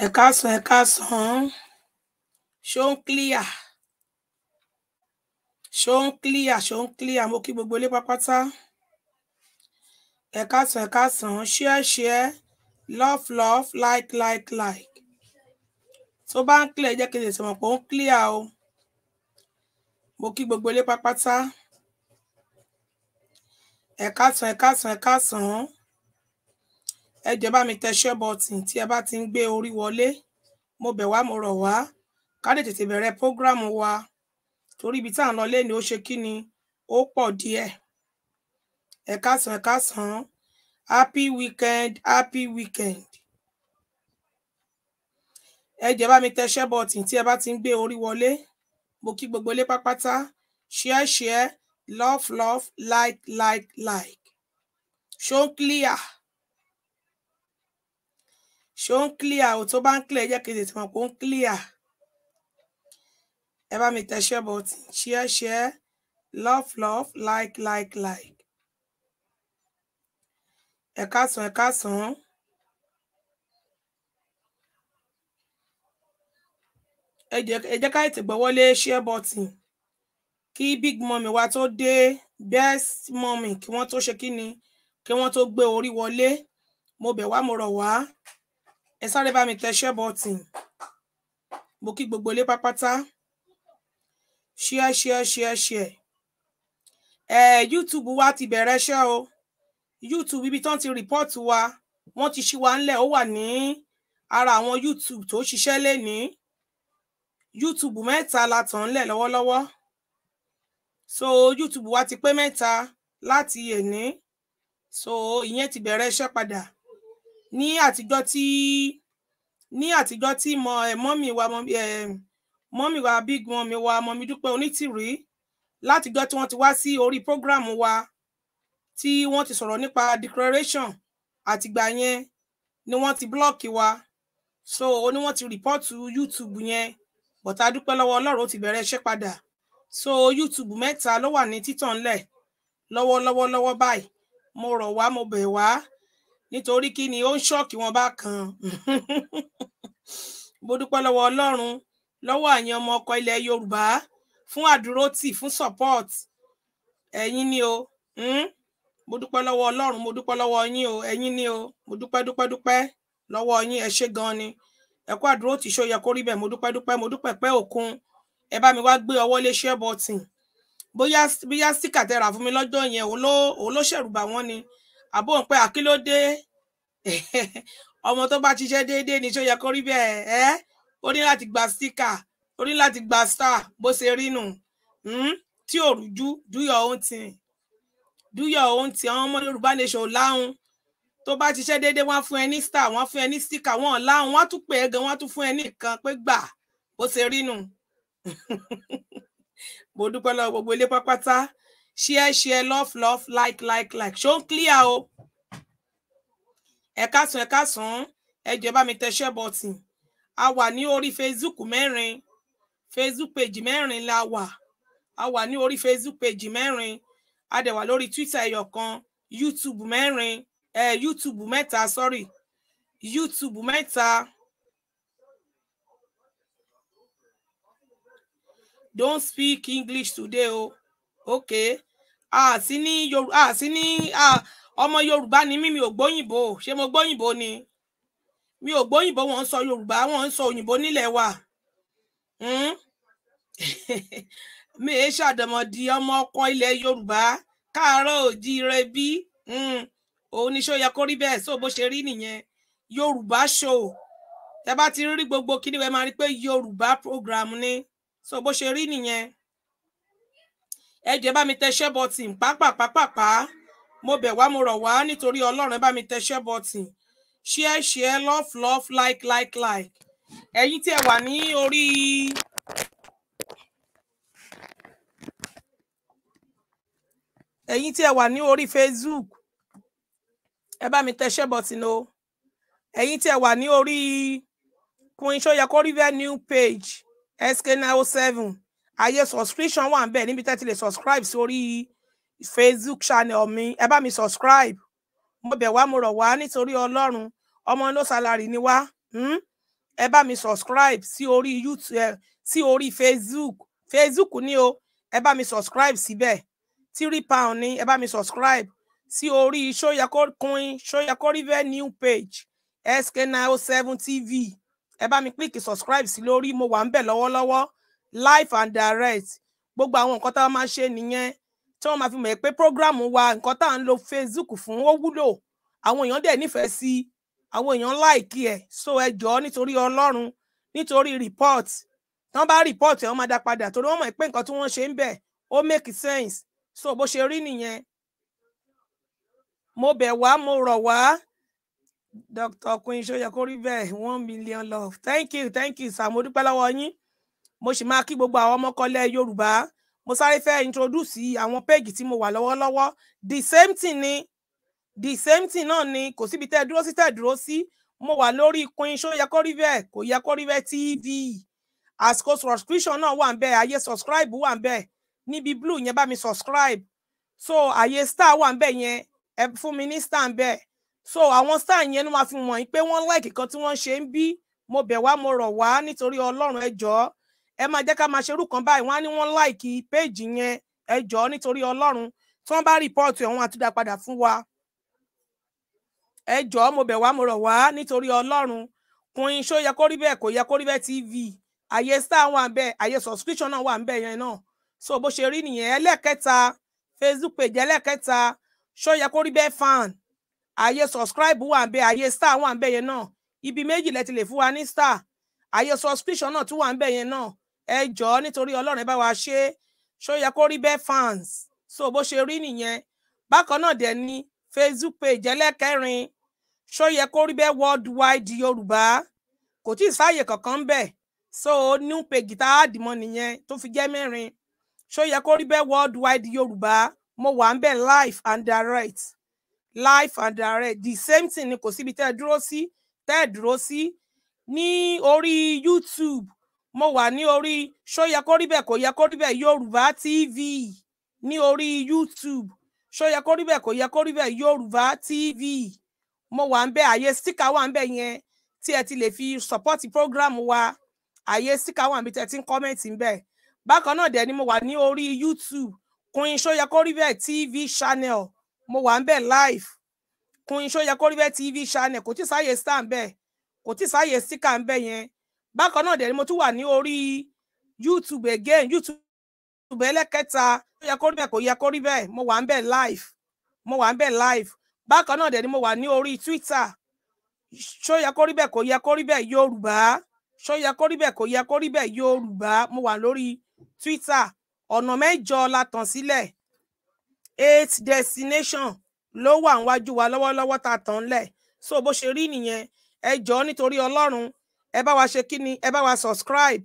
ẹ káàsán ẹ káàsán ṣó ń clear ṣó clear ṣó ń clear mo kí gbogbo ilé pápátá ẹ káàsán ẹ káàsán share share love love like like like tó bá ń clear jẹ́ kí n lè sọ̀rọ̀ pé ó ń clear o mo kí gbogbo ilé pápátá ẹ káàsán ẹ káàsán ẹ káàsán ẹ jẹ́ bá mi tẹ share button tí ẹ bá ti ń gbé orí wọlé mo bẹ̀ wá mo rọ̀ wá ká lè tètè bẹ̀rẹ̀ prógráàmù wa torí ibi tá à ń lọ léni ó ṣe kí ni ó pọ̀ díẹ̀ ẹ káàsán ẹ káàsán happy weekend happy weekend ẹ jẹ́ bá mi tẹ share button tí ẹ bá ti ń gbé orí wọlé mo kí gbogbo ilé pápátá share share love love like like like show clear ṣó ń clear o tó bá ń clear jẹ́ kí n tètè mọ̀ pé ó ń clear ẹ bá mi tẹ share button share share love love like like like ẹ káàsán ẹ káàsán. ẹ jẹ́ ká ètè gbọ́wọ́lé share button kí big mummy wa tó dé best mummy kí wọ́n tó ṣe kí ni kí wọ́n tó gbé orí wọlé mo bẹ̀ wá mo rọ̀ wá ẹ sáré bá mi tẹ share button mo kí gbogbo ilé pápátá share share share share ẹ YouTube wa ti bẹ̀rẹ̀ ṣẹ́ o YouTube ibi tán ti rìpọ́ọ̀tù wa wọ́n ti ṣí wa ńlẹ̀ ó wà ní ara àwọn YouTube tó ṣiṣẹ́ lénìí YouTube mẹ́ta la tàn ńlẹ̀ lọ́wọ́lọ́wọ́ so YouTube wa ti pé mẹ́ta láti èní so ìyẹn ti bẹ̀rẹ̀ iṣẹ́ padà ní àtijọ́ tí ní àtijọ́ tí mọ ẹ eh, mọmì wa mọmì eh, wa big mọmì wa mọmì dúpẹ́ onítìrí látijọ́ tí wọ́n ti wá sí orí program wa tí wọ́n ti sọ̀rọ̀ nípa declaration àtìgbà yẹn ni wọ́n ti blọọkì wa so ó ní wọ́n ti rìpọ́ọ̀tù youtube yẹn bọ̀tà dúpẹ́ lọ́wọ́ ọlọ́run ó ti bẹ̀rẹ̀ iṣẹ́ padà so youtube mẹ́ta ló wà ní títàn ńlẹ̀ lọ́wọ́lọ́wọ́ lọ́wọ́ báyìí mo rọ̀ wá mo bẹ̀ wá nítorí kí ni ó ń ṣọ́ọ̀kì wọn bá kan mo dúpẹ́ lọ́wọ́ ọlọ́run lọ́wọ́ àyàn ọmọ ọkọ ilẹ̀ yorùbá fún àdúrótì fún support ẹ̀yin ni o hmm? mo dúpẹ́ lọ́wọ́ ọlọ́run mo dúpẹ́ lọ́wọ́ yín o ẹ̀yin ni o mo dúpẹ́ dúpẹ́ dúpẹ́ lọ́wọ́ yín ẹ ṣé gan ni ẹ kú àdúrótì ṣó yẹ kó rí bẹ́ẹ̀ mo dúpẹ́ dúpẹ́ mo dúpẹ́ pé òkun ẹ bá mi wá gbé ọwọ́ lé share button bóyá bóyá síkà rà fún mi lọ́jọ́ yẹn òun ló òun ló ṣẹ̀rù bà wọ́n ni àbò ń pẹ àkílódé ọmọ tó bá ṣiṣẹ́ déédéé ni ṣó yẹ kó rí bẹ́ẹ̀ ẹ ó ní láti gba síkà ó ní láti gba star bó ṣe rí nù hmm? tí ò rújú do your own thing do your own thing àwọn ọmọ Yorùbá nation láhùn tó bá ṣiṣẹ́ déédéé wọ́n fún ẹ ní star wọ́n fún ẹ ní síkà wọ́n láhùn wọ́n tún pè é gan wọ́n tún fún ẹ ní nǹkan pé gbà bó ṣe rí nù mo dúpẹ́ lọ́wọ́ gbogbo ilé pápátá share share love love like like like ṣó ń clear o ẹ káàsán ẹ káàsán ẹ jẹ́ bá mi tẹ share button a wà ní orí facebook mẹ́rin facebook page mẹ́rin la wà a wà ní orí facebook page mẹ́rin a dẹ̀ wà lórí twitter ẹyọ youtube mẹ́rin ẹ eh, youtube mẹ́ta sorry youtube mẹ́ta don't speak english today o. Oh ok àsí ní yorùbá àsí ní ọmọ yorùbá ni mí mi ò gbóyìnbó ṣé mo gbóyìnbó ni mi ò gbóyìnbó wọn ń sọ yorùbá wọn ń sọ òyìnbó nílẹ̀ wa mi hmm? è ṣàdọmọdì ọmọ ọkọ ilẹ̀ yorùbá káàárọ̀ òjíire bí hmm. òun ni ṣó yẹ kó rí bẹ́ẹ̀ sóò bó ṣe rí nìyẹn yorùbá show tẹ bá ti rí gbogbo kíni wẹ máa rí pé yorùbá program ni sóò bó ṣe rí nìyẹn ẹ jẹ́ bá mi tẹ share button pápápápápá mo bẹ̀ wá mo rọ̀ wá nítorí Ọlọ́run bá mi tẹ share button share share love love like like like ẹ̀yin tí ẹ wà ní orí. ẹ̀yin tí ẹ wà ní orí Facebook ẹ bá mi tẹ share button o ẹ̀yin tí ẹ wà ní orí Queen Soyeko River new page SK907 àyè subscription wà níbẹ̀ níbi tẹ́tí lè subscribe sórí facebook channel mi ẹ bá mi subscribe mo bẹ̀ wá mo rọ̀ wá nítorí ọlọ́run ọmọ no salary ni wá hmm? ẹ bá mi subscribe sí orí youtube eh, sí orí facebook facebook ni o ẹ bá mi subscribe síbẹ̀ three pound ni ẹ bá mi subscribe sí orí ṣóyakórin ṣóyakórífẹ́ new page sk nine oh seven tv ẹ bá mi click subscribe sí lórí mo wà ń bẹ̀ lọ́wọ́lọ́wọ́ life and direct gbogbo àwọn nǹkan tá a máa ṣe nìyẹn tí wọ́n máa fi mọ̀ pé program wa nǹkan tá à ń lo facebook fún ó wúlò àwọn èèyàn dẹ̀ nífẹ̀ẹ́ sí i àwọn èèyàn láìkí ẹ̀ so ẹ jọ̀ọ́ nítorí ọlọ́run nítorí report tí wọ́n bá report ẹ̀ wọ́n máa dá padà torí wọ́n mọ̀ pé nǹkan tí wọ́n ṣe ń bẹ̀ ó make sense so bó ṣe rí nìyẹn mo bẹ̀ wá mo rọ̀ wá dr queen ṣó yẹ kó rí bẹ́ẹ̀ one million love thank you thank you sir mo dúpẹ́ lọ́wọ́ yín mo sì máa kí gbogbo àwọn ọmọkọlẹ yorùbá mo sáré fẹ́ introduce àwọn péèjì tí mo wà lọ́wọ́lọ́wọ́ the same thing ni the same thing náà ni kò síbi tẹ́ dúró sí tẹ́ dúró sí mo wà lórí queen ṣó yẹ kó rí bẹ́ẹ̀ kò yẹ kó rí bẹ́ẹ̀ tv àsìkò subscription náà wà ń bẹ àyè subscribe wà ń bẹ níbi blue yẹn bá mi subscribe so àyè star wà ń bẹ yẹn ẹ fún mi ní star ń bẹ so àwọn star yẹn ló máa fi mọ̀ yín pé wọ́n like kan tí wọ́n ṣe ń bí mo bẹ̀ wá mo rọ̀ wá nítorí ọlọ́run ẹ jọ̀ọ́ ẹ máa jẹ́ ká máa ṣerú kan báyìí wọ́n á ní wọ́n láìkí péèjì yẹn ẹ jọ̀ọ́ nítorí ọlọ́run tí wọ́n bá rìpọ́ọ̀tù ẹ̀wọ̀n àtúndà padà fún wa ẹ jọ̀ọ́ mo bẹ̀ wá mo rọ̀ wá nítorí ọlọ́run kùnrin ṣó yẹ kó rí bẹ́ẹ̀ kò yẹ kó rí bẹ́ẹ̀ tv àyè star wà bẹ́ẹ̀ àyè subscription náà wà bẹ́ẹ̀ yẹn náà so bó ṣe rí nìyẹn ẹlẹ́kẹta facebook page ẹlẹ́kẹta ṣó yẹ kó rí bẹ́ẹ̀ fan àyè subscribe wà bẹ́ẹ̀ àyè star wà bẹ́ẹ̀ yẹn náà ibi méjì lẹ ti lè fún wa ní star àyè subscription náà tún wà bẹ́ẹ̀ yẹn náà ẹ jọ̀ọ́ nítorí Ọlọ́run ẹ bá wa ṣe ṣó yẹ kó rí bẹ́ẹ̀ fans so bó ṣe rí nìyẹn bákan náà dẹ̀ ni facebook page ẹlẹ́kẹrin ṣó yẹ kó rí bẹ́ẹ̀ worldwide yorùbá kò tí ì sáàyè kankan bẹ̀ so new page tá a dìmọ́ nìyẹn tó fi jẹ́ mẹ́rin ṣó yẹ kó rí bẹ́ẹ̀ worldwide yorùbá mo wà ń bẹ̀ live and direct live and direct the same thing ni kò síbi tẹ́ ẹ dúró sí tẹ́ ẹ dúró sí ní orí youtube mo wà ní orí ṣó yẹ kó rí bẹ́ẹ̀ kó Yorùbá TV ní orí YouTube ṣó yẹ kó rí bẹ́ẹ̀ kó yẹ kó Yorùbá TV mo wà ń bẹ àyè síkà wà ń bẹ yẹn tí ẹ ti lè fi support program wa àyè síkà wà ń bẹ tí ẹ ti ń kọ́mẹ̀ntì ń bẹ bákan náà dẹ̀ ni mo wà ní orí YouTube Queen Ṣóyẹ Kóríbẹ̀ TV channel mo wà ń bẹ̀ live Queen Ṣóyẹ TV channel kò tí sáyè star ń bẹ̀ kò tí sáyè sticker ń bẹ̀ yẹn bákan náà dẹ̀rí mo tún wà ní orí youtube again youtube ẹlẹ́kẹta tó yẹ kó rí bẹ́ẹ̀ kò yẹ kó rí bẹ́ẹ̀ mo wà ń bẹ̀ live mo wà ń bẹ̀ live bákan náà dẹ̀rí mo wà ní orí twitter ṣó yẹ kó rí bẹ́ẹ̀ kò yẹ kó rí bẹ́ẹ̀ yorùbá ṣó yẹ kó rí bẹ́ẹ̀ kò yẹ kó rí bẹ́ẹ̀ yorùbá mo wà lórí twitter ọ̀nà mẹ́jọ la tàn sílẹ̀ eight destination ló wà níwájú wa lọ́wọ́lọ́wọ́ ta tàn lẹ̀ so bó ṣe rí nìyẹn ẹ jọ̀ọ́ nítorí ọlọ́run ẹ bá wa ṣe kí ẹ bá wa subscribe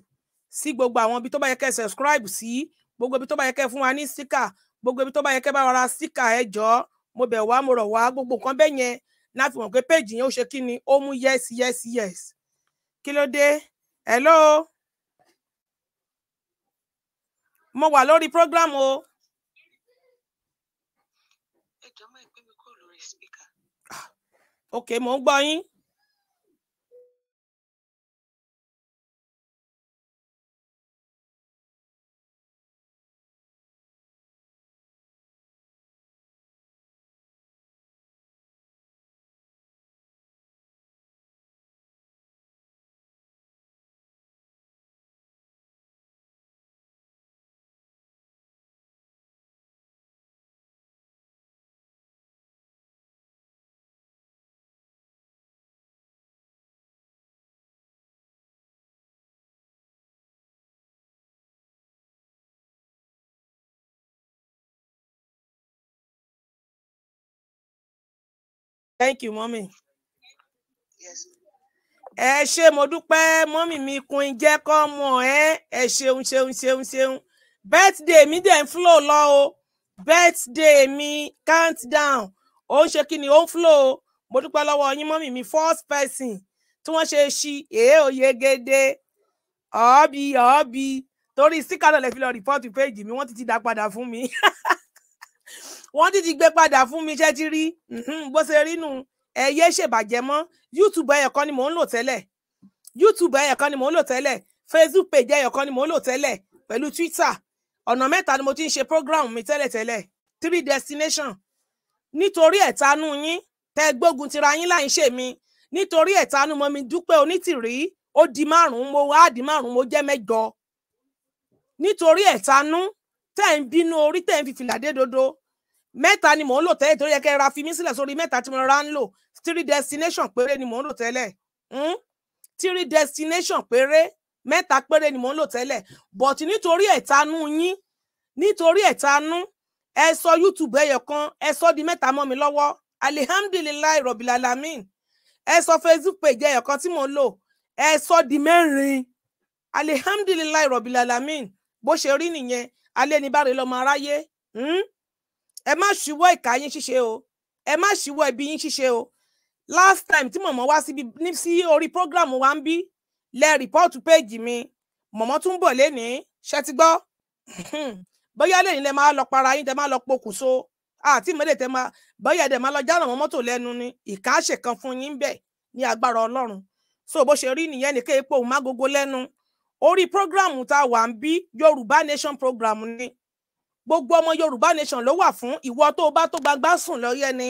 sí gbogbo àwọn ibi tó bá yẹ kẹ́ subscribe sí gbogbo ibi tó bá yẹ kẹ́ fún wa ní síkà gbogbo ibi tó bá yẹ kẹ́ bá wa ra síkà ẹ jọ̀ọ́ mo bẹ̀ wá mo rọ̀ wá gbogbo nǹkan bẹ́ẹ̀ yẹn láti mọ̀ pé péjì yẹn ó ṣe kí ó mú yes yes yes kí ló dé hello mo wà lórí program o. Ah, ok mo ń gbọ́ yín. thank you mommy. Yes. ẹ ṣe mo dúpẹ́ mọ́mì mi kun jẹ́ kọ́ mọ̀ ẹ́ ẹ ṣeun ṣeun ṣeun ṣeun birthday mi dẹ̀ ń flow lọ o birthday mi count down ó ń ṣe kí ni ó ń flow o mo dúpẹ́ lọ́wọ́ yín mọ́mì mi first person tí wọ́n ṣe ṣí èé òye gédé ọ̀ọ́bì ọ̀ọ́bì torí síkà náà lè fi lọ rìpọ́ọ̀tù péèjì mi wọ́n ti ti dá padà fún mi wọ́n ti ti gbé padà fún mi ṣẹ́ ti rí bó ṣe rí nù ẹ̀yẹ ṣèbàjẹ́ mọ́ youtube ẹyọ kan ni mò ń lò tẹ́lẹ̀ youtube ẹyọ kan ni mò ń lò tẹ́lẹ̀ facebook page ẹyọ kan ni mò ń lò tẹ́lẹ̀ pẹ̀lú twitter ọ̀nà mẹ́ta ni mo ti ń ṣe program mi tẹ́lẹ̀tẹ́lẹ̀ three destination nítorí ẹ̀tanú yín tẹ́ gbógun tira yín láì ṣe mi nítorí ẹ̀tanú mọ́ mi dúpẹ́ onítìrí ó di márùn-ún mo wá di márùn-ún mo jẹ́ mẹ́jọ nítorí ẹ̀tanú tẹ́ ń bínú orí tẹ́ ń fi fìlà dé dodo mẹ́ta ni mò ń lò tẹ́lẹ̀ tó yẹ kẹ́ ra fi mí sílẹ̀ sórí mẹ́ta tí mo ra ń lò three destination péré ni mò ń lò tẹ́lẹ̀ hmm? three destination péré mẹ́ta péré ni mò ń lò tẹ́lẹ̀ but nítorí ẹ̀tanú yín nítorí ẹ̀tanú ẹ sọ youtube ẹyọ kan ẹ sọ di mẹ́ta mọ́ mi lọ́wọ́ alihamdulilayi rọ̀bìlalamin ẹ sọ facebook page ẹyọ kan tí mò ń lò ẹ sọ di mẹ́rin alihamdulilayi rọ̀bìlalamin bó ṣe rí nìyẹn alẹ́ ní bá rè lọ́mọ aráyé. Hmm? ẹ má ṣíwọ́ ìka yín ṣíṣe o ẹ má ṣíwọ́ ibi yín ṣíṣe o last time tí mọ̀mọ́ wá síbi ní sí orí program wa ń bí lẹ rìpọ́ọ̀tù péèjì mi mọ̀mọ́ tún bọ̀ lénìí ṣe ti gbọ́ bóyá lẹ́yìn lẹ máa lọ para yín tẹ máa lọ pokùnso àti ìmọ̀lẹ̀ tẹ máa bóyá ẹ̀dẹ̀ máa lọ jáná àwọn mọ́tò lẹ́nu ni ìkáṣe kan fún yín bẹ́ẹ̀ ní agbára ọlọ́run so bó ṣe rí nìyẹn nìkan epo òun má gogo lẹ́nu orí program tá a wà ń bí yorùbá nation program ni gbogbo ọmọ yorùbá nation ló wà fún ìwọ tó o bá tó gbangba sùn lọ́yẹ́ ni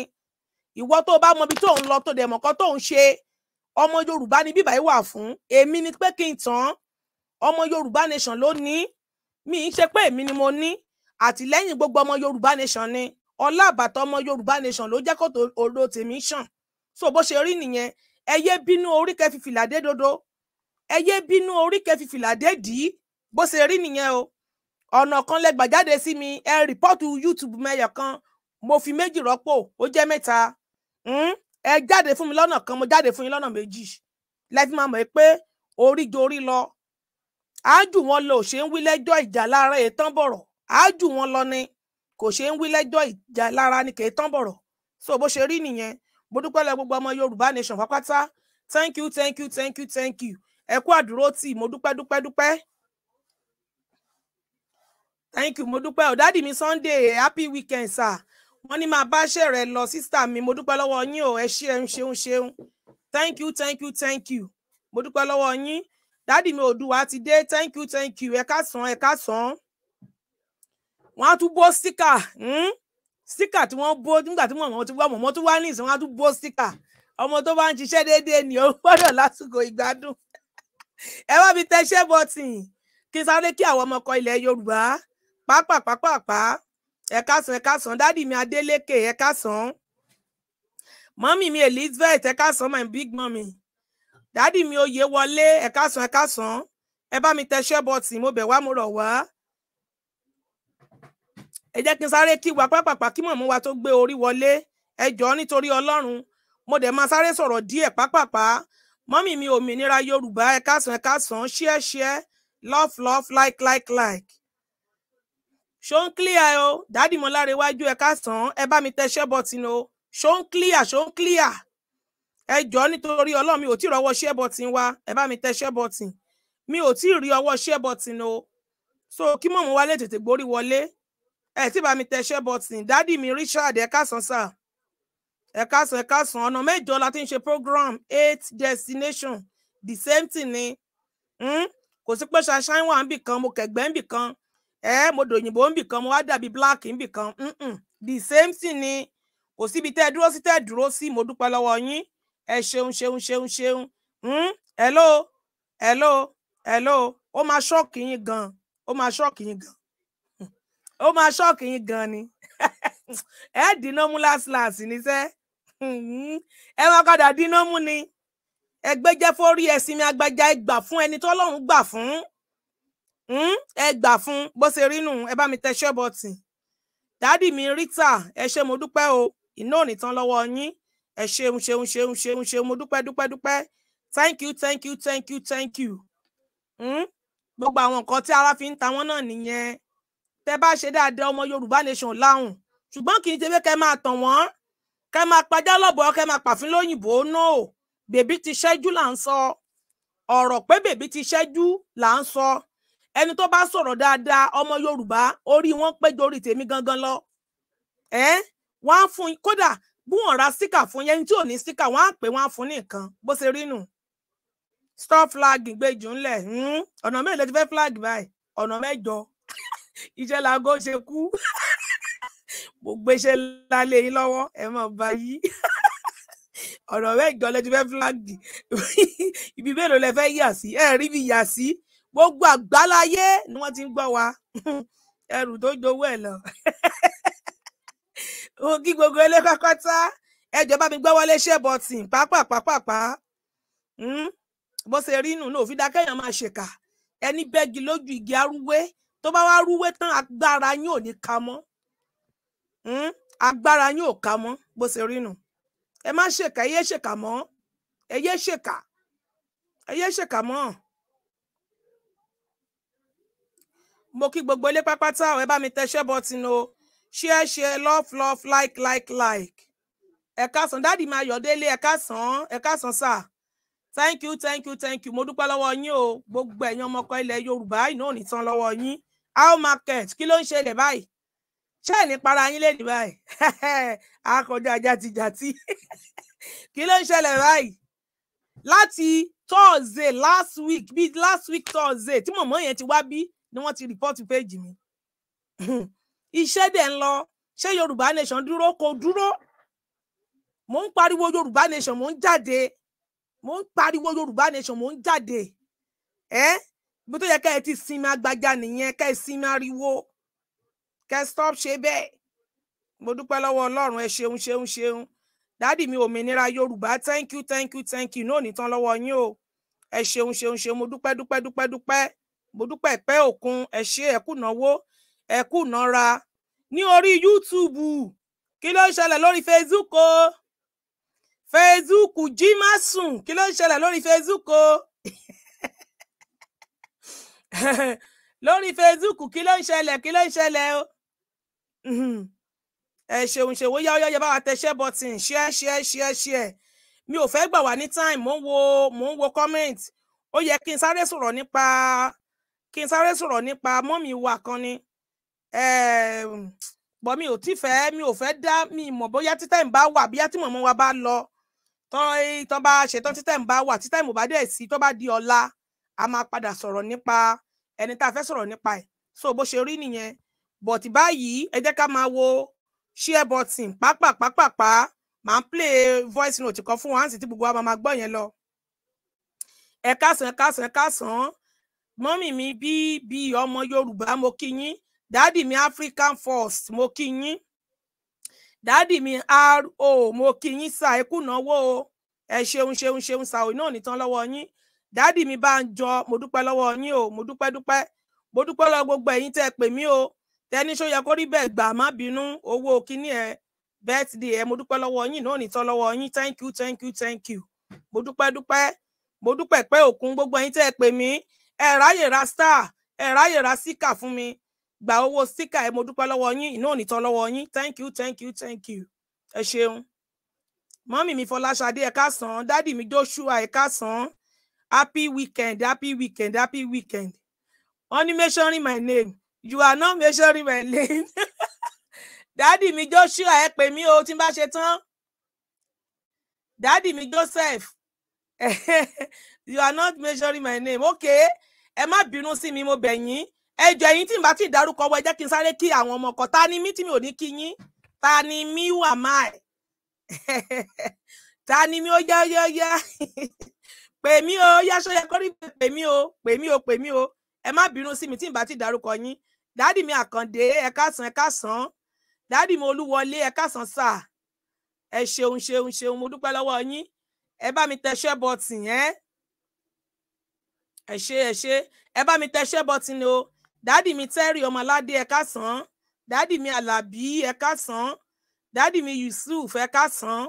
ìwọ tó o bá mọbi tó ń lọ tó dẹ̀ mọ̀kọ́ tó ń ṣe ọmọ yorùbá ni bíbáyìí wà fún èmi ni pé kí n tán ọmọ yorùbá nation ló ní mi ń ṣe pé èmi ni mo ní àtìlẹ́yìn gbogbo ọmọ yorùbá nation ni ọlá àbàtà ọmọ yorùbá nation ló jẹ́ kó tó odo tèmi sàn so bó ṣe rí nìyẹn ẹyẹ bínú orí kẹfì fìlàdé dodo ẹyẹ bínú orí kẹfì fìlàdé dì í bó ṣe rí nìyẹn o ọ̀nà kan lẹ gbà jáde sí mi ẹ rìpọ́ọ̀tù youtube mẹ́yọ̀ kan mo fi méjì rọ́pò ó jẹ́ mẹ́ta hmm? ẹ jáde fún mi lọ́nà kan mo jáde fún yín lọ́nà méjì lẹ́fí máa mọ̀ pé orí jorí lọ àájù wọn lọ ṣe ń wí lẹ́jọ́ ìjà lára ètàn bọ̀rọ̀ àájù wọn lọ ni kò ṣe ń wí lẹ́jọ́ ìjà lára ni kèé tán bọ̀rọ̀ so bó ṣe rí nìyẹn mo dúpẹ́ lọ gbogbo ọmọ yorùbá nation pápátá thank you thank you thank you thank you ẹ kú àdúró tì mo dúpẹ́ dúpẹ́ dúpẹ́ thank you mo dúpẹ́ ọ̀dádì mi sunday happy weekend sir wọ́n ní máa bá ṣẹ̀rẹ̀ lọ sísà mi mo dúpẹ́ lọ́wọ́ yín o ẹ ṣé ẹ ṣeun ṣeun thank you thank you thank you mo dúpẹ́ lọ́wọ́ yín dádì mi òdùwà ti dé thank you thank you ẹ ká sàn ẹ ká sàn wọ́n á tún bó síkà hmm? síkà tí wọ́n bó nígbà tí wọ́n ti wá mọ̀mọ́ tó wá ní ìsìn wọ́n á tún bó síkà ọmọ tó bá ń ṣiṣẹ́ déédéé ni ó gbọ́dọ̀ lásìkò ìgbádùn ẹ wá mi tẹṣẹ́ bọ́tìn kí sáré kí àwọn ọmọkọ ilẹ̀ yorùbá pápápápápá ẹ káàsán ẹ káàsán dádì mi adélékè ẹ káàsán mọ́mì mi elizabeth ẹ káàsán my big mọ́mì dádì mi oyè wọlé ẹ káàsán ẹ káàsán ẹ bá mi tẹ share button mo bẹ̀ wá mo rọ̀ wá ẹ jẹ́ kí n sáré kí wa pápápá kí mọ̀mú wa tó gbé orí wọlé ẹ jọ̀ọ́ nítorí ọlọ́run mo dẹ̀ máa sáré sọ̀rọ̀ díẹ̀ pápápá mọ́mì mi òmìnira yorùbá ẹ káàsán ẹ káàsán share share love love like like like ṣó ń clear o dádì mo lára iwájú ẹ káàsán ẹ bá mi tẹṣẹ bọtìn o ṣó clear ṣó clear ẹ jọ nítorí Ọlọ́run mi ò tí ì rọ́wọ́ ṣẹ bọtìn wa ẹ bá mi tẹṣẹ bọtìn mi ò tí ì rí ọwọ́ ṣẹ bọtìn o so kí mọ̀mú wálé tètè gborí wọlé ẹ tí bá mi tẹṣẹ bọtìn dádì mi Richard ẹ káàsán sáà ẹ káàsán ẹ káàsán ọ̀nà mẹ́jọ la ti ń ṣe program eight destination the same thing ni hmm? kò sí pé ṣaṣáín wà ń mo kẹ̀gbẹ́ ń kan ẹ eh, mo dòyìnbó ń bì kan mo wá dàbí black ń bì kan the same thing ni kò síbi tẹ́ ẹ dúró sí tẹ́ ẹ dúró sí mo dúpẹ́ lọ́wọ́ yín ẹ ṣeun ṣeun ṣeun ṣeun hmm? hello hello hello ó máa ṣọ́ọ̀kì yín gan ó máa ṣọ́ọ̀kì yín gan ó máa ṣọ́ọ̀kì yín gan ni ẹ dínà mú last last ní sẹ́ ẹ máa padà dínà mú ni ẹgbẹ́ jẹ́ fórí ẹ̀sìn mi agbájá ẹ gbà fún ẹni tọ́lọ́run gbà fún Hmm? ẹ gbà fún bó ṣe rí nù ẹ bá mi tẹ ṣẹ́bọ̀tì dádì mi rita ẹ ṣé mo dúpẹ́ o iná ò ní tán lọ́wọ́ yín ẹ ṣeun ṣeun ṣeun ṣeun ṣeun mo dúpẹ́ dúpẹ́ dúpẹ́ thank you thank you thank you thank you hmm? gbogbo àwọn nǹkan tí ara fi ń ta wọn náà nìyẹn tẹ bá ṣe dáadáa ọmọ yorùbá nation láhùn ṣùgbọ́n kì í ṣe pé kẹ máa tàn wọ́n kẹ máa pajá lọ́bọ̀ kẹ máa pàfin lóyìnbó náà bèbí ti ṣẹ́jú là ń sọ ọ̀rọ̀ pé bèbí ti ṣẹ́jú là ń sọ ẹni tó bá sọ̀rọ̀ dáadáa ọmọ yorùbá orí wọn pé jorí tèmi gangan lọ ẹ wọn á fún kódà bí wọn ra síkà fún yẹn tí ò ní síkà wọn á pè wọn á fún nìkan bó ṣe rí nù stop flag gbèjú ńlẹ̀ ọ̀nà mélòó ti fẹ́ flag báyìí ọ̀nà mẹ́jọ iṣẹ́ làgó ṣe kú mo gbéṣẹ́ lálé yín lọ́wọ́ ẹ mọ̀ báyìí ọ̀nà mẹ́jọ lẹ́jú fẹ́ flag ibi mélòó lẹ fẹ́ yà sí ẹ rí ibi yà sí gbogbo àgbáláyé ni wọ́n ti ń gbọ́ wa ẹrù tó jowó ẹ̀ lọ kí gbogbo ilé kọ́kọ́ tá ẹjọ́ bá mi gbọ́ wọlé ṣẹ́ bọ̀tìn pápápápápá hmm? bó ṣe rí nù ní òfin dákẹ́yàn máa ṣèkà ẹni bẹ́gi lójú igi arúwé tó bá wá rúwé tán agbára yín ò ní ka mọ́ hmm? agbára yín ò ka mọ́ bó ṣe rí nù ẹ má ṣèkà ẹ yé ṣèkà mọ́ ẹ yé ṣèkà ẹ yé ṣèkà mọ́. mo kí gbogbo ilé pápátá ọ̀ ẹ bá mi tẹṣẹ́ bọ́tìn o share share love love like like like ẹ káàsán dáàdì máa yọ̀délé ẹ káàsán ẹ káàsán sà thank you thank you thank you mo dúpẹ́ lọ́wọ́ yín o gbogbo ẹ̀yin ọmọkọ ilẹ̀ yorùbá iná ò ní tán lọ́wọ́ yín how market kí ló ń ṣẹlẹ̀ báyìí ṣé ẹ̀ ní para yín lè dì báyìí akọjá jàtijàti kí ló ń ṣẹlẹ̀ báyìí láti thursday last week bíi last week thursday tí mọ̀mọ́ yẹn ti wá bí ni wọ́n ti rìpọ́ọ̀tì péjì mi iṣẹ́ dẹ̀ ń lọ ṣé yorùbá nation dúró kò dúró mò ń pariwo yorùbá nation mò ń jáde mò ń pariwo yorùbá nation mò ń jáde ẹ bí tó yẹ ká ẹ ti sinmi agbájá nìyẹn ká ẹ sinmi ariwo ká ẹ stop ṣe bẹ́ẹ̀ mo dúpẹ́ lọ́wọ́ ọlọ́run ẹ ṣeun ṣeun ṣeun dádì mi òmìnira yorùbá thank you thank you thank you No náà nìtàn lọ́wọ́ yín o ẹ ṣeun ṣeun ṣeun mo dúpẹ́ dúpẹ́ dúpẹ́ dúpẹ́ mo dúpẹ́ ìpẹ́ òkun ẹ ṣé ẹ kú náwó ẹ kú nára ní orí YouTube kí ló ń ṣẹlẹ̀ lórí Facebook o Facebook jí má sùn kí ló ń ṣẹlẹ̀ lórí Facebook o lórí Facebook kí ló ń ṣẹlẹ̀ kí ló ń ṣẹlẹ̀ o ẹ ṣeun ṣèwọ yá ọyọ yẹ bá wa tẹṣẹ bọtìn ṣẹ ṣẹ ṣẹ ṣẹ mi ò fẹ́ gbà wá ní time mò ń wo mò ń wo comment ó yẹ kí n sáré sọ̀rọ̀ nípa kí n sáré sọ̀rọ̀ nípa mọ́mì wa kan ni bọ́ mi ò tí fẹ́ mi ò fẹ́ dá mi mọ̀ bóyá títẹ̀ ń bá wà bóyá tí mọ̀mọ́ wa bá lọ tán bá ṣetán títẹ̀ ń bá wà títẹ̀ ń bá dẹ̀ sí tó bá di ọ̀la a máa padà sọ̀rọ̀ nípa ẹni tá a fẹ́ sọ̀rọ̀ nípa ẹ̀ so bó ṣe rí nìyẹn but báyìí ẹ jẹ́ ká máa wo share button pápápápápá máa ń play voice note kan fún wa hàn sí tí gbogbo wa máa gbọ́ yẹn lọ ẹ kásán ẹ kásán ẹ kásán mọ́mì mi bí bí ọmọ yorùbá mo kí yín dáàdì mi african force, mo kí yín dáàdì mi ro mo kí yín sá ẹ kú náwó o ẹ ṣeun ṣeun ṣeun ṣàwìn náà nìtàn lọ́wọ́ yín dáàdì mi bá ń jọ mo dúpẹ́ lọ́wọ́ yín o mo dúpẹ́ dúpẹ́ mo dúpẹ́ lọ́wọ́ gbogbo ẹ̀yin tẹ́ pè mí o tẹni ṣó yẹ kó rí bẹ́ẹ̀ gbà má bínú owó kíní ẹ birthday ẹ mo dúpẹ́ lọ́wọ́ yín náà nìtàn lọ́wọ́ yín thank you thank you thank you mo dúpẹ́ dúpẹ́ mo dúpẹ́ pé òkun gbogbo ẹ̀yin tẹ́ pè mí ẹ ráyè ra star ẹ ráyè ra síkà fún mi gba owó síkà ẹ mo dúpẹ́ lọ́wọ́ yín iná òní tán lọ́wọ́ yín thank you thank you thank you ẹ ṣeun mọ́mì mi fọláṣadé ẹ káàsán dádì mi joshua ẹ káàsán happy weekend happy weekend happy weekend wọ́n ní measuring my name you are not measuring my name dádì mi joshua ẹ pè mí o tí n bá ṣe tán dádì mi joseph you are not measuring my name okay ẹ má bínú sí mi mo bẹ̀ yín ẹ jọ ẹ̀yin tí n bá ti dárúkọ wọ ẹ jẹ́ kí n sáré kí àwọn ọmọ kan ta ni mí tí mi ò ní kí yín ta ni mí wà máa ẹ ta ni mí ó yá yá yá pè mí o yáṣọ yẹ kọrí pè mí o pè mí o pè mí o ẹ má bínú sí mi tí n bá ti dárúkọ yín dáàdì mi àkàndé ẹ káàsán ẹ káàsán dáàdì mi olúwọlé ẹ káàsán sáà ẹ ṣeun ṣeun ṣeun mo dúpẹ́ lọ́wọ́ yín ẹ bá mi tẹṣẹ bọtì yẹn ẹ ṣe ẹ bá mi tẹṣẹ bọtìnì o dádì mi tẹrí ọmọládé ẹ káàsán dádì mi alábí ẹ káàsán dádì mi yusuf ẹ káàsán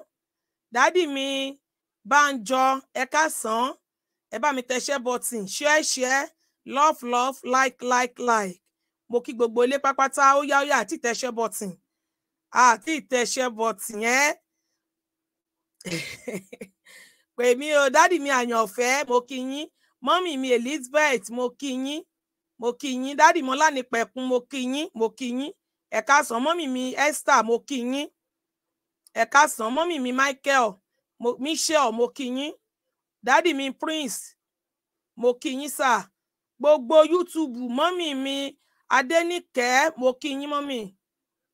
dádì mi banjo ẹ káàsán ẹ bá mi tẹṣẹ bọtìn share share love love like like like mo kí gbogbo ilé pápátá ó yá ó yá àti tẹṣẹ bọtìn àti tẹṣẹ bọtìn ẹ pèmí o dádì mi àyànfẹ́ mo kí yín mọ́mì mi Elizabeth mo kí yín mo kí yín dádì Mọ́lánìpẹ̀kun mo kí yín mo kí yín ẹ káàsán mọ́mì mi Esther mo kí yín ẹ káàsán mọ́mì mi Michael mo, Michelle mo kí yín dádì mi Prince mo kí yín sà gbogbo YouTube mọ́mì mi Adéníkẹ́ mo kí yín mọ́mì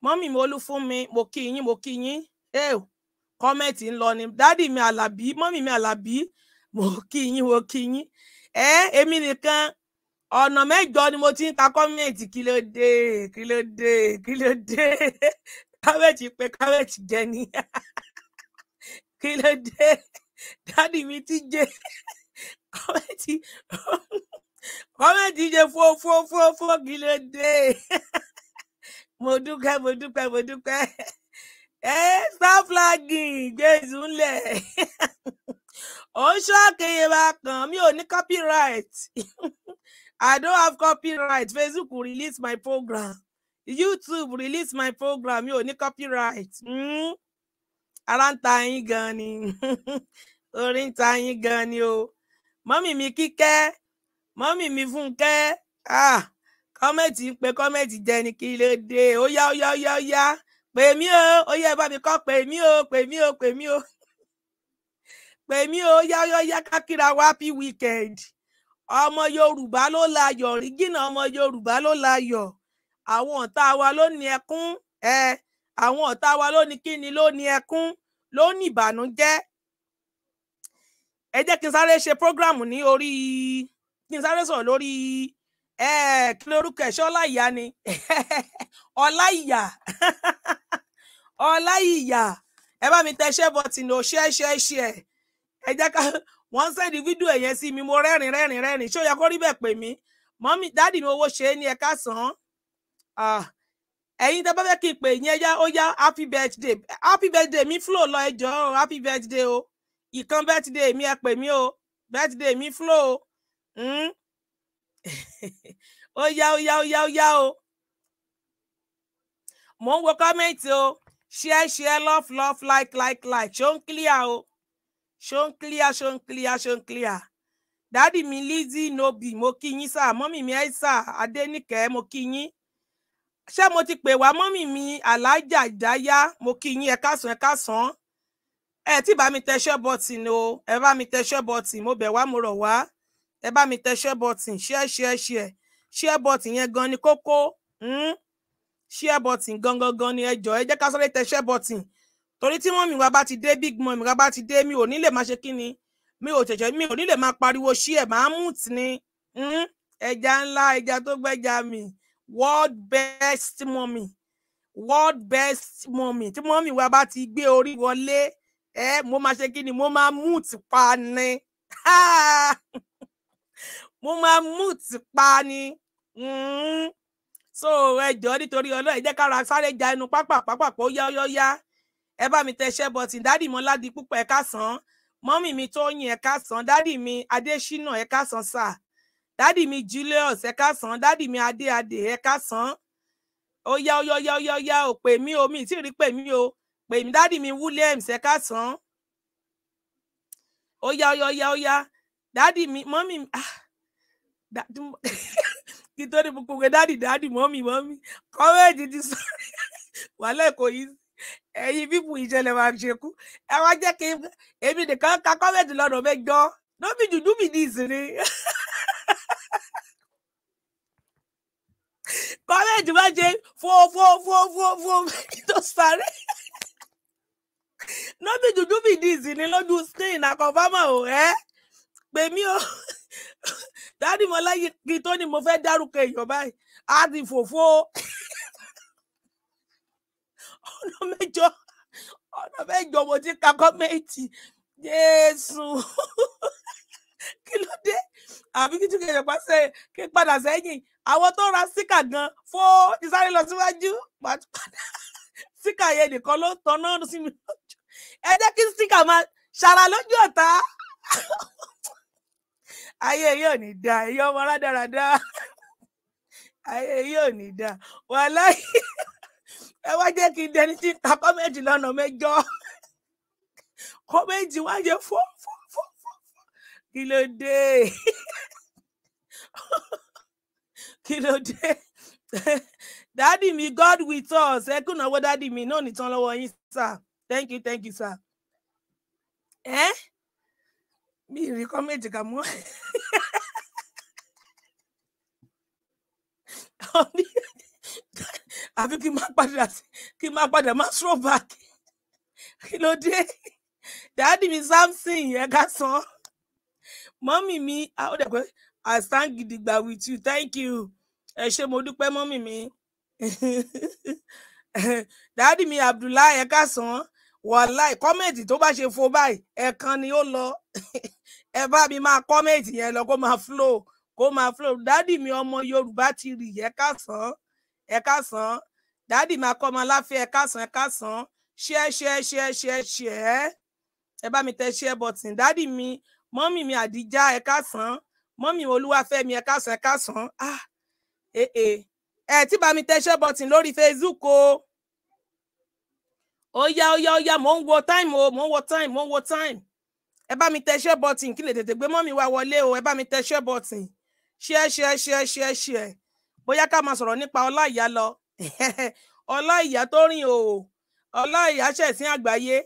mọ́mì mi Olúfúnmi mo kí yín mo kí yín ẹ́ẹ̀ kọ́mẹ́ǹtì ń lọ ni dádì mi Àlàbí mọ́mì mi Àlàbí mo kí yín mo kí yín ẹ èmi nìkan ọ̀nà mẹ́jọ ni mo ti ń ka kọ́mẹ̀ntì kí ló dé kí ló dé kí ló dé kábẹ́ẹ̀tì pé kábẹ́ẹ̀tì jẹ ni kí ló dé dádì mi ti jẹ kọ́mẹ̀ntì kọ́mẹ̀ntì jẹ fúófúófúófó kí ló dé mo dúpẹ́ mo dúpẹ́ mo dúpẹ́ ẹ sáflagging gbèsè e ńlẹ̀ ó ṣàkèyè bá kàn mí ò ní copyright I don't have copyright Facebook release my program YouTube release my program mi ò ní copyright hmm? ara ń ta yín gan ni orí ń ta yín gan ni o mọ́mì mi kíkẹ́ mọ́mì mi fúnkẹ́ ah kọ́mẹ̀tì ń pe kọ́mẹ̀tì jẹ ni kí ló dé ó yá ó yá ó yá ó yá pè mí o ó yẹ bá mi kọ́ pè mí o pè mí o pè mí o pèmí o yáyọyá kákìrà wá pí weekend ọmọ yorùbá ló láyọ̀ rígìnà ọmọ yorùbá ló láyọ̀ àwọn ọ̀tá wa ló ní ẹkún ẹ àwọn ọ̀tá wa ló ní kíni ló ní ẹkún ló ní ìbànújẹ́ ẹ jẹ́ kí n sáré ṣe program ní orí kí n sáré sọ̀rọ̀ lórí ẹ kí lorúkọ ẹ̀ṣọ́ ọláìyá ni ọláìyá ọláìyá ẹ bá mi tẹ ṣẹ́ bọ́tìnì ò ṣẹ́ ṣẹ́ ṣẹ́ ẹ jẹ́ ká wọ́n sẹ́ni fídíò ẹ̀yẹn sí mi mo rẹ́rìn rẹ́rìn rẹ́rìn ṣé ó yẹ kó rí bẹ́ẹ̀ pè mí mọ́mí dáàdì mi owó ṣe é ní ẹ̀ka sàn án ẹ̀yin tẹ́ bá fẹ́ kí n pè yín ẹ̀yá ó yá happy birthday happy birthday mi flow lọ ẹjọ́ happy birthday o ìkan birthday mi ẹ pè mí o birthday mi flow o hmm? ó yá ó yá ó yá ó yá o mò ń wo kọ́mẹ́ǹtì o share share love love like like like ṣó ń clear o ṣóun clear ṣóun clear ṣóun clear dádì mi Lizzy Nobi mo kí yín sá mọ́mì mi Aisa Adéníkẹ́ mo kí yín ṣé mo ti pè wá mọ́mì mi Alájà Ìdáyá mo kí yín ẹ káàsán ẹ káàsán ẹ tí bá mi tẹṣẹ́ bọ́tì ni o ẹ bá mi tẹṣẹ́ bọ́tì mo bẹ̀ wá mo rọ̀ wá ẹ bá mi tẹṣẹ́ bọ́tì ṣẹ́ ṣẹ́ ṣẹ́ ṣẹ́ bọ́tì yẹn gan ni kókó ṣẹ́ hmm? bọ́tì gangan gan ni ẹ jọ̀ọ́ ẹ jẹ́ ká sọ́lé tẹṣẹ́ bọ́tì torí tí mọ́mí wa bá ti dé big mọ́mí wa bá ti dé mi ò ní lè máa ṣe kí ni mi ò tẹ̀jọ́ mi ò ní lè máa pariwo ṣí ẹ̀ máa mú tì ní hmm? ẹja ńlá ẹja tó gbẹ́ja mi world best mommy. world best mommy. tí mọ́mí wa bá ti gbé orí wọlé ẹ mo máa ṣe kí ni mo máa mú tì pa ni mo máa mú tì pa ni hmm? so ẹjọ́ nítorí ọlọ́ọ̀ ẹ jẹ́ ká ra sáré ja ẹnu pápá pápá ó yá ó yá ẹ bá mi tẹ share button dádì mọ́ ládì púpọ̀ ẹ káàsán mọ́mì mi Tóyìn ẹ káàsán dádì mi Adésínà ẹ káàsán sà dádì mi Julius ẹ káàsán dádì mi Adéadé ẹ káàsán ó yá ó yá ó yá ó yá pè mí o mi tí ì rí pè mí o pè mí dádì mi Williams ẹ káàsán ó yá ó yá ó yá ó yá dádì mi mọ́mì ah. kí tó ní gbogbo dádì dádì mọ́mì mọ́mì kọ́wéèjì ti sọ wàhálà kò yí ẹ̀yin bíbu ìṣẹ̀lẹ̀ máa ṣe kú ẹ wá jẹ́ kí èmi nìkan ka kọ́mẹ̀tì lọ́nà mẹ́jọ lóbi dùdú mi ní ìsinmi. kọ́mẹ̀tì máa ṣe fòfòfòfòfò tó sáré lóbi dùdú mi ní ìsinmi lójú screen àkọ́fámà ò ẹ́ pè mí o dáàdì mọ́lá yìí kí tó ni mo fẹ́ dárúkọ èèyàn báyìí á ti fòfò ọ̀nà mẹ́jọ ọ̀nà mẹ́jọ mo ti ka kọ́mẹ́ǹtì jésù kí ló dé àbí kí túkẹ̀ ìjọba ṣe kí padà sẹ́yìn àwọn tó ra síkà gan fó ti sáré lọ síwájú síkà yẹn nìkan ló tanná sí mi lójú ẹ jẹ́ kí síkà máa ṣara lójú ọ̀tá ayé yóò ní da ẹ̀yọ́ ọmọ rádaràda ayé yóò ní da wàhálà yìí ẹ wá jẹ́ kí n dẹni tí ń ka kọ́mẹ́ǹtì lọ́nà mẹ́jọ kọ́mẹ́ǹtì wá jẹ́ fọ́ fọ́ fọ́ fọ́ kí ló dé kí ló dé dádì mi God with us ẹ kùnà owó dádì mi náà nìtàn lọ́wọ́ yín sir thank you thank you sir ẹ mi rí kọ́mẹ́ǹtì kà mú ọ ní àfi kí n má padà kí n má padà má sọ̀rọ̀ báàkì kí ló dé dàádì mi Samson yẹn ká san mọ́mì mi ó dẹ̀ gidigba with you thank you ẹ ṣé mo dúpẹ́ mọ́mì mi dàádì mi Abdullahi ẹ ká san wàláì kọ́mẹ̀ntì tó bá ṣe fo báyìí ẹ̀kan ni ó lọ ẹ bá mi máa kọ́mẹ̀ntì yẹn lọ kó máa flow kó máa flow dádì mi ọmọ Yorùbá ti rì yẹ ká sàn ẹ káàsán dádì máa kọ́ ọmọ láfẹ́ ẹ káàsán ẹ káàsán share share share share share ẹ bá mi tẹ share button dádì mi mọ́mì mi àdíjá ẹ káàsán mọ́mì olúwàfẹ́mi ẹ káàsán ẹ káàsán ah eh, eh. ẹ ẹ ẹ tí bá mi tẹ share button lórí facebook o Oya oya oya. yá ó wo time o mò ń wo time mò ń wo time ẹ bá mi tẹ share button kí lè tètè gbé mọ́mì wa wọlé o ẹ bá mi tẹ share button share share share share share bóyá ká máa sọ̀rọ̀ nípa ọláìyá lọ ọláìyá tó rìn o ọláìyá ṣẹ̀sìn àgbáyé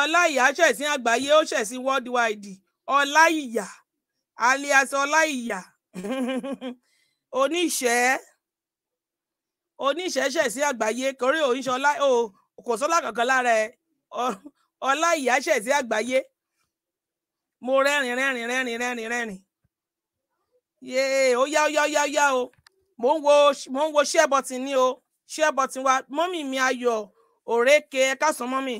ọláìyá ṣẹ̀sìn àgbáyé ó ṣẹ̀sìn wide, ọláìyá alias ọláìyá oníṣẹ́ oníṣẹ́ ṣẹ̀sìn àgbáyé kórè oníṣẹ́ ọlá o kò sọ́lá kankan lára ẹ ọláìyá ṣẹ̀sìn àgbáyé mo rẹ́rìn rẹ́rìn rẹ́rìn rẹ́rìn rẹ́rìn yéé ó yá ó yá ó yá ó yá o mò ń wo mò ń wo share button ni o share button wa mọ́mì mi ayọ̀ òrékè ẹ káàsán mọ́mì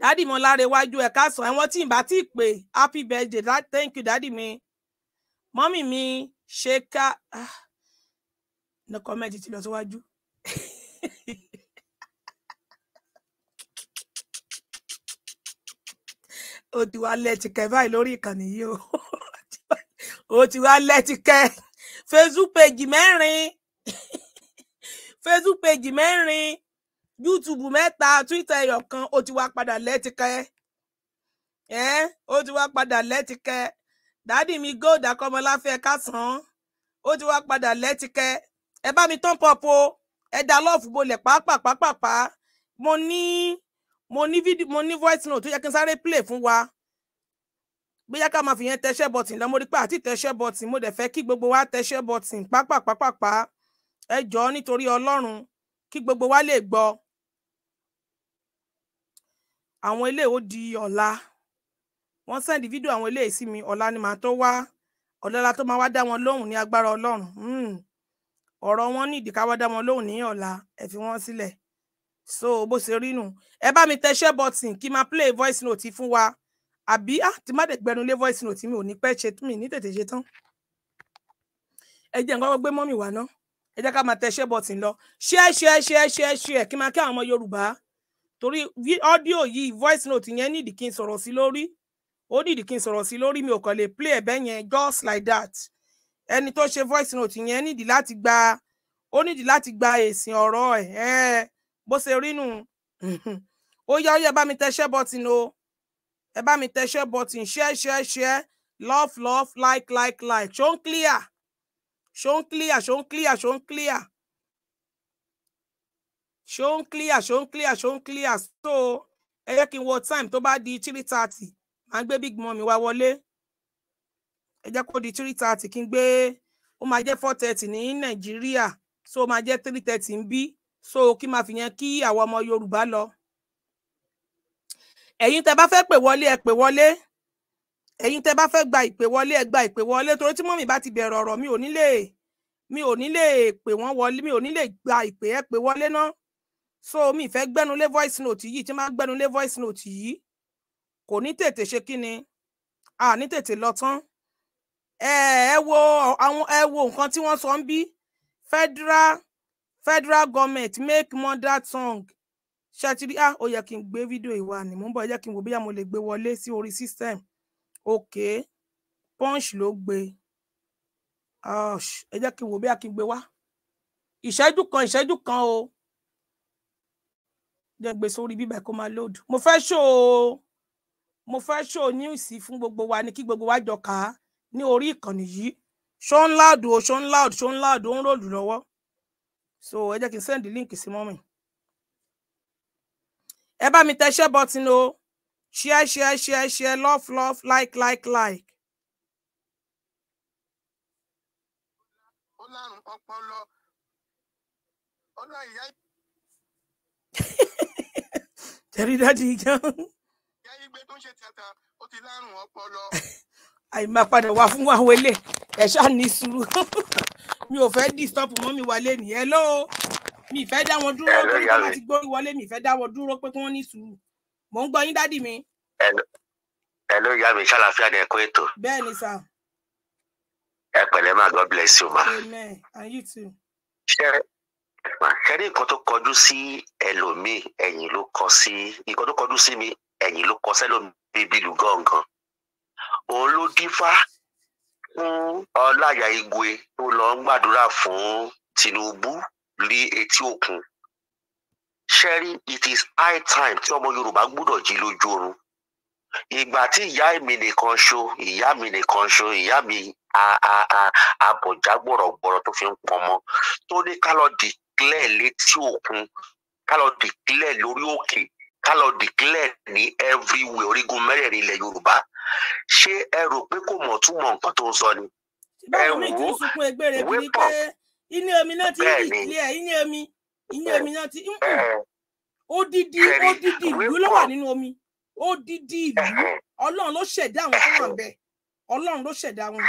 dádì mo láre wájú ẹ káàsán ẹ̀wọ̀n tí ìbá tí ì pè happy birthday thank you dádì mi mọ́mì mi ṣe ká lọ́kọ̀ mẹ́jì ti lọ síwájú. ó ti wá lẹ́ẹ̀tì kẹ́ báyìí lórí ìkànnì yìí o. ó ti wá lẹ́tíkẹ́ facebook page mẹ́rin facebook page mẹ́rin youtube mẹ́ta twitter ẹ̀yọ̀kan ó ti wá padà lẹ́tíkẹ́ ẹ́ ó ti wá padà lẹ́tíkẹ́ dádì mi gold akọmọláfẹ́ kásán ó ti wá padà lẹ́tíkẹ́ ẹ bá mi tán pọ̀pọ̀ ẹ dá lọ́ọ̀fù bolẹ̀ pàápàá pàápàá mo ní mo ní fídíò mo ní voice note tó yẹ kí n sáré play fún wa bóyá ká máa fi yẹn tẹṣẹ́ bọ̀tìn lọ mo rí pé àti tẹṣẹ́ bọ̀tìn mo dẹ̀ fẹ́ kí gbogbo wa tẹṣẹ́ bọ̀tìn pápápápápá ẹ jọ̀ọ́ nítorí Ọlọ́run kí gbogbo wa lè gbọ́ àwọn eléyìí ó di ọ̀la wọ́n sẹ́ndì fídíò àwọn eléyìí sí mi ọ̀la ni màá tó wá ọ̀la tó máa wá dá wọn lóhùn ní agbára Ọlọ́run hmm. ọ̀rọ̀ wọn nídìí ká wá dá wọn lóhùn ní ọ̀la ẹ fi wọ́n sílẹ̀ so bó ṣe rí nù ẹ bá mi tẹṣẹ́ bọ̀tìn kí máa play voice note fún wa àbí à ah, ti má dẹ̀ gbẹnu lé voice note mi ò ní pẹ́ ṣe mi ní tètè ṣe tán ẹ jẹ́ nǹkan gbé mọ́mì wá ná ẹ jẹ́ ká máa tẹ share lọ share share share share share kí n máa kí àwọn ọmọ Yorùbá torí ọ́díò yìí voice note yẹn nídìí kí n sọ̀rọ̀ sí lórí ó nídìí kí n sọ̀rọ̀ sí lórí mi ò kàn lè play ẹ̀bẹ́ yẹn just like that ẹni tó ṣe voice note yẹn nídìí láti gba ó nídìí láti gba èsì ọ̀rọ̀ ẹ̀ bó ṣe rí nù ó yá ó yá bá mi tẹ share button ẹ bá mi tẹ share button share share share love love like like like ṣó ń clear ṣó ń clear ṣó ń clear ṣó ń clear ṣó ń clear ṣó ń clear ṣó ń clear so ẹ jẹ́ kí n wo time tó bá di three thirty màá gbé big mummy wá wọlé ẹ jẹ́ kó di three thirty kí n gbé ó máa jẹ́ four thirty ní nàìjíríà so ó máa jẹ́ three thirty ń bí so kí n máa fi yẹn kí àwọn ọmọ yorùbá lọ ẹ̀yin tẹ́ bá fẹ́ pè wọlé ẹ pè wọlé ẹ̀yin tẹ́ bá fẹ́ gba ìpè wọlé ẹ gba ìpè wọlé torí tí mọmì bá ti bẹ̀rẹ̀ ọ̀rọ̀ mi ò ní lè mi ò ní lè pè wọ́n wọlé mi ò ní lè gba ìpè ẹ pè wọlé náà so mi fẹ́ gbẹ́nulé voice note yìí tí máa gbẹ́nulé voice note yìí kò ní tètè ṣe kí ni a ní tètè lọ tán ẹ ẹ wo àwọn ẹ wo nǹkan tí wọ́n sọ ń bí federal federal government make mother tongue ṣàtìrí ah ó yẹ kí n gbé fídíò ìwà ni mò ń bọ̀ ẹ jẹ́ kí n wò bóyá mo lè gbé wọlé sí orí system ok punch ló gbé ah, ẹ jẹ́ kí n wò bóyá kí n gbé wá ìṣẹ́jú kan ìṣẹ́jú kan o jẹ́ gbé sórí bíbẹ̀ kó máa lóòdù mo fẹ́ ṣó o mo fẹ́ ṣó o níwìsí fún gbogbo wa ni kí gbogbo wa jọ kà á ní orí ìkànnì yìí ṣó ń láàdù o ṣó ń láàdù ṣó ń láàdù ó ń ròlù lọ́wọ́ so ẹ jẹ́ kí n send link sí mọ́mì ẹ bá mi tẹṣẹ́ bọ́tìn o share share share share love love like like like. ó lárùn ọpọlọ ó lá ìyá. jẹ́rí dájú ìjà. ìyá yìí gbé tó ń ṣe tíátà padà wá fún àwọn ilé ẹ̀ ní sùúrù mi ò fẹ́ disturb mọ́ mi wálé nìyẹn lóo mi fẹ́ dá wọn dúró pé kí wọ́n ti gbórí wọlé mi fẹ́ dá wọn dúró pé kí wọ́n ní sùúrù mò ń gbọ́ yín dádì mi. ẹ ló yá mi ṣàlàfíà ní ẹkọ ètò. bẹ́ẹ̀ni sá. ẹ pẹ̀lẹ́ máa God bless you ma. ṣe ṣe ní nǹkan tó kọjú sí ẹlòmíì ẹ̀yìn ló kọ sí nǹkan tó kọjú sí mi ẹ̀yìn ló kọ sẹ́lòmíì bílù gángan òun ló dífá fún ọláyà igwe tó lọ ń gbàdúrà fún Tinubu lé etí òkun ṣẹ́rí it is high time tí ọmọ Yorùbá gbọ́dọ̀ jí lójú oorun ìgbà tí ìyá mi nìkan ṣo ìyá mi nìkan ṣo ìyá mi abọ̀já gbọ̀rọ̀gbọ̀rọ̀ tó fi ń pọnmọ tó ní ká lọ dìklẹ̀ létí òkun ká lọ dìklẹ̀ lórí òkè ká lọ dìklẹ̀ ní everywhere orígun mẹ́rẹ̀ẹ̀rin ilẹ̀ Yorùbá ṣé ẹ rò pé kò mọ̀ túmọ̀ nǹkan tó ń sọ ni. ẹ wò ó wípọ̀ inú omi náà ti ń dìkìlẹ̀ inú omi inú omi náà ti ń odidi odidi ìlú ló wà nínú omi odidi ìlú ọlọ́run ló ṣẹ̀dá àwọn tó wà bẹ́ẹ̀ ọlọ́run ló ṣẹ̀dá wọn.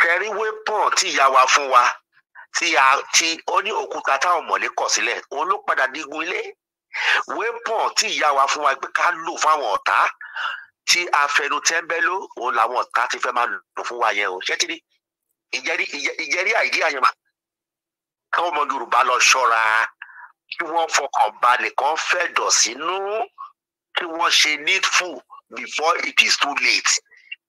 ṣẹ́rí wépọ̀n tí ìyá wa fún wa tí a ti ó ní òkúta táwọn mọ̀lé kọ̀ sílẹ̀ òun ló padà digun ilé wépọ̀n tí ìyá wa fún wa pé ká lò fáwọn ọ̀tá tí afẹnutẹ́ńbẹ́ló òun làwọn ọ̀tá ti fẹ́ máa lò fún wa yẹn o ṣé ti ìjẹ́rí ìjẹ́rí àìdí àyànmà káwọn ọmọ Yorùbá lọ ṣọ́ra kí wọ́n fọkàn balẹ̀ kàn fẹ̀dọ̀ sínú kí wọ́n ṣe needful before it is too late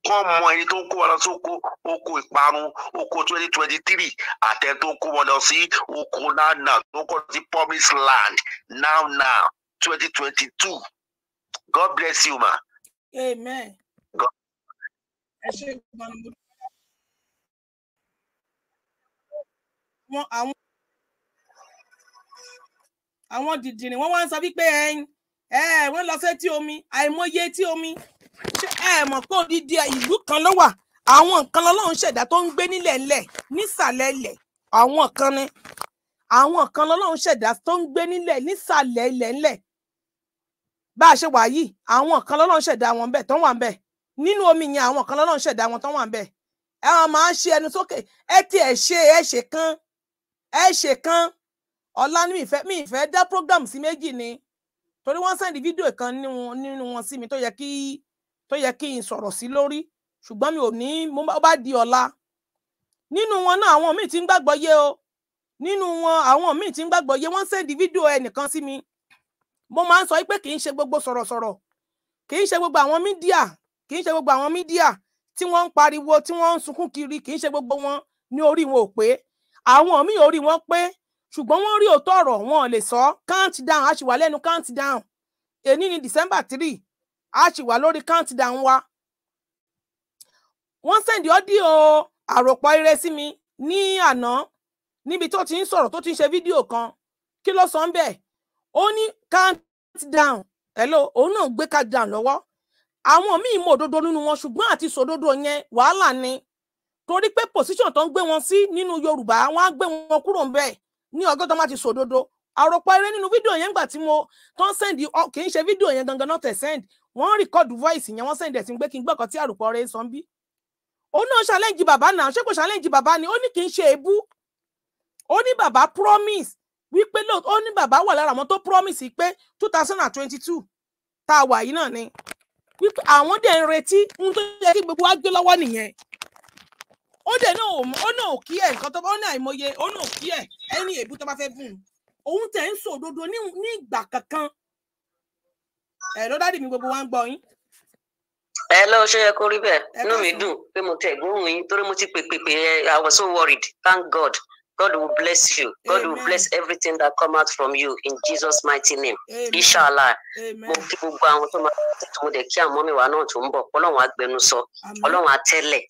kọ́ mọ ẹni tó ń kó wọn lọ sí oko oko ìparun oko twenty twenty three àtẹni tó ń kó wọn lọ sí oko now now tó ń kọ́ sí promised land now now twenty twenty two God bless you ma. Amen. God. àwọn àwọn àwọn dìdìrín wọn wá ń sọ wípé ẹyin ẹ wọn lọ sétí omi àìmọye tí omi ẹ mọ̀ pé odidi ìlú kan ló wà àwọn nǹkan lọ́lọ́run ṣẹ̀dá tó ń gbé nílẹ̀ ńlẹ̀ nísàlẹ̀ ilẹ̀ àwọn kan ni àwọn kan lọ́lọ́run ṣẹ̀dá tó ń gbé nílẹ̀ nísàlẹ̀ ilẹ̀ ńlẹ̀ bá a ṣe wà yìí àwọn kan lọ́lọ́run ṣẹ̀dá wọn bẹ́ẹ̀ tó wà ń bẹ́ẹ̀ nínú omi yẹn àwọn kan lọ́lọ́run ṣẹ̀dá wọn tó wà ń bẹ́ẹ̀ ẹ wọn máa ń ṣe ẹnu sókè ẹ tiẹ̀ ṣe ẹ ṣe kan ẹ ṣe kan ọ̀la ni mi fẹ́ mi fẹ́ dá program sí méjì ni torí wọ́n sẹ́ndì fídíò kan nínú wọn sí mi tó yẹ kí tó yẹ kí n sọ̀rọ̀ sí lórí ṣùgbọ́n mi ò ní mo bá di ọ̀la nínú wọn náà àwọn míì ti ń gbàgbọ́ yé o nínú wọn àwọn míì ti ń gbàgbọ́ yé wọ́n sẹ́ndì fídíò ẹnìkan sí mi mo máa ń sọ pé kì í ṣe gbogbo sọ̀rọ̀sọ̀rọ̀ kì í ṣe gbogbo àwọn mídíà kì í ṣe gbogbo àwọn mídíà tí wọ́n ń pariwo tí wọ́n ń sunkún kiri kì í ṣe gbogbo wọn ní orí wọn ò pé àwọn míì orí wọn pé ṣùgbọ́n wọ́n rí òótọ́ ọ̀rọ̀ wọn lè sọ count down a sì wà lẹ́nu count down èní ni December three a sì wà lórí count down wa wọ́n sẹ́ndì ọ́díò àròpọ̀ ire sí mi ní àná níbi tó ti ń sọ̀rọ̀ tó ti ń ṣe fídíò kan kí ló sọ ń bẹ̀ ó ní count down hello òun náà gbé count down lọ́wọ́ àwọn míì mọ òdodo nínú wọn ṣùgbọ́n àti sòdodo yẹn wàhálà ni torí pé position tó ń gbé wọn sí nínú yorùbá wọn á gbé wọn kúrò ńbẹ ní ọgọ́ tó má ti sòdodo àròpọ̀ eré nínú fídíò yẹn gbà tí mo tó ń sẹ́ndì kì í ṣe fídíò yẹn gangan náà tẹ̀ sẹ́ndì wọ́n rìkọ́dù voice yẹn wọ́n sẹ́ndì ẹ̀sìn pé kí n gbọ́kọ̀ tí àròpọ̀ eré sọ bí. òun náà ṣàlẹ́ǹjì bàbá náà ṣé kò ṣàlẹ́ǹjì bàbá ni ó ní kì í ṣe èébú ó ní bàbá promise wípé lóòótọ́ ó ní bàbá wà lára àwọn tó promise pé two thousand and twenty two tá a wà yìí náà ni wípé àwọn dẹ̀ ń retí ohun tó yẹ kí gbogbo wa gbé lọ́wọ́ nìyẹn ó dẹ̀ náà ó náà kí ẹ̀ nǹkan tó bá ó ní àìmọye ó náà kí ẹ̀ ẹni èébú tó bá fẹ́ bùn òun tẹ̀ ń sọ òdodo ní ìgbà kankan ẹ̀ ló dádì mi gbogbo wa ń gbọ́ yín. ẹ lọ ṣe yẹ kó rí bẹ́ẹ̀ inú mi dùn pé mo tẹ gbóhùn yín torí mo ti pèpèpè I was so worried thank God. God will bless you. God Amen. will bless everything that come out from you in Jesus' mighty name. Amen. Inshallah. Mo kí gbogbo àwọn tó máa tó mo dẹ̀ kí àwọn mọ́mí wa náà tó ń bọ̀. Ọlọ́run agbẹnusọ. Ọlọ́run atẹ́lẹ̀.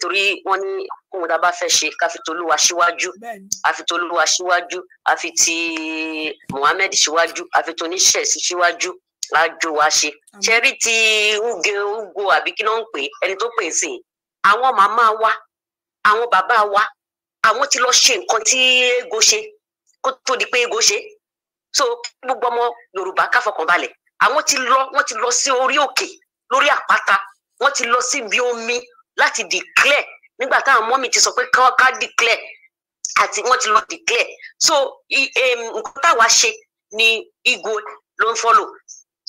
Torí wọ́n ní kóhun tá a bá fẹ́ ṣe ká fi tolúwa síwájú. A fi tolúwa síwájú. A fi ti Muhammed síwájú. A fi toníṣẹ́ síwájú lájú wa ṣe ṣẹ́rí ti uge ugo àbí kí ló ń pè ẹni tó pè sí àwọn màmá wa àwọn bàbá wa àwọn ti lọ ṣe nǹkan tí ego ṣe kó tó di pé ego ṣe so gbogbo ọmọ yorùbá káfọkànbalẹ̀ àwọn ti lọ wọ́n ti lọ sí orí òkè lórí àpáta wọ́n ti lọ síbi omi láti declare nígbà táwọn mọ́mì ti sọ pé ká declare àti wọ́n ti lọ declare so nǹkan táwa ṣe ni igo ló ń follow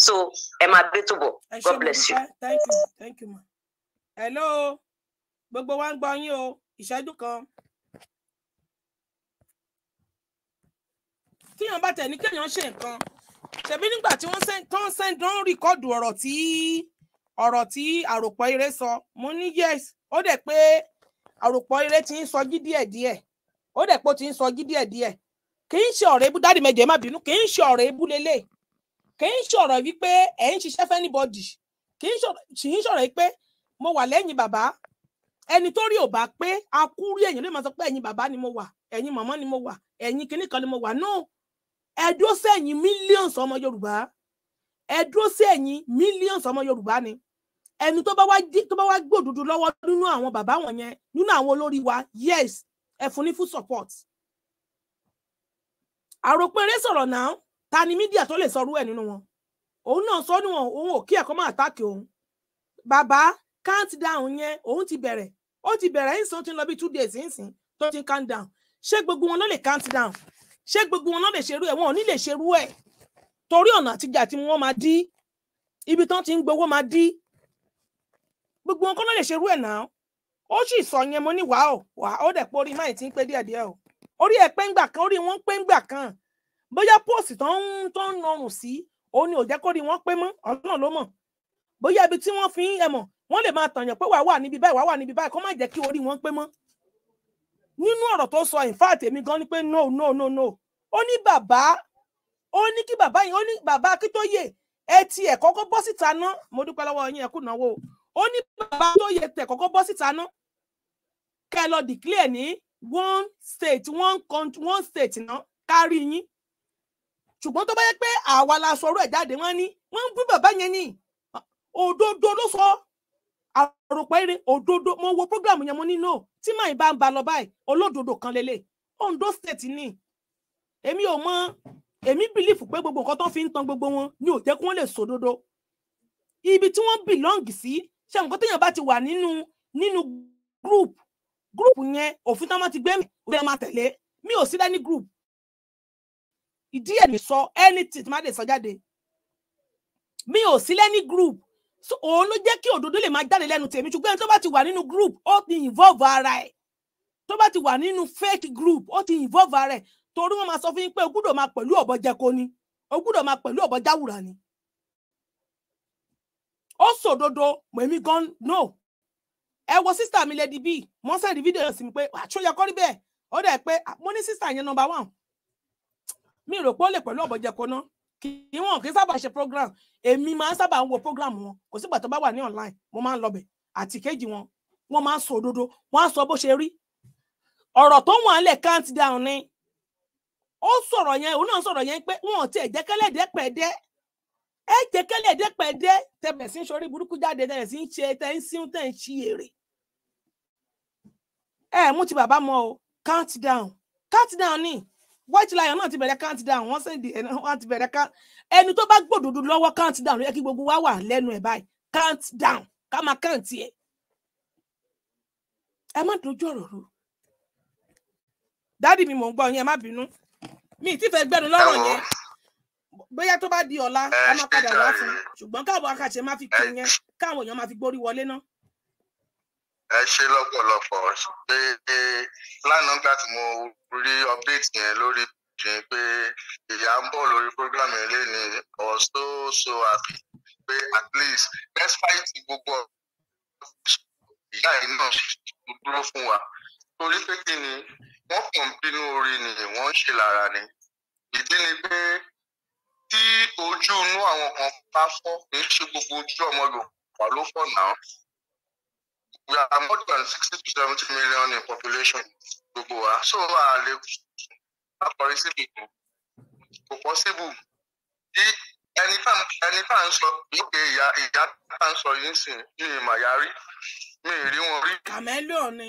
so ẹ máa gbé tó bọ̀ god bless you. thank you thank you ma hello gbogbo wa ń gbọ́ yín o ìṣẹ́jú kan. kíyàn bá tẹ̀ ní kéèyàn ṣe nǹkan ṣebí nígbà tí wọ́n tán sẹ́ńdán rìkọ́dù ọ̀rọ̀ tí ọ̀rọ̀ tí àròpọ̀ eré sọ mo ní yes ó dẹ̀ pé àròpọ̀ eré ti ń sọjí díẹ̀díẹ̀ ó dẹ̀ pé ó ti ń sọjí díẹ̀díẹ̀ kì í ṣe ọ̀rọ̀ ebú dáàdì mẹ́jẹ̀ má bínú kì í ṣe ọ̀rọ̀ ebú lélẹ̀ kì í ṣe ọ̀rọ̀ wípé ẹ̀ ń ṣiṣẹ́ fẹ́ anybody kì í ṣọ̀rọ̀ wípé mo wà lẹ́yìn bàbá ẹni tó rí ò bá pé akúrí èèyàn lè máa sọ pé ẹ̀yìn bàbá ni mo wà ẹ̀yìn màmá ni mo wà ẹ̀yìn kinní kan ni mo wà náà ẹ dúró millions ọmọ yorùbá ẹ dúró millions ọmọ yorùbá ni ẹni tó bá wá gbòdodo lọ́wọ́ nínú àwọn bàbá wọ̀nyẹn nínú àwọn olórí wa yes ẹ fún ní full support àròpẹrẹ sọ̀rọ̀ náà ta ni mídíà tó lè sọrú ẹ̀ nínú wọn òun náà sọ níwọn òun ò kí ẹ̀kọ́ máa táàkì òun bàbá count down yẹn òun ti bẹ̀rẹ̀ ó ti bẹ̀rẹ̀ ń sàn tí ń lọ bí two days ń sìn tó ti count down ṣé gbogbo wọn ló lè count down ṣé gbogbo wọn náà lè ṣerú ẹ̀ wọn ò ní lè ṣerú ẹ̀ torí ọ̀nà àtijọ́ àti wọn máa dí ibi tán ti ń gbowó máa dí gbogbo wọn kọ́ náà lè ṣerú ẹ̀ náà ó sì sọ yẹn mo ní wàá ò wàá ó dẹ̀ pé orí máì ti ń pé díẹ̀díẹ̀ o orí ẹ̀ pé ń gbà kan orí wọn pé ń gbà kan bóyá póòsì tó ń tó ń nọrùn sí òun ni ò jẹ́ kórìí wọn pé mọ́ ọlọ́run ló mọ̀ bóyá ibi tí wọ́n fi ń ẹmọ̀ wọ́n lè máa tànyàn pé wàá wà níbi báyìí wàá wà níbi báyìí kó má jẹ́ kí orí wọn pé mọ́ nínú ọ̀rọ̀ tó sọ in fact èmi gan ni pé no no no no ó ní bàbá ó ní kí bàbá yìí ó ní bàbá akíntóye ẹ ti ẹ̀ kọ́kọ́ bọ́ síta ná mo dúpẹ́ lọ́wọ́ yín ẹ kú náwó ó ní bàbá akíntóye tẹ̀ kọ́kọ́ bọ́ síta ná kẹ́ lọ declare ní one state one country one state ná kárí yín ṣùgbọ́n tó bá yẹ pé àwa la sọ̀rọ̀ ẹ̀ jáde wọ́n ní wọ́n ń bú bàbá yẹn ní òdodo ló sọ àròpọ̀ eré òdodo mo wo program yẹn mo ní no tí màá bá ń ba lọ báyìí olódodo kan lélẹ̀ Ondo state ni èmi ò mọ èmi bìlífù pé gbogbo nǹkan tó fi ń tan gbogbo wọn ni ò jẹ́ kí wọ́n lè sòdodo ibi tí wọ́n bìlọ́ǹgì sí ṣe nǹkan téèyàn bá ti wà nínú nínú group group yẹn òfin tí wọ́n ti gbé mi òfin tí wọ́n tẹ̀lé mi ò sí dání group ìdí ẹ̀ mi sọ anything tí má lè sọ jáde mi ò sí lẹ́ni group so òun ló jẹ́ kí òdodo lè máa jáde lẹ́nu tèmi ṣùgbọ́n tó bá ti wà nínú group ó ti involve ara ẹ̀ tó bá ti wà nínú fake group ó ti involve ara ẹ̀ torí wọn máa sọ fún yín pé ogúdò máa pẹ̀lú ọ̀bọ jẹko ni ogúdò máa pẹ̀lú ọ̀bọ jáwùrà ni ó sòdodo mẹ̀mí gan no ẹ wo sísítà mi lẹ́dí bíi wọ́n sẹ́ndí fídíò sí mi pé àtúnyẹ ah, kọ́rí bẹ́ẹ̀ ó dẹ̀ pé ah, mo ní sísítà yẹn nọmba one mi rò pé ó lè pẹ̀lú ọ̀bọ jẹko náà kì wọn kì í sábà ṣe program èmi máa ń sábà ń wo program wọn kò sígbà tó bá wà ní online mo máa ń lọbẹ̀ àti kejì wọn wọn máa ń sọ òdodo wọn á sọ bó ṣe rí ọ̀rọ̀ tó wà ń count down ni ó sọ̀rọ̀ yẹn òun náà sọ̀rọ̀ yẹn pé wọn ò tiẹ̀ jẹ́kẹ́lẹ́dẹ́ pẹ̀ẹ́dẹ́ ẹ jẹ́kẹ́lẹ́dẹ́ pẹ̀ẹ́dẹ́ tẹ̀bẹ̀ sí ń sọrí burúkú jáde tẹ̀bẹ̀ sí ń ṣe tẹ̀ ń síún tẹ̀ ń ṣí èrè. ẹ mú ti bàbá mọ o count down count down ni white lion náà ti bẹ̀rẹ̀ count down wọ́n sẹ́ndì ẹ̀ náà wọ́n ti bẹ̀rẹ̀ count ẹni tó bá gbòdòdó lọ́wọ́ count down ló yẹ kí gbogbo wa wà lẹ́nu ẹ̀ báyìí count down ká máa count yẹ ẹ má dojú ọ̀rọ̀ rú dádì mi mò ń gbọ́ yín má bínú mi ti fẹ́ gbẹ́nu lọ́rọ̀ yẹn ah. bóyá tó bá di ọ̀la a eh, máa padà wá eh, fún ṣùgbọ́n káàbọ̀ akàṣe má fi kí yẹn káwọn èèyàn má fi gbórí wọlé náà. Eh, ẹ ṣe lọ́pọ̀lọpọ̀ pé lánàá nígbà tí mo rí update yẹn lórí ìdíje pé ìyá ń bọ̀ lórí program yẹn lé I was so so happy pé at least despite gbogbo ìyá yìí náà dúró fún wa torí pé kí ni wọ́n kàn bínú orí ni wọ́n ń ṣe lára ni ìdí ni pé tí ojú inú àwọn kan bá fọ́ kì í ṣe gbogbo ojú ọmọ Yorùbá ló fọ́ náà we are more than sixty to seventy million in population gbogbo wa so a lè àkọrí síbi kan kò pọ́síbù tí ẹni tá ẹni tá ń sọ lókè ìyá ìyá tá ń sọ yìí ń sìn mí ìmọ̀ mi ì rí wọn rí. kàmẹ́lò ni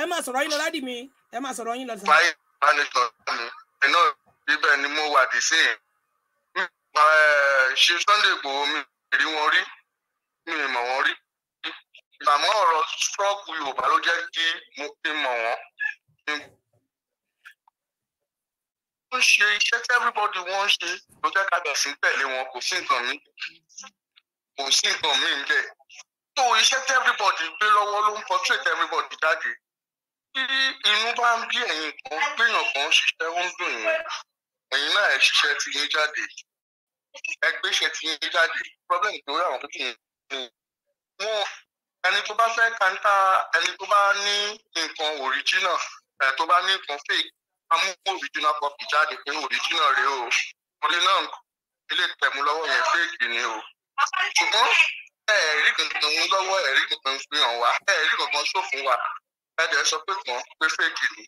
ẹ máa sọ̀rọ̀ yín lọ ládì mi ẹ máa sọ̀rọ̀ yín lọ sàn. báyìí bá ní sọ̀rọ̀ mi iná ibẹ̀ ni mo wà dé sí i ṣe Sunday Igboho mi rí wọn rí mi mọ̀ wọn rí àmọ́ ọ̀rọ̀ ṣọ́ọ̀kù Yorùbá ló jẹ́ kí mo fi mọ̀ wọ́n. wọ́n ṣe iṣẹ́ tí everybody wọ́n ṣe ló jẹ́ ká bẹ̀ sí tẹ̀lé wọn kò sí nǹkan mi kò sí nǹkan mi ń bẹ̀. tó iṣẹ́ tí everybody gbé lọ́wọ́ ló ń portrait everybody jáde tí inú bá ń bí ẹ̀yin kan gbìyàn kan ṣiṣẹ́ ó ń dùn yín ẹ̀yin náà ẹ̀ ṣiṣẹ́ ti yín jáde ẹ gbéṣẹ́ ti yín jáde problem tó yà wọ́n kò kì í wọn ẹni tó bá fẹ́ kanta ẹni tó bá ní nǹkan original ẹ̀ tó bá ní nǹkan fake amú original copy jáde pé original rèé o orí náà ilé tẹ̀mú lọ́wọ́ yẹn fake ni o ṣùgbọ́n ẹ̀ẹ́rì kankan mú lọ́wọ́ ẹ̀ẹ́rì kankan fi hàn wá ẹ̀ẹ́rì kankan ṣó fún ẹ̀dẹ̀ sọ pé kàn pé fèkì ni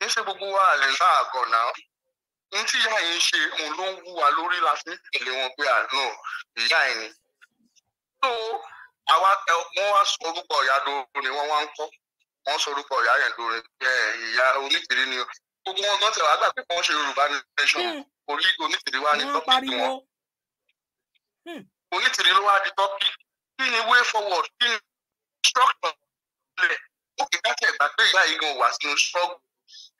ní ṣe gbogbo wa lè ná àgọ̀ náà ní tí ìyá yìí ń ṣe òun ló ń wú wa lórí la fi ń tẹ̀lé wọn pé àánú ìyá yìí ni. tó àwa wọn wá orúkọ ìyá dorin ni wọn wá ń kọ wọn sọ orúkọ ìyá yẹn dorin ìyá oníkiri ni gbogbo wọn gan tẹwàá gbà pé wọn ṣe Yorùbá nation hmm. orí oníkiri wa ní tọ́pìkì wọn hmm. oníkiri ló wá di tọ́pìkì kí ni way forward kí ni instruction òkè káṣí ẹ̀gbà pé yìí gan wà sínú ṣọ́ọ̀bù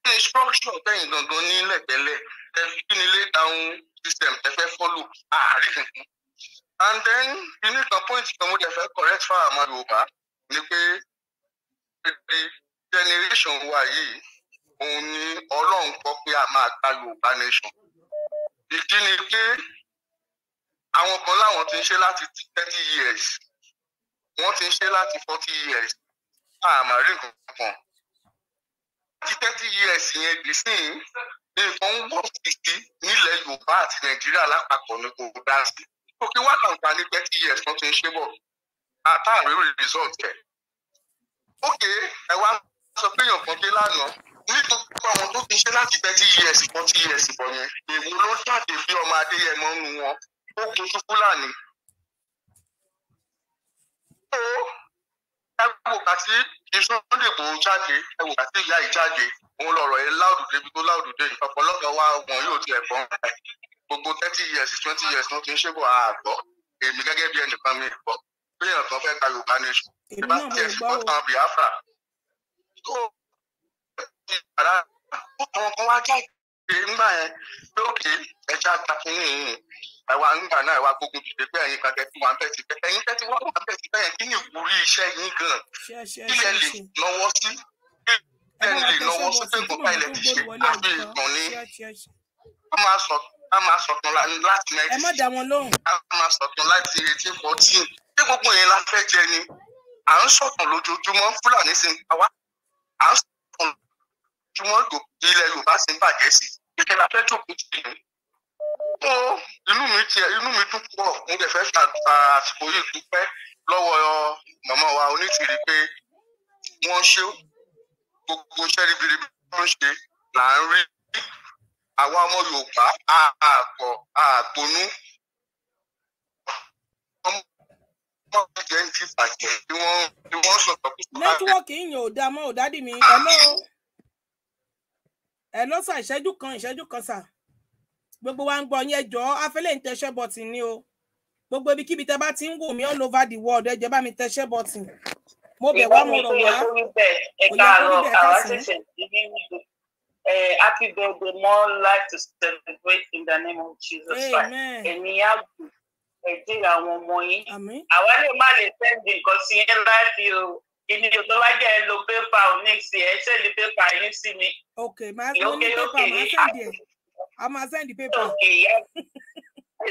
kí ṣọ́ọ̀ṣọ̀ tẹ̀yìn gangan ní lẹ̀tẹ́lẹ̀ ẹ fi kí ni lay down system ẹ fẹ́ follow ààrẹ kankan and then inú kan point kan mo dẹ̀ fẹ́ correct fáwọn ọmọ Yorùbá ni pé generation wa yìí òun ni Ọlọ́run kọ pé a máa gba Yorùbá nation ìdí ni pé àwọn kan láwọn ti ń ṣe láti thirty years wọ́n ti ń ṣe láti forty years Ah, àmọ́ rí nǹkan kan ti thirty years yẹn di sín nǹkan ń wọ̀ títí nílẹ̀ Yorùbá àti Nàìjíríà lápapọ̀ ní kò dá sí òkè wà láǹfà ní thirty years wọ́n ti ń ṣe bọ̀ àtàrí result ẹ̀ òkè ẹ̀ wá sọ pé èèyàn kan dé lánàá nítorí àwọn tó ti ṣe láti thirty years forty years bọ̀ yẹn èwo ló jáde bí ọmọ Adéyẹmọ nu wọn ó kun fúlàní ẹ wò ká sí ìsúndìbò jáde ẹ wò ká sí ìyá ìjáde òun lọ̀rọ̀ yẹn láòdù débi tó láòdù dé ọ̀pọ̀lọpọ̀ wa wọn yóò ti ẹ̀gbọ́n gbogbo thirty years twenty years ló ti ń ṣe bọ̀ àgbọ̀ èmi gẹ́gẹ́ bí ẹnìkan mi gbọ́ pé èèyàn kan fẹ́ ka Yorùbá nation ìbá tiẹ̀ sí bọ́tà Biafra tó ti bàrà ó kàn kàn wá jáde nígbà yẹn pé ẹja takùn nìyí ẹ wá ńgbà náà ẹ wá dìde pé ẹ̀yin kan tẹsí wọn bẹ́ẹ̀ ti bẹ́ẹ̀ ẹ̀yin wọn wọn bẹ́ẹ̀ ti bẹ́ẹ̀ kí ni ìwúrí iṣẹ́ yín gan kí lẹ lè lọ́wọ́ sí kí lẹ lè lọ́wọ́ sí pé nǹkan báyìí lẹ ti ṣe àfi ìtàn ni a máa sọ láti náírà a máa sọtún láti eighteen fourteen ṣé gbogbo yẹn la jẹ ni à ń sọtún lójoojúmọ́ fúlàní sì ń à ń sọtún lójoojúmọ́ ilẹ̀ yorùbá sì ń bàjẹ́ sí ìkẹlẹ afẹ́jọ́ kò tì í kún inú mi tiẹ̀ inú mi tún pọ̀ mo dẹ̀ fẹ́ àsìkò yìí dúpẹ́ lọ́wọ́ màmá wa Onítìrí pé wọ́n ṣe gbogbo iṣẹ́ ribiribi wọ́n ṣe là ń rí àwa ọmọ Yorùbá àpọ̀ àponú ọmọ jẹ́ ń ti bàjẹ́ bí wọ́n bí wọ́n sọ̀rọ̀ kúkú. nẹ́tíwọ́ọ̀kì yìnyín ò dáa mọ́ ò dádì mi ẹ̀ lọ́ ẹ̀ lọ́ sà ìṣẹ́jú kan ìṣẹ́jú kan sà gbogbo wa ń gbọ́ yín ẹjọ́ afẹ́lẹ́ ń tẹṣẹ́ bọ̀tì ni o gbogbo ibikíbi tẹ bá ti ń wò mí all over the world ẹjọ́ bá mi tẹṣẹ́ bọ̀tì mo bẹ̀ wá mo rọ̀ wá kò yẹ kó níbẹ̀ ká sí. Uh, happy birthday, more life to celebrate in the name of Jesus Christ. Amen. á gùn ẹ̀jẹ̀ àwọn ọmọ yín. Àwa lè má lè sẹ́ndì nǹkan sí yín láti o ìní tó bá jẹ́ lo pépà oníṣì ẹ̀ ṣẹ́ni pépà yín sí mi. Ok, máa ń lo pépà, máa ń sẹ́ndì a máa send paper. okay yẹ ẹ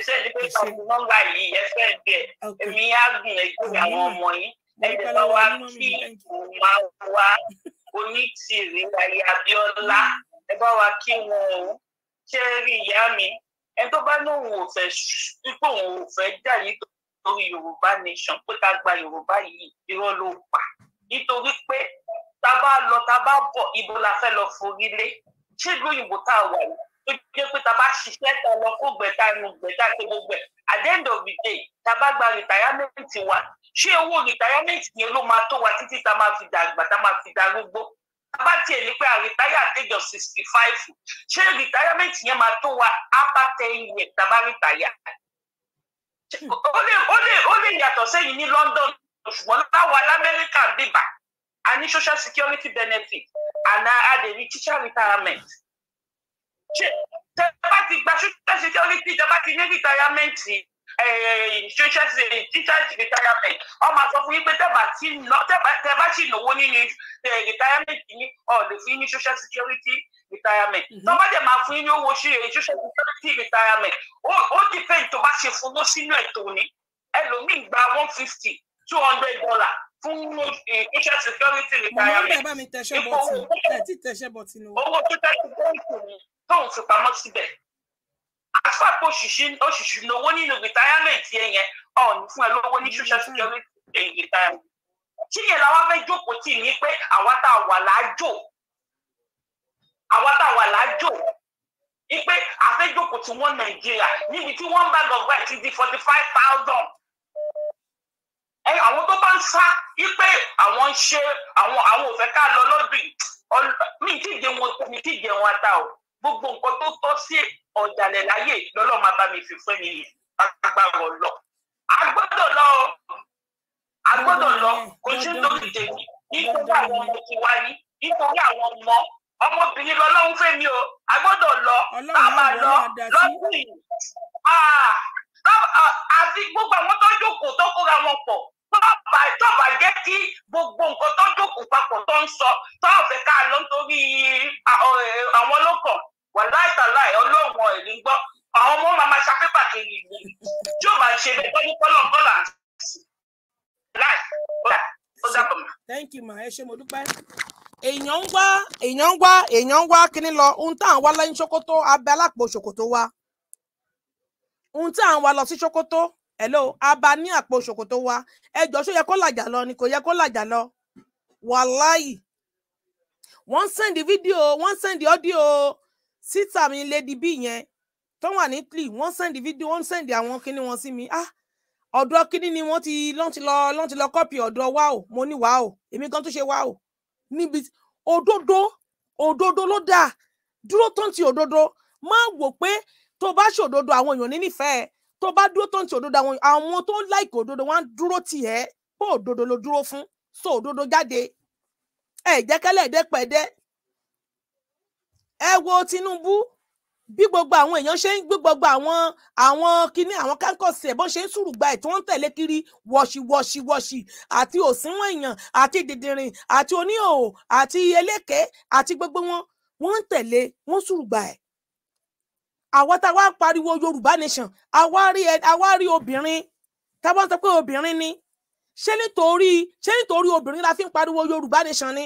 the paper fún nọ́mbà yìí ẹ send ẹ èmi á gbìyànjú àwọn ọmọ yìí ẹ̀jẹ̀ bá wá kí òun máa wá onítìrí ayé Abíọ́lá ẹ bá wa kí wọn o ṣé rí ìyá mi ẹ tó bá lóun ò fẹ́ pípé òun ò fẹ́ jà nítorí nation pé ká gba Yorùbá yìí irọ́ ló pa nítorí pé tá a bá lọ tá a bá bọ̀ ibo la fẹ́ lọ forí lé ṣé lóyìnbó tá a wà yìí tó jẹ́ pé tá bá ṣiṣẹ́ tá lọ kó gbẹ̀ta nu gbẹ̀ta tó gbogbo ẹ̀ at the end of the day tá a bá gba retirement wa ṣé owó retirement yẹn ló máa tó wa títí tá máa fi dàgbà tá máa fi darúgbó tá bá tiẹ̀ ní pé a retire at age of sixty five ṣé retirement yẹn máa tó wa after ten years tá bá retire ó lè yàtọ̀ sẹ́yìn ní London ṣùgbọ́n láwa lamẹ́ríkà bíbà a ní social security benefit and I dẹ̀ ní teacher retirement ṣe ti gba social security tẹ́lá ti ní retirement social teachers retirement ọmọ sọ fún yín pé tẹ́lá sì náwó nínú retirement ní ọ̀lẹ́ fún yín ní social security retirement mm-hmm. tó bá dẹ̀ máa fún yín ní owó ṣe social security retirement ó dìpẹ́ǹ tó bá ṣe fowó sínú ètò ní ẹlòmíì gba one fifty two hundred dollar fún social security retirement. mo ní bàbá mi tẹ̀sẹ̀ bọ̀tì tẹ̀sẹ̀ bọ̀tì ni. owó social security ni tóun fi pamọ́ síbẹ̀ àfàpọ̀ òṣìṣì lówó nínú retirement yẹn yẹn ọ̀ọ́nì fún ẹ lówó ní social security retirement tí yẹn làwọn fẹ́ jókòó tì ní pé àwa tá a wà láàjò àwa tá a wà láàjò ipe àfẹ́jòkó tí wọ́n nàìjíríà níbi tí wọ́n bá lọ́gbà ti di forty five thousand. ẹ àwọn tó bá ń sá ipe àwọn ń ṣe àwọn àwọn ò fẹ́ ká lọ lọ́dún mi ti jẹ wọn mi ti jẹ wọn ata o gbogbo nǹkan tó tọ́ sí ọ̀dàlẹ̀ láyè lọ́lọ́ máa bá mi fi fún mi yìí agbára ọlọ agbọ́dọ̀ lọ agbọ́dọ̀ lọ kò sí lórí tèmi nítorí àwọn ọmọ ti wá ní nítorí àwọn ọmọ ọmọbìnrin lọ́lọ́run fẹ́mi o agbọ́dọ̀ lọ tá a máa lọ lọ́dún yìí àfi gbogbo àwọn tó jókòó tó kóra wọn pọ̀ tọ́ba tọ́ba jẹ́ kí gbogbo nǹkan tó jókòó papọ̀ tó ń sọ tọ́ọ̀fẹ́ ká lọ nítorí àwọn ọlọ́kọ̀ wàláì tàláì ọlọ́run ẹ̀ gbọ́ àwọn ọmọ máa máa ṣàpépà kiri ìlú tí máa ṣe bẹ́ẹ̀ tọ́jú kọ́lọ̀ kọ́lọ̀ láì ó dàbọ̀ mọ́. thank you ma ẹ ṣé mo dúpẹ́. èèyàn ń wá èèyàn ń wá èèyàn ń wá kíní lọ ohun tá à ń wá lẹ́yìn ṣòkòtò abẹ́ alápò ṣòkòtò wa ohun tí à ń wá lọ sí ṣòkòtò hello aba ní àpò ṣòkòtò wa ẹjọ́ ṣó yẹ kó làjà lọ ni kò yẹ kó làjà lọ wàláì wọ́n send the video wọ́n send the audio síta mi lady b yẹn tó wà ní tli wọ́n sẹ́ndì fídíò wọ́n sẹ́ndì àwọn kinní wọn sí mi ah ọ̀dọ̀ kinní ni wọ́n ti lọ́n ti lọ lọ́n ti lọ kọ́pì ọ̀dọ̀ wa o mo ní wa o èmi kan tó ṣe wa o níbi òdodo òdodo ló dáa dúró tó ń ti òdodo máa wò pé tó bá ṣòdodo àwọn èèyàn ní nífẹ̀ẹ́ tó bá dúró tó ń ti òdodo àwọn àwọn tó ń láìkè òdodo wọn á dúró tì ẹ́ pé òdodo ló dúró fún so òdodo jáde ẹ jẹ́ kẹ́lẹ́ ẹ̀dẹ́pẹ̀ẹ́dẹ́ ẹ wo Tinubu bí gbogbo àwọn èèyàn ṣe ń gbé gbogbo àwọn àwọn kinní àwọn kánkọ̀sì ẹ̀ bó ṣe ń sùrùgba ẹ̀ tí wọ́n ń tẹ̀lé kiri wọ̀ṣìwọ̀ṣìwọ̀ṣì àti òsínwọ̀n èèyàn àti dìndìnrìn àti oníhòòhò àti eléke àti gbogbo wọn wọ́n ń tẹ̀lé wọ́n sùrùgba ẹ̀. àwa tá a wá pariwo Yorùbá nation àwa rí ẹ àwa rí obìnrin táwọn sọ pé obìnrin ni ṣé nítorí ṣé nítorí obìnrin la fi ń pariwo Yorùbá nation ni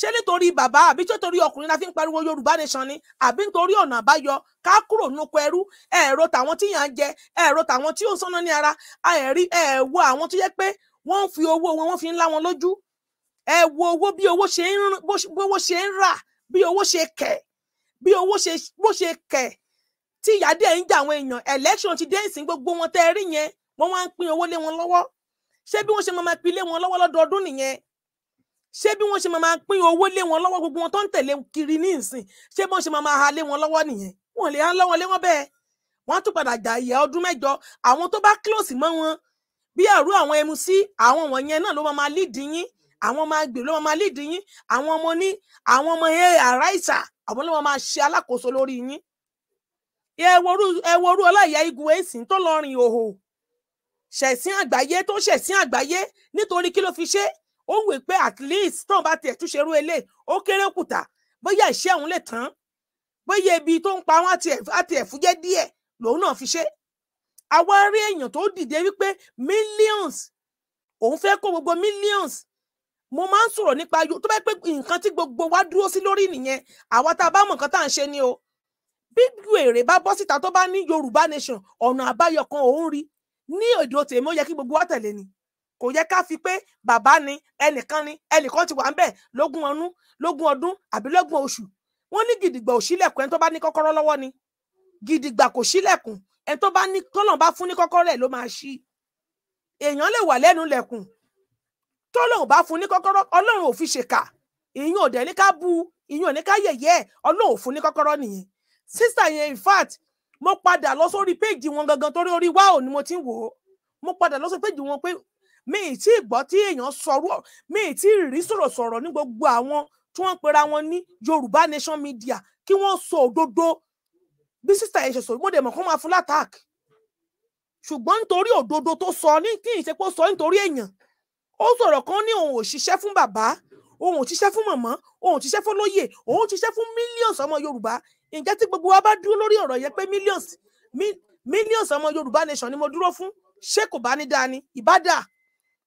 ṣé nítorí bàbá àbí tó torí ọkùnrin la fi ń pariwo yorùbá nation ni àbí nítorí ọ̀nà àbáyọ ká kúrò nínú ẹrú ẹ̀rọ tàwọn tí yàn ń jẹ ẹ̀rọ tàwọn tí ó ń sánná ní ara ẹ̀rí ẹ̀ wo àwọn tó yẹ pé wọ́n ń fi owó wọn wọ́n fi ń lá wọn lójú ẹ owó bí owó ṣe ń rà bí owó ṣe kẹ̀ bí owó ṣe kẹ̀ tí ìyáde ẹ̀ ń jà àwọn èèyàn election ti dé ìsìn gbogbo wọn tẹ́ ẹ rí yẹn wọ́n wá ń pín owó lé wọn lọ́wọ́ ṣé bí wọ́n ṣe máa máa pín lé wọn lọ́wọ́ lọ́dọọdún nìyẹn ṣé bí wọ́n ṣe máa pín owó lé wọn lọ́wọ́ gbogbo wọn tó ń tẹ̀lé kiri ní ìsìn ṣé bí wọ́n ṣe máa ha lé wọn lọ́wọ́ nìyẹn wọn lè ha lọ́wọ́ lé wọn bẹ́ẹ̀ wọ́n á tún padà jà ìyà ọdún mẹ́jọ àwọn tó bá close mọ́ wọn bí ẹ̀rú àwọn MC àwọn wọ̀nyẹn náà ló máa lead yín àwọn ọmọ agbè ló máa lead yín àwọn ọmọ ní àwọn ọmọ ẹ̀ àráìsà àwọn ló máa ṣe alákòóso lórí yín ẹwọrú ọláìyá igun èsì tó lọ rìn òhò ṣẹ̀sìn àgbáyé tó ṣẹ̀sìn àgbáyé nítorí kí ló fi ṣe ó wè pé at least tóun bá tiẹ̀ túnṣe irú eléyìí ó kéré kùtà bóyá ìṣẹ́ òun lè tán bóyá ibi tó ń pa wọn àti ẹ̀fújẹ́ díẹ̀ lòun náà fi ṣe àwa rí èèyàn tó dìde wípé millions òun fẹ́ kó gbogbo millions mo máa ń sọ̀rọ̀ nípa tó bá pé nǹkan tí gbogbo wa dúró sí lórí nìyẹn àwa tá a bá mọ nǹkan tá à ń ṣe ni o bí wèrè bá bọ́ síta tó bá ní Yorùbá nation ọ̀nà àbáyọ kan òun rí ní èdè tèmi ó yẹ kí gbogbo wa tẹ̀lé ni kò yẹ ká fi pé bàbá ni ẹnìkan ni ẹnìkan ti wà ń bẹ̀ lógún ọdún lógún ọdún àbí lógún oṣù wọ́n ní gidigba ò ṣílẹ̀kùn ẹni tó bá ní kọ́kọ́rọ́ lọ́wọ́ ni gidigba kò ṣílẹ̀kùn ẹni tó bá ní tọ́lọ̀ bá fún ní kọ́kọ́rọ́ ẹ̀ ló máa ṣí èèyàn lè wà lẹ́nu lẹ̀kùn tọ́lọ̀ bá fún ní kọ́kọ́rọ́ ọlọ́run ò fi ṣèkà ìyún ò dẹ̀ ní ká bu ìyún ò ká yẹ̀yẹ́ ọlọ́run ò fún ní kọ́kọ́rọ́ nìyẹn sísà yẹn in fact mo padà lọ sórí péèjì wọn gangan torí orí wáò ni mo ti ń wò ó mo padà lọ sórí péèjì wọn pé mi ì tí ì gbọ́ tí èèyàn sọ̀rọ̀ mi ì tí ì rí sọ̀rọ̀ sọ̀rọ̀ ní gbogbo àwọn tí wọ́n ń pera wọn ní Yorùbá Nation Media kí wọ́n sọ òdodo bí sísá ẹ̀ ṣe sọ ìmọ̀dé mọ̀ kó máa fún látàk ṣùgbọ́n nítorí òdodo tó sọ ní kí n ṣe pé ó sọ nítorí èèyàn ó sọ̀rọ̀ kan ní òun ò ṣiṣẹ́ fún bàbá òun ò ṣiṣẹ́ fún màmá òun ò ṣiṣẹ́ fún lóyè òun ò fún millions ọmọ Yorùbá ǹjẹ́ tí gbogbo wa bá dúró lórí ọ̀rọ̀ yẹn pé millions millions ọmọ Yorùbá nation ni mo dúró fún ṣé kò bá ní dáa ni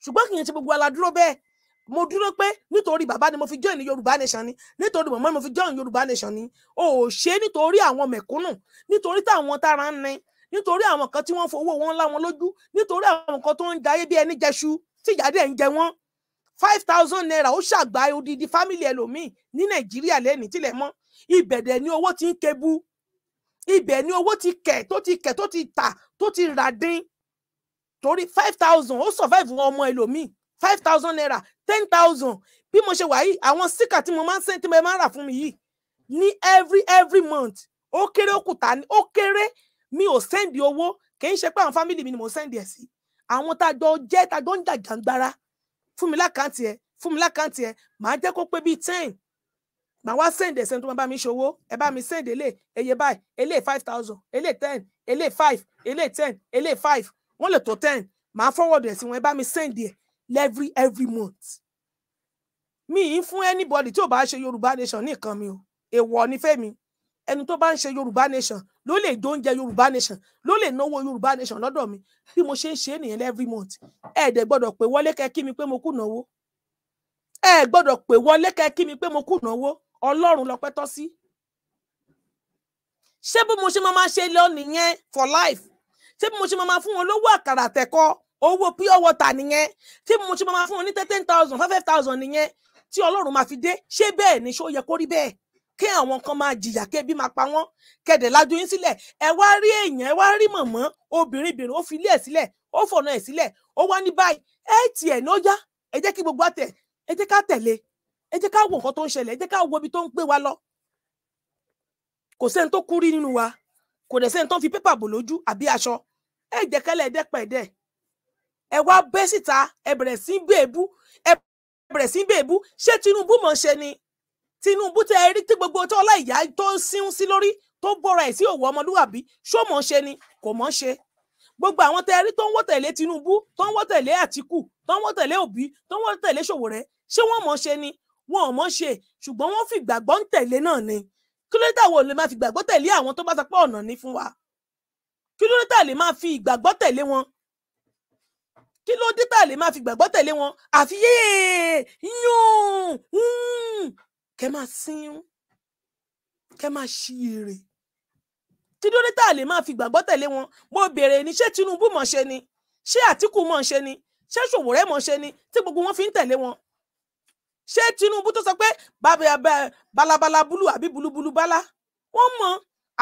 ṣùgbọ́n kì í ṣe gbogbo aládúró bẹ́ẹ̀ mo dúró pé nítorí bàbá ni mo fi join yorùbá nation ni nítorí màmá ni mo fi join yorùbá nation ni o ò ṣe nítorí àwọn mẹ̀kúnnù nítorí táwọn tára ń ní nítorí àwọn kan tí wọ́n fowó wọn lá wọn lójú nítorí àwọn kan tó ń jayé bí ẹni jẹṣu tí ìyá dẹ̀ ń jẹ wọ́n five thousand naira ó ṣàgbá odidi fámìlì ẹlòmíì ní nàìjíríà lẹ́ni tilẹ̀ mọ́ ibẹ̀dẹ̀ ni owó ti ń kebu ibẹ̀ ni owó ti kẹ̀ tó ti kẹ̀ tó ti tà tó ti rà dín torí five thousand ó survive ọmọ ẹlòmíì five thousand naira ten thousand bí mo ṣe wà yìí àwọn síkà tí mo máa ń sẹ́ni tí mo máa ń rà fún mi yìí ní every every month ó kéré ó ní ó kéré mi ò sẹ́ndì owó kì í ṣe pé àwọn fámìlì mi ni mo sẹ́ndì ẹ̀ sí àwọn tájọ jẹ́ tájọ ń jàjàngbara fún mi lákàntì ẹ fún mi lákàntì ẹ màá jẹ́ kó pé bíi ten màá wá sẹ́ndì ẹ̀sẹ̀ tó máa bá mi ṣòwò ẹ bá mi sẹ́ndì eléyìí eye báyìí eléyìí five thousand eléyìí ten eléyìí five eléyìí ten eléyìí five wọ́n lè tó ten màá forward ẹ̀ sí wọn ẹ bá mi send ẹ̀ every every month mi ì fún anybody tí ò bá ṣe yorùbá nation ní nǹkan mi o èèwọ̀ ní fẹ́mi ẹni tó bá ń ṣe yorùbá nation ló lè dóúnjẹ yorùbá nation ló lè náwó yorùbá nation lọ́dọ̀ mi bí mo ṣe ń ṣe nìyẹn every month ẹ ẹ̀ dẹ̀ gbọ́dọ̀ pé wọlé kẹ́ kí mi pé mo kù náwó ẹ ẹ̀ gbọ́dọ̀ pé wọlé kẹ́ kí mi pé mo kù náwó ọlọ́run lọ́pẹ́ tọ́ sí ṣé bí mo ṣe máa máa ṣe lọ nìyẹn for life ṣé bí mo ṣe máa fún wọn lówó àkàrà àtẹ̀kọ owó pure water nìyẹn ṣé bí mo ṣe máa fún wọn ní ten thousand five thousand nìyẹn tí ọlọ́run máa fi dé ṣé bẹ́ẹ̀ ni ṣó yẹ kó rí bẹ́ẹ̀ kí àwọn kan máa jìyà kébí máa pa wọ́n kẹ̀dẹ̀ lájú yín sílẹ̀ ẹ wá rí èèyàn ẹ wá rí mọ̀mọ́ obìnrin bìnrin ó fi ilé ẹ̀ sílẹ̀ ó fọ̀nà ẹ̀ sílẹ̀ ó wá ní báyìí ẹ tiẹ̀ ní ó yá ẹ jẹ́ kí gbogbo àtẹ̀ ẹ jẹ́ ká tẹ̀lé ẹ jẹ́ ká wo nǹkan tó ń ṣẹlẹ̀ ẹ jẹ́ ká wo ibi tó ń gbé wa lọ kò sẹ́ni tó kú rí nínú wa kò dẹ̀ sẹ́ni tó ń fi pépà bò lójú àbí aṣọ ẹ jẹ́kẹ́lẹ́ ẹ dẹ́pẹ̀ dẹ́ ẹ wá bẹ́ síta ẹ bẹ̀rẹ̀ sí bèébú ẹ bẹ̀rẹ̀ sí bèébú ṣé Tinubu mọ̀ ṣe ni Tinubu tẹ ẹ rí tí gbogbo tó ọlá ìyá tó ń síhun sí lórí tó bọ́ra ẹ̀ sí òwò ọmọlúwàbí ṣó mọ̀ ṣe ni kò mọ̀ ṣe gbogbo àwọn tẹ ẹ rí tó ń wọ́ tẹ̀lé Tinubu tó ń wọ́ tẹ̀lé Àtíkù tó ń wọ́ tẹ̀lé Òbí tó ń wọ́ tẹ̀lé Ṣòwòrẹ́ ṣé wọ́n mọ̀ ṣe ni wọn ò mọ̀ ṣe ṣùgbọ́n wọ́n fi ìgbàgbọ́ ń tẹ̀lé náà ni kí ló dé táwọn ò lè máa fi ìgbàgbọ́ tẹ̀lé àwọn tó bá sọ pé ọ̀nà ní fún wa kí ló dé tá lè máa fi ìgbàgbọ́ tẹ̀lé wọn kí ló dé tá lè máa fi ìgbàgbọ́ tẹ̀lé wọn àfi yéè yún kẹ́ máa sín kẹ́ máa ṣí èrè kí ló dé tá máa fi ìgbàgbọ́ tẹ̀lé wọn mo béèrè ni ṣé Tinubu mọ̀ ṣe ni ṣé Àtíkù mọ̀ ṣe ni ṣé Ṣòwòrẹ́ mọ̀ ṣe ni tí gbogbo wọn fi ń tẹ̀lé wọn ṣé Tinubu tó sọ pé balabala búlù àbí bulubulu bálá wọ́n mọ̀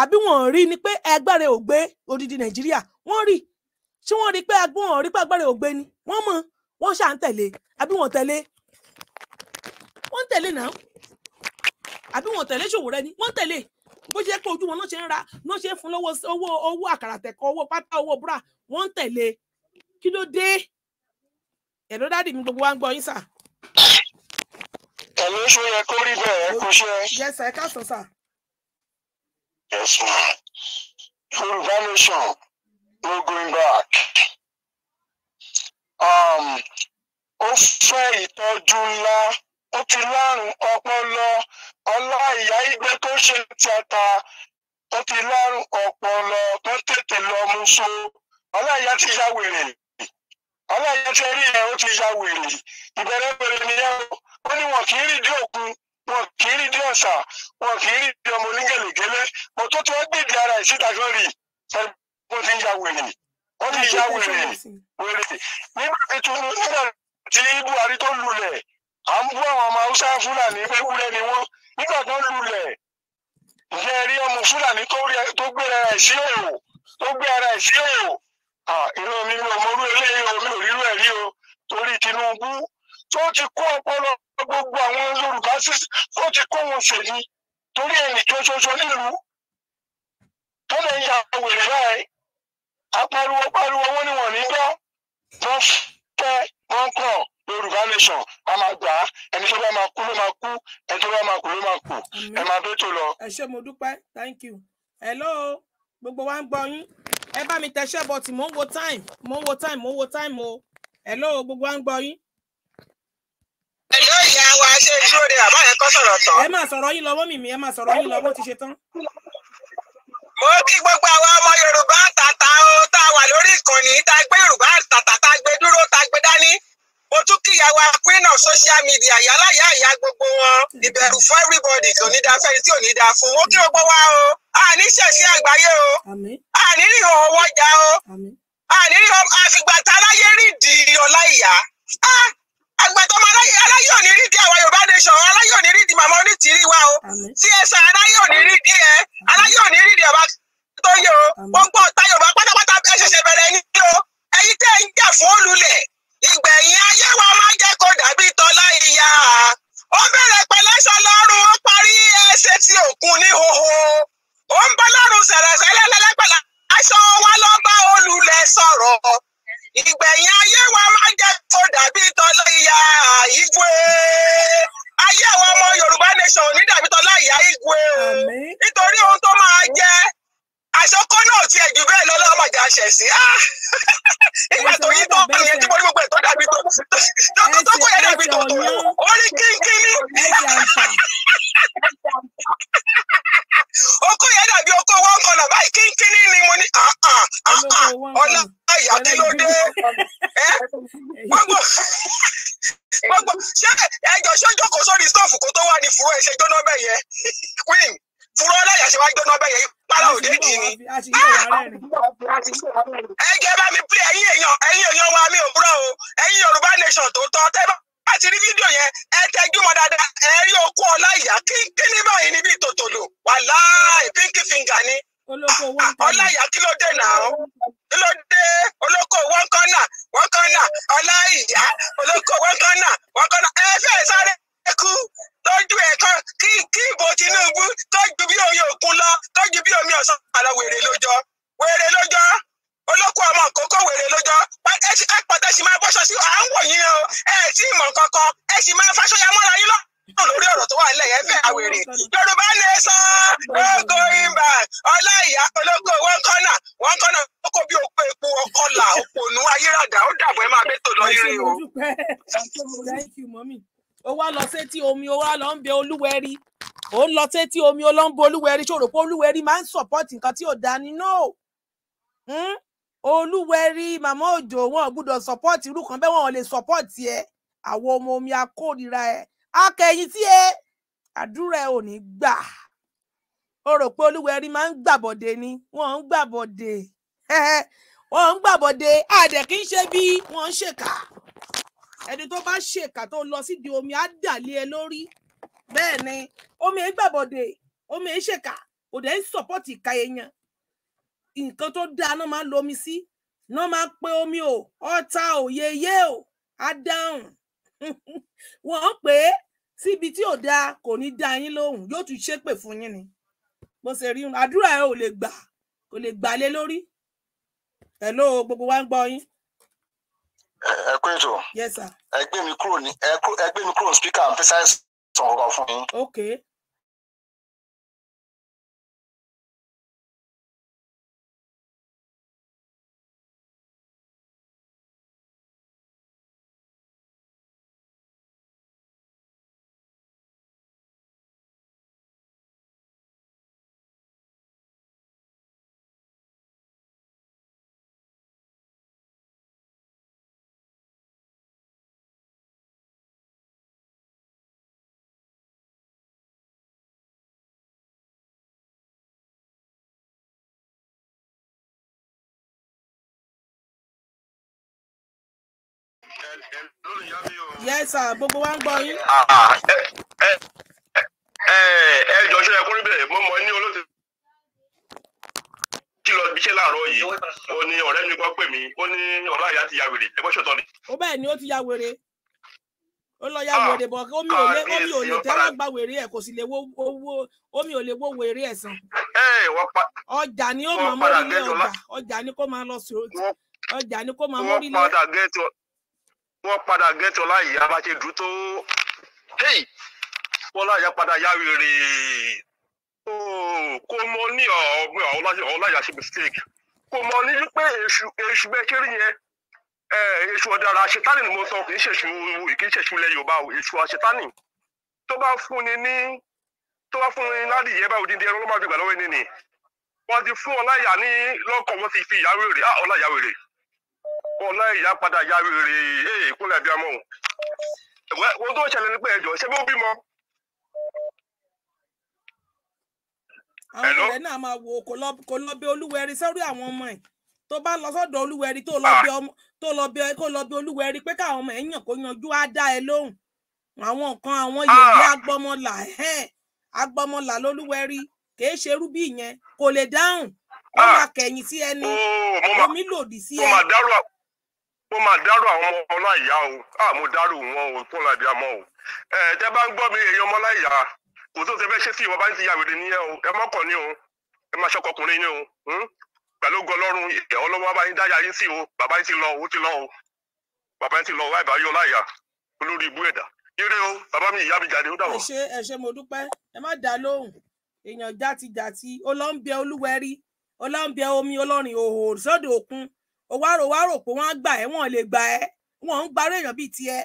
àbí wọ́n rí ni pé ẹgbẹrẹ ògbé odidi Nàìjíríà wọ́n rí ṣé wọ́n rí pé wọ́n rí pé ẹgbẹrẹ ògbé ni wọ́n mọ̀ wọ́n ṣà ń tẹ̀lé àbí wọ́n tẹ̀lé wọ́n ń tẹ̀lé náà àbí wọ́n tẹ̀lé Ṣòwòrẹ́ ni wọ́n tẹ̀lé bó ṣe pé ojú wọn náà ṣe ń ra náà ṣe ń fún lọ́wọ́ owó owó àkàrà owó pátá owó búrà wọ́n ń tẹ̀lé kí ló dé ẹ̀rọ dáàdì mi gbogbo wa ń gbọ́ yín sà ẹ̀mí ṣó yẹ kó rí bẹ́ẹ̀ kó yes I can't sà. yes ma'am. Yorùbá nation no going back. Um, ó fẹ́ ìtọ́jú ńlá ó ti lárùn ọpọlọ ọlá ìyá igbe tó ṣe tíata ó ti lárùn ọpọlọ tó tètè lọ mú so ọlá ìyá ti ya wèrè ọlá ìyá ti rí ẹ ó ti ya wèrè ìbẹ̀rẹ̀ wèrè nìyẹn o ó ní wọn kì í rí dí òkun wọn kì í rí dí ọ̀sà wọn kì í rí dí ọmọ onígẹ̀lẹ̀gẹ̀lẹ̀ mo tó tí wọ́n gbèdé ara ìsíta kan rí mo ti ya wèrè wọ́n ti ya wèrè wèrè nígbà tí tunu nígbà tí Buhari tó lulẹ̀ à ń bú àwọn ọmọ Haúsá Fúlàní pé wúrẹ́ ni wọ́n nígbà tó lulẹ̀ ǹjẹ́ rí ọmọ Fúlàní tó gbé ara ẹ̀ sí òò tó gbé ara ẹ̀ sí òò inú mi ò mọ orú eléyìí o mi ò rírú ẹ̀ rí o torí Tinubu tó ti kó ọpọlọ gbogbo àwọn Yorùbá tó ti kó wọn ṣèlú torí ẹnì tó nílùú tó lè ya wèrè báyìí apariwo pariwo wọn ni wọn ní gbọ́ wọn fẹ́ wọn kọ Yorùbá nation a máa gbà á ẹni tó bá máa kú ló máa kú ẹni tó bá máa kú ló máa kú ẹ máa bẹ tó lọ. ẹ ṣé mo dúpẹ́ thank you hello gbogbo wa ń gbọ́ yín ẹ bá mi tẹṣẹ́ bọ̀tì mò ń wo time mò ń wo time mò ń wo time o hello gbogbo wa ń gbọ́ yín ẹjọ́ ìyá wa ṣe dúró de bàbá yẹn kọ́ sọ̀rọ̀ tán. ẹ máa sọ̀rọ̀ yín lọ́wọ́ mímí ẹ máa sọ̀rọ̀ yín lọ́wọ́ ti ṣe tán. mo kí gbogbo àwa ọmọ yorùbá tàtà o tá a wà lórí ìkànnì tá a gbé yorùbá tàtà tá a gbé dúró tá a gbé dání mo tún kíyàwó queen of social media yálà yá ìyá gbogbo wọn ìbẹ̀rù fún everybody kò ní da fẹ́ni tí ò ní da fún wọn kí gbogbo wa o àní ṣẹ̀ṣẹ̀ àgbáyé o àní rí òun wọ́jà o àní rí àfìgbà tá a láyé rí ìdí ọlá ìyá ah! àgbẹ̀tọ́mọ aláyé ò ní rí di àwa Yorùbá nation aláyé ò ní rí di màmá onítìrí wa o csr aláyé ò ní rí di ẹ aláyé ò ní rí di ọba tó yẹ o gbogbo ọ̀tá Yorùbá pátápátá ẹ ṣẹ̀ṣẹ̀ bẹ̀rẹ̀ ní o ẹ̀yin tẹ́ ń jà fún olùlẹ̀ ìgbẹ̀yìn ayé wa máa jẹ́ kó dàbí tọ́lá ìyá ó bẹ̀rẹ̀ pẹ̀lẹ́sọ̀ lọ́rùn ó parí ẹsẹ̀ ti òkun ní hoho ó ń bọ́ lọ́rùn sẹ̀rẹ̀sẹ̀ lẹ́lẹ́lẹ́pẹ̀lẹ́ ìgbẹ̀yìn ayé wa máa ń jẹ́ tó dàbí tọ́lá ìyá ìgbé ayé àwọn ọmọ Yorùbá nation ò ní dàbí tọ́lá ìyá ìgbé o nítorí ohun tó máa jẹ́ àṣọkọ náà ti ẹ̀jú bẹ́ẹ̀ lọ lọ́wọ́ màjà ṣẹ̀ sí. ìgbà tó yí tó kọ yẹn tí mo ní gbogbo ẹ̀tọ́ dàbí tó tó tó kọ yẹn dàbí tó tó ó ní kínkínní. oko yẹn dàbí oko wọn kan náà báyìí kínkínní ni mo ní ah, ah, ah, ọ̀la ìyá kí ló dé gbogbo gbogbo ṣé ẹjọ ṣójókòó sórí stọọfù kó tó wà ní fúró ẹ ṣe jóná bẹ́ẹ̀ queen fúrọ́ láyà ṣe wá gbé náà bẹ́yẹ pálá òde dì ní. ẹ jẹ́ bá mi pé ẹ̀yin èèyàn ẹ̀yin èèyàn wa mi ò búrọ̀ o ẹ̀yin Yorùbá nation tó tọ́ tẹ́ bá ti rí fídíò yẹn ẹ tẹ́jú mọ́ dáadáa ẹ rí okú ọlá ìyá kí ní báyìí níbi ìtòtòlò wàláì pinky finger ni ah, ọlá ìyá kí ló dé náà kí ló dé olóko one corner one corner ọlá ìyá olóko one corner one corner ẹ fẹ́ sáré eku lójú ẹ̀ka kí kí ìbò Tinubu tọ́jú bí omi òkun lọ tọ́jú bí omi ọ̀sán àlọ́ wèrè lójọ́ wèrè l'ọ́jọ́, olóko ọmọ kókó wèrè ẹ máa bọ́ṣọ sí o ẹ mọ̀ kankan ya mọ́ra yín lọ lórí ọ̀rọ̀ tó wà nílẹ̀ yẹn fẹ́ àwèrè Yorùbá nation no olóko wọn kọ́nà wọn kọ́nà bí epo ọkọlà òpònú ó dàbọ̀ ẹ máa bẹ́tò o. ó wá lọ sétí omi ó wá lọ ń bẹ olúwẹrí ó ń lọ sétí omi ó lọ ń bẹ olúwẹrí ṣòro pé olúwẹrí máa ń support nǹkan tí ò dání no hmm? olúwẹrí màmá òjò wọn ò gbúdọ̀ support irú kan bẹ́ẹ̀ wọn ò lè support ẹ àwọn ọmọ omi akórira ẹ akẹyìn tí ẹ àdúrà ẹ ò ní gbà ó rò pé olúwẹrí máa ń gbàbọdè ni wọn ń gbàbọdè wọn ń gbàbọdè àdẹ kì í ṣe bí wọn ń ṣèkà ẹni tó bá ṣèkà tó lọ sídìí omi á dàlé ẹ lórí bẹ́ẹ̀ ni omi ẹ gbàbọdè omi ẹ ṣèkà òde ń sọpọtì ìka èèyàn nǹkan tó dáa náà máa ń lo omi sí náà máa ń pe omi o ọta o yeye o á dáhùn wọn ń pè é síbi tí ò dáa kò ní dá yín lóhùn yóò tún ṣépè fún yín ni bó ṣe rí àdúrà ẹ ò lè gbà kò lè gbà lé lórí ẹ ló gbogbo wa ń gbọ́ yín ẹ kú ètò ẹ gbé mi kúrò ní ẹ gbé mi kúrò ní spíkà n fẹ́ sáré fún yín. yes sir gbogbo wa ń gbọ́ yín. Ah, ah, eh, eh, eh, ẹ jọ ṣe ẹkún níbẹ̀ mo mọ ní olóòtú kí lọ bí ṣe láàárọ̀ yìí ó ní ọ̀rẹ́ mi kọ́ pè mí ó ní ọ̀la ìyá ti ya wèrè ẹgbẹ́ ṣòtọ́ ni. ó bẹ́ẹ̀ ni ó ti ya wèrè ó lọ ya wèrè bọ̀ omi ò lè omi ò lè tẹ́lá gba wèrè ẹ̀ kò sì lè wo owó omi ò lè wo wèrè ẹ̀ sàn. ọjà ni ó mọ̀ mọ́rí ní ọjà ọjà ni kó máa lọ sọ̀rọ̀ ọjà ni kó máa mọ́rí lọ wọ́n padà gẹ́tì ọláyà abájẹ dùn tó hey ọláyà padà yá rere kò mọ ní ọgbìn ọláyà ṣe mistake kò mọ ní wípé èṣù èṣù bẹ́ẹ̀ kéré yẹn èṣù ọ̀dàrà àṣetánì ni mo sọ kì í ṣèṣù kì í ṣèṣù ilẹ̀ Yorùbá o èṣù àṣetánì tó bá fúnni ní tó bá fúnni ládìyẹ báwo dídí ẹran ló máa fi gbà lọ́wọ́ ẹni nì wọ́n ti fún ọláyà ní lọ́kọ̀ wọ́n ti fi ìyá wèrè ah ọláyà wèrè ọ̀nà ìyá padà ya rere ee ìkúnlẹ̀ bí ọmọ òun tó ṣẹlẹ̀ ni ẹ̀jọ̀ ṣé bí ó bímọ. àwọn ọ̀rẹ́ náà máa wo kò lọ bẹ olúwẹ̀rí sórí àwọn ọmọ ẹ̀ tó bá lọ sọ́dọ̀ olúwẹ̀rí tó lọ ah! kó lọ olúwẹ̀rí pé ọmọ ẹ̀ yàn kó yanjú àwọn kan àwọn ah! agbọmọlà agbọmọlà lolúwẹ̀rí kì í bí ìyẹn kò lè dáhùn ó máa dárò àwọn ọmọ ọláìyá o á ah, mo dárò wọn o tó làbí àmọ́ o ẹ tẹ bá ń gbọ́ mi èèyàn ọmọ kò tó fẹ́ ṣe sí ìwọ bá ń ti ya wèrè nìyẹn o ẹ mọ́kàn ni o ẹ máa ṣọkọkùnrin ni o hmm? pẹ̀lú gọlọ́run ọlọ́wọ́ bá yín sí o bàbá yín ti lọ o ti lọ o bàbá yín ti lọ o láì láyà olórí ibú ẹ̀dá o bàbá mi ìyá mi ẹ ó wá rò wá rò pé wọ́n á gbà ẹ́ wọ́n lè gbà ẹ́ wọ́n ń gbarú èèyàn bíi tiẹ̀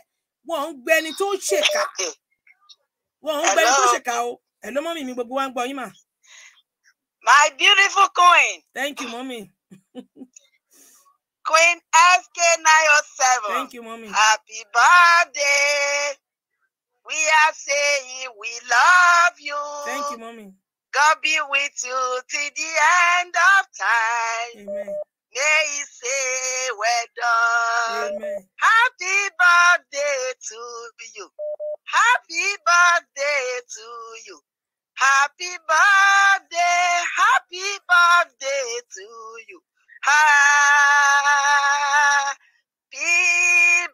wọ́n ń gbé ẹni tó ń ṣèkà wọ́n ń gbé ẹni tó ń ṣèkà o ẹ ló mọ́mì mi gbogbo wa ń gbọ́ yín mà. my beautiful queen. thank you mommy. queen sk907. thank you mommy. happy birthday. we are saying we love you. thank you mommy. God be with you till the end of time. Amen. May he say, "We're done. Amen. Happy birthday to you. Happy birthday to you. Happy birthday. Happy birthday to you. Happy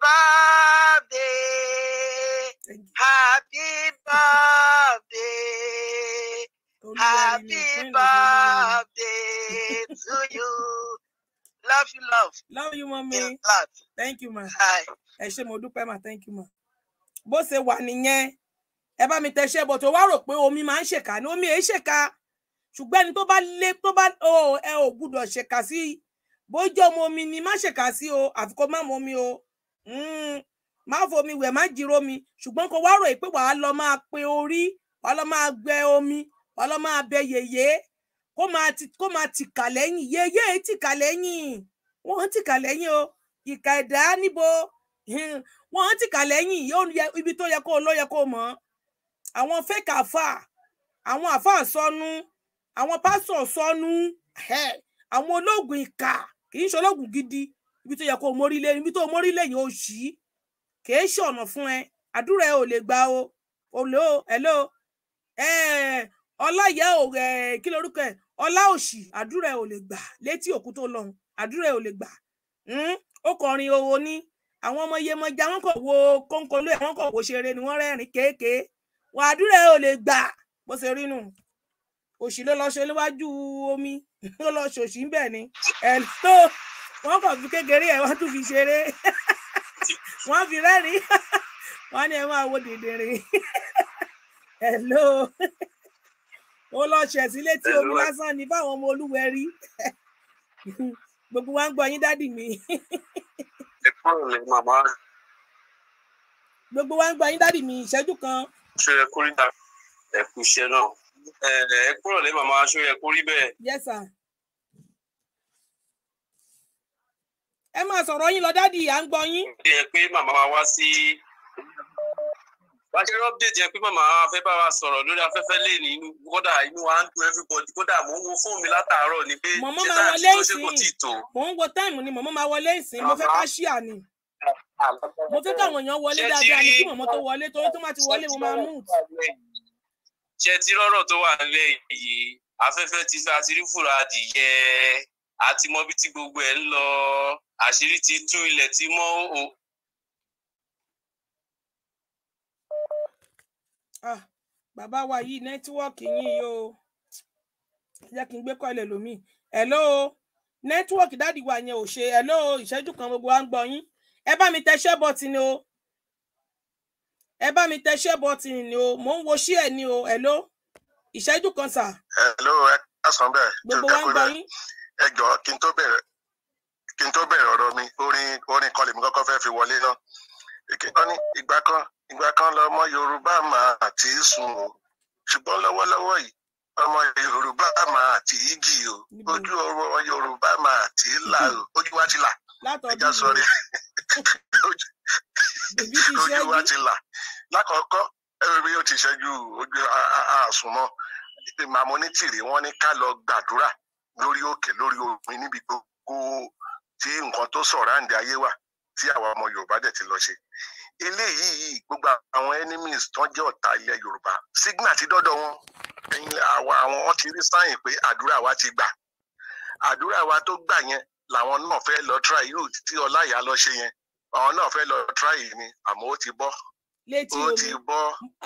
birthday. Happy birthday. Happy birthday to you. love you love. love you mommy. love. thank you ma. hi. ẹ ṣé mo dúpẹ́ ma thank you ma. bó ṣe wà nìyẹn ẹ bá mi tẹṣẹ bọ tó wá rò pé omi máa ń ṣèkà ni omi èé ṣèkà ṣùgbọ́n ẹni tó bá lé tó bá ẹ ò gbúdọ̀ ṣèkà sí bójú ọmọ omi ni má ṣèkà sí o àfi kó má mọ omi o hmm. má fomi wẹ̀ má jíró mi ṣùgbọ́n kó wá rò pé wàá lọ máa pe orí wàá lọ máa gbẹ omi wàá lọ máa bẹ yèyé kó máa ti kó máa ti kà lẹ́yìn yeye ti kà lẹ́yìn wọ́n ti kà lẹ́yìn o ìkà ẹ̀dá níbo wọ́n ti kà lẹ́yìn ibi tó yẹ kó o lọ yẹ kó o mọ̀ àwọn fake àfà àwọn àfà sọnù àwọn pásọ sọnù àwọn ológun ìkà kì í ṣe ológun gidi ibi tó yẹ kó o mórí lẹ́yìn ibi tó o mórí lẹ́yìn o ṣì í kì í ṣe ọ̀nà fún ẹ àdúrà ẹ ò lè gbà o ò lè o ẹ lọ ọláyà ò kí lorúkọ ẹ ọlá òṣì àdúrà ẹ ò lè gbà létí òkú tó lọ́hùn àdúrà ẹ ò lè gbà hmm? ó kọrin owó ní àwọn ọmọ Yemọja wọn kò wo kónkolo wọn kò wo ṣeré ni wọn rẹ́rìn kéékèé wà àdúrà ò lè gbà bó ṣe rí nù òṣì ló lọ ṣe níwájú omi ló lọ ṣòṣì ń bẹ ni ẹ wọn kàn fi kékeré ẹ wọn tún fi ṣeré wọn fi rẹ́rìn wọn ni ẹ máa wo dìndìnrín hello ó lọ ṣẹ̀sí létí omi lásán ní báwọn ọmọ olúwẹ rí gbogbo wa ń gbọ́ yín dádì mi. gbogbo wa ń gbọ́ yín dádì mi ìṣẹ́jú kan. ṣé ẹ kórè ta ẹ kú iṣẹ́ náà ẹ kúrò lé màmá aṣọ yẹ kó rí bẹ́ẹ̀. yes sir. ẹ máa sọ̀rọ̀ yín lọ dádì à ń gbọ́ yín. ó yẹ pé màmá wa wá sí. Si bá ṣe rọ́bdẹ̀tì yẹn pé màmá fẹ́ bá wa sọ̀rọ̀ lórí afẹ́fẹ́ lé ní inú kódà inú wa ń dùn everybody kódà mò ń wo fóònù mi látàárọ̀ ni pé ṣe táàmù tó ṣe mò ń wo táìmù ni màmá máa wọlé ìsìn mo fẹ́ ká ṣí mo fẹ́ káwọn èèyàn wọlé dáadáa ni kí màmá tó wọlé torí tó má ti wọlé mo máa mú. ṣe ti rọ́rọ̀ tó wà nílẹ̀ yìí afẹ́fẹ́ ti fẹ́ àti rí adìyẹ àti mọ ti gbogbo ẹ̀ ń lọ àṣírí ti tú ilẹ̀ ti mọ́ ah bàbá wa yìí nẹ́tíwọ́ọ̀kì yín yìí o jẹ́ kí n gbé kọ́ ilẹ̀ lómi hello nẹ́tíwọ́ọ̀kì dáàdì wa yẹn ò ṣe hello ìṣẹ́jú kan gbogbo wa ń gbọ́ yín ẹ bá mi tẹṣẹ́ bọ́tì ni o ẹ bá mi tẹṣẹ́ bọ́tì ni o mò ń wo ṣí ẹ̀ ni o hello ìṣẹ́jú kan sà. hello ẹ kásán bẹ́ẹ̀ gbogbo wa ń gbọ́ yín. ẹ jọ kí n tó bẹ̀rẹ̀ kí n tó bẹ̀rẹ̀ ọ̀rọ̀ mi orin orin kọlẹ̀ mi kọ́kọ́ fẹ́ fi wọlé náà ìkíkan ní ìgbà kan ìgbà kan lọmọ yorùbá máa ti sùn o ṣùgbọ́n lọ́wọ́lọ́wọ́ yìí ọmọ yorùbá máa ti jì o ojú ọmọ yorùbá máa ti là o ojú wa ti là ẹja sọrí ojú wa ti là lákọ̀ọ́kọ́ ẹ̀rọ mi yóò ti ṣẹ́jú ojú àsùnmọ́ màmú ní tìrì wọ́n ní ká lọ gbàdúrà lórí òkè lórí omi níbi gbogbo tí nǹkan tó sọ̀rọ̀ àǹdí ayé wà tí àwa ọmọ yorùbá dẹ̀ ti lọ ṣe eléyìí gbogbo àwọn enemies tán jẹ́ ọ̀tá ilẹ̀ yorùbá signal ti dọ́dọ̀ wọn àwọn wọn ti rí sáyìn pé àdúrà wa ti gbà àdúrà wa tó gbà yẹn làwọn náà fẹ́ lọ try irú tí ọláyà lọ ṣe yẹn àwọn náà fẹ́ lọ try yìí ni àmọ́ ó ti bọ́ létí omi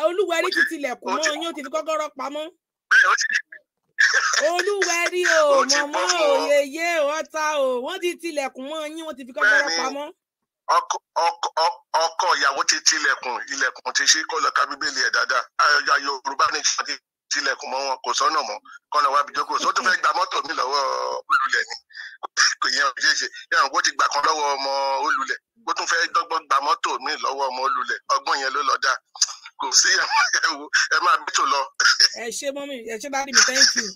olúwẹ̀rí ti tilẹ̀kùn mọ́ yín ó ti fi kọ́kọ́rọ́ pamọ́ olúwẹ̀rí o mọ̀mọ́ òye yé ọ̀tá o wọ́n ti tilẹ̀kùn mọ́ yín wọ́n ti fi kọ́kọ́rọ́ pamọ́ ọkọ ìyàwó ti tilẹ̀kùn ilẹ̀kùn ti ṣí kọlọ ka bíbélì ẹ dáadáa ayọyọ yorùbá ní ìṣàdé tilẹ̀kùn mọ́ wọn kò sọ́nà mọ́ kọlọ wa bìjọ kò sọ tó fẹ́ gba mọ́tò mi lọ́wọ́ olùlẹ̀ ni kò yẹn ò ṣeé ṣe yẹn kó ti gbà kan lọ́wọ́ ọmọ olùlẹ̀ kó tún fẹ́ dọ́gbọ́n gba mọ́tò mi lọ́wọ́ ọmọ olùlẹ̀ ọgbọ́n yẹn ló lọ dáa kò sí ẹwù ẹ máa bí tò lọ. ẹ ṣe mọ́mí ẹ ṣe dáàdì mi thank you.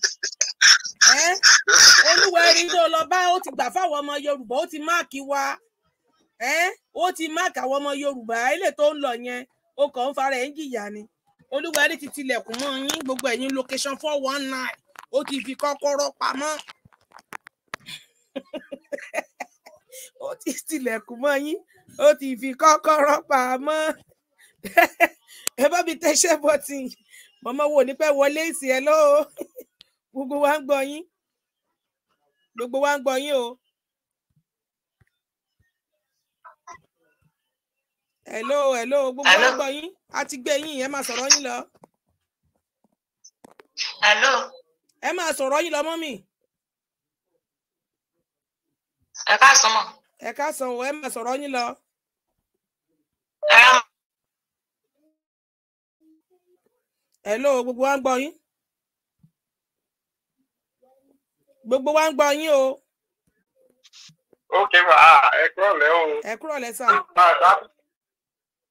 olúwa ẹni tó lọ bá ó ti gbà fáwọn ọmọ yorùbá ó ti máàkì wa ẹ ó ti máàkì àwọn ọmọ yorùbá ilé tó ń lọ yẹn ó kàn ń fara ẹ̀ ń jìyà ni olúwarí ti tilẹ̀kùn mọ́ yín gbogbo ẹ̀yin location four one nine ó ti fi kọ́kọ́rọ́ pamọ́ ó ti tilẹ̀kùn mọ́ yín ó ti fi kọ́kọ́rọ́ pamọ́ ẹ bá mi tẹ́ṣẹ́ bọ́tì mọ́mọ́ wo ni pẹ́ wọlé ìsì ẹ lọ́wọ́ gbogbo wa ń gbọ́ yín gbogbo wa ń gbọ́ yín o hello hello gbogbo ọgbọ yín a ti gbé yín ẹ máa sọ̀rọ̀ yín lọ. hello. ẹ máa sọ̀rọ̀ yín lọ mọ́ mi. ẹ ká sọmọ. ẹ ká sọmọ ẹ máa sọ̀rọ̀ yín lọ. hello gbogbo wa ń gbọ́ yín. gbogbo wa ń gbọ́ yín o. ok ma ah, ẹ kúrọ̀lẹ́ o. ẹ kúrọ̀lẹ́ sà. Ah,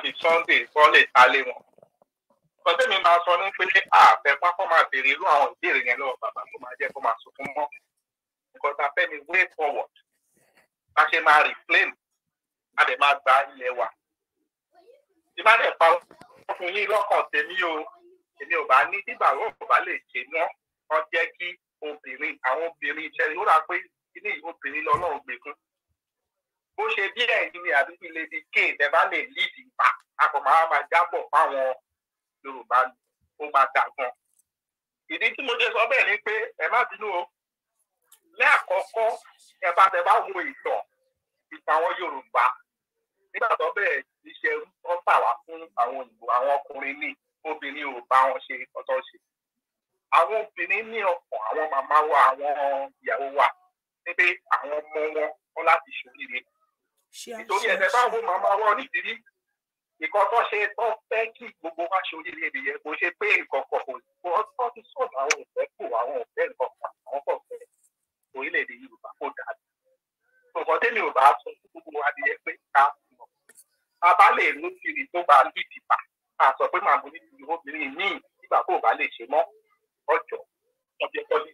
ti sunday kọ́ lè ta lé wọn. kọ́tẹ́mi máa sọ ní pé àfẹ́ pápá máa béèrè irú àwọn ìbéèrè yẹn lọ́wọ́ bàbá tó máa jẹ́ kó máa sọ fún mọ́. nǹkan tá a fẹ́ ni way forward bá ṣe máa reclaim a dẹ̀ máa gba ilẹ̀ wa. ìbálẹ̀ pa fún yín lọ́kàn tèmi o èmi ò bá ní bíbà wọ́n ò bá lè ṣe ná wọ́n jẹ́ kí obìnrin àwọn obìnrin ìṣẹ́ni ó rà pé kíní obìnrin lọ́lọ́run gbé bó ṣe bí ẹ̀yin ni àbí bíi lady k ẹ bá lè líìdì ìgbà àpòmọ́ máa jábọ̀ fáwọn yorùbá ó máa dà ìdí tí mo ṣe sọ bẹ́ẹ̀ ni pé ẹ má bínú o lẹ́ẹ̀kọ́kọ́ ẹ bá tẹ bá wo ìtàn ìtàn àwọn yorùbá nígbà tó bẹ̀rẹ̀ iṣẹ́ tó bà wá fún àwọn òyìnbó àwọn ọkùnrin ní obìnrin ò bá wọn ṣe ọ̀tọ̀ ṣe àwọn obìnrin ní ọkàn àwọn màmá wa àwọn ìyàwó wa níbi àwọn ọmọ wọn wọn láti ṣòwò nítorí ẹ̀fẹ̀ bá màmá wọn nídìrí nǹkan tó ṣe tó fẹ́ kí gbogbo wa ṣe orílẹ̀-èdè yẹn kò ṣe pé nǹkan kan kò sí tó ti sọ̀rọ̀ àwọn òfẹ́ kù àwọn òfẹ́ nǹkan kan àwọn kò fẹ́ orílẹ̀-èdè Yorùbá kò dáa nǹkan tẹ́mi ò bá sọ fún gbogbo wa pé ká mọ̀ bàbá lè mú kiri tó bá lù dìbà a sọ pé màá mú nítorí obìnrin míì nígbà tó bá lè ṣe mọ́ ọjọ́ ọjọ́ kọ́lé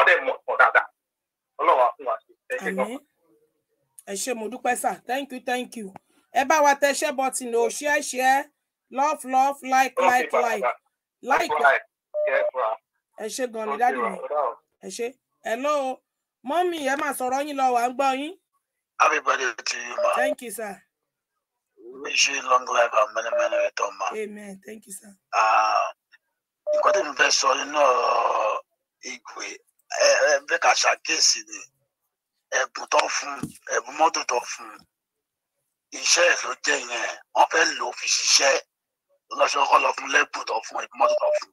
ọdẹ mọ̀ ọ̀dàdà ọlọ́wà fún wa ṣe fẹ́ ẹ ṣé mo dúpẹ́ sà thank you thank you ẹ bá wa tẹ ṣẹ́ bọ́tìnì o ṣẹ́ ṣẹ́ love love like like like like ẹ ṣé gan ni dádì mi ẹ ṣé hello mọ́mì ẹ máa sọ̀rọ̀ yín lọ wà ń gbọ́ yín. happy to you ma. thank you sir. wish you long life and many many return ma. amen thank you sir. Ah, nǹkan tí mo fẹ́ sọ nínú ọ̀rọ̀ ìgbé ẹ ẹ bẹ́ẹ̀ ká ṣàkíyèsí ni ẹ̀bùn tó fún ẹ̀bùn mọ́tò tó fún iṣẹ́ ẹ̀ ló jẹ́ yẹn wọ́n fẹ́ lò ó fi ṣiṣẹ́ lọ́sọ̀kọ́ lọ fún lẹ́bùn tó fún ẹ̀bùn mọ́tò tó fún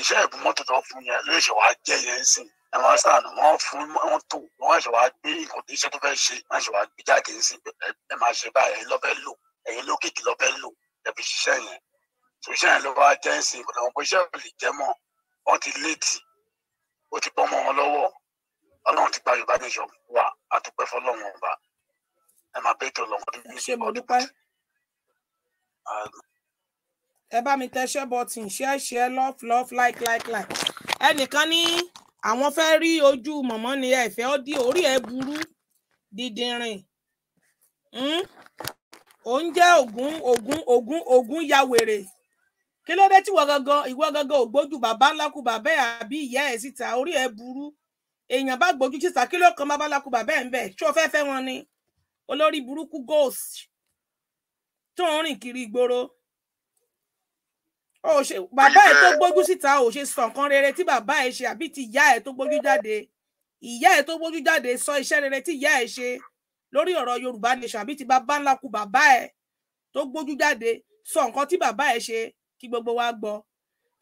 iṣẹ́ ẹ̀bùn mọ́tò tó fún yẹn ló ṣe wá jẹ́ yẹn sìn ẹ̀ máa sàn wọ́n fún wọ́n tó wọ́n ṣe wá gbé ìkòtò iṣẹ́ tó fẹ́ ṣe wọ́n ṣe wá gbé jáde sìn ẹ̀ máa ṣe báyìí ẹ̀yin lọ́fẹ́ lò ẹ̀yin lókìkí lọ́fẹ́ lò ẹ̀ fi ṣiṣẹ́ yẹn ṣiṣẹ́ yẹn ló wá jẹ́ sìn kò lọ́wọ́ pé iṣẹ́ ò lè jẹ́ mọ́ wọ́n ti léètì ó ti bọ́ mọ́ wọn lọ́wọ́ ọlọ́run ti gba yorùbá nation wa àdúpẹ́ fọlọ́run ọba ẹ máa bẹ́ẹ̀ tó lọ́wọ́ nínú ìṣe mo dúpẹ́. ẹ bá mi tẹṣẹ́ bọ́tìn share share love love like like like ẹnìkan ní àwọn fẹ́ rí ojú mọ̀mọ́ ni ẹ ó di orí ẹ burú dídìnrín hmm? ó jẹ́ ògún ògún ògún ògún ya wèrè kí ló dé tí ìwọ gangan ìwọ gangan ò gbójú bàbá ńláku bàbá ẹ àbí ìyá ẹ síta orí ẹ burú èèyàn bá gbójú síta kí ló kan bàbá ńláku bàbá ẹ ń bẹ ṣó fẹ́ fẹ́ wọn ni olórí burúkú ghost tó ń rìn kiri ìgboro ó ṣe bàbá ẹ tó gbójú síta ò ṣe sọ nǹkan rere tí bàbá ẹ ṣe àbí ti ìyá ẹ tó gbójú jáde ìyá ẹ tó gbójú jáde sọ iṣẹ́ rere tí ìyá ẹ ṣe lórí ọ̀rọ̀ Yorùbá nation àbí ti bàbá ńláku bàbá ẹ tó gbójú jáde sọ nǹkan tí bàbá ẹ ṣe kí gbogbo wa gbọ́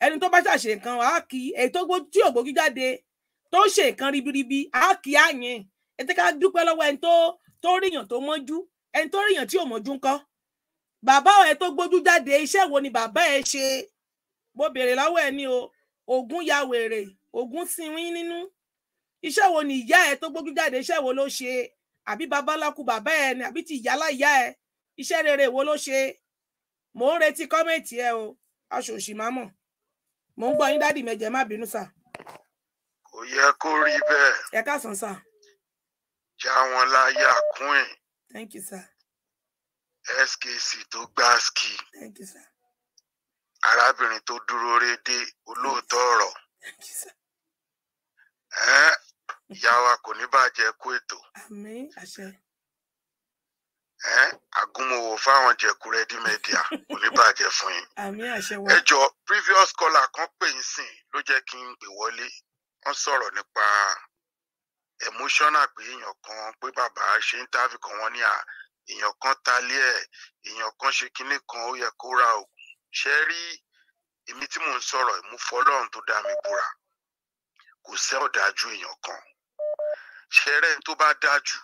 ẹni tó bá ṣàṣe nǹkan á kí èyí tó gbó tí ògbógi jáde tó ń ṣe nǹkan ribiribi á kí àyìn ẹ tẹ́ ká dúpẹ́ lọ́wọ́ ẹni tó tó ríyàn tó mọ́jú ẹni tó ríyàn tí ò mọ́jú ńkọ́ bàbá ẹ tó gbójú jáde iṣẹ́ wo ni bàbá ẹ ṣe mo béèrè lọ́wọ́ ẹ ní o ògún ya wèrè ògún sinwín nínú iṣẹ́ wo ni ìyá ẹ tó gbójú jáde iṣẹ́ wo ló ṣe àbí babaláku bàbá ẹ ni àbí ti ìyálà ìyá ẹ iṣẹ́ rere wo ló ṣe mò ń retí kọ́mẹ̀ntì ẹ o aṣòṣì má mọ̀ mò ń gbọ́ yín dádì mẹjẹ má bínú sà. kò yẹ kó rí bẹ́ẹ̀. ẹ káàsán sà. já wọn láyà kún ẹ. thank you sir. skc tó gbá ski. thank you sir. arábìnrin tó dúró rédé olóòótọ́ ọ̀rọ̀. thank you sir. ẹ ìyá wa kò ní bàjẹ́ kú ètò. àmín àṣẹ àgúnmọ̀wò fáwọn jẹ̀kú rẹ́dí mẹ́díà kò ní bàjẹ́ fún yín. ẹ previous caller kan pè ń sìn ló jẹ́ kí n pè wọlé wọ́n sọ̀rọ̀ nípa emotional pé èèyàn kan pé bàbá ṣe ń tàbí kan wọ́n ní à èèyàn kan talé ẹ̀ èèyàn kan ṣe kinní kan ó yẹ kó ra oògùn ṣe rí èmi tí mò ń sọ̀rọ̀ ìmúfọlọ́run tó dá mi búra kò sẹ́ ọ̀dájú èèyàn kan ṣe rẹ́ tó bá dájú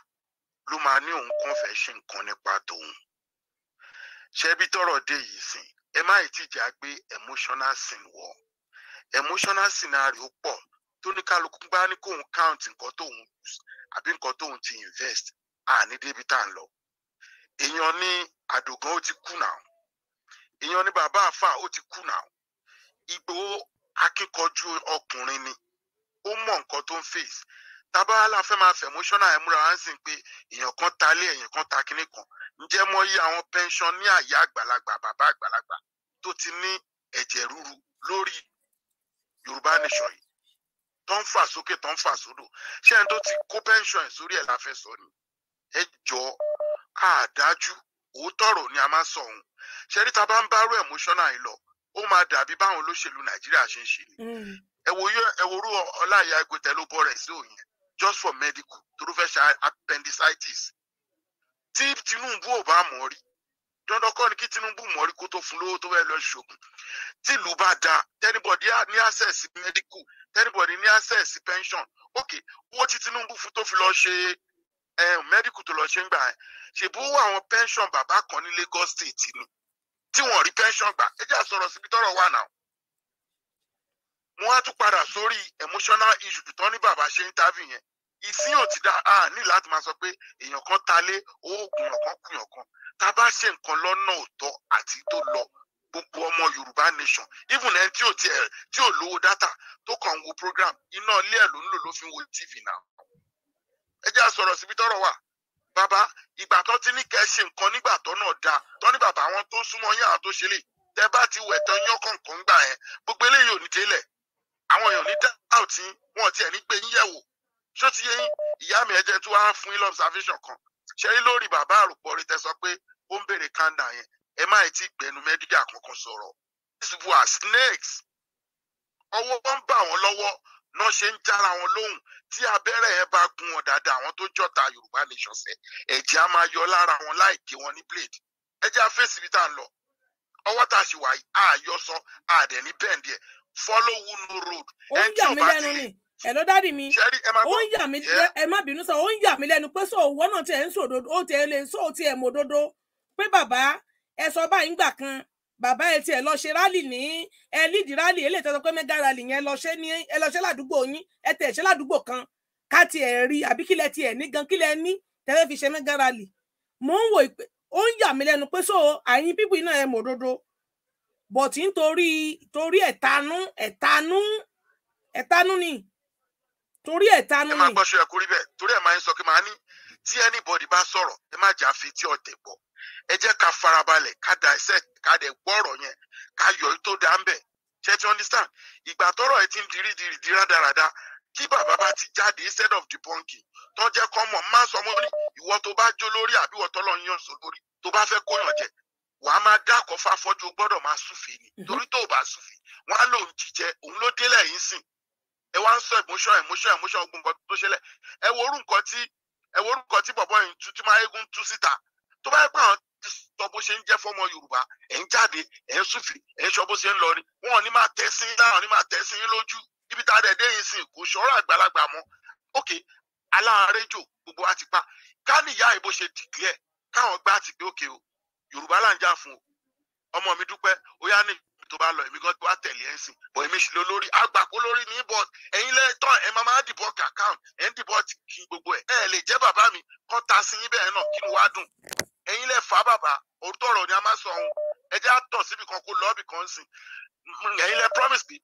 ló máa ní òun kàn fẹ́ ṣe nǹkan nípa tòun ṣebí tọ́rọ̀ dé yìí sìn ẹ má ì tìjà gbé emotional sin wọ emotional scenario pọ̀ tó ní kálukú bá ní kóun count nǹkan tóun àbí nǹkan tóun ti invest àní débi tá à ń lọ èèyàn ní àdògán ó ti kú náà èèyàn ní bàbá àfà ó ti kú náà Ìgbòho akíkanjú ọkùnrin ni ó mọ nǹkan tó ń face tábàlà fẹ́ máa fẹ̀ mọ́ṣọ́nà ẹ̀múra hansi ń sìn pé èèyàn kan ta ilé èèyàn kan ta kinní kan ǹjẹ́ mọ́ yí àwọn pension ní àyà àgbàlagbà bàbá àgbàlagbà tó ti ní ẹ̀jẹ̀ ríru lórí Yorùbá nation yìí tó ń fà sókè tó ń fà sódò ṣé ẹni tó ti kó pension ẹ̀ sórí ẹ̀ la fẹ́ sọ ni ẹ jọ àdájú òótọ́rọ̀ ni a máa sọ òun ṣe rí ta bá ń bárò ẹ̀mọ́ṣọ́nà yìí lọ ó máa dàbí báwọn olóṣèlú Nàìjíríà ṣe ń ṣe ni mm. ẹ wo ẹgbẹ́tẹ̀ ló bọ́ sí òyìn just for medical torí fẹ́ ṣe appendicitis tí Tinubu ò bá mọ̀ rí dandan kọ́ ni kí Tinubu mọ̀ rí kó tó fún lówó tó fẹ́ lọ ṣògùn tí ìlú bá da tẹ́nibọ̀dì ní access medical tẹ́nibọ̀dì ní access pension ok owó tí Tinubu fún tó fi lọ ṣe eh, medical tó lọ ṣe ń gbà ẹ̀ ṣèbó owó àwọn pension bàbá kan ní Lagos State ni tí wọ́n rí pension gbà ẹ jẹ́ àsọ̀rọ̀ síbi tọ́rọ̀ wà náà wọ́n á tún padà sórí emotional issue tó ní bàbá ṣe ń tábì yẹn ìsín ò ti da a ní láti máa sọ pé èèyàn kan ta lé oògùn ọ̀kan kùyàn kan tá a bá ṣe nǹkan lọ́nà òótọ́ àti tó lọ gbogbo ọmọ yorùbá nation even ẹni tí ò tiẹ̀ tí ò lówó dátà tó kàn ń wo program iná ilé ẹ̀ ló ń lò ló fi ń wo tv náà ẹ jẹ́ àsọ̀rọ̀ síbi tọ́rọ̀ wà bàbá ìgbà tó ti ní kẹ́ ṣe nǹkan nígbà tó náà da tó ní bàbá àwọn tó súnmọ́ yín àwọn tó ṣe lè tẹ bá ti wẹ̀ tán yán kọ̀ọ̀kan gbà yẹn gbogbo eléyìí ò ní délẹ̀ àwọn èèyàn ní dáàtì wọn tiẹ̀ ní gbé yín yẹ̀wò ṣó ti yé yín ìyá mi ẹ̀jẹ̀ tí wàá fún yín lọ́bsàfíṣàn kan ṣe rí lórí bàbá àròpọ̀ rẹ̀ tẹ sọ pé ó ń béèrè kanda yẹn ẹ má ì tí gbẹnu mẹ́díkà kankan sọ̀rọ̀ these were snakes ọwọ́ wọn ń bà wọ́n lọ́wọ́ náà ṣe ń jára wọn lóhùn tí abẹ́rẹ́ yẹn bá gun wọn dáadáa àwọn tó jọ̀ta Yorùbá nation sẹ́ ẹ̀jẹ̀ á máa yọ lára wọn láì gé wọn ní blade ẹ̀jẹ̀ á fèsì bí tá à ń lọ ọwọ́ tá a ṣì wà á yọ sọ àdẹ̀ ní bẹ́ẹ̀ díẹ̀ follow Wunmi road. ó ń yà mí lẹ́nu ni ẹ̀lọ́ dáàdì mi ó ń yà mí ẹ má bínú sọ ó ń yà mí lẹ́nu pé sọ òwò náà tiẹ̀ ń sòdodo ó tiẹ̀ lè sọ tiẹ̀ mọ̀ dodo pé bàbá ẹ sọ báyìí gbà kan bàbá ẹ tiẹ̀ lọ ṣe rálì ní ẹ lídìí rálì eléyìí tó sọ pé mẹ́gà rálì yẹn lọ ṣe ní ẹ lọ ṣe ládùúgbò yín ẹ tẹ̀ ṣe ládùúgbò kan ká tiẹ̀ rí àbí kílẹ̀ tiẹ̀ ní gan kílẹ̀ ní tẹ́lẹ̀ fi ṣe mẹ́gà rálì mò ń wò ó ń yà mí lẹ́nu pé sọ àyín pípì náà ẹ mọ̀ dodo but nítorí torí ẹ̀tanú ẹ̀tanú ẹ̀tanú ni torí ẹ̀tanú ni. ẹ máa gbọ́ sọ́yà kórí bẹ́ẹ̀ torí ẹ̀ máa ń sọ pé màá ní tí anybody bá sọ̀rọ̀ ẹ má jà fi tí ọ̀tẹ̀ gbọ́ ẹ jẹ́ ká farabalẹ̀ ká da ẹsẹ̀ ká dẹ̀ gbọ́ yẹn ká yọ tó dá ń bẹ̀ ṣẹ́tí understand ìgbà tọ́rọ̀ ẹ ti ń dirí dirí dirá dáradára kí bàbá bá ti jáde instead of the punky tó jẹ́ kọ́ mọ̀ má sọ mọ́ ní ìwọ tó bá jó lórí àbí ìwọ tó yan sọ lórí tó bá fẹ́ kóyàn jẹ wà á máa dákọ̀ fáfọ́jú gbọ́dọ̀ máa súfèé ni mhm. torí tó o bá súfèé wọn á lò ń jíjẹ òun ló délẹ̀ yín sìn ẹ wá ń sọ emotion emotion emotion ogun nǹkan tó ṣẹlẹ̀ ẹ wo orú nǹkan tí ẹ wo orú nǹkan tí bọ̀bọ̀ yìí tuntun máa eégún tú síta tó bá yẹ pé àwọn ti sọ bó ṣe ń jẹ́ fọ́mọ Yorùbá ẹ̀ ń jáde ẹ̀ ń súfèé ẹ̀ ń sọ bó ṣe ń lọ ni wọn ò ní máa tẹ́ sí yín láwọn ò ní máa tẹ́ sí yín lójú ibi tá a dẹ̀ dé yín sìn kò ṣọ́rọ̀ àgbàlagbà mọ́ ok aláàárẹ̀ jò gbogbo wa ti pa ká níyà ìbò ṣe dìgírẹ̀ káwọn gbá ti gbé òkè o yorùbá là ń jà fún o ọmọ mi dúpẹ́ ó yá ní tó bá lọ èmi gan tó bá tẹ̀lé ẹ̀ sìn bọ̀ èmi sì ló lórí àgbàkó lórí ní bọ̀ ẹ̀yin lẹ́yìn tán ẹ̀ máa máa dìbọ̀ kàkàm ẹ̀ ń dìbọ̀ kí gbogbo ẹ̀ ẹ̀ lè jẹ́ bàbá mi kọ́ ta sí yín bẹ́ẹ̀ náà kí ni wàá dùn ẹ̀yin lẹ́ fà bàbá òótọ́ ọ̀rọ̀ ni a máa sọ ohun ẹ jẹ́ àtọ̀ síbi kan kó lọ́ọ̀bì kan sìn ẹ̀yin lẹ́ promise me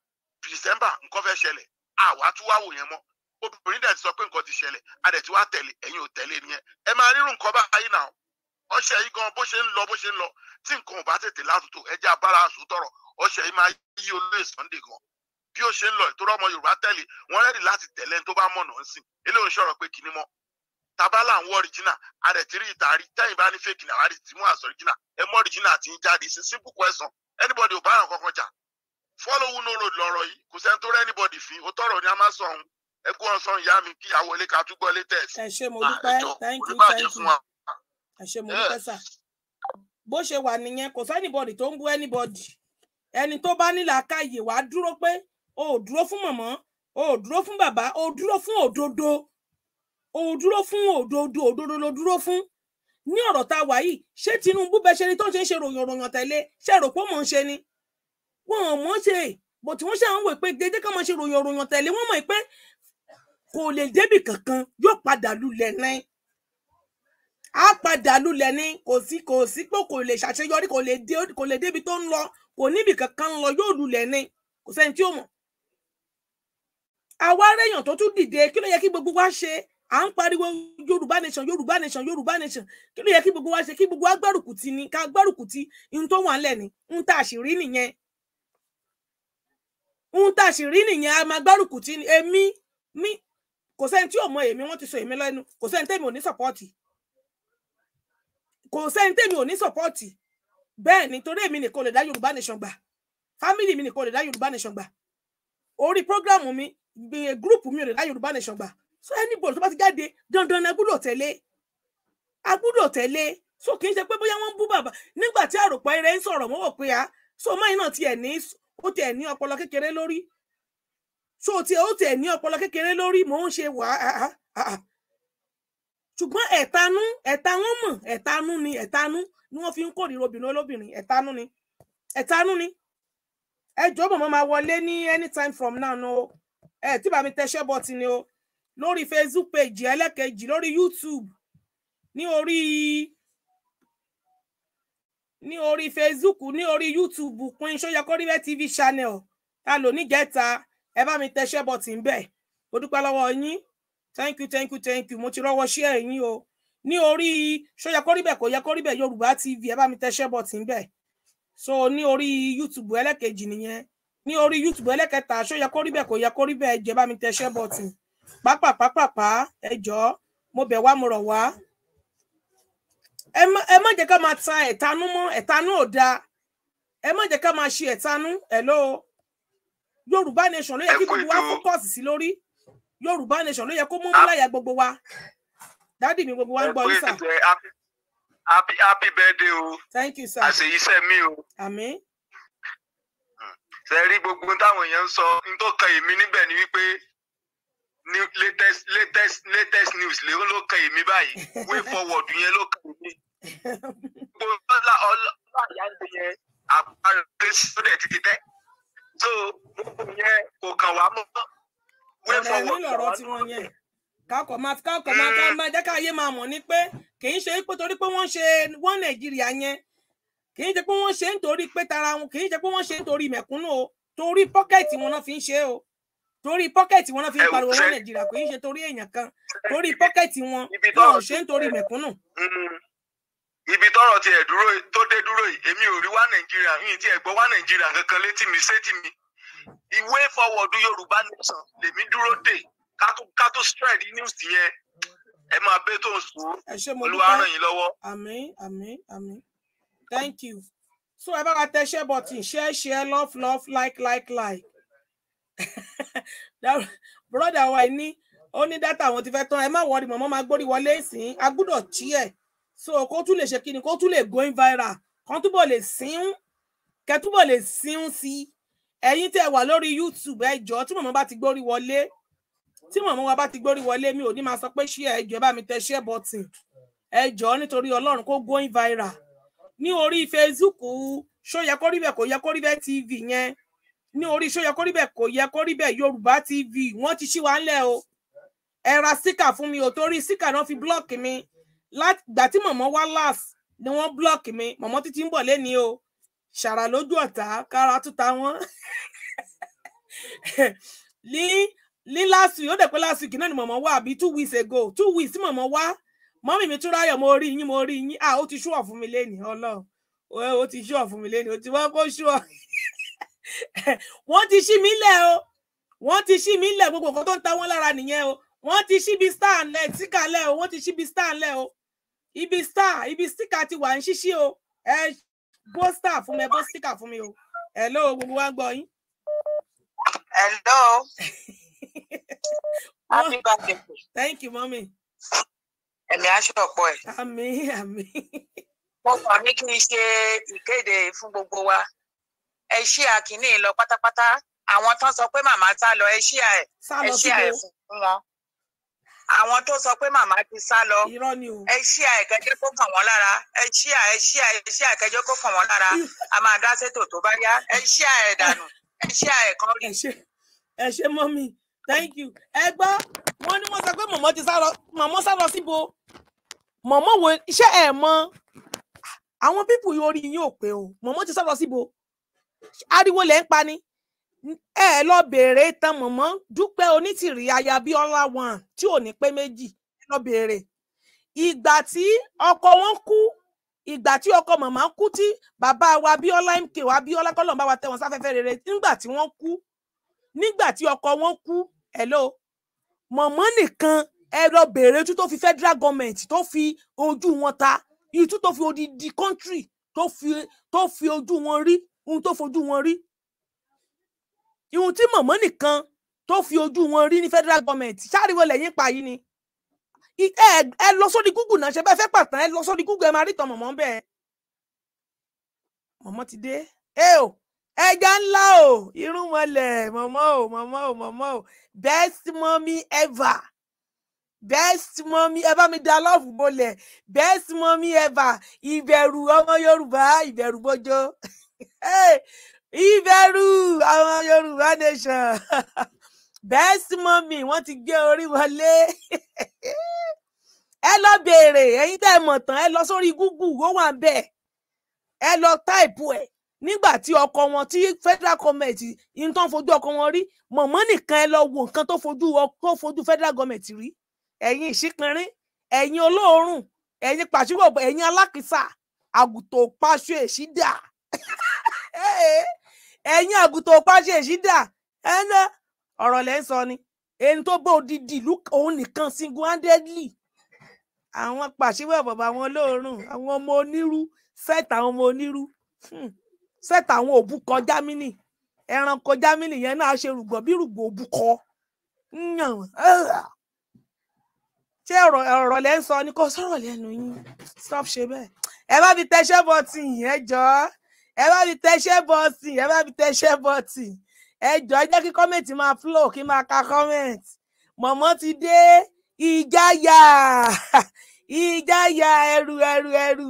December nǹkan fẹ́ ṣẹlẹ̀ àwa tún wá wò yẹn mọ́ obìnrin dẹ̀ ti sọ pé nǹkan ti ṣẹlẹ̀ a dẹ̀ ti wá tẹ̀lé ẹ̀yin ò tẹ̀lé nìyẹn ẹ máa rírun ọṣẹ yìí gan bó ṣe ń lọ bó ṣe ń lọ tí nǹkan ò bá tètè látòtò ẹjẹ abára àsùtọrọ ọṣẹ yìí máa yí olóyè Sunday gan bí ó ṣe ń lọ ìtura ọmọ Yorùbá tẹ̀lé wọn rẹ́ẹ̀dì láti tẹ̀lé tó bá mọ̀nà ń sìn eléyìí ń ṣọ̀rọ̀ pé kinní mọ́ tabala ń wọ original àrẹ̀tírí ìtàrí tẹ́yìn bá ní fake náà àrí tìmú àṣọ original ẹ mọ́ original àti ń jáde ṣe simple question anybody ò bá ràn kankan jà follow who no road lọ́rọ̀ yìí kò sẹ́ni tó rẹ́ anybody fi ó tọrọ ni a máa sọ ohun ẹkú ọ̀sán ìyá mi kí àwọlé ká túbọ̀ latest. ẹ ṣé mo ah, you àṣẹ mo dúpẹ́ sà bó ṣe wà nìyẹn kò sẹ́nìbọ̀dì tó ń bú ẹnìbọ̀dì ẹni tó bá nílà káyè wàá dúró pé o ò dúró fún mọ̀mọ́ o ò dúró fún bàbá o dúró fún òdodo o dúró fún òdodo òdodo ló dúró fún ní ọ̀rọ̀ tá wà yìí ṣé Tinubu bẹ ṣe ni tó ń ṣe ń ṣe ròyìn ròyìn tẹ̀lé ṣe rò pé mò ń ṣe ni wọn ò mọ̀ ṣe bó tí wọ́n ṣe àwọn wèé pé dédé kàn máa ṣe ròyìn tẹ̀lé wọ́n mọ̀ pé kò lè débì kankan yóò padà lulẹ̀ náà a padà lulẹ̀ ni kò sí kò sí pé kò lè ṣàṣeyọrí kò lè dé kò lè débi tó ń lọ kò níbi kankan ń lọ yóò lulẹ̀ ni kò sẹ́ni tí ó mọ̀. àwa rèèyàn tó tún dìde kí ló yẹ kí gbogbo wa ṣe à ń pariwo yorùbá nation yorùbá nation yorùbá nation kí ló yẹ kí gbogbo wa ṣe kí gbogbo wa ni ká gbárùkù ti tó wà ńlẹ̀ ni ohun tá a sì rí nìyẹn ohun tá a sì rí nìyẹn a máa gbárùkù ti ni èmi mi kò sẹ́ni tí ò mọ èmi wọ́n ti sọ èmi lẹ́nu kò sẹ́ni tẹ́mi ò ní sọ̀pọ́ọ̀tì kò sẹ́ni tèmi ò ní sọ̀pọ́ọ̀tì bẹ́ẹ̀ ni torí èmi nìkan lè dá Yorùbá nation gbà fámìlì mi nìkan lè dá Yorùbá nation gbà orí prógrámù mi gúrùpù mi ò lè dá Yorùbá nation gbà so anybody tó bá ti jáde dandan ni agbúdọ̀ tẹ̀lé agbúdọ̀ tẹ̀lé so kì í ṣe pé bóyá wọ́n ń bú bàbá nígbà tí àròpọ̀ eré ń sọ̀rọ̀ mọ́wọ́ pé a ah, so máyì náà tiẹ̀ ní ó tiẹ̀ ní ọpọlọ kékeré lórí so tiẹ̀ ó tiẹ̀ ní ọpọlọ kékeré lórí mò ń ṣe wàá ah, ah, ṣùgbọ́n ẹ̀tanú ẹ̀tanú mọ̀ ẹ̀tanú ni ẹ̀tanú ni wọ́n fi ń kórìíra obìnrin olóbìnrin ẹ̀tanú ni ẹ̀tanú ni ẹjọ́ bọ̀ mọ́ máa wọlé ní anytime from now no ẹ tí bàmí tẹṣẹ́ bọ́tì ni o lórí facebook page ẹlẹ́kẹ̀jì lórí youtube ní orí ní orí facebook ní orí youtube Queen Soyakoribe tv channel ta ló níjẹta ẹ bá mi tẹṣẹ́ bọ́tì ń bẹ̀ ó dúpẹ́ lọ́wọ́ yín thank you thank you thank you mo ti rọwọ ṣí ẹyin o ní orí ṣó yẹ kó rí bẹ́ẹ̀ kó yẹ kó rí bẹ́ẹ̀ yorùbá tv ẹ bá mi tẹṣẹ bọ tí ń bẹ so ní orí youtube ẹlẹ́kejì nìyẹn ní orí youtube ẹlẹ́kẹta ṣó yẹ kó rí bẹ́ẹ̀ kó yẹ kó rí bẹ́ẹ̀ jẹ bá mi tẹṣẹ bọ tí pápápápápá ẹ jọ̀ọ́ mo bẹ̀ wá mo rọ̀ wá ẹ má jẹ́ ká máa ta ẹ̀tanú mọ́ ẹ̀tanú ò dáa ẹ má jẹ́ ká máa ṣe ẹ̀tanú ẹ̀ ló yorùbá nation ló yẹ kí gbogbo wa focus sí lórí yorùbá nation ló yẹ kó mú mú gbogbo wa dádì mi gbogbo wa ń gbọ́ yín happy happy birthday o. thank you sir. àṣeyí sẹ́mi o. àmín. ṣe rí gbogbo táwọn èèyàn ń sọ ní tó kan èmi níbẹ̀ ni wípé latest latest latest news lè ló kan èmi báyìí way forward yẹn ló kan èmi. gbogbo ọlá ọlá àyáǹde yẹn àpárẹ sódẹ títí tẹ so gbogbo yẹn kò kàn wá mọ́ ọ̀rọ̀ ẹ̀mí lọ̀rọ̀ tiwọn yẹn kakọ̀ máa kakọ̀ máa ká máa jẹ́ káyé máa mọ̀ ní pé kì í ṣe pé torí pé wọ́n ṣe wọ́n nàìjíríà yẹn kì í ṣe pé wọ́n ṣe nítorí pé tara wọn kì í ṣe pé wọ́n ṣe nítorí mẹ̀kúnnù o torí pọ́kẹ́ẹ̀tì wọn náà fi ń ṣe o torí pọ́kẹ́ẹ̀tì wọn náà fi ń pariwo wọn nàìjíríà kì í ṣe torí èèyàn kan torí pọ́kẹ́ẹ̀tì wọn wọn ò ṣe nítorí mẹ̀kúnnù. Mm. ibi tọ́rọ̀ tiẹ̀ dúró tó dé dúró yìí èmi ò rí wá nàìjíríà yìí tí ẹ wá nàìjíríà kankan létí mi sétí mi ìwé ìfọwọ́dún Yorùbá nation lèmi dúró dè ká tó news yẹn ẹ máa bẹ tó ń sùn olúwa ràn yín lọ́wọ́. àmín àmín àmín thank you so ẹ bá ka tẹ share button share share love love like like like brother wa ni ó ní dátà àwọn ti fẹ́ tán ẹ má wọrí mọ̀mọ́ máa gbórí wọlé ìsìn agbúdọ̀ tí ẹ̀ so kó tún lè ṣe kí ni kó tún lè going viral kan túbọ̀ lè sín kẹ túbọ̀ lè sín sí i ẹ̀yin tẹ́ wà lórí youtube ẹ jọ̀ọ́ tí màmá bá ti gbórí wọlé tí màmá wa bá ti gbórí wọlé mi ò ní máa sọ pé ṣé ẹ bá mi tẹ share button ẹ jọ̀ọ́ nítorí Ọlọ́run kó going viral ní orí facebook ṣó yẹ kó rí bẹ́ẹ̀ kó yẹ kó tv yẹn ní orí ṣó yẹ kó rí bẹ́ẹ̀ kó yẹ kó yorùbá tv wọ́n ti ṣí wa ńlẹ̀ o ẹ ra síkà fún mi ò torí síkà náà fi blọọkì mi gbà tí màmá wá last ni wọ́n blọọkì mi màmá títí ń bọ̀ lẹ́ni o ṣàrà lójú ọ̀tá kára túta wọn ní ní last week ó dẹ̀ pé last week náà ni mọ̀mọ́ wá àbí two weeks ago two weeks tí mọ̀mọ́ wá mọ́mì mi tún ráyọ̀ mo rí yín mo rí yín ah ó ti ṣúọ̀ fún mi lẹ́nìí ọlọ́run ó ti ṣúọ̀ fún mi lẹ́nìí ó ti wọ́n kó ṣúọ̀ wọ́n ti ṣí mi lẹ̀ o wọ́n ti ṣí mi lẹ̀ gbogbo nǹkan tó ń ta wọ́n lára nìyẹn o wọ́n ti ṣí ibi star ńlẹ̀ tíkà lẹ̀ o wọ́n ti ṣí ibi star ńlẹ̀ o ibi star ibi tíkà ti wà ń ṣíṣí o ẹ bó star fún mi ẹ bó fún mi o hello gbogbo wa ń yín. hello. happy birthday. thank you mọ́mì. ẹ̀mí aṣọ ọ̀pọ̀ ẹ̀. àmín àmín. mo kàn ní kí n ṣe ìkéde fún gbogbo wa ẹ ṣí àkíní lọ pátápátá àwọn tán sọ pé màmá sá lọ ẹ ṣí à ẹ ṣí ẹ fún wọn àwọn tó sọ pé màmá ti sá lọ ẹ ṣí à ẹkẹjẹ kó kàn wọn lára ẹ ṣí à ẹ ṣí à ẹ ṣí à ẹkẹjẹ kó kàn wọn lára a máa dá sétò tó bá yá ẹ ṣí à ẹ dànù ẹ ṣí à ẹ kan rí. ẹ ṣe mọ́mí thank you ẹ gbọ́ wọ́n ní wọ́n sọ pé mọ̀mọ́ ti sá lọ mọ̀mọ́ sá lọ síbo mọ̀mọ́ wo iṣẹ́ ẹ̀ mọ àwọn pípù orí yín ò pé o mọ̀mọ́ ti sá lọ síbo ariwo lẹ́ ń pa ni ẹ ẹ lọ béèrè tán mọ̀mọ́ dúpẹ́ onítìrí aya bíọ́lá wọn tí ò ní pé méjì ẹ lọ béèrè ìgbà tí ọkọ wọn kú ìgbà tí ọkọ màmá kú tí bàbá wa bíọ́lá mk wa bíọ́lá kọ́lọ̀ bá wa tẹ̀ wọ́n sáfẹ́fẹ́ rere nígbà tí wọ́n kú nígbà tí ọkọ wọn kú hello mọ̀mọ́ nìkan ẹ lọ béèrè ojú tó fi federal government tó fi ojú wọn ta ìtú tó fi odidi country tó fi ojú wọn rí ohun tó fojú wọn rí ìhun tí mọ̀mọ́ nìkan tó fi ojú wọn rí ní federal government ṣáàríwọ lẹ́yìn pa yìí ni ẹ lọ sórí Google náà ṣe bẹ́ẹ̀ fẹ́ pàtàn ẹ lọ sórí Google ẹ máa rí tàn mọ̀mọ́ ń bẹ́ẹ̀ mọ̀mọ́ ti dé ẹ o ẹja ńlá o irun mọlẹ̀ mọ̀mọ́ o mọ̀mọ́ o mọ̀mọ́ o best mommy ever best mommy ẹ bá mi da lọ́ọ̀fù bolẹ̀ best mommy ever ìbẹ̀rù ọmọ Yorùbá ìbẹ̀rù bójó ìbẹ̀rù àwọn yorùbá nation bẹ́ẹ̀ sí mọ́mì wọ́n ti gbé orí wọlé ẹ lọ béèrè ẹ̀yin tẹ́ ẹ mọ̀ tán ẹ lọ sórí google ó wà bẹ́ẹ̀ ẹ lọ táìpù ẹ̀ nígbà tí ọkọ wọn tí federal government ń tán fojú ọkọ wọn rí mọ̀mọ́ nìkan ẹ lọ wo nǹkan tó fojú tó fojú federal government rí ẹ̀yin ìṣípinrin ẹ̀yin olóòórùn ẹ̀yin pàṣípò ẹ̀yin alákìsà àgùntò pàṣẹ èṣídà. ẹ̀yin àgùntàn pàṣẹṣì dà ẹnà ọ̀rọ̀ lẹ ń sọ ni ẹni tó bó odidi ìlú òun nìkan single handedly àwọn pàṣẹwẹ bàbá wọn lóòrùn àwọn ọmọ onírú sẹta àwọn ọmọ onírú hmm. sẹta àwọn òbúkọ jámínì ẹranko jámínì yẹn náà ṣe rùgbọ bí rùgbọ òbúkọ yàn ṣé ọ̀rọ̀ lẹ ń sọ ni kò sọ̀rọ̀ lẹ́nu yín stop ṣe bẹ́ẹ̀ ẹ bá fi tẹṣẹ bọtì yẹn jọ ọ ẹ bá mi tẹṣẹ́ bọ́ọ̀tì ẹ bá mi tẹṣẹ́ bọ́ọ̀tì ẹ jọ ẹ jẹ́ kí kọ́mẹ̀ntì máa flow kí máa ka kọ́mẹ̀ntì mọ̀mọ́ ti dé ìjáyà ìjáyà ẹrù ẹrù ẹrù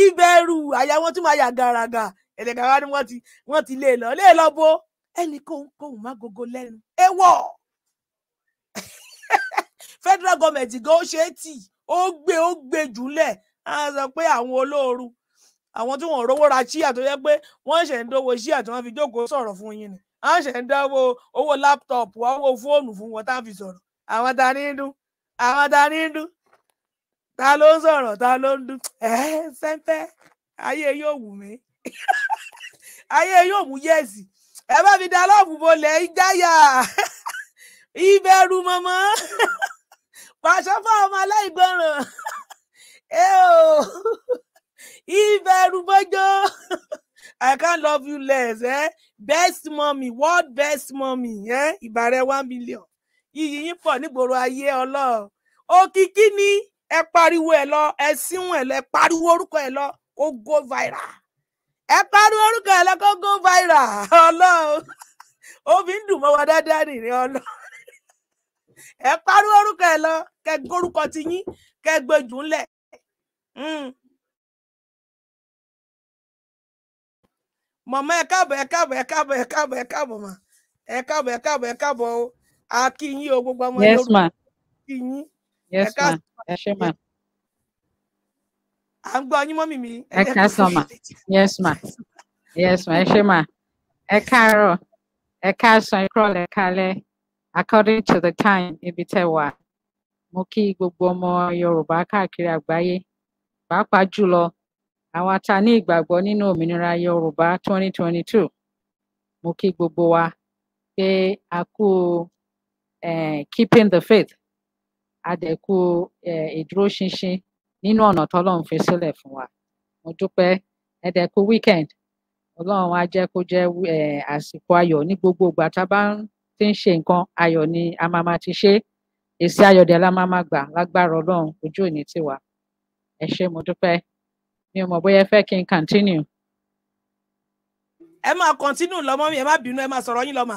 ìbẹ̀rù àyà wọn tún máa yà gàràgà ẹ̀dẹ̀gà wa ni wọ́n ti wọ́n ti lè lọ lè lọ bo ẹnì kóhun kóhun má gogo lẹ́nu ẹ wọ̀ federal government gan ó ṣe é tì ó gbé ó gbé jùlẹ̀ á sọ pé àwọn olóoru àwọn tí wọn rówó ra ṣíà tó yẹ pé wọ́n ṣẹ̀ ń dówó ṣíà tí wọ́n fi jókòó sọ̀rọ̀ fún yín ni wọ́n ṣẹ̀ ń dáwó owó láptọ̀pù owó fóònù fún wọn tá a fi sọ̀rọ̀ àwọn ta ní dún àwọn ta ní dún ta ló ń sọ̀rọ̀ ta ló ń dún ẹ fẹ́fẹ́ ayé yóò wù mí ayé yóò mú yẹ́sì ẹ bá fi da lọ́ọ̀bù bolẹ̀ ìjáyà ìbẹ̀rù mọ́mọ́ pàṣẹ fún ọmọ aláìgbọràn ẹ o ìbẹ̀rù bọ́jọ́ i can't love you less eh? best mommy What best mommy eh? ìbàrẹ̀ one million iyì yín pọ̀ nígboro ayé ọlọ́ọ̀ òkìkí ni ẹ pariwo ẹ lọ ẹ síwọn ẹ lọ ẹ pariwo orúkọ ẹ lọ kó go viral ẹ pariwo orúkọ ẹ lọ go viral ọlọ́ọ̀ omi ń dùn mọ́ wa dáadáa nìyẹn ọlọ́ọ̀ ẹ pariwo orúkọ ẹ lọ kẹ gbórúkọ ti yín kẹ gbẹjù mama ẹ káàbọ̀ ẹ káàbọ̀ ẹ káàbọ̀ ẹ káàbọ̀ ẹ káàbọ̀ mà ẹ káàbọ̀ ẹ káàbọ̀ ẹ káàbọ̀ o a kí yín o gbogbo ọmọ kí yín ẹ à ń gbọ́ mi. àwọn tá a ní ìgbàgbọ́ nínú òmìnira yorùbá twenty twenty mo kí gbogbo wa pé a kú um keeping the faith a dẹ̀ kú um ìdúróṣinṣin nínú ọ̀nà tọ́lọ́run fi sílẹ̀ fún wa mo dúpẹ́ ẹ weekend ọlọ́run á jẹ́ kó jẹ́ àsìkò ayọ̀ ní gbogbo ìgbà tá a bá ti ń ṣe nǹkan ayọ̀ ni a máa ma ti ṣe èsì ayọ̀ dẹ̀ la máa ma gbà lágbára ọlọ́run ojú òní tiwa ẹ ṣé mo dúpẹ́ mi ò mọ̀ bóyá ẹ fẹ́ kí n continue. ẹ máa continue lọ́mọ mi ẹ má bínú ẹ máa sọ̀rọ̀ yín lọ́mọ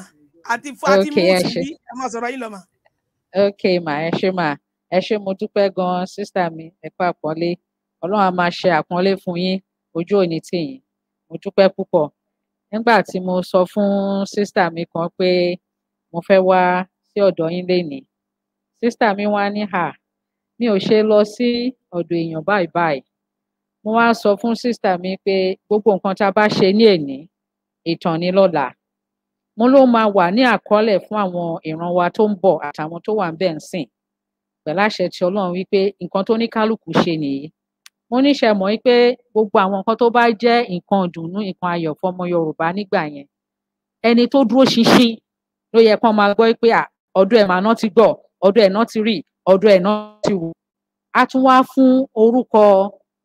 àti fún àti mú ti bí ẹ máa sọ̀rọ̀ yín lọ́mọ. ok ma ẹ ṣé ma ẹ ṣé mo dúpẹ́ gan sísá mi ẹ kú àpọ́nlé ọlọ́run a máa ṣe àpọ́nlé fún yín ojú òní tìyín mo dúpẹ́ púpọ̀ nígbà tí mo sọ fún sísá mi kan pé mo fẹ́ wá sí ọ̀dọ̀ yín lénìí sísá mi wá ní hà mi ò ṣe lọ sí ọ̀dọ̀ èèyàn báyìí báyìí mo wá sọ fún sísítà mi pé gbogbo nǹkan tá a bá ṣe ní èní ìtàn ni lọ́la mo ló máa wà ní àkọọ́lẹ̀ fún àwọn ìran wa tó ń bọ̀ àtàwọn tó wà ń bẹ̀ ń sìn pẹ̀láṣẹ ti Ọlọ́run wípé nǹkan tó ní kálukú ṣe nìyí mo níṣẹ mọ̀ wípé gbogbo àwọn nǹkan tó bá jẹ́ nǹkan ìdùnnú nǹkan ayọ̀ fọmọ Yorùbá nígbà yẹn ẹni tó dúró ṣinṣin ló yẹ kán máa gbọ́ pé ọ̀dọ̀ ẹ̀ máa ti gbọ́ ọ̀dọ̀ ẹ̀ ná ti rí ọ̀dọ̀ ẹ̀ ná ti wù á tún wá fún orúkọ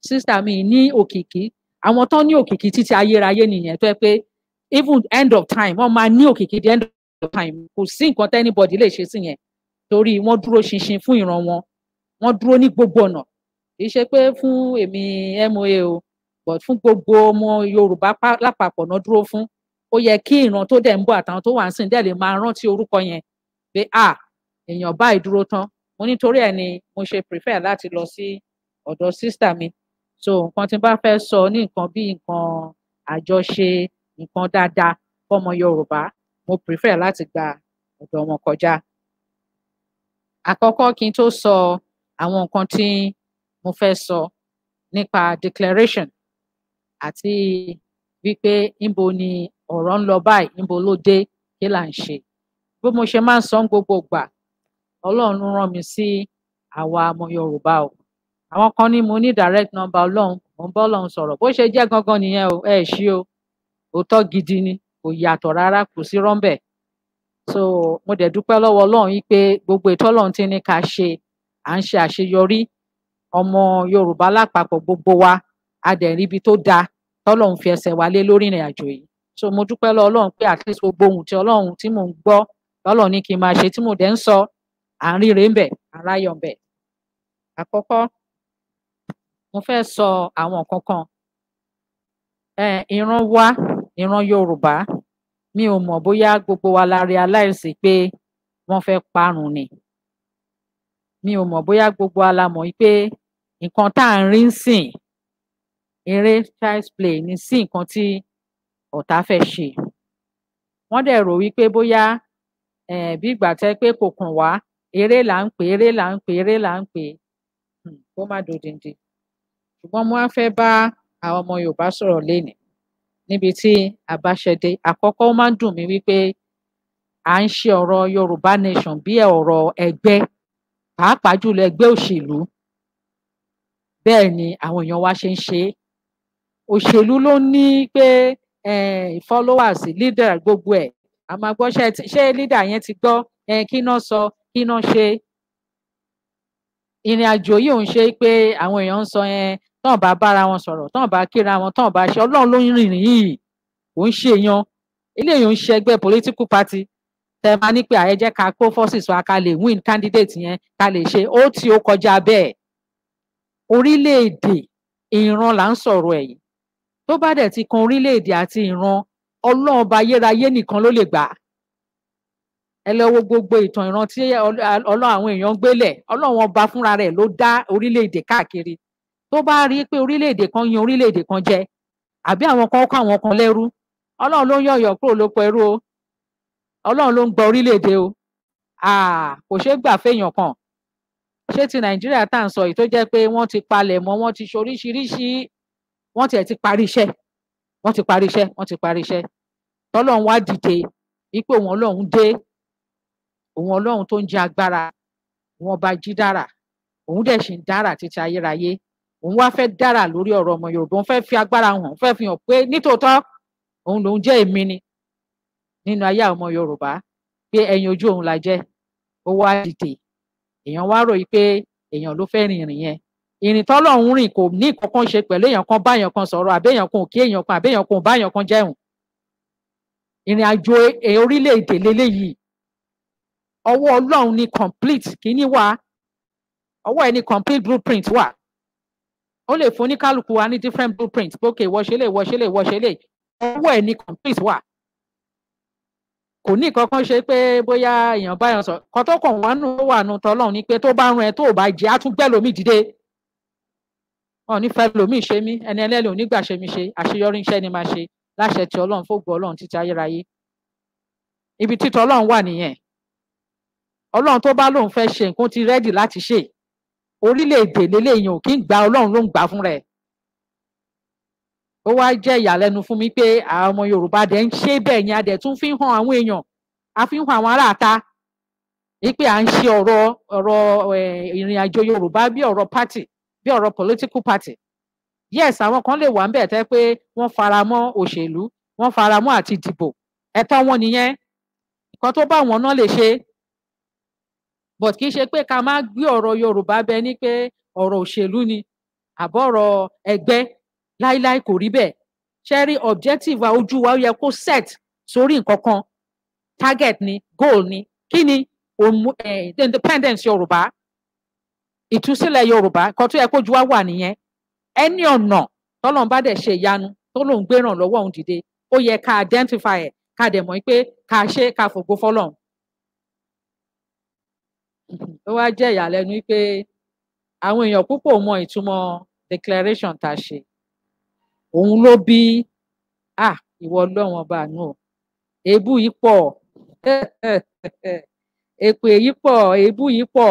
sísá mi ní òkìkí àwọn tán ní òkìkí títí ayérayé nìyẹn tó yẹ pé even end of time wọ́n máa ní òkìkí the end of time kò sí nǹkan anybody? lè ṣe sí yẹn torí wọ́n dúró ṣinṣin fún ìran wọn wọ́n dúró ní gbogbo ọ̀nà kì í ṣe pé fún èmi MOA o but fún gbogbo ọmọ Yorùbá lápapọ̀ náà dúró fún ó yẹ kí ìran tó dẹ̀ ń bọ̀ àtàwọn tó wà ń sìn dẹ̀ lè máa rántí orúkọ yẹn pé a èèyàn báyìí dúró tán mo nítorí ẹ̀ ni mo ṣe prefer láti lọ sí ọ̀dọ̀ sísítà mi so nǹkan tí n bá fẹ́ sọ ní nǹkan bí nǹkan àjọṣe nǹkan dáadáa fọmọ yorùbá mo prefer láti gba ọ̀dọ̀ wọn kọjá àkọ́kọ́ kí n tó sọ àwọn nǹkan tí mo fẹ́ sọ nípa declaration àti wípé níbo ni ọ̀rọ̀ ń lọ báyìí níbo ló dé kí là ń ṣe bí mo ṣe máa ń sọ gbogbo gbà Ọlọ́run rán mi sí àwa ọmọ yorùbá o àwọn kan ní mo ní direct number Ọlọ́run mo ń bọ Ọlọ́run sọ̀rọ̀ bó ṣe jẹ́ gangan nìyẹn o ẹ ṣí o òótọ́ gidi ni kò yàtọ̀ rárá kò sí rọmbẹ so mo dẹ̀ dúpẹ́ lọ́wọ́ Ọlọ́run yìí pé gbogbo ètò Ọlọ́run ti ní ká ṣe à ń ṣe àṣeyọrí ọmọ Yorùbá lápapọ̀ gbogbo wa a dẹ̀ ríbi tó dáa tọ́lọ́run fi ẹsẹ̀ wa lé lórí ìrìn àjò yìí so mo dúpẹ́ lọ́wọ́ Ọlọ́run pé at least gbogbo ohun tí Ọlọ́run tí mò ń gbọ́ lọ́lọ́run ní kí n máa ṣe tí mo dẹ̀ ń sọ à ń ń bẹ à ń ń bẹ àkọ́kọ́ mo fẹ́ sọ àwọn nǹkan kan ìran wa ìran yorùbá mi ò mọ̀ bóyá gbogbo wa la realize pé wọ́n fẹ́ parun ni mi ò mọ̀ bóyá gbogbo wa la mọ̀ pé nǹkan tá à ń rí ń sìn eré child's play ni sí nǹkan tí ọ̀tá fẹ́ ṣe wọ́n dẹ̀ rò wípé bóyá bí ìgbà tẹ́ pé kò kàn wá eré là ń pè eré là ń pè eré là ń pè hmm, kó má dòdìndín ṣùgbọ́n mo wá fẹ́ bá àwọn ọmọ yorùbá sọ̀rọ̀ lénìí níbi tí àbáṣẹdé àkọ́kọ́ ó máa ń dùn mí wípé à ń ṣe ọ̀rọ̀ yorùbá nation bí ọ̀rọ̀ ẹgbẹ́ pàápàá jùlọ ẹgbẹ́ òṣèlú bẹ́ẹ̀ ni àwọn èèyàn wa ṣe ń ṣe é òṣèlú ló ní pé followers leader gbogbo ẹ̀ a máa gbọ́ ṣé leader yẹn ti gbọ́ kí náà sọ kí náà ṣe ìrìn àjò yìí ò ń ṣe pé àwọn èèyàn ń sọ tán bá bára wọn sọ̀rọ̀ tán bá kíra wọn tán bá ṣe Ọlọ́run ló ń rìnrìn yìí kò ń ṣe yan eléyìí ń ṣẹgbẹ́ political party tẹ máa ní pé àyẹ jẹ́ ká kó forces wa ká lè win candidate yẹn ká lè ṣe ó tí ó kọjá bẹ́ẹ̀ orílẹ̀-èdè ìran là ń sọ̀rọ̀ ẹ̀yìn tó bá dẹ̀ ti kan orílẹ̀-èdè àti ìran Ọlọ́run ọba ayérayé nìkan ló lè gbà ẹ lọ wo gbogbo ìtàn ìran tí Ọlọ́run àwọn èèyàn gbélẹ̀ Ọlọ́run ọba fúnra rẹ̀ ló dá orílẹ̀-èdè káàkiri tó bá rí i pé orílẹ̀-èdè kan yan orílẹ̀-èdè kan jẹ àbí àwọn kan kó àwọn kan lẹ́rú ọlọ́run ló ń yọ̀yọ̀ kúrò lóko ẹrú o ọlọ́run ló ń gba orílẹ̀-èdè o kò ṣeé gbà fẹ́yàn kan ṣé ti nàìjíríà tá à ń sọ yìí tó jẹ́ pé wọ́n ti palẹ̀ mọ́ wọ́n ti ṣoríṣiríṣi wọ́n tiẹ̀ ti parí iṣẹ́ wọ́n ti parí iṣẹ́ wọ́n ti parí iṣẹ́ tọ́lọ́run wá dìde wípé òun ọlọ́run dé òun ọlọ́run tó ń jẹ agbára òun ọba jí dára òun dẹ̀ ṣì ń dára títí ayérayé òun wá fẹ́ dára lórí ọ̀rọ̀ ọmọ yorùbá òun fẹ́ fi agbára hàn òun fẹ́ fi hàn pé nítòótọ́ òun lòun jẹ́ èmi ni nínú ayé ọmọ yorùbá pé ẹyin ojú òun la jẹ́ ó wá dìde èèyàn wá ròyìn pé èèyàn ló fẹ́ rìnrìn yẹn ìrìn tọ́lọ́run rìn kò ní kankan ṣe pẹ̀lú èèyàn kan bá èèyàn kan sọ̀rọ̀ àbẹ́yàn kan ò kí èèyàn kan àbẹ́yàn kan ò bá èèyàn kan jẹun ìrìn àjò e, e, orílẹ̀-èdè lélẹ́yìí ọwọ́ ọlọ́run ni complete kìíní wa ọwọ́ ẹ̀ ni complete blueprint wa ó lè fún oníkálukú wa ní different blueprint pé ok wọ́n ṣe lè wọ́n ṣe lè wọ́n ṣe lè ọwọ́ ẹ̀ ní complete wà kò ní nǹkan kan ṣe pé bóyá èèyàn báyọ̀ sọ kan tó kàn wọ́n nù wà nù tọ́lọ́run ni pé tó bá rún ẹ tó bá jẹ́ àtúgbẹ́ lómi dìde wọn ò ní fẹ́ lómi ṣe mí ẹni ẹlẹ́lẹ́ ò ní gbà ṣe mí ṣe àṣeyọrí iṣẹ́ ni máa ṣe láṣẹ ti ọlọ́run fògbọ́ ọlọ́run títí ayérayé ibi títọ́ ọlọ́run wà nìyẹn ọlọ́run tó bá lóun fẹ́ ṣe nǹkan ti rẹ́dì láti ṣe orílẹ̀-èdè lélẹ́yìn ò kí ń gba ọlọ́run ló ń gbà fún rẹ̀ ó wá jẹ́ ìyàlẹ́nu fún mi pé àwọn ọmọ yorùbá dẹ̀ ń ṣe bẹ́ẹ̀ yẹn adẹ̀ tún fi ń hàn àwọn èèyàn a fi ń hàn àwọn aráàta wípé à ń ṣe ọ̀rọ̀ ọ̀rọ̀ ìrìn àjò yorùbá bí ọ̀rọ̀ party bí ọ̀rọ̀ political party yes àwọn kan lè wà ń bẹ̀ tẹ́ pé wọ́n fara mọ́ òṣèlú wọ́n fara mọ́ àti dìbò ẹ̀tọ́ wọn nìyẹn nǹkan tó bá wọn náà lè ṣe but kì í ṣe pé ká má gbé ọ̀rọ̀ yorùbá bẹ ní pé ọ̀rọ̀ òṣèlú ni àbọ̀rọ̀ ẹgbẹ́ láíláí kò rí bẹ́ẹ̀ ṣe rí objective wa ojú wa ó yẹ kó set sórí nǹkan kan target ni goal ni kí ni eh, independence yorùbá ìtúsílẹ̀ yorùbá nǹkan tó yẹ kó ju wa wà nìyẹn ẹni ọ̀nà tọ́lọ́n bá dẹ̀ ṣe ìyanu tó lòun gbéràn lọ́wọ́ òun dìde ó yẹ ká identify ẹ̀ ká dẹ̀ mọ̀ pé ká ṣe ká fògo fọlọ́run ó wá jẹ́ ìyàlẹ́nu pé àwọn èèyàn púpọ̀ mọ ìtumọ̀ declaration tá a ṣe òun ló bí Ah, ìwọ ọlọ́run ọba àánú o èébú yìí pọ̀ èpè yìí pọ̀ èébú yìí pọ̀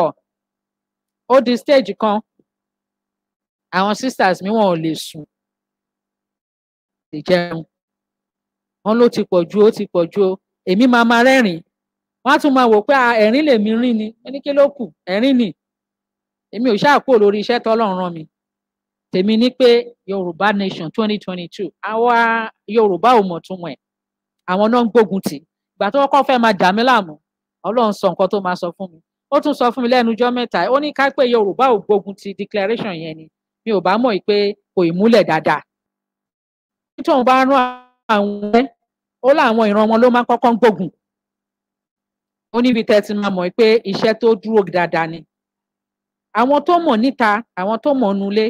ó di stage kan àwọn sisters mi wọn ò lè sùn lè jẹun wọn ló ti pọ̀ ju ó ti pọ̀ ju èmi máa ma rẹ́rìn wọn á tún máa wò pé ah, ẹ̀rín lèmi rìn ni wọn ní kí ló kù ẹ̀rín ni èmi ò ṣáà kúrò lórí iṣẹ́ tọ́lọ́run rán mi tèmi ní pé yorùbá nation twenty twenty two àwa yorùbá ò mọ̀ túmọ̀ ẹ̀ àwọn náà ń gbógun tì ìgbà tó kọ́ fẹ́ máa dà mí láàmú ọlọ́run sọ nǹkan tó máa sọ fún mi ó tún sọ fún mi lẹ́nu mẹ́ta ó ní ká pé yorùbá ò gbógun ti declaration yẹn ni mi ò bá mọ̀ pé kò ì múlẹ̀ dáadáa nítorí wọn bá rán àwọn ẹ ó láwọn ìran wọn ló máa kọ́kọ́ gbógun ó níbi tẹ́ ti máa mọ̀ pé iṣẹ́ tó dúró dáadáa ni àwọn tó mọ̀ níta àwọn tó mọ̀ nulé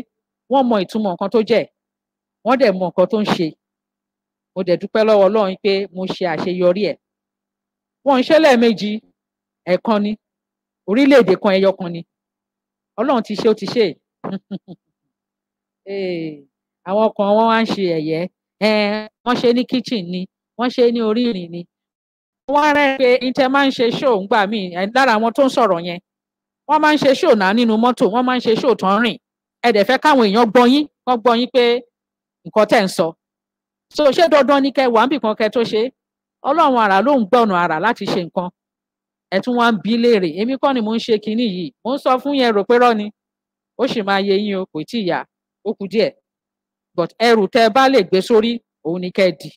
wọ́n mọ ìtumọ̀ nǹkan tó jẹ́ wọ́n dẹ̀ mọ nǹkan tó ń ṣe mo dẹ̀ dúpẹ́ lọ́wọ́ Ọlọ́run pé mo ṣe àṣeyọrí ẹ̀ wọ́n ń ṣe lẹ́ẹ̀mejì ẹ̀kan ni orílẹ̀-èdè kan ẹyọ kan ni Ọlọ́run ti ṣe ó ti ṣe àwọn kan wọ́n wá ń ṣe ẹ̀yẹ wọ́n ṣe ní kitchen ni wọ́n ṣe ní orí ìrìn ni wọ́n á rẹ́ pé ìtẹ́ máa ń ṣe ṣó ńgbà míì lára àwọn tó ń sọ̀rọ̀ yẹn wọ́n máa ń ṣe ṣó náà nínú mọ́tò wọ́n máa ń ṣe ṣó tán rìn ẹ dẹ̀ fẹ́ káwọn èèyàn gbọ́ yín wọ́n gbọ́ yín pé nǹkan tẹ̀ ń sọ so ṣé dandan ni kẹ wà níbì kan kẹ tó ṣe ọlọ́run àrà ló ń gbọ́nà àrà láti ṣe nǹkan ẹ tún wá ń bi léèrè èmi kọ́ ni mò ń ṣe kinní yìí mò ń sọ fún yẹn rò pé rọ́ ni ó sì máa yẹ yín o kò tí ì yá ó kù díẹ̀ but ẹrù tẹ bá lè gbé sórí òun ni kẹ dì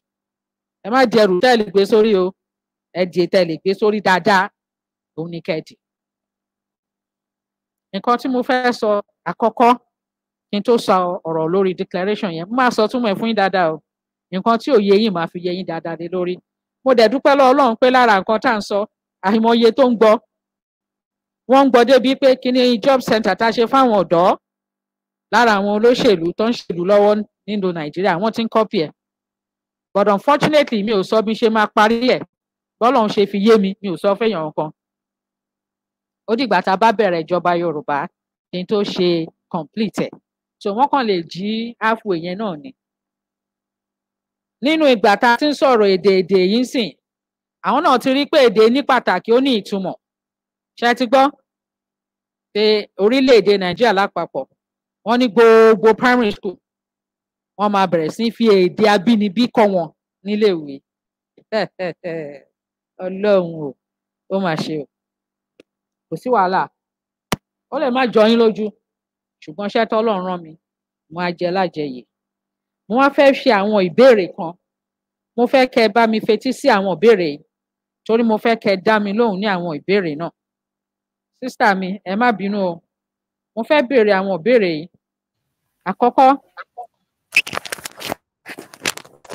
ẹ má di ẹrù tẹ lè gbé sórí o ẹdìẹ tẹ lè gbé sórí dáadáa òun ni kẹdì nǹkan tí mo fẹ́ sọ àkọ́kọ́ kí n tó sọ ọ̀rọ̀ lórí declaration yẹn mo máa sọ túmọ̀ ẹ̀ fún yín dáadáa o nǹkan tí òye yìí máa fi yé yín dáadáa lé lórí mo dẹ̀ dúpẹ́ lọ́wọ́ Ọlọ́run pé lára nǹkan tá à ń sọ àìmọye tó ń gbọ́ wọ́n ń gbọ́ débi pé kíní job center tá a ṣe fáwọn ọ̀dọ́ lára àwọn olóṣèlú tó ń ṣèlú lọ́wọ́ nínú Nàìjíríà wọ́n ti ń kọ́pì ẹ̀ but unfortunately mi ò sọ bí ṣe máa parí ẹ̀ bọ́lọ̀ ń ṣe fi yé mi mi ò sọ fẹ́yàn kan ó dìgbà tá a bá bẹ̀rẹ̀ ìjọba yorùbá kí n tó ṣe complete ẹ̀ so wọ́n kàn lè jí halfway yẹn náà ni nínú ìgbà tá a ti ń sọ̀rọ̀ èdè èdè yìí ń sìn àwọn náà ti rí pé èdè ní pàtàkì ó ní ìtumọ̀ ṣe ti gbọ́ pé orílẹ̀-èdè nàìjíríà lápapọ̀ wọ́n ní gbogbo primary school wọ́n máa bẹ̀rẹ̀ sí fi èdè abínibí kọ́ wọn níléèwé Ọlọ́run o ó mà ṣe o kò sí wàhálà ó lè má jọ yín lójú ṣùgbọ́n iṣẹ́ tọ́lọ́run rán mi mo á jẹ lájẹyè mo wá fẹ́ ṣe àwọn ìbéèrè kan mo fẹ́ kẹ́ bá mi fetí sí àwọn ìbéèrè yìí torí mo fẹ́ kẹ́ dá mi lóhùn ní àwọn ìbéèrè náà sísítà mi ẹ má bínú o mo fẹ́ béèrè àwọn ìbéèrè yìí àkọ́kọ́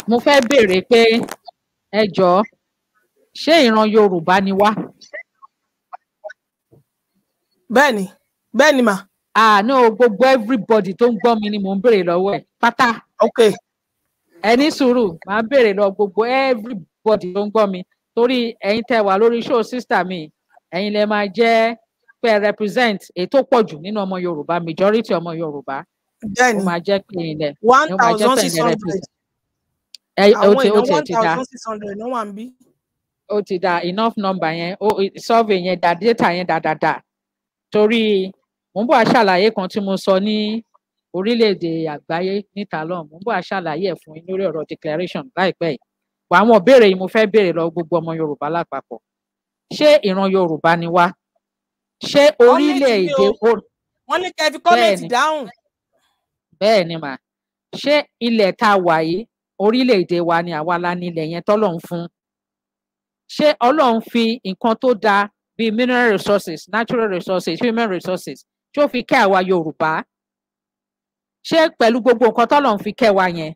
mo fẹ́ béèrè pé ẹ jọ̀ọ́ ṣé ìran yorùbá ni wá. bẹ́ẹ̀ni bẹ́ẹ̀ni mà. àánú gbogbo everybody tó ń gbọ́ mi ni mò ń béèrè lọ́wọ́ ẹ̀ pátá. ok. ẹ ní sùúrù màá béèrè lọ gbogbo everybody tó ń gbọ́ mi torí ẹ̀yin tẹ́ wà lórí show sister mi ẹ̀yin lè máa jẹ́ pé represent èyí tó pọ̀ jù nínú ọmọ yorùbá majority ọmọ yorùbá. bẹ́ẹ̀ni ó máa jẹ́ pé ilẹ̀ one thousand six hundred àwọn èèyàn one thousand six hundred ló wà ń bí ó ti da enough number yẹn ó survey yẹn da data yẹn dáadáa torí mò ń bọ̀ àṣàlàyé kan tí mo sọ ní orílẹ̀-èdè àgbáyé níta lọ́hùn mò ń bọ̀ àṣàlàyé ẹ̀ fún yín lórí ọ̀rọ̀ declaration láìpẹ́ yìí wà àwọn ìbéèrè yìí mo fẹ́ béèrè lọ gbogbo ọmọ yorùbá lápapọ̀ ṣé ìran yorùbá ni wá ṣé orílẹ̀-èdè wo wọ́n ní kẹ́ẹ́ fi kọ́mẹ̀tì dáhùn. bẹ́ẹ̀ ni mà ṣé ilẹ̀ tá a wà yìí orílẹ̀-èdè wa ni àwa la nílẹ̀ yẹn tọ́lọ́run fún ṣé ọlọ́run fi nǹkan tó dáa bíi mineral resources natural resources human resources ṣé ó fi kẹ́ àwa yorùbá ṣé pẹ̀lú gbogbo nǹkan tọ́lọ́run fi kẹ́ wa yẹn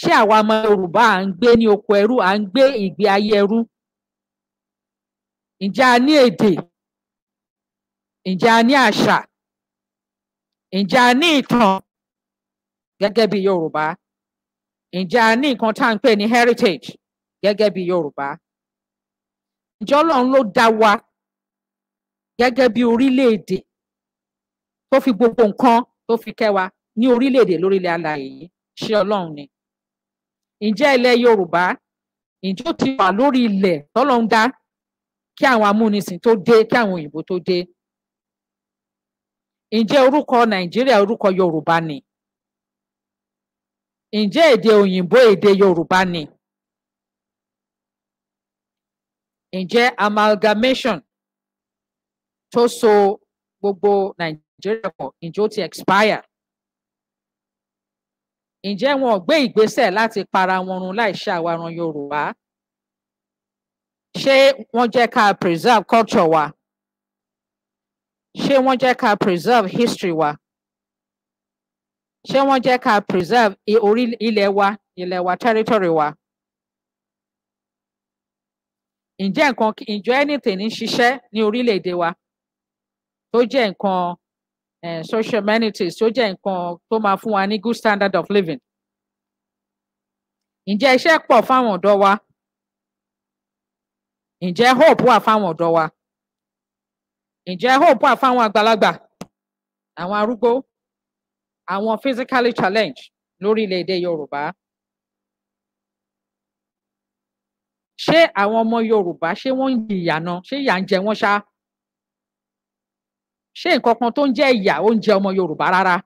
ṣé àwa ọmọ yorùbá à ń gbé ní oko ẹrú à ń gbé ìgbé ayé ẹrú ǹjẹ́ a ní èdè ǹjẹ́ a ní àṣà ǹjẹ́ a ní ìtàn gẹ́gẹ́ bí yorùbá ǹjẹ́ a ní nǹkan tá à ń pè ní heritage gẹ́gẹ́ bí yorùbá ǹjẹ́ ọlọ́run ló dá wa gẹ́gẹ́ bí orílẹ̀-èdè tó fi gbogbo nǹkan tó fi kẹ́ wa ní orílẹ̀-èdè lórílẹ̀ alàyè yìí ṣé ọlọ́run ni ǹjẹ́ ilẹ̀ yorùbá ǹjẹ́ ó ti wà lórí ilẹ̀ tọ́lọ́run dá kí àwọn amúnisìn tó dé kí àwọn òyìnbó tó dé ǹjẹ́ orúkọ nàìjíríà orúkọ yorùbá ni ǹjẹ́ èdè òyìnbó èdè yorùbá ni. ǹjẹ́ amalgamation tó so gbogbo nàìjíríà pọ̀ ǹjẹ́ ó ti expire ǹjẹ́ wọn ò gbé ìgbésẹ̀ láti para wọn run láì ṣàwárán yorùbá ṣé wọ́n jẹ́ ká preserve culture wa ṣé wọ́n jẹ́ ká preserve history wa ṣé wọ́n jẹ́ ká preserve ilẹ̀ wa ilẹ̀ wa territory wa ǹjẹ́ nǹkan ǹjọ́ anything ń ṣiṣẹ́ ní orílẹ̀-èdè wa tó jẹ́ nǹkan social amenities tó jẹ́ nǹkan tó máa fún wa ní good standard of living ǹjẹ́ iṣẹ́ pọ̀ fáwọn ọ̀dọ́ wa ǹjẹ́ hope wà fáwọn ọ̀dọ́ wa ǹjẹ́ hope wà fáwọn àgbàlagbà àwọn arúgbó àwọn physically challenged lórílẹ̀-èdè Yorùbá. ṣé àwọn ọmọ yorùbá ṣé wọn ń di ìyà náà ṣé ìyà ń jẹ wọn ṣá ṣé nǹkan kan tó ń jẹ ìyà ó ń jẹ ọmọ yorùbá rárá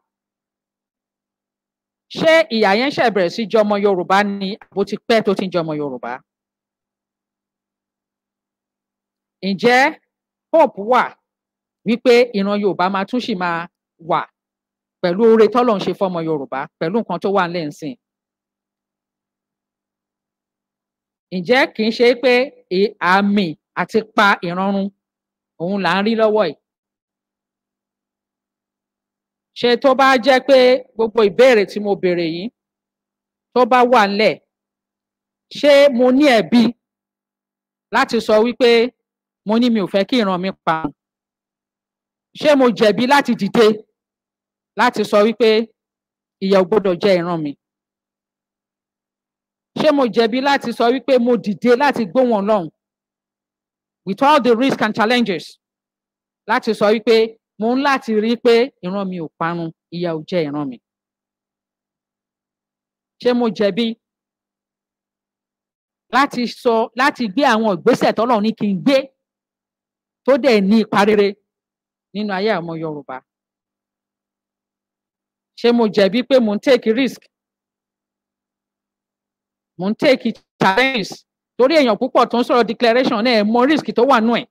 ṣé ìyà yẹn ṣe bẹ̀rẹ̀ sí jẹ ọmọ yorùbá ni àbó ti pẹ́ tó ti ń jẹ ọmọ yorùbá ǹjẹ́ hope wà wípé ìran yorùbá máa tún sì máa wà pẹ̀lú oore tọ́lọ́run ṣe fọ́mọ yorùbá pẹ̀lú nǹkan tó wà nílẹ̀ ǹjẹ́ kì í ṣe pé e, àmì àti pa ìrọ̀rùn òun là ń rí lọ́wọ́ yìí ṣe tó bá jẹ́ pé gbogbo ìbéèrè tí mo béèrè yìí tó bá wà ńlẹ̀ ṣé mo ní ẹ̀bi láti sọ wípé mo ní mi ò fẹ́ kí ìran mi pa ṣé mo jẹ̀bi láti dìde láti sọ wípé ìyà ò gbọ́dọ̀ jẹ ìran mi ṣé mo jẹ̀bi láti sọ wípé mo dìde láti gbóhùn Ọlọ́run with all the risks and challenges láti sọ wípé mo ń láti rí i pé ìran mi ò parun ìyà ò jẹ ìran mi ṣé mo jẹ̀bi láti sọ láti gbé àwọn ìgbésẹ̀ tọ́lọ́run ní kí n gbé tó dẹ̀ ní ipa rere nínú ayé àwọn Yorùbá ṣé mo jẹ̀bi pé mo ń take risk mò ń take challenge torí èèyàn púpọ̀ tó ń sọ̀rọ̀ declaration náà ẹ̀ mọ risk tó wà nù ẹ̀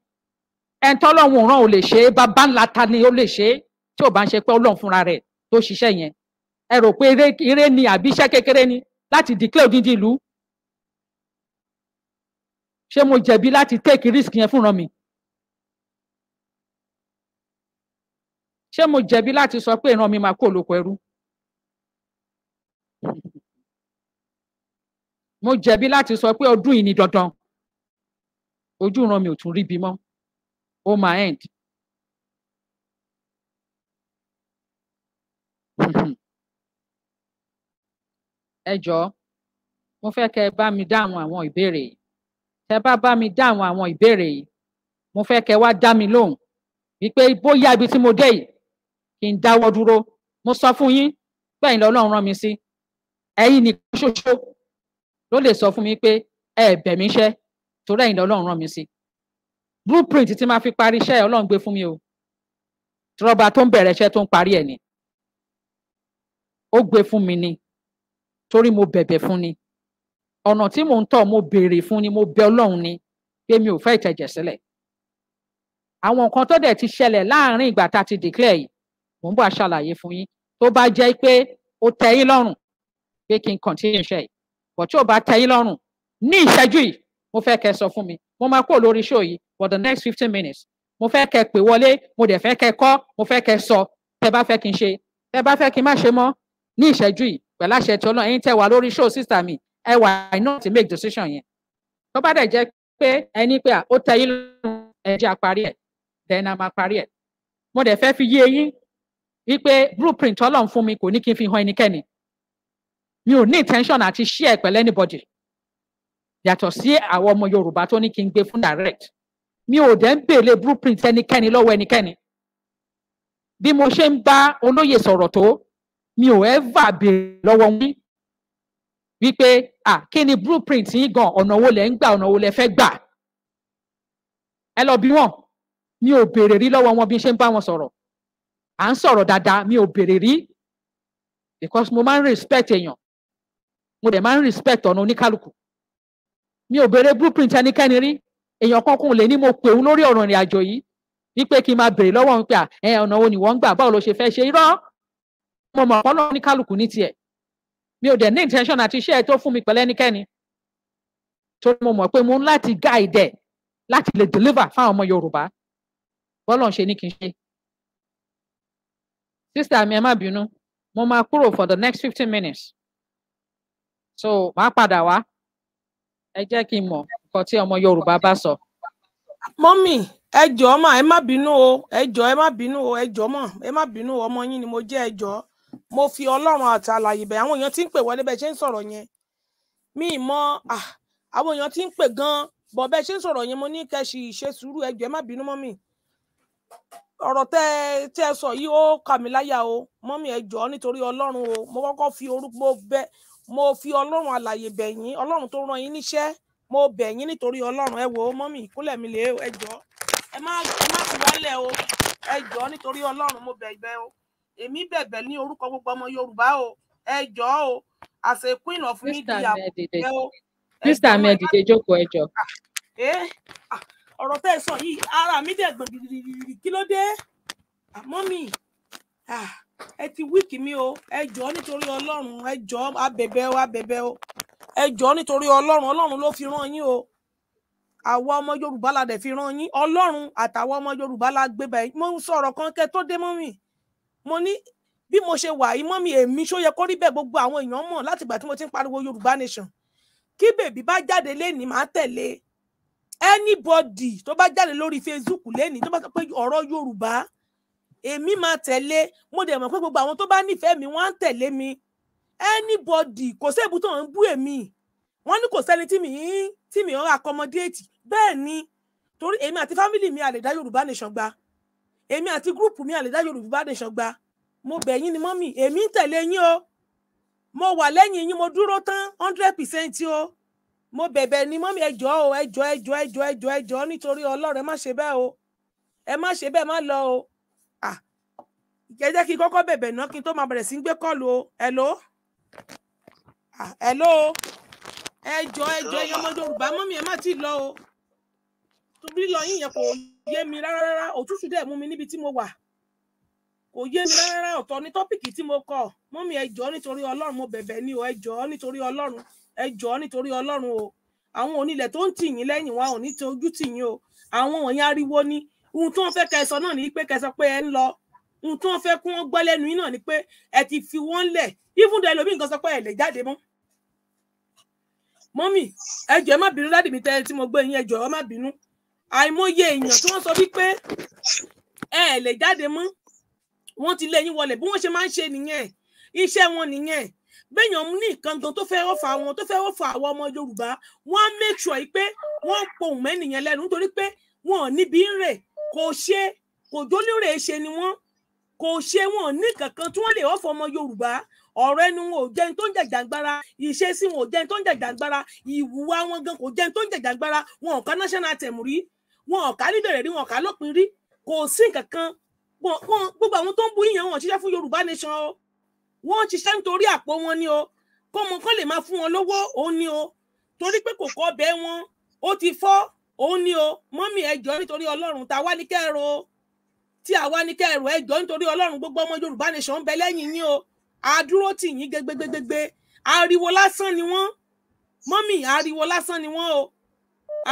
ẹ̀ ń tọ́lọ́hún òràn ò lè ṣe é bàbá ńlá ta ni ó lè ṣe é tí ò bá ń ṣe pé ọlọ́run fúnra rẹ̀ tó ṣiṣẹ́ yẹn ẹ rò pé eré ni àbí iṣẹ́ kékeré ni láti declare odindi ìlú ṣé mo jẹ̀bi láti take risk yẹn fúnra mi ṣé mo jẹ̀bi láti sọ pé ìran mi máa kó olóko ẹrú mo jẹ̀bi láti sọ pé ọdún yìí ni dandan ojú ìran mi ò tún rí bí mọ́ ó máa end. ẹ jọ̀ọ́ mo fẹ́ kẹ́ ẹ bá mi dáhùn àwọn ìbéèrè yìí tẹ́ bá bá mi dáhùn àwọn ìbéèrè yìí mo fẹ́ kẹ́ wá dá mi lóhùn wípé bóyá ibi tí mo dé yìí kí n dáwọ́ dúró mo sọ fún yín pé lọ́lọ́run rán mi sí ẹ̀yin nìkan ṣoṣo ló lè sọ fún mi pé ẹ bẹ̀ mí iṣẹ́ torí ẹ̀yin lọ́lọ́run rán mi sí blueprint tí máa fi parí iṣẹ́ ọlọ́run gbé fún mi o tọrọba tó ń bẹ̀rẹ̀ iṣẹ́ tó ń parí ẹ̀ ni ó gbé fún mi ni torí mo bẹ̀bẹ̀ fún ni ọ̀nà tí mò ń tọ̀ mo béèrè fún ni mo bẹ ọlọ́run ni pé mi ò fẹ́ ìtẹ̀jẹ̀ sílẹ̀ àwọn nǹkan tó dẹ̀ ti ṣẹlẹ̀ láàrin ìgbà tá a ti declare yìí mò ń bọ̀ àṣàlàyé fún yín tó bá jẹ́ pé ó tẹ́ lọ́rùn pé kí n continue iṣẹ́ yìí bọ̀ tí ò bá tẹ́ yín lọ́rùn ní ìṣẹ́jú yìí mo fẹ́ kẹ́ sọ fún mi mo máa kó lórí show yìí for the next fifteen minutes mo fẹ́ kẹ́ pè wọlé mo dẹ̀ fẹ́ kẹ́ kọ́ mo fẹ́ kẹ́ sọ tẹ́ bá fẹ́ kí n ṣe tẹ́ bá fẹ́ kí n má ṣe mọ́ ní ìṣẹ́jú yìí pẹ̀lú àṣẹ tí ọlọ́run ẹ̀yin tẹ́ wà lórí show sister mi ẹ wà iná ti make decision yẹn tó bá dẹ̀ jẹ́ pé ẹni pé ó tẹ́ yín lọ́rùn ẹ jẹ́ àparí ẹ̀ then a máa parí ẹ̀ mo dẹ̀ fẹ́ fi yé yín wípé blueprint ọlọ́run fún mi kò ní kí n fi hàn ẹnikẹ́ni mi ò ní intention àti share pẹ̀lú anybody yàtọ̀ sí àwọn ọmọ Yorùbá tó ní kí n gbé fún direct mi ò dẹ̀ bèèrè blueprint ẹnikẹ́ni lọ́wọ́ ẹnikẹ́ni bí mo ṣe ń bá olóyè sọ̀rọ̀ tó mi ò ẹ́và béèrè lọ́wọ́ wọn wípé à kí ni blueprint yín gan ọ̀nà wo lẹ̀ ń gbà ọ̀nà wo lẹ̀ fẹ́ gbà ẹ lọ bí wọn mi ò béèrè rí lọ́wọ́ wọn bí ṣe ń bá wọn sọ̀rọ̀ à ń sọ̀rọ̀ dáadáa mi ò béèrè rí because mo máa ń respect èèyàn mo dẹ̀ máa ń respect ọ̀nà oníkálukú mi ò béèrè blueprint ẹnikẹ́ni rí èèyàn kankan lè ní mo pè òun lórí ọ̀rọ̀ ìrìn yìí wípé kí n máa béèrè lọ́wọ́ òun pé ẹ ọ̀nà wo ni wọ́n ń gbà báwo ló ṣe fẹ́ ṣe irọ́ mo mọ̀ ọ̀pọ̀ oníkálukú ní tiẹ̀ mi ò dẹ̀ ní intention àti iṣẹ́ ẹ tó fún mi pẹ̀lú ẹnikẹ́ni torí mo mọ̀ pé mo ń láti guide ẹ̀ láti lè deliver fáwọn ọmọ Yorùbá bọ́lọ̀ ń ṣe ní kí n ṣe sísè àmì ẹ má bínú mo máa kúrò for the next fifteen minutes so màá padà wá ẹ jẹ́ kí n mọ̀ nǹkan tí ọmọ Yorùbá bá sọ. mọ́mì ẹ jọ̀ọ́ mà ẹ má bínú o ẹ jọ̀ọ́ ẹ má bínú o ẹ jọ̀ọ́ mà ẹ má bínú ọmọ yín ni mo jẹ́ ẹ jọ̀ọ́ mo fi ọlọ́run àtàlàyé bẹ̀ àwọn èèyàn ti ń pè wọlé bẹ́ẹ̀ ṣe ń sọ̀rọ̀ yẹn mi mọ àwọn èèyàn ti ń pè gan-an bọ̀ bẹ́ẹ̀ ṣe ń sọ̀rọ̀ yẹn mo ní kẹ́sì ṣe sùúrù ẹ ẹ má bínú mọ́mì ọ̀rọ̀ tẹ́ ẹ sọ yìí ó kà láyà o mọ́mì ẹ jọ̀ọ́ nítorí ọlọ́run o mo kọ́kọ́ fi orúkọ bẹ́ẹ̀ mo fi ọlọ́run alàyè bẹ̀ yín ọlọ́run tó rán yín níṣẹ́ mo bẹ̀ yín nítorí ọlọ́run ẹ wo mọ́mì ìkúnlẹ̀ mi lè ẹ ẹ má ẹ má fi wálẹ̀ o ẹ nítorí ọlọ́run mo bẹ̀ bẹ̀ o èmi bẹ̀bẹ̀ ní orúkọ gbogbo ọmọ yorùbá o ẹ o as queen of media ẹ o. mr ahmed jókòó ẹ ah, eh, ah, ọ̀rọ̀ tẹ́ ẹ sọ yìí ara mi dẹ̀ gbọ̀n gidigidi kí ló dé ah, mọ́mì ẹ ti wíìkì mi o ẹ jọ nítorí ọlọ́run ẹ jọ abẹ̀bẹ̀ o abẹ̀bẹ̀ o ẹ jọ nítorí ọlọ́run ọlọ́run ló fi rán yín o àwa ọmọ yorùbá la dẹ̀ fi rán yín ọlọ́run àtàwọn ọmọ yorùbá la gbé báyìí mo ń sọ̀rọ̀ kan kẹ́ tó dé mọ́ mi mo ní bí mo ṣe wà yìí mọ́ mi èmi ṣó yẹ kó rí bẹ́ẹ̀ gbogbo àwọn èèyàn mọ̀ láti ìgbà tí mo ti ń pariwo yorùbá nation kí bèbí bá jáde lénìí máa tẹ̀lé anybody tó bá jáde lórí facebook lénìí tó bá sọ pé ọ̀rọ̀ yorùbá èmi máa tẹ̀lé mo dẹ̀ mọ̀ pé gbogbo àwọn tó bá nífẹ̀ẹ́ mi wọ́n á tẹ̀lé mi anybody kò séèbù tó ń bú èmi wọ́n ní kò sẹ́ni tí mi ń tí mi ń ra accommodate bẹ́ẹ̀ ni torí èmi àti family mi àlè dá Yorùbá nation gba èmi àti group mi àlè dá Yorùbá nation gba mo bẹ̀ yín ni mọ́mì èmi ń tẹ̀lé yín o mo wà lẹ́yìn yín mo dúró tán hundred percent o mo bẹ̀bẹ̀ ni mọ́mì ẹjọ́ o ẹjọ́ ẹjọ́ ẹjọ́ ẹjọ́ ẹjọ́ nítorí Ọlọ́run ẹ má ṣe bẹ́ẹ̀ o ẹ má ṣe bẹ́ẹ̀ má lọ o jẹ́jẹ́ kí n kọ́kọ́ bẹ̀bẹ̀ náà kí n tó máa bẹ̀rẹ̀ sí ń gbé kọ́ọ̀lù o hello ah, hello ẹjọ ẹjọ ẹyọ ọmọ yorùbá mọ́mí ẹ má ti lọ o torí lọ yín yẹn kò yé mi rárá òtútù dẹ̀ mú mi níbi tí mo wà kò yé mi rárá ọ̀tọ̀ ní tọ́pìkì tí mo kọ mọ́mí ẹjọ nítorí ọlọ́run mo bẹ̀bẹ̀ ni o ẹjọ nítorí ọlọ́run ẹjọ nítorí ọlọ́run o àwọn onílẹ̀ tó ń tì yín lẹ́yìn wa ò ní ti tì yín o àwọn òyìn ariwo ni ohun tó ń fẹ́ kẹsọ náà ní pé kẹsọ pé ẹ ń lọ ohun tí wọ́n fẹ́ kí wọ́n gbọ́ lẹ́nu yín náà ni pé ẹ ti fi wọ́n lẹ̀ even though ẹlòmíì nǹkan sọ pé ẹ lè jáde mọ́ mọ́mì ẹ jọ̀ọ́ ẹ má bínú ládìmí tẹ tí mo gbé yín ẹ jọ̀ọ́ ẹ má bínú àìmọye èèyàn tí wọ́n sọ wípé ẹ lè jáde mọ́ wọ́n ti lé yín wọlé bí wọ́n ṣe máa ń ṣe nìyẹn iṣẹ́ wọn nìyẹn béèyàn ní nǹkan gan tó fẹ́ẹ́ ọ̀fà wọn tó fẹ́ẹ́ ọ̀fà àwọn ọmọ yorùbá wọ́n á make sure pé wọ́n ń pohùn mẹ́nìyàn lẹ́nu nítorí pé wọn ò níbi ń rè kò ṣe kò jólórè ṣe ni wọ́n kò ṣe wọn ní kankan tí wọ́n lè ọfọ ọmọ Yorùbá ọ̀rọ̀ ẹnu wọn ò jẹun tó ń jẹjàgbara ìṣesí wọn ò jẹun tó ń jẹjàgbara ìwúwa wọn gan kò jẹun tó ń jẹjàgbara wọn ò ká national anthem rí wọn ò ká níbẹ̀rẹ̀ rí wọn ò ká lópin rí kò sí kankan gbogbo àwọn tó ń bu yíyan wọn ṣiṣẹ́ fún Yorùbá nation o wọn ṣiṣẹ́ nítorí àpò wọn ni o kọmọ kan lè máa fún wọn lówó òun ni o torí pé kò kọ bẹ́ẹ̀ wọn ó ti fọ́ òun ni o mọ́mì ẹjọ́ nítorí Ọlọ́run ta wá ní kẹ́rọ tí àwa ní kẹrù ẹjọ nítorí Ọlọ́run gbogbo ọmọ Yorùbá nation ń bẹ lẹ́yìn yín o àdúró tì yín gbégbégbégbé ariwo lásán ni wọ́n mọ́mì ariwo lásán ni wọ́n o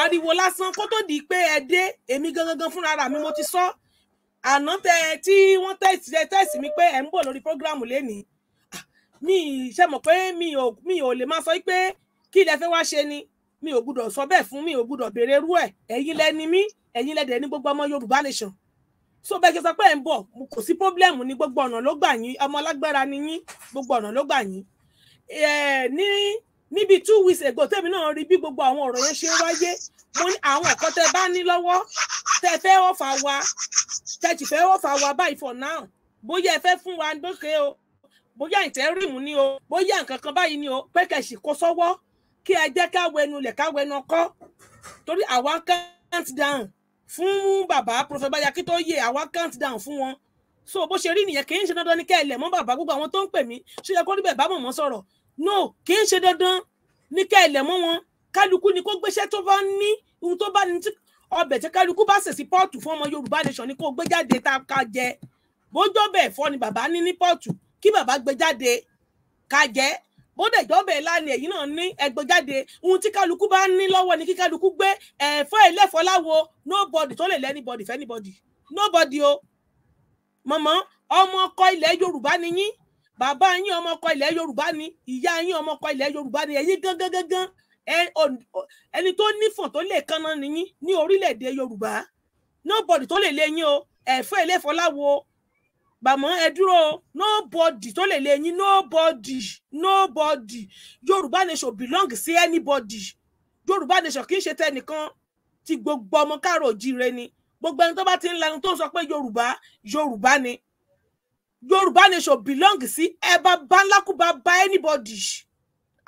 ariwo lásán kó tó di pé ẹ dé èmi gangan fúnra mi mo ti sọ àná tẹ tí wọ́n tẹsí tẹsí mi pé ẹ ń bọ̀ lórí programu lénìí ah, mi ṣe mọ̀ pé mi ò mi ò lè máa sọ pé kí ilẹ̀ fẹ́ wá ṣe ni mi ò gbúdọ̀ sọ bẹ́ẹ̀ fún mi ò gbúdọ̀ béèrè irú ẹ̀ ẹ̀yin lẹni mí ẹ̀yin lẹ́dẹ̀ẹ́ ní gbogbo ọmọ Yorùbá nation so bẹ́ẹ̀ ṣe sọ pé ẹ̀ ń bọ̀ kò sí pọ́blẹ́mù ní gbogbo ọ̀nà ló gbà yín ọmọ alágbára ni yín gbogbo ọ̀nà ló gbà yín eh, ní níbi two weeks ago tèmi náà rí bí gbogbo àwọn ọ̀rọ̀ yẹn ṣe ń wáyé mo ní àwọn ẹ̀kọ́ tẹ bá ní lọ́wọ́ tẹ fẹ́ ọ̀fà wa tẹ jì fẹ́ ọ̀fà wa báyìí for now bóyá ẹ fẹ́ fún wa lókè o bóyá ìtẹ́rìmù ni o bóyá nǹkan kan báyìí ni o pé kẹ̀sì kó sọ́wọ́ kí ẹ jẹ́ ká wẹnu lẹ̀ ká wẹnu ọkọ́ torí àwa count down fún bàbá Professor Bayaki tó yẹ àwa count down fún wọn so bó ṣe rí nìyẹn kì í ṣe dandan ní kẹ́lẹ̀ mọ́ bàbá gbogbo àwọn tó ń pè mí ṣe yẹ kó níbẹ̀ bá mọ̀mọ́ sọ̀rọ̀ no kì í ṣe dandan ní kẹ́lẹ̀ mọ́ wọn kálukú ni kó gbéṣẹ́ tó bá ní ohun tó bá ní tí ọbẹ̀ tí kálukú bá sèṣì pọ́ọ̀tù fún ọmọ Yorùbá nation ni kó gbé jáde tá a ká jẹ bójọ́ bẹ́ẹ̀ fọ́ ni bàbá ní ní pọ́ọ̀tù kí bàbá gbé jáde ká jẹ́ bóde ìjọba ẹ̀ lánìí ẹ̀yìn náà ní ẹgbẹ́jáde ohun tí kálukú bá ní lọ́wọ́ ni kí kálukú gbé ẹ̀fọ́ ẹlẹ́fọ́ láwo nobody tó lè lẹ́ anybody fẹ́ anybody nobody o mọ̀mọ́ ọmọ ọkọ ilẹ̀ Yorùbá ni yín bàbá yín ọmọ ọkọ ilẹ̀ Yorùbá ni ìyá yín ọmọ ọkọ ilẹ̀ Yorùbá ni ẹ̀yin gangan gangan ẹni tó nífọ̀n tó lè kanna nìyí ní orílẹ̀-èdè Yorùbá nobody tó lè lé yín o ẹ̀fọ́ ẹlẹ́fọ́ láwo bàmọ́ ẹ dúró nobody tó lè lè yín nobody nobody yorùbá nation belong sí anybody yorùbá nation kì í ṣe tẹnìkan tí gbogbo ọmọ káàrọ̀ òjíire ni gbogbo ẹni tó bá ti ń lanu tó ń sọ pé yorùbá yorùbá ni yorùbá nation belong sí ẹ bá bá anybody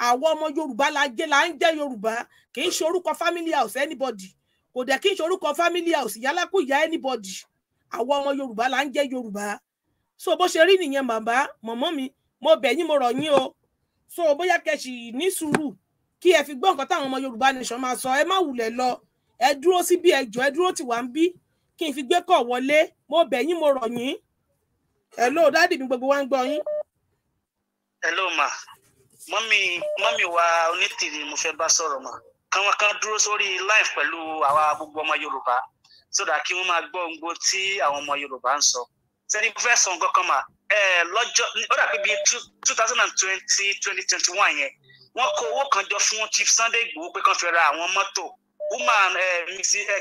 àwọn ọmọ yorùbá la jẹ́ la ń jẹ́ yorùbá kì í ṣe orúkọ family house anybody kò dẹ̀ kí n ṣorúkọ family house ìyálákùyà anybody àwọn ọmọ yorùbá là ń jẹ́ yorùbá so bó ṣe rí nìyẹn bàbá mọ̀mọ́ mi mo bẹ̀ yín mo rọ̀ yín o so bóyá kẹ̀sì ní sùúrù kí ẹ fi gbọ́ nǹkan táwọn ọmọ Yorùbá nation máa sọ ẹ má wulẹ̀ lọ ẹ dúró síbi ẹjọ́ ẹ dúró tì wá ń bí kí n fi gbé kọ̀ wọlé mo bẹ̀ yín mo rọ̀ yín hello dáàdì mi gbogbo wa ń gbọ́ yín. hello ma mọ́mí mọ́mí wa onítìrì mo fẹ́ bá sọ̀rọ̀ ma káwọn kan dúró sórí live pẹ̀lú àwa gbogbo ọmọ Yorùbá sódà kí wọ́n máa gbọ́ ohun tí àwọn ọmọ Yorùbá ń sọ. So sẹ́ni mo fẹ́ sọ nǹkan kan mà lọ́jọ́ ó dàbí bíi two thousand and twenty twenty twenty one yẹn wọ́n kó owó kan jọ fún Chief Sunday Igboho pé kàn fẹ́ ra àwọn mọ́tò woman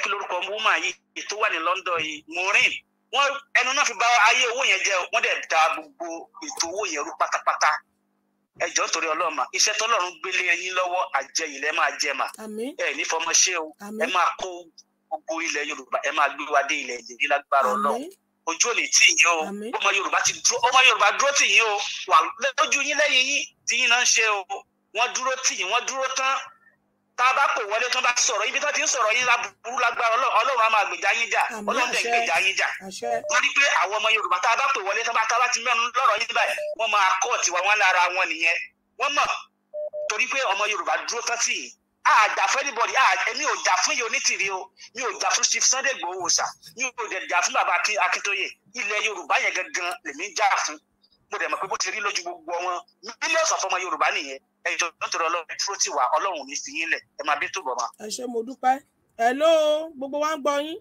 kí lórúkọ woman yìí tó wà ní London yìí Maureen wọ́n ẹnu náà fi bá ayé owó yẹn jẹ wọ́n dẹ̀ da gbogbo ètò owó yẹn rú pátápátá ẹjọ torí ọlọmọ iṣẹ́ tọ́lọ́run gbélé ẹyin lọ́wọ́ àjẹ yìí lẹ máa jẹ mà ẹ ní fọmọṣẹ o ẹ máa kó gbogbo ilẹ̀ Yorùbá ẹ máa gbé wa dé ilẹ̀ ìjẹrí lágbára Ọlọ́run ojú ò lè tì yín o ọmọ yorùbá ti dúró ọmọ yorùbá dúró tì yín o wà lójú yín lẹ́yìn yín tí yín náà ń ṣe o wọ́n dúró tì yín wọ́n dúró tán tá a bá kò wọlé tán bá sọ̀rọ̀ ibi tán ti ń sọ̀rọ̀ yín láburú lágbára ọlọ́run á máa gbèjà yín jà ọlọ́run dẹ̀ gbèjà yín jà wọ́n rí pé àwọn ọmọ yorùbá tá a bá kò wọlé tán bá tá ti mẹ́nu lọ́rọ̀ yín báyìí wọ́n máa kọ́ wa wọ́n lára wọn nìyẹn wọ́n mọ̀ torí pé ọmọ yorùbá dúró tán tì yín àjà fún anybody èmi ò jà fún Onítìrí o mi ò jà fún Chief Sunday Igboho sà mi ò dẹ̀ jà fún bàbá Akíntóyè ilẹ̀ Yorùbá yẹn gangan lèmi ń jà fún mo dẹ̀ mọ̀ pé bó ti rí lójú gbogbo wọn mílíọ̀sì ọ̀fọ́mọ Yorùbá nìyẹn ẹjọ́ nítorí ọlọ́run dúró tì wá ọlọ́run ní fi yín lẹ̀ ẹ máa bí tó bọ̀ ma. ẹ ṣé mo dúpẹ́ ẹ ló gbogbo wa ń gbọ́ yín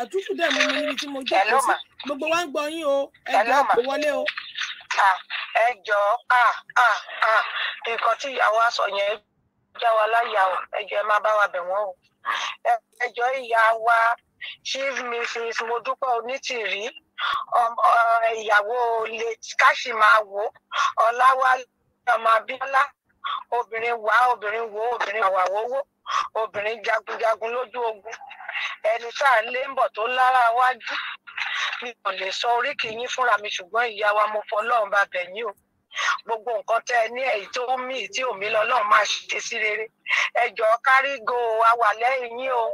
àtúntò dẹ̀ mú mi níbi tí mo jókòó sí gbogbo wa ń gbọ́ yín o ẹ ẹ jọ nǹkan tí ìyàwó aṣọ yẹn já wa láyà o ẹ jọ ẹ má bá wa bẹ̀ wọ́n o ẹ jọ ìyá wa chief mrs Modúpẹ́ Onítìrí ìyàwó late ọmọ Abíọ́lá obìnrin wá obìnrin wo obìnrin àwàwọ́wọ́ obìnrin jagunjagun lójú ogun ẹni tá lé ń bọ̀ mi ò lè sọ oríkì yín fúnra mi ṣùgbọ́n ìyá wa mo fọlọ́run bá bẹ̀ yín o gbogbo nǹkan tẹ ẹ ní èyí tó ń mì tí òmí lọ́lọ́run máa ṣe sí rere ẹ kárígo àwà lẹ́yìn yín o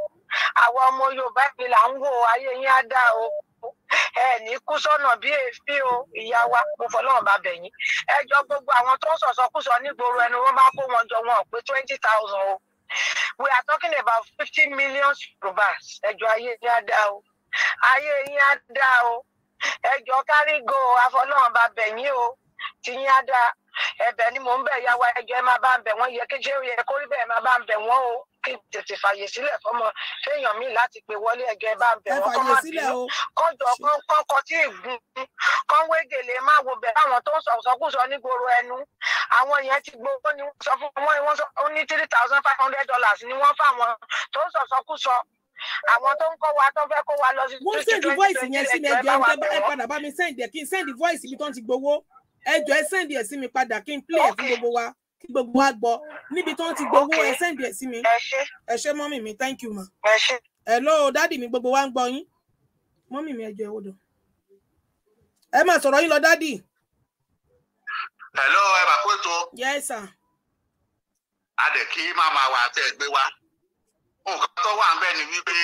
àwa ọmọ Yorùbá mi là ń wò ayé yín á dá o ẹ ní kú sọ́nà bí èéfín o ìyá wa mo fọlọ́run bá bẹ̀ yín ẹ gbogbo àwọn tó ń sọ̀sọ́kùsọ nígboro ẹnu wọn bá kó wọn jọ wọn pé twenty thousand o we are talking about fifty million Yorùbá ẹ ayé yín á dá o ayé yín á dá o ẹjọ kárígò àfọlọ́run bá bẹ̀ yín o tí yín á dá ẹ̀bẹ̀ ni mò ń bẹ̀ yá wa ẹjọ ẹ má bá ń bẹ̀ wọ́n yẹ kéjé yẹ kórí bẹ́ẹ̀ má bá ń bẹ̀ wọ́n o kí tètè fàyè sílẹ̀ fọmọ fẹ́yàn mi láti pè wọlé ẹjọ ẹ bá ń bẹ̀ wọ́n kọ́ má bínú kọjọ kọ́kọ́ tí ìgbín kan wégele má wo bẹ̀ láwọn tó ń sọ̀sọ́kùsọ nígboro ẹnu àwọn yẹn ti gbowó ni wọ́n sọ fún wọn ní three thousand five hundred dollars ni wọ́n fáwọn tó ń sọ̀sọ́kùsọ àwọn tó ń kọ́ wa tó fẹ́ kó wa lọ sí. wọ́n send voice yẹn sí mi ẹjọ́ ẹ padà bá mi send ẹ kí n send voice mi tó ń ti gbowó ẹjọ́ ẹ send ẹ sí mi padà kí n play ẹ fún gbogbo wa kí gbogbo wa gbọ́ níbi tó ń ti gbowó ẹ send ẹ sí mi ẹ ṣé mọ́mì mi thank you ma hello dádì mi gbogbo wa ń gbọ́ yín mọ́mì mi ẹjọ́ ẹ wò dùn ẹ máa sọ̀rọ̀ yín lọ dádì. hello ẹ bá kó ètò. yes sir. a dẹ̀ kí màmá wa àti ẹgbẹ́ wa nǹkan tó wà níbẹ̀ ni wípé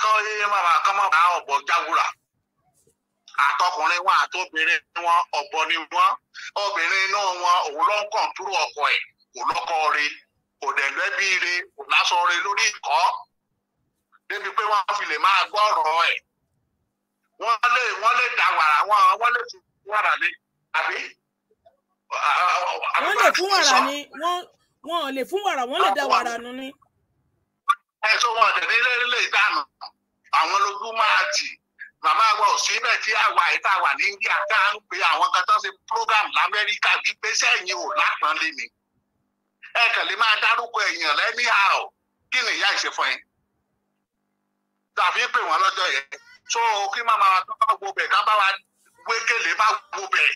kán yé máa kán máa bá ọ̀bọ jáwúra àtọkùnrin wọn àtobìnrin wọn ọ̀bọ ni wọn obìnrin náà wọn òun ló ọkọ ẹ̀ kò lọ́kọ rẹ̀ kò dẹ̀ lẹ́bí lórí ìkọ́ débi pé wọ́n fi lè máa gbọ́ ọ̀rọ̀ ẹ̀ wọ́n lè wọ́n lè dà wàrà wọn wọ́n lè fi wàrà lé àbí. wọ́n lè fún wàrà ni wọ́n lè fún wàrà wọ́n lè dà wàrà nù ni ẹ̀sùn wọn àtẹ̀dé lé ìdáná àwọn lójú máa tì màmá wa ò síbẹ̀ tí àwa ìta wà ní India tá à ń pe àwọn kan tó ń ṣe program lamẹ́ríkà wípé sẹ́yìn ò lápọ́nlé ni ẹ kàn lè máa dárúkọ èèyàn lẹ́ní àrò kí ni ìyá ìṣẹ̀fọ́ yẹn tàbí pè wọ́n lọ́jọ́ yẹn so kí màmá wa tó bá wo bẹ̀ ká bá wa wékèlè má wo bẹ̀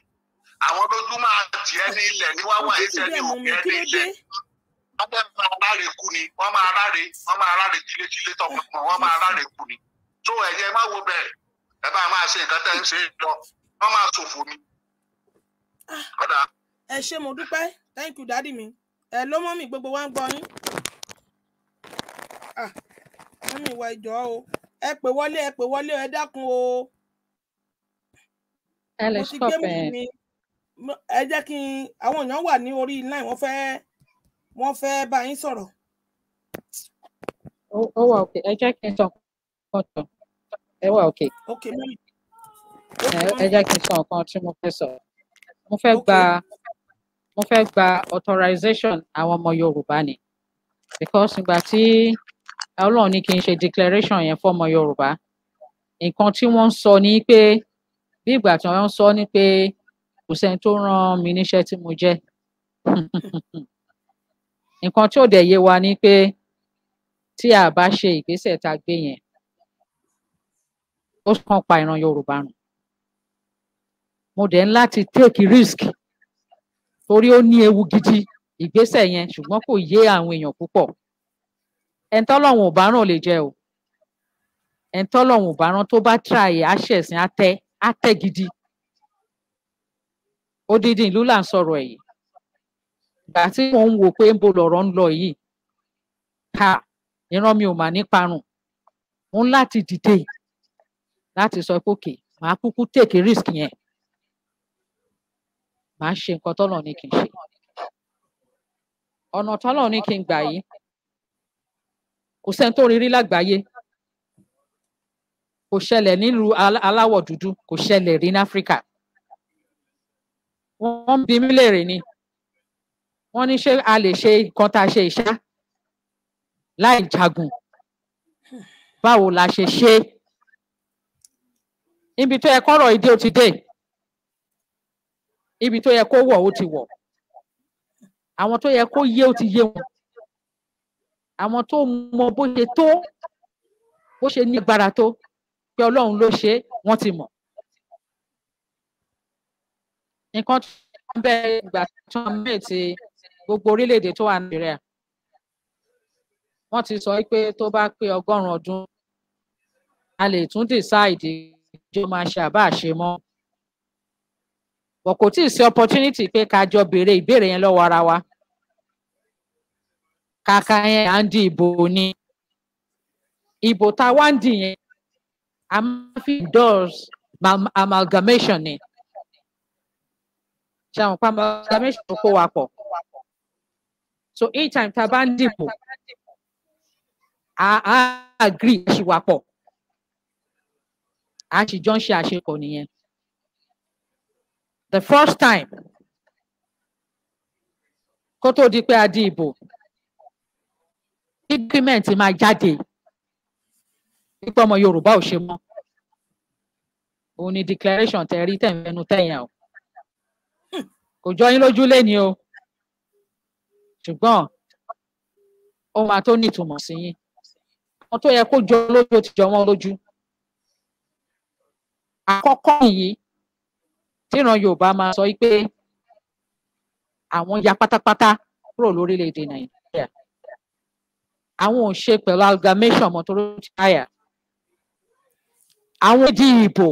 àwọn lójú máa tiẹ̀ ní ilẹ̀ níwáwá ẹsẹ̀ ní òkè ní ilẹ̀ wọ́n fẹ́ máa ráre kú ni wọ́n máa ráre wọ́n máa ráre tilétilé tọkùnkùn wọ́n máa ráre kú ni tó ẹ̀yẹ má wo bẹ́ẹ̀ ẹ bá máa ṣe nǹkan tẹ́ ń ṣe lọ wọ́n máa ṣòfò ni. ẹ ṣé mo dúpẹ́ thank you dádì mi ẹ ló mọ́ mi gbogbo wa ń gbọ́ yín. mọ́ mi ìwà ìjọ o ẹ pè wọlé ẹ pè wọlé ẹ dákun o. ẹ lè stop ẹ. ẹ jẹ́ kí àwọn èèyàn wà ní orí line wọ́n fẹ́ẹ́ wọ́n fẹ́ bá yín sọ̀rọ̀. ó wà òkè ẹ jẹ́ kí n sọ nǹkan tó ẹ wà òkè ẹ jẹ́ kí n sọ nǹkan tí mo fẹ́ sọ mo fẹ́ gba mo fẹ́ gba authorization àwọn ọmọ Yorùbá ni because ìgbà tí Ọlọ́run ní kí n ṣe declaration yẹn fọ́mọ Yorùbá nǹkan tí wọ́n ń sọ ni pé bí ìgbà tí wọ́n ń sọ ni pé kò sẹ́ni tó rán mi níṣẹ́ tí mo jẹ́ nǹkan tí ò dẹ̀ yé wa ni pé tí a bá ṣe ìgbésẹ̀ tá a gbé yẹn ó kàn pa ìran yorùbá rùn mo dẹ̀ ń láti take risk torí ó ní ewu gidi ìgbésẹ̀ yẹn ṣùgbọ́n kò yé àwọn èèyàn púpọ̀ ẹ̀ńtọ́lọ́hún ò bá ràn lè jẹ o ẹ̀ńtọ́lọ́hún ò bá ràn tó bá tíráyè àṣẹ̀sìn àtẹ àtẹ gidi odidi ìlú là ń sọ̀rọ̀ ẹ̀yìn ìgbà tí mo ń wò pé ń bo lọ̀rọ̀ ń lọ yìí ha ìran mi ò mà ní parun mo ń láti dìde láti sọ pé òkè màá kúkú take risk yẹn màá ṣe nǹkan tọ́lọ̀ ní kí n ṣe ọ̀nà tọ́lọ̀ ní kí n gbà yìí kò sẹ́ni tó rírí lágbàáyé kò ṣẹlẹ̀ nílùú aláwọ̀ dúdú kò ṣẹlẹ̀ rí ní áfíríkà wọ́n ń bi mí léèrè ni wọn ní ṣé a lè ṣe nǹkan tá a ṣe ìṣá láì jagun báwo la ṣe ṣe ibi tó yẹ kọ́rọ̀ ìdí ó ti dé ibi tó yẹ kó wọ̀ ó ti wọ̀ àwọn tó yẹ kó yé ó ti yé wọn àwọn tó mọ bó ṣe tó bó ṣe ní agbára tó pé Ọlọ́run ló ṣe wọ́n ti mọ̀ nǹkan tó ń bẹ ìgbà tó ń bẹ ti gbogbo orílẹ̀-èdè tó wà nàìjíríà wọ́n ti sọ pé tó bá pé ọgọ́rùn-ún ọdún a lè tún decide ìjọ máa ṣe àbá àṣe mọ́ kò tí ì sí opportunity pé ká jọ béèrè ìbéèrè yẹn lọ́wọ́ ara wa kàkà yẹn à ń di ìbò ni ìbò tá a wá ń dì yẹn a máa fi endorse amalgamation ni ṣe pa amalgamation kó wa pọ̀ so each time tá a bá ń dìbò a agree a ṣì wà pọ̀ a ṣì jọ ń ṣe àṣepọ̀ nìyẹn the first time kó tó di pé a di ìbò agreement máa jáde pípọ́ ọmọ Yorùbá ò ṣe mọ́ òun ni declaration tẹ̀rí tẹ̀mẹ́nu tẹ̀yàn o kò jọ yín lójú lẹ́ni o ṣùgbọ́n ó máa tó nítumọ̀ sí yín àwọn tó yẹ kó jọ lójú ó ti jọ wọ́n lójú àkọ́kọ́ yìí tíran Yorùbá máa sọ pé àwọn ya pátápátá kúrò lórílẹ̀-èdè Nàìjíríà àwọn ò ṣe pẹ̀lú amalgamation ọmọ tó ló ti káyà àwọn di ìbò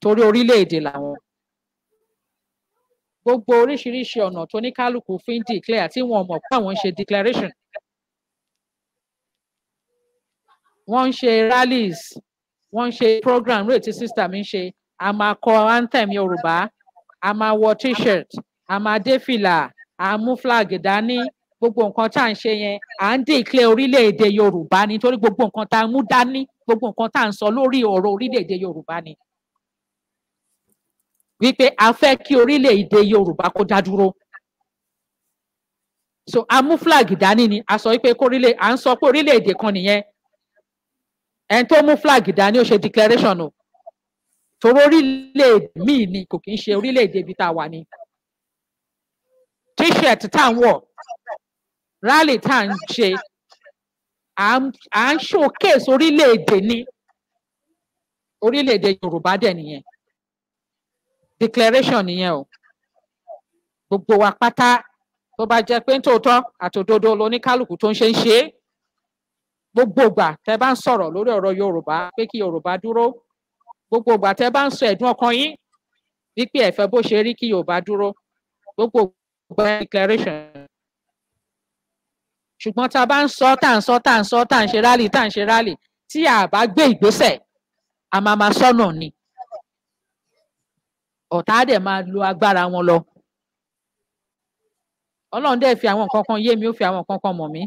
torí orílẹ̀-èdè làwọn gbogbo oríṣiríṣi ọ̀nà tó ní kálukú fi ń declare tí wọn mọ̀ pé àwọn ń ṣe declaration. wọ́n ń ṣe rallies wọ́n ń ṣe program rẹ̀ tí sister mi ń ṣe a máa kọ anthem yorùbá a máa wọ t-shirt a máa dé fìlà a mú flag dání gbogbo nǹkan tá à ń ṣe yẹn à ń declare orílẹ̀-èdè yorùbá nítorí gbogbo nǹkan tá a mú dání gbogbo nǹkan tá à ń sọ lórí ọ̀rọ̀ orílẹ̀-èdè yorùbá ni wípé a fẹ́ kí orílẹ̀-èdè Yorùbá kó dá dúró so a mú flag dání ni a sọ wípé kórílẹ̀ à ń sọ pé orílẹ̀-èdè kan nìyẹn ẹni tó mú flag dání ó ṣe declaration o torí orílẹ̀-èdè míì ni kò kí ń ṣe orílẹ̀-èdè ibi tá a wà ní t-shirt tá ń wọ̀ rally tá à ń ṣe à ń showcase orílẹ̀-èdè ní orílẹ̀-èdè Yorùbá dẹ̀ nìyẹn declaration nìyẹn o gbogbo wa pátá tó bá jẹ pé nítòótọ́ àtòdodo lóníkálùkù tó ń ṣe ń ṣe é gbogbo ìgbà tẹ bá ń sọ̀rọ̀ lórí ọ̀rọ̀ Yorùbá pé kí Yorùbá dúró gbogbo ìgbà tẹ bá ń sọ ẹ̀dùn ọkàn yín wípé ẹ̀fẹ́ bó ṣe rí kí Yorùbá dúró gbogbo ìgbà declaration ṣùgbọ́n tá a bá ń sọ tá à ń sọ tá à ń sọ tá à ń ṣe rálì tá à ń ṣe rálì tí a bá gbé ìgbésẹ̀ a máa máa sọnà ni ọ̀tá dẹ̀ máa lo agbára wọn lọ ọlọ́run dẹ̀ fi àwọn nǹkan kan yé mi ó fi àwọn nǹkan kan mọ̀ mí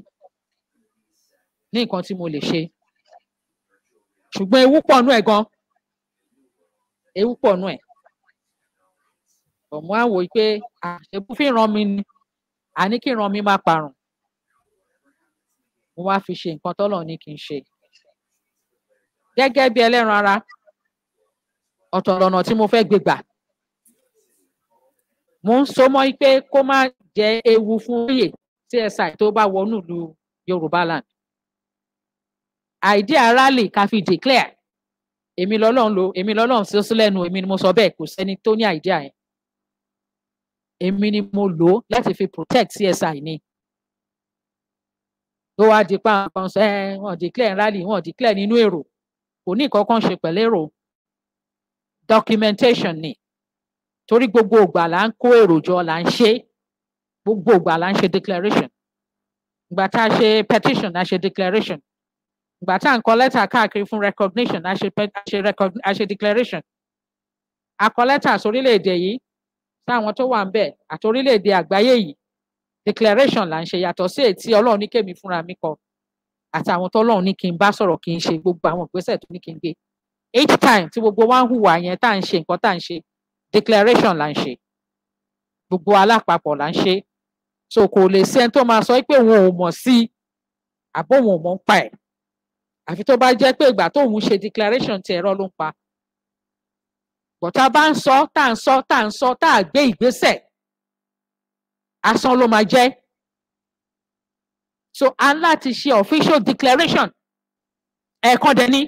ní nǹkan tí mo lè ṣe ṣùgbọ́n ewu pọ̀ nú ẹ̀ gan ewu pọ̀ nú ẹ̀ ọ̀mú àwò pé àṣebú fi ràn mí ni àní kí ràn mí má parun mo wá fi ṣe nǹkan tọ́lọ̀ ní kí n ṣe gẹ́gẹ́ bí ẹlẹ́ran ara ọ̀tọ̀ lọ́nà tí mo fẹ́ gbé gbà mò ń so mọ́ pé kó má jẹ́ ewu fún oyè csi tó bá wọnú ìlú yorùbá land àìdí aráàlì ká fi declare èmi lọ́lọ́run lo èmi lọ́lọ́run sí sí lẹ́nu èmi ni mo sọ bẹ́ẹ̀ kò sẹ́ni tó ní àìdí àyẹn èmi ni mo lò ó láti fi protect csi ni tó wá di pàǹpọ̀n sọ ẹ wọn declare rally wọn declare nínú èrò kò ní ìkọ̀ọ̀kan ṣe pẹ̀lú èrò documentation ni torí gbogbo ìgbà là ń kó èròjọ là ń ṣe gbogbo ìgbà là ń ṣe declaration ìgbà tá a ṣe petition a ṣe declaration ìgbà tá à ń kọ lẹ́tà káàkiri fún recognition a ṣe a ṣe declaration a kọ lẹ́tà sórílẹ̀-èdè yìí sáwọn tó wà ń bẹ̀ àti èdè àgbáyé yìí declaration là ń ṣe yàtọ̀ sí èyí tí ọlọ́run ní kémi fúnra mi kọ àtàwọn tọ́lọ́run ní kí n bá sọ̀rọ̀ kí n ṣe gbogbo àwọn ìgbésẹ̀ tó ní kí n gbé each time tí gbogbo wa ń hùwà yẹn tá à ń ṣe nǹkan tá à ń ṣe declaration là ń ṣe gbogbo alápapọ̀ là ń ṣe so kò lè sẹ́ni tó máa sọ pé òun ò mọ̀ sí àbọ̀ òun ò mọ̀ ń pa ẹ̀ àfi tó bá jẹ́ pé ìgbà tóun ṣe declaration ti ẹ̀rọ ló ń pa bọ̀tá bá ń sọ tá ń sọ tá ń sọ tá à gbé ìgbésẹ̀ asán ló máa jẹ́ so a ń láti ṣe official declaration ẹ̀ẹ̀kan dẹ̀ ni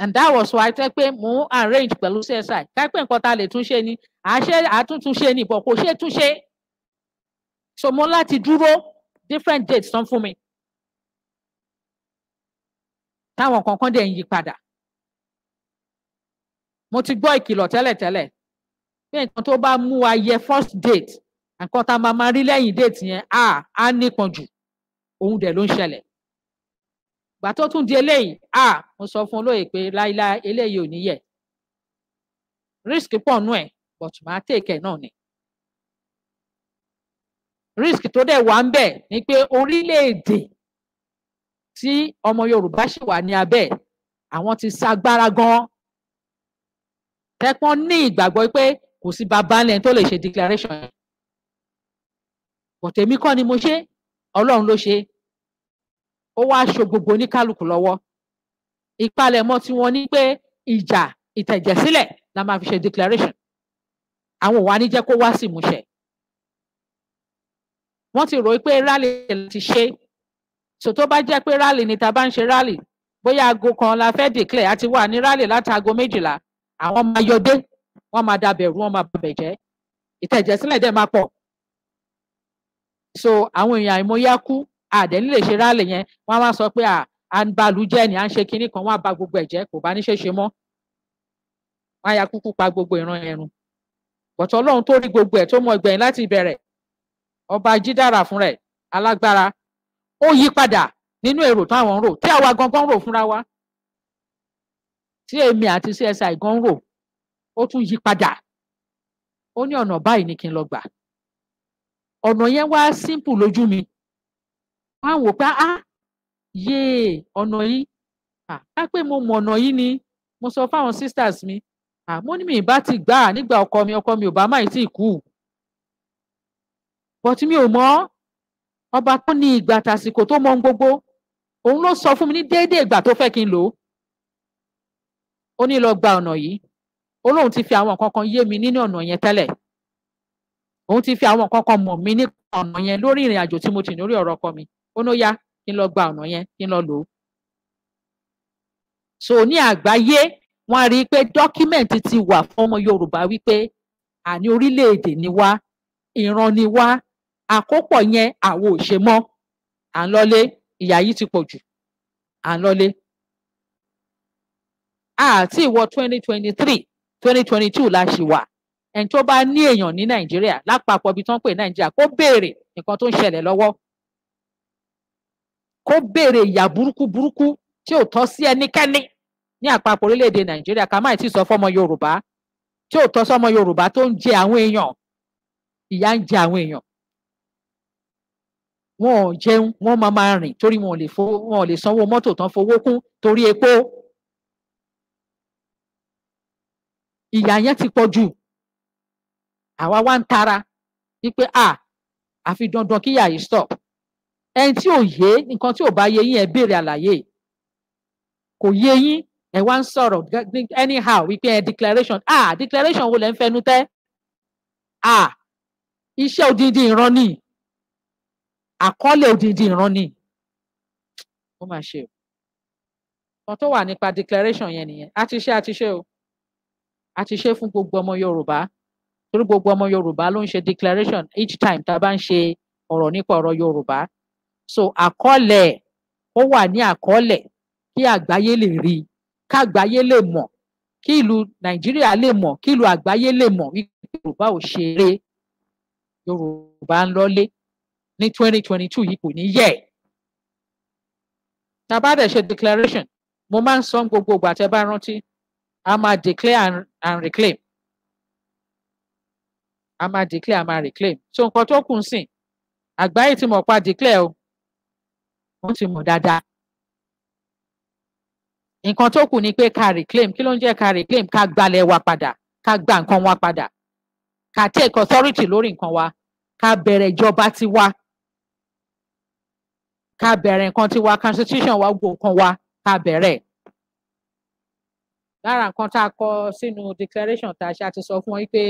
and that was why tẹ́ pé mò ń arrange pẹ̀lú CSI kápẹ́ nǹkan ta lè túnṣe ni àṣẹ àtúntúnṣe ni ìbọn kò ṣe túnṣe so mo láti dúró different dates tán fún mi táwọn kankan dẹ̀ ń yí padà mo ti gbọ́ ìkìlọ̀ tẹ́lẹ̀tẹ́lẹ̀ pé nǹkan tó bá mú wa yẹ first date nǹkan tá a máa máa rí lẹ́yìn date yẹn a á nípọn jù òun dẹ̀ ló ń ṣẹlẹ̀ gbà tó tún di eléyìí à mo sọ fún olóyè pé láíláí eléyìí ò ní yẹ risk pọ̀ nù ẹ̀ but màá take ẹ̀ náà ni risk tó dẹ̀ wà ń bẹ̀ ni pé orílẹ̀-èdè tí ọmọ Yorùbá ṣì wà ní abẹ́ àwọn ti sagbára gan tẹ́pọ́n ní ìgbàgbọ́ pé kò sí bàbá ńlẹ̀ tó lè ṣe declaration but èmi kọ́ ni mo ṣe Ọlọ́run ló ṣe ó wáá so gbogbo oníkálukú lọ́wọ́ ìpalẹ̀mọ́ tí wọ́n ní pé ìjà ìtẹ̀jẹ̀sílẹ̀ la máa fi ṣe declaration àwọn òwa ní jẹ́ kó wá sí ìmúṣẹ wọ́n ti rò pé rally ti ṣe so tó bá jẹ́ pé rally ni ta bá ń ṣe rally bóyá aago kan la fẹ́ declare àti wà ní rally láti aago méjìlá àwọn máa yọdé wọ́n máa dàbẹ̀rù wọ́n máa bàbẹ̀ jẹ́ ìtẹ̀jẹ̀sílẹ̀ dẹ̀ máa pọ̀ so àwọn èèyàn àìmọye á kú àdẹ̀ nílè ṣe rálẹ̀ yẹn wọ́n wá sọ pé à ń balùjẹ́ ni à ń ṣe kinní kan wọ́n á ba gbogbo ẹ̀jẹ̀ kò bá ní ṣe ṣe mọ́ wọ́n á ya kúkú pa gbogbo ìran ẹ̀rùn bọ̀tọ̀ ọlọ́run tó rí gbogbo ẹ̀ tó mọ ìgbẹ̀yìn láti ìbẹ̀rẹ̀ ọba jídára fún rẹ̀ alágbára ó yí padà nínú èrò táwọn ń rò tí àwa gangan rò fúnra wa tí èmi àti csi gan rò ó tún yí padà ó ní ọ̀nà báyìí ni kí n lọ gbà ọ̀nà yẹn wá simple lójú mi wọ́n á wò pé á yéè e, ọ̀nà yìí á pé mo mọ̀ ọ̀nà yìí ni mo sọ fáwọn sisters mi mo ní mi ìbá ti gbà á nígbà ọkọ mi ọkọ mi ò bá má ì tí ì kú bọ̀tí mi ò mọ̀ ọba tó ní ìgbà tàsìkò tó mọ̀ gbogbo òun ló sọ fún mi ní déédéé ìgbà tó fẹ́ kí n lò ó ó ní lọ gba ọ̀nà yìí olóhùn ti fi àwọn nǹkan kan yé mi nínú ọ̀nà yẹn tẹ́lẹ̀ òun ti fi àwọn nǹkan kan mọ̀ mí nípa ọ̀nà yẹn lórí ìrìn àjò tí mo tì lórí ọ̀rọ̀ ọkọ mi ó ní ó yá kí n lọ gba ọ̀nà yẹn kí n lọ lò ó. so ní àgbáyé wọ́n rí i pé dọ́kímẹ̀ntì ti wà fún ọmọ Yorùbá wípé àní orílẹ̀-èdè ni wá ìran ni wá àkópọ̀ yẹn àwo ò ṣe mọ́ à ń lọlé ìyà yìí ti pọ̀ jù à ń lọlé. àti ìwọ twenty twenty three twenty twenty two la ṣì wà ẹni tó bá ní èèyàn ní Nàìjíríà lápapọ̀ ibi tó ń pè Nàìjíríà kó béèrè nǹkan tó ń ṣẹlẹ̀ lọ́wọ́ kó béèrè ìyà burúkú burúkú tí ò tọ́ sí ẹnikẹ́ni ní àpapọ̀ orílẹ̀-èdè nàìjíríà ká má ì tí ì sọ fọ́mọ yorùbá tí ò tọ́ sọ́mọ yorùbá tó ń jẹ àwọn èèyàn ìyà ń jẹ àwọn èèyàn wọn ò jẹun wọn máa máa rìn torí wọn ò lè fo wọn ò lè sanwó mọ́tò tán fowó kún torí epo ìyà yẹn ti pọ̀ jù àwa wá ń tara wípé a àfi dandan kíyà yìí stop ẹni tí ò yé nǹkan tí ò bá yé yín ẹ béèrè àlàyé kò yé yín ẹ wá ń sọ̀rọ̀ anyhow wípé ẹ declaration ah declaration wo lẹ ń fẹnu tẹ́ ah iṣẹ́ odindi ìran ni àkọọ́lẹ̀ odindi ìran ni ó mà ṣe o kan tó wà nípa declaration yẹn nìyẹn a ti ṣe a ti ṣe o a ti ṣe fún gbogbo ọmọ Yorùbá torí gbogbo ọmọ Yorùbá ló ń ṣe declaration each time tá a bá ń ṣe ọ̀rọ̀ nípa ọ̀rọ̀ Yorùbá so àkọọ́lẹ̀ ó wà ní àkọọ́lẹ̀ kí àgbáyé lè rí i kágbáyé lè mọ̀ kí ìlú nàìjíríà lè mọ̀ kí ìlú àgbáyé lè mọ̀ wípé yorùbá ò ṣeré yorùbá ń lọlé ní twenty twenty two yìí kò ní yẹ tá bá dẹ̀ ṣe declaration mo máa ń san gbogbo ìgbà tẹ́ bá rántí a máa declare and, and reclaim a máa declare a reclaim so nǹkan tó kù ń sìn àgbáyé ti mọ̀ pa declare o wọ́n ti mọ̀ dáadáa. nǹkan tó kù ni pé ká reclaim kí ló ń jẹ́ ká reclaim ká gbalẹ̀ wa padà ká gba nǹkan wa padà ká take authority lórí nǹkan wa ká bẹ̀rẹ̀ ìjọba tiwa ká bẹ̀rẹ̀ nǹkan tiwa constitution wa gbogbo nǹkan wa ká bẹ̀rẹ̀ lára nǹkan tá a kọ sínú declaration tá a ṣe a ti sọ fún wọn pé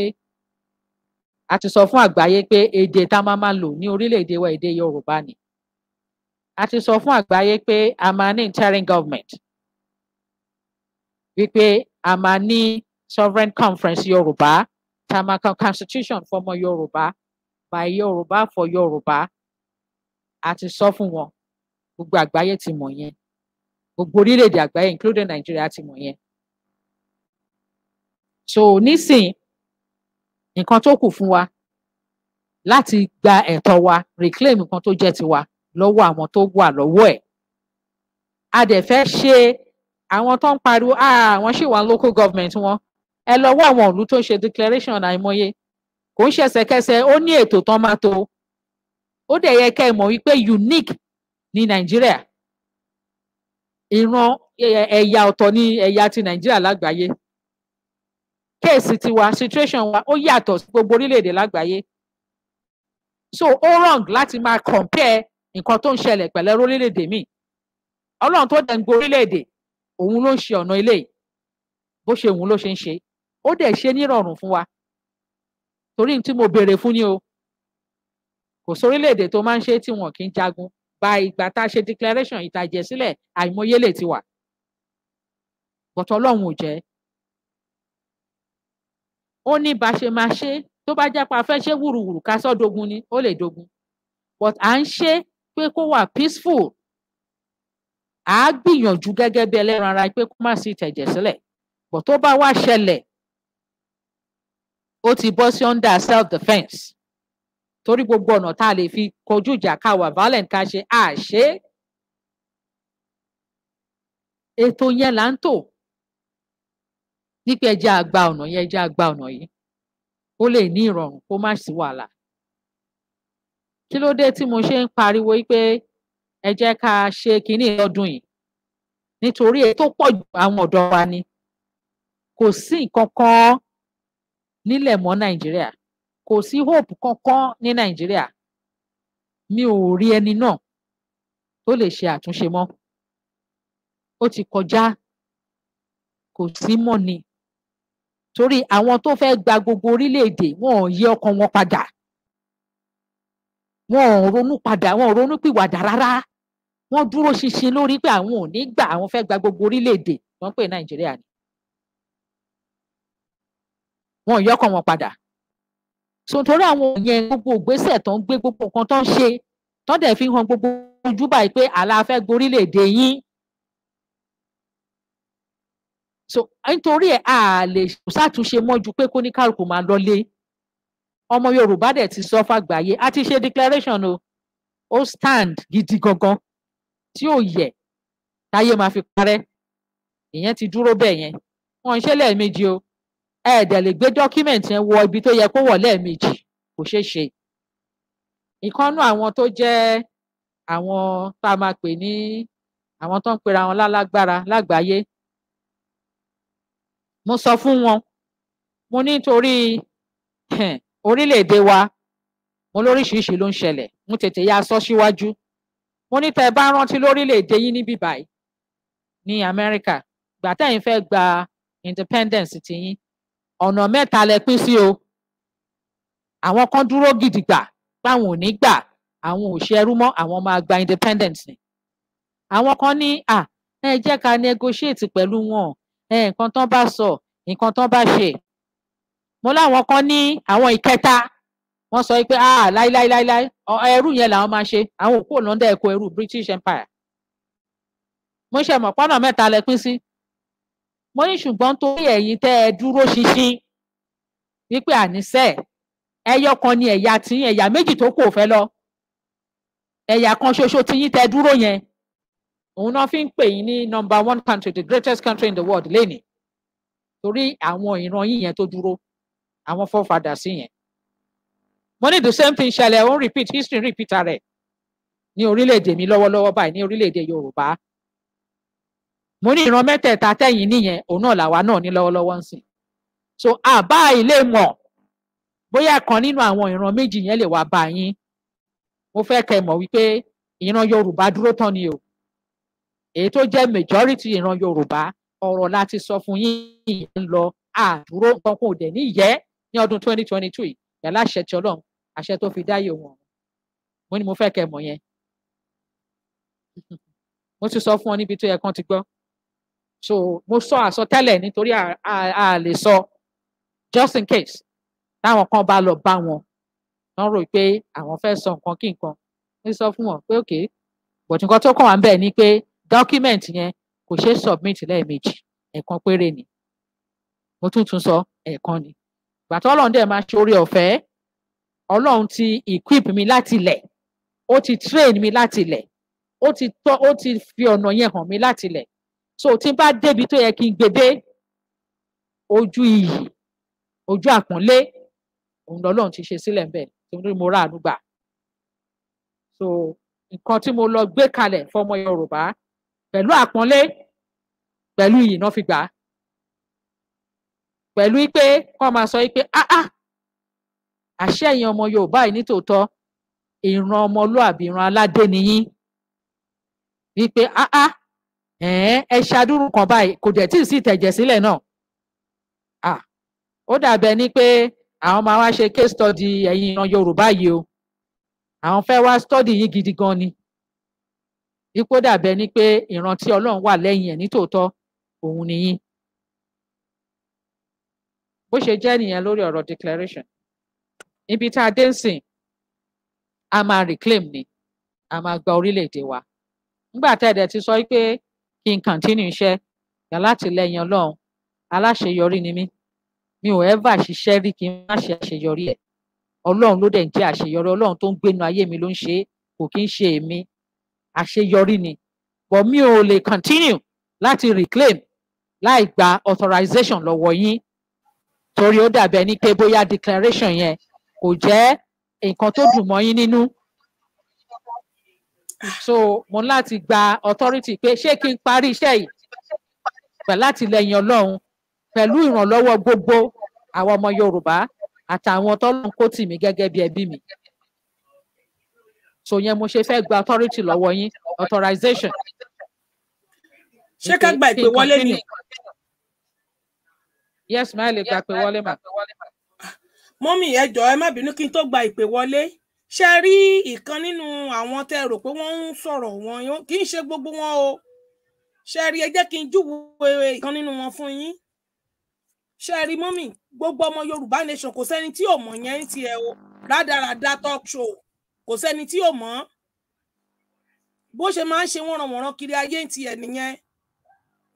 a ti sọ fún àgbáyé pé èdè tá a máa máa lò ní orílẹ̀-èdè wa èdè Yorùbá ni a ti sọ fún àgbáyé pé a máa ní interim government wípé a máa ní sovereign conference yorùbá tá a máa kan constitution fọmọ yorùbá by yorùbá for yorùbá a ti sọ fún wọn gbogbo àgbáyé ti mọ̀ yẹn gbogbo orílẹ̀-èdè àgbáyé including Nigeria ti mọ̀ yẹn so nísìn nǹkan tó kù fún wa láti gba ẹ̀tọ́ wa reclaim nǹkan tó jẹ́ tiwa lọ́wọ́ àwọn tó wà lọ́wọ́ ẹ̀ a dẹ̀ fẹ́ ṣe àwọn tó ń pariwo àwọn ṣì wà ní local government wọn ẹ lọ́wọ́ àwọn òlu tó ń ṣe declaration àìmọye kò ń ṣẹ̀ṣẹ̀kẹsẹ̀ ó ní ètò tán máa tó ó dẹ̀ yẹ kẹ́ ẹ mọ̀ wípé unique ní nàìjíríà ìran ẹ̀yà ọ̀tọ̀ ní ẹ̀yà ti nàìjíríà lágbàáyé kéèsì tiwa situation wa ó yàtọ̀ sí gbogbo orílẹ̀-èdè lágbàáyé so ó wrong láti máa compare nǹkan tó ń ṣẹlẹ̀ pẹ̀lẹ́ orílẹ̀-èdè míì ọlọ́run tó dẹ̀ ń gbo orílẹ̀-èdè òun ló ń ṣe ọ̀nà ilé yìí bó ṣe òun ló ṣe ń ṣe ó dẹ̀ ṣe nírọ̀rùn fún wa torí tí mo béèrè fún ni o kò sórílẹ̀-èdè tó máa ń ṣe tí wọn kì í jagun ba ìgbà tá a ṣe declaration ìtàjẹ̀ sílẹ̀ àìmọye lè ti wà bọ̀tọ̀ ọlọ́run ò jẹ́ ó ní bá ṣe máa ṣe tó bá jẹ́ pa fẹ́ ṣe wùrùwùrù ká sọ́ dogun ni ó lè dogun but à ń ṣe pé kó wà peaceful à á gbìyànjú gẹ́gẹ́ bí ẹlẹ́ran ara pé kó má sí ìtẹ̀jẹ̀ sílẹ̀ bọ̀ tó bá wá ṣẹlẹ̀ ó ti bọ́ sí under self defence torí gbogbo ọ̀nà tá a lè fi kojú ìjà ká wà violent ká ṣe àṣé ètò yẹn là ń tò nípa ẹja àgbà ọ̀nà yẹn ẹja àgbà ọ̀nà yìí ó lè ní ìrọ̀rùn kó má sí wàhálà kí ló dé tí mo ṣe ń pariwo pé ẹ jẹ́ ká ṣe kínní ọdún yìí nítorí èyí tó pọ̀ ju àwọn ọ̀dọ́ wa ni kò sí nǹkan kan nílẹ̀ mọ́ nàìjíríà kò sí hope kankan ní nàìjíríà mi ò rí ẹni náà tó lè ṣe àtúnṣe mọ́ ó ti kọjá kò sí mọ́ ni torí àwọn tó fẹ́ gba gbogbo orílẹ̀-èdè wọn ò yí ọkàn wọn padà wọn ò ronú padà wọn ò ronú pìwàdà rárá wọn dúró ṣinṣin lórí pé àwọn ò ní gbà àwọn fẹ́ gba gbogbo orílẹ̀-èdè wọn pè nàìjíríà ni wọn ò yọkàn wọn padà sòtòrí àwọn yẹn gbogbo ògbésẹ̀ tó ń gbé gbogbo nǹkan tó ń ṣe tó dẹ̀ fi hàn gbogbo ojú báyìí pé àlà fẹ́ gborílẹ̀ yín so nítorí ẹ̀ a lè ṣàtúnṣe mọ́ ju pé kóníkàlùkù máa lọ lé ọmọ yorùbá dẹ̀ ti sọ fàgbáyé a ti ṣe declaration o ó stand gidi gangan tí ò yẹ táyé máa fi parẹ́ ìyẹn ti dúró bẹ́ẹ̀ yẹn wọn ṣe lẹ́ẹ̀mejì o ẹ dẹ̀ lè gbé document yẹn wọ ibi tó yẹ kó wọ̀ lẹ́ẹ̀mejì kò ṣeé ṣe ìkànnù àwọn tó jẹ́ àwọn tá a máa pè ní àwọn tó ń pera wọn lálágbára lágbàáyé mo sọ fún wọn mo nítorí orílẹ̀-èdè wa mo lóríṣiríṣi ló ń ṣẹlẹ̀ mo tètè ya sọ síwájú mo ní tẹ́ ẹ bá rántí lórílẹ̀-èdè yín níbí báyìí ní Amẹ́ríkà gbà tẹ́yìn fẹ́ gba independence tiyín ọ̀nà mẹ́ta lẹ pín sí o àwọn kan dúró gidigba páwọn ò ní gbà àwọn ò ṣẹrú mọ́ àwọn máa gba independence ni àwọn kan ní à ẹ jẹ́ ká negotiate pẹ̀lú wọn ẹ nǹkan tán bá sọ nǹkan tán bá ṣe mo láwọn kan ní àwọn ìkẹta wọ́n sọ pé ah láíláíláíláí ẹrú yẹn làwọn máa ṣe àwọn òkú òlọ́ndà ẹ̀kọ́ ẹrú British Empire mo ṣe mọ̀ pọ́nà mẹ́ta lẹ pín sí mo ní ṣùgbọ́n torí ẹ̀yin tẹ́ ẹ dúró ṣinṣin wípé àníṣe ẹyọ kan ni ẹ̀yà tiyín ẹ̀yà méjì tó kù ò lọ ẹ̀yà kan ṣoṣo tiyín tẹ́ dúró yẹn òun náà fi ń pè yín ní number one country the greatest country in the world lẹ́nìí torí àwọn ìran yín yẹn tó dúró àwọn forefathers yẹn mo ní the same thing ṣẹlẹ̀ ó ń repeat history repeat rẹ̀ ní orílẹ̀-èdè mi lọ́wọ́lọ́wọ́ báyìí ní orílẹ̀-èdè yorùbá mo ní ìran mẹ́tẹ̀ẹ̀ta tẹ̀yìn nìyẹn òun náà làwa náà ní lọ́wọ́lọ́wọ́ ń sìn so àbá ilé mọ̀ bóyá kan nínú àwọn ìran méjì yẹn lè wá bá yín mo fẹ́ kẹ́ mọ̀ wípé ìran yorùbá dúró tán ni o èyí tó jẹ́ majority ìran yorùbá ọ̀rọ̀ láti sọ fún yín ìyẹn ń lọ àdúró nǹkan kò dẹ̀ níyẹ́ ní ọdún 2023 yìí yàrá àṣẹ ti ọlọ́run àṣẹ tó fi dáyé wọn mo ní mo fẹ́ kẹ́ mọ̀ yẹn mo ti sọ fún ọ níbi tó yẹ kán ti gbọ́ so mo sọ àsọtẹ́lẹ̀ nítorí a lè sọ just in case táwọn kan bá lọ bá wọn wọn rò pé àwọn fẹ́ sọ nǹkan kí nǹkan mo sọ fún wọn pé òkè bọ̀dù nǹkan tó kàn wá ń bẹ̀ ni pé document yẹn kò ṣeé submit lẹ́ẹ̀mejì ẹ̀ẹ̀kan péré ni mo tún tún sọ ẹ̀ẹ̀kan ni gbàtọ́ ọlọ́run dẹ̀ máa ṣe oore ọ̀fẹ́ ọlọ́run ti equip mi láti ilẹ̀ ó ti train mi láti ilẹ̀ ó ti tọ́ ó ti fi ọ̀nà yẹn hàn mi láti ilẹ̀ so tí n bá débi tó yẹ kí n gbede ojú iyì ojú àpọ́nlé òun lọ́lọ́run ti ṣe sílẹ̀ ńbẹ̀ torí mo ráàánú gbà so nǹkan tí mo lọ gbé kalẹ̀ fọmọ Yorùbá pẹ̀lú àpọ́nlé pẹ̀lú iyì náà fi gbà pẹ̀lú pé wọ́n máa sọ pé ah ah àṣẹ ẹ̀yin ọmọ Yorùbá yìí nítòótọ́ ìran ọmọlúàbí ìran aládé nìyín wípé ah ah ẹ ṣàdúrú kan báyìí kò dẹ̀ tí ì sí ìtẹ̀jẹ̀ sílẹ̀ náà ah ó dàbẹ̀ ni pé àwọn máa wá ṣe case study ẹ̀yin ìran Yorùbá yìí o àwọn fẹ́ wá study yín gidi gan ni ipò dàbẹ̀ ni pé ìran tí Ọlọ́run wà lẹ́yìn ẹ̀ nítòótọ́ òun nìyín bó ṣe jẹ́ nìyẹn lórí ọ̀rọ̀ declaration ibi tá a dé ń sìn a máa reclaim ni a máa gba orílẹ̀-èdè wa nígbà tá ẹ̀dẹ̀ ti sọ pé kí n continue iṣẹ́ alátìlẹyìn ọlọ́run aláṣeyọrí ni mí mi ò ever ṣiṣẹ́ rí kí n má ṣe àṣeyọrí ẹ̀ ọlọ́run ló dẹ̀ ń jẹ́ àṣeyọrí ọlọ́run tó ń gbénu ayé mi ló ń ṣe é kò kí ń ṣe èmi àṣeyọrí ni but mi ò lè continue láti reclaim láì gba authorization lọ́wọ́ yín torí ó dàbẹ̀ ní pé bóyá declaration yẹn kò jẹ́ nǹkan tó dùn mọ́ yín nínú so mo ní láti gba authority pé ṣé kí n parí iṣẹ́ yìí pẹ̀lú àtìlẹ́yìn Ọlọ́run pẹ̀lú ìrànlọ́wọ́ gbogbo àwọn ọmọ Yorùbá àtàwọn tọ́lọ́run kó tì mí gẹ́gẹ́ bí ẹbí mi so yẹn mo ṣe fẹ́ gba authority lọ́wọ́ yín authorization. ṣé ká gba ìpè wọlé ni yes máa lè gba pé wọlé mà. mọ́mì ẹ jọ̀ọ́ ẹ má bínú kí n tó gba ìpè wọlé ṣe rí ìkan nínú àwọn tẹ rò pé wọ́n ń sọ̀rọ̀ wọn kì í ṣe gbogbo wọn o ṣe rí ẹ jẹ́ kí n júwèé ìkan nínú wọn fún yín ṣe rí mọ́mì gbogbo ọmọ Yorùbá nation kò sẹ́ni tí ò mọ̀ yẹn ń tiẹ̀ o rádaràda talk show kò sẹ́ni tí ò mọ̀ bó ṣe máa ń ṣe wọ́n rànwọ́nrán kiri ayé ń tiẹ̀ nìyẹn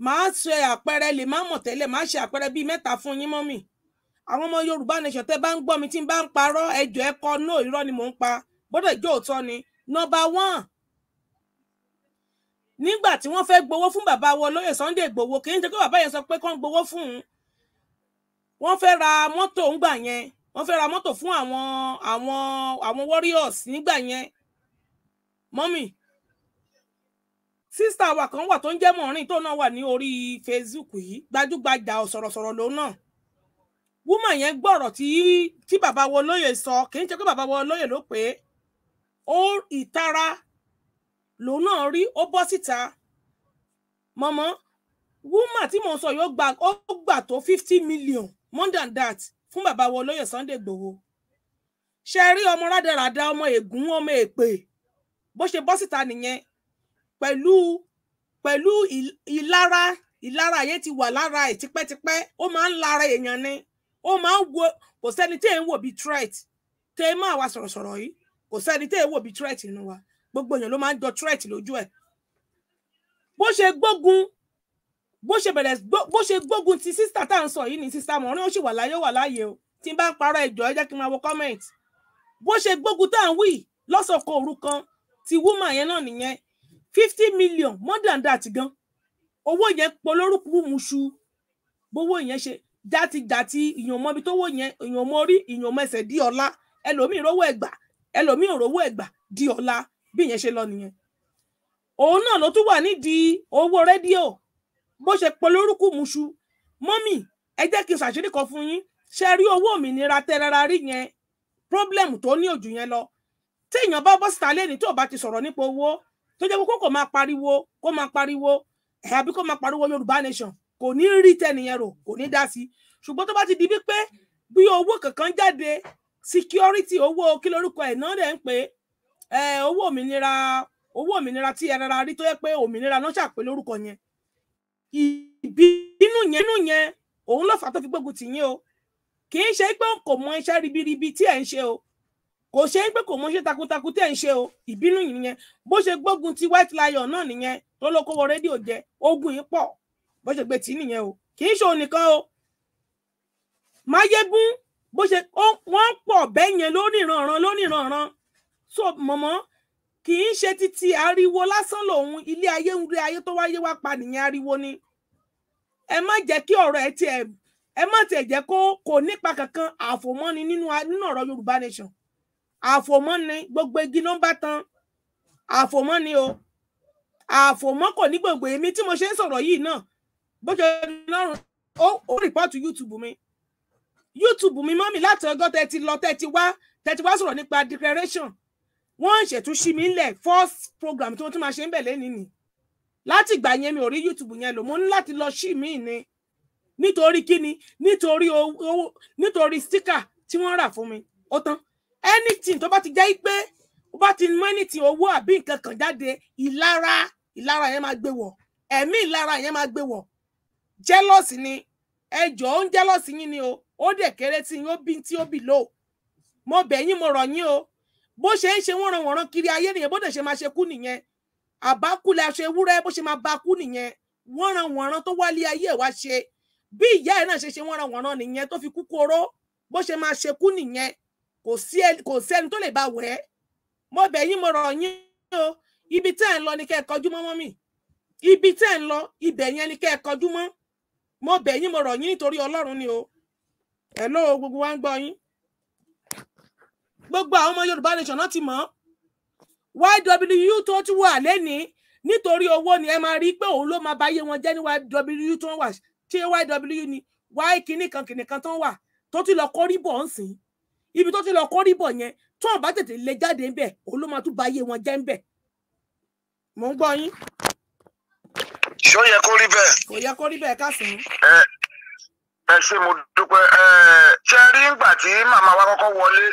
màá ṣe àpẹẹrẹ lè má mọ̀ tẹ́lẹ̀ màá ṣe àpẹẹrẹ bíi mẹ́ta fún yín mọ́mì àwọn ọmọ Yorùbá nation tẹ́ bá ń gbọ́ mi tí n bá ń parọ́ ẹjọ́ ẹ̀kọ́ náà irọ́ ni mò ń pa gbọ́dọ̀ ìjọ òótọ́ ni nọ́mbà one nígbà tí wọ́n fẹ́ gbowó fún bàbá wọn lóyè Sunday gbowó kì í ṣe pé bàbá yẹn sọ pé kán gbowó fún un wọ́n fẹ́ ra mọ́tò ńgbà yẹn wọ́n fẹ́ ra mọ́tò fún àwọn àwọn àwọn warriors nígbà yẹn mọ́mì sísá wa kan wà tó ń jẹ́ mọ̀rin tó náà wà ní orí Facebook yìí gbajúgbajà ọ̀sọ̀rọ̀sọ̀rọ̀ ló náà wúmọ̀ yẹn gbọ́rọ̀ tí tí bàbá wo lóye sọ kì í ṣe pé bàbá wo lóye ló pé ó ìtara lòun náà rí ó bọ́ síta mọ̀mọ́ wúmọ̀ tí mò ń sọ yóò gbà ó gbà tó fifty million more than that fún bàbá wo lóye Sunday Igboho ṣe rí ọmọ rádaràda ọmọ ègún ọmọ èpè bó ṣe bọ́ síta nìyẹn pẹ̀lú pẹ̀lú ìlara ìlara yẹn ti wà lára ẹ̀ tipẹ́tipẹ́ ó máa ń lara èèyàn ni ó máa ń wo kò sẹ́ni tí ẹ̀ ń wò bíi threat tẹ́ ẹ máa wá sọ̀rọ̀sọ̀rọ̀ yìí kò sẹ́ni tí ẹ̀ ń wò bíi threat nínú wa gbogbo èèyàn ló máa ń jọ threat lójú ẹ̀ bó ṣe gbógun bó ṣe bẹ̀rẹ̀ bó ṣe gbógun ti sísítà tá à ń sọ yìí ni sísítà mọ̀ ọ́n ó sì wà láyé wà láàyè o tí n bá ń parọ́ ẹ̀jọ̀ ẹ jẹ́ kí n máa wo comment bó ṣe gbógun tá à ń wì lọ́sọ̀kan òru ti woman yẹn náà nìyẹn fifty million more than that gan owó yẹn polórúkúrú muṣu bówó yẹn ṣe dátì dátì ìyàn mọbi tówó yẹn ìyàn mọ orí ìyàn mọ ẹsẹ̀ di ọ̀la ẹlòmíì rówó ẹgbà ẹlòmíì òrówó ẹgbà di ọ̀la bí yẹn ṣe lọ nìyẹn òun náà ló tún wà nídìí owó rédíò bó ṣe polórúkú muṣu mọ́mì ẹ jẹ́ kí n ṣàṣírí kan fún yín ṣe rí owó òmìnira tẹ́rẹ́ra rí yẹn problem tó ní òjò yẹn lọ téèyàn bá bọ́ síta lẹ́ni tó bá ti sọ̀rọ̀ nípa owó tó jẹ́ kó kò máa pariwo kó máa pariwo àbí kó máa pariwo yorùbá nation kò ní rí tẹnìyẹn rò kò ní dá sí ṣùgbọ́n tó bá ti di wípé bí owó kankan jáde security owó kí lorúkọ ẹ̀ náà dẹ̀ ń pè é owó òmìnira owó òmìnira tí ẹ rárá rí tó yẹ pé òmìnira náà ṣàpè lórúkọ yẹn ìbínú yẹn inú yẹn òun ló tó fi gbógun tì yín o kì í ṣe pé kò mọ iṣẹ́ ribiribi tí ẹ̀ ń ṣe o kò ṣe é pé kò mọ iṣẹ́ takuntakun tẹ̀ ń ṣe o ìbínú yìí nìyẹn bó ṣe gbógun ti white lion náà nìyẹn tó ló kówó rédíò jẹ ogun yìí pọ̀ bó ṣe gbé tì í nìyẹn o kì í ṣe onìkan o máyégún bó ṣe wọ́n pọ̀ bẹ́ẹ̀ yẹn lóníranran lóníranran so mọ̀mọ́ kì í ṣe títí ariwo lásán lòun ilé ayé ń rí ayé tó wáyé wá pa nìyẹn ariwo ni ẹ má jẹ́ kí ọ̀rọ̀ ẹ tiẹ̀ ẹ má tiẹ̀ jẹ́ kó kò nípa kankan àfòmọ́ni nínú ọ̀rọ̀ Yorùbá nation àfòmọ́ ni gbogbo igi ló ń bá tan àfòmọ́ ni o àfòmọ́ kò ní gbogbo èmi tí mo ṣe ń sọ̀rọ̀ yìí náà bó ṣe lọ́rùn ó rìpọ́ọ̀tù YouTube mi YouTube mi mọ́ mi láti ọgọ́ tẹ ti lọ tẹ ti wá tẹ ti wá sọ̀rọ̀ nípa declaration wọ́n ṣètúnṣí mi ńlẹ̀ first program tí wọ́n tún máa ṣe ń bẹ̀ lẹ́nìí ni láti ìgbà yẹn mi ò rí YouTube yẹn lò mo ní láti lọ ṣí mi ni nítorí kíni nítorí owó nítorí sticker tí wọ́n rà fún mi ó tán anything tó bá ti jẹ́ pé ó bá ti mú anything owó àbí nǹkan kan jáde ìlara ìlara yẹn máa gbé wọ̀ ẹ̀mí ìlara yẹn máa gbé wọ̀ jealous ni ẹjọ́ ó ń jealous yín ni o ó dẹ̀ kéré tí yín ó bí tí ó bì lò mo bẹ̀ yín mo rọ̀ yín o bó ṣe ń ṣe wọ́n ran wọ̀nran kiri ayé nìyẹn bó dẹ̀ ṣe máa ṣe kú nìyẹn àbákulẹ̀ aṣọ ewúrẹ́ bó ṣe máa bá kú nìyẹn wọ́n ran wọ̀nran tó wálé ayé ẹ̀ wá ṣe bí ìyá ẹ̀ náà ṣe ṣe wọ́n ran wọ̀nran nìyẹn tó fi kú kóró bó ṣe máa ṣe kú nìyẹn kò sí ẹni tó lè bá wẹ̀ ẹ́ mo bẹ̀ yín mo rọ̀ yín o ibi tẹ́ ẹ̀ ń lọ ni kẹ́ ẹ kọjú mọ́ mọ́mì ibi tẹ́ ẹ̀ ń lọ ibẹ̀ yẹn ni kẹ́ ẹ kọjú mọ́ mo bẹ̀ yín mo rọ̀ yín nítorí ọlọ́run ni o ẹ̀ lọ́wọ́ gbogbo wa ń gbọ́ yín gbogbo àwọn ọmọ yorùbá nation náà ti mọ̀ YWU tó ti wà lẹ́ni nítorí owó ni ẹ máa rí pé òun ló máa báyé wọn jẹ́ ní YWU tó wà ṣé YWU ni y kìnnìkan kìnnìkan tó ń wà tó ti lọ kórí bọ̀ ń sìn ibi tó ti lọ kọ́ ríbọ̀ yẹn tó ọ̀bá tètè lè jáde ńbẹ̀ òun ló máa tún ba ayé wọn jẹ́ ńbẹ̀ mò ń gbọ́ yín. ṣó yẹ kó rí bẹ́ẹ̀. kò yẹ kó rí bẹ́ẹ̀ ká sìn. ẹ ẹ ṣe mo dúpẹ́ ẹ ṣe rí ngbà tí màmá wa kọ́kọ́ wọlé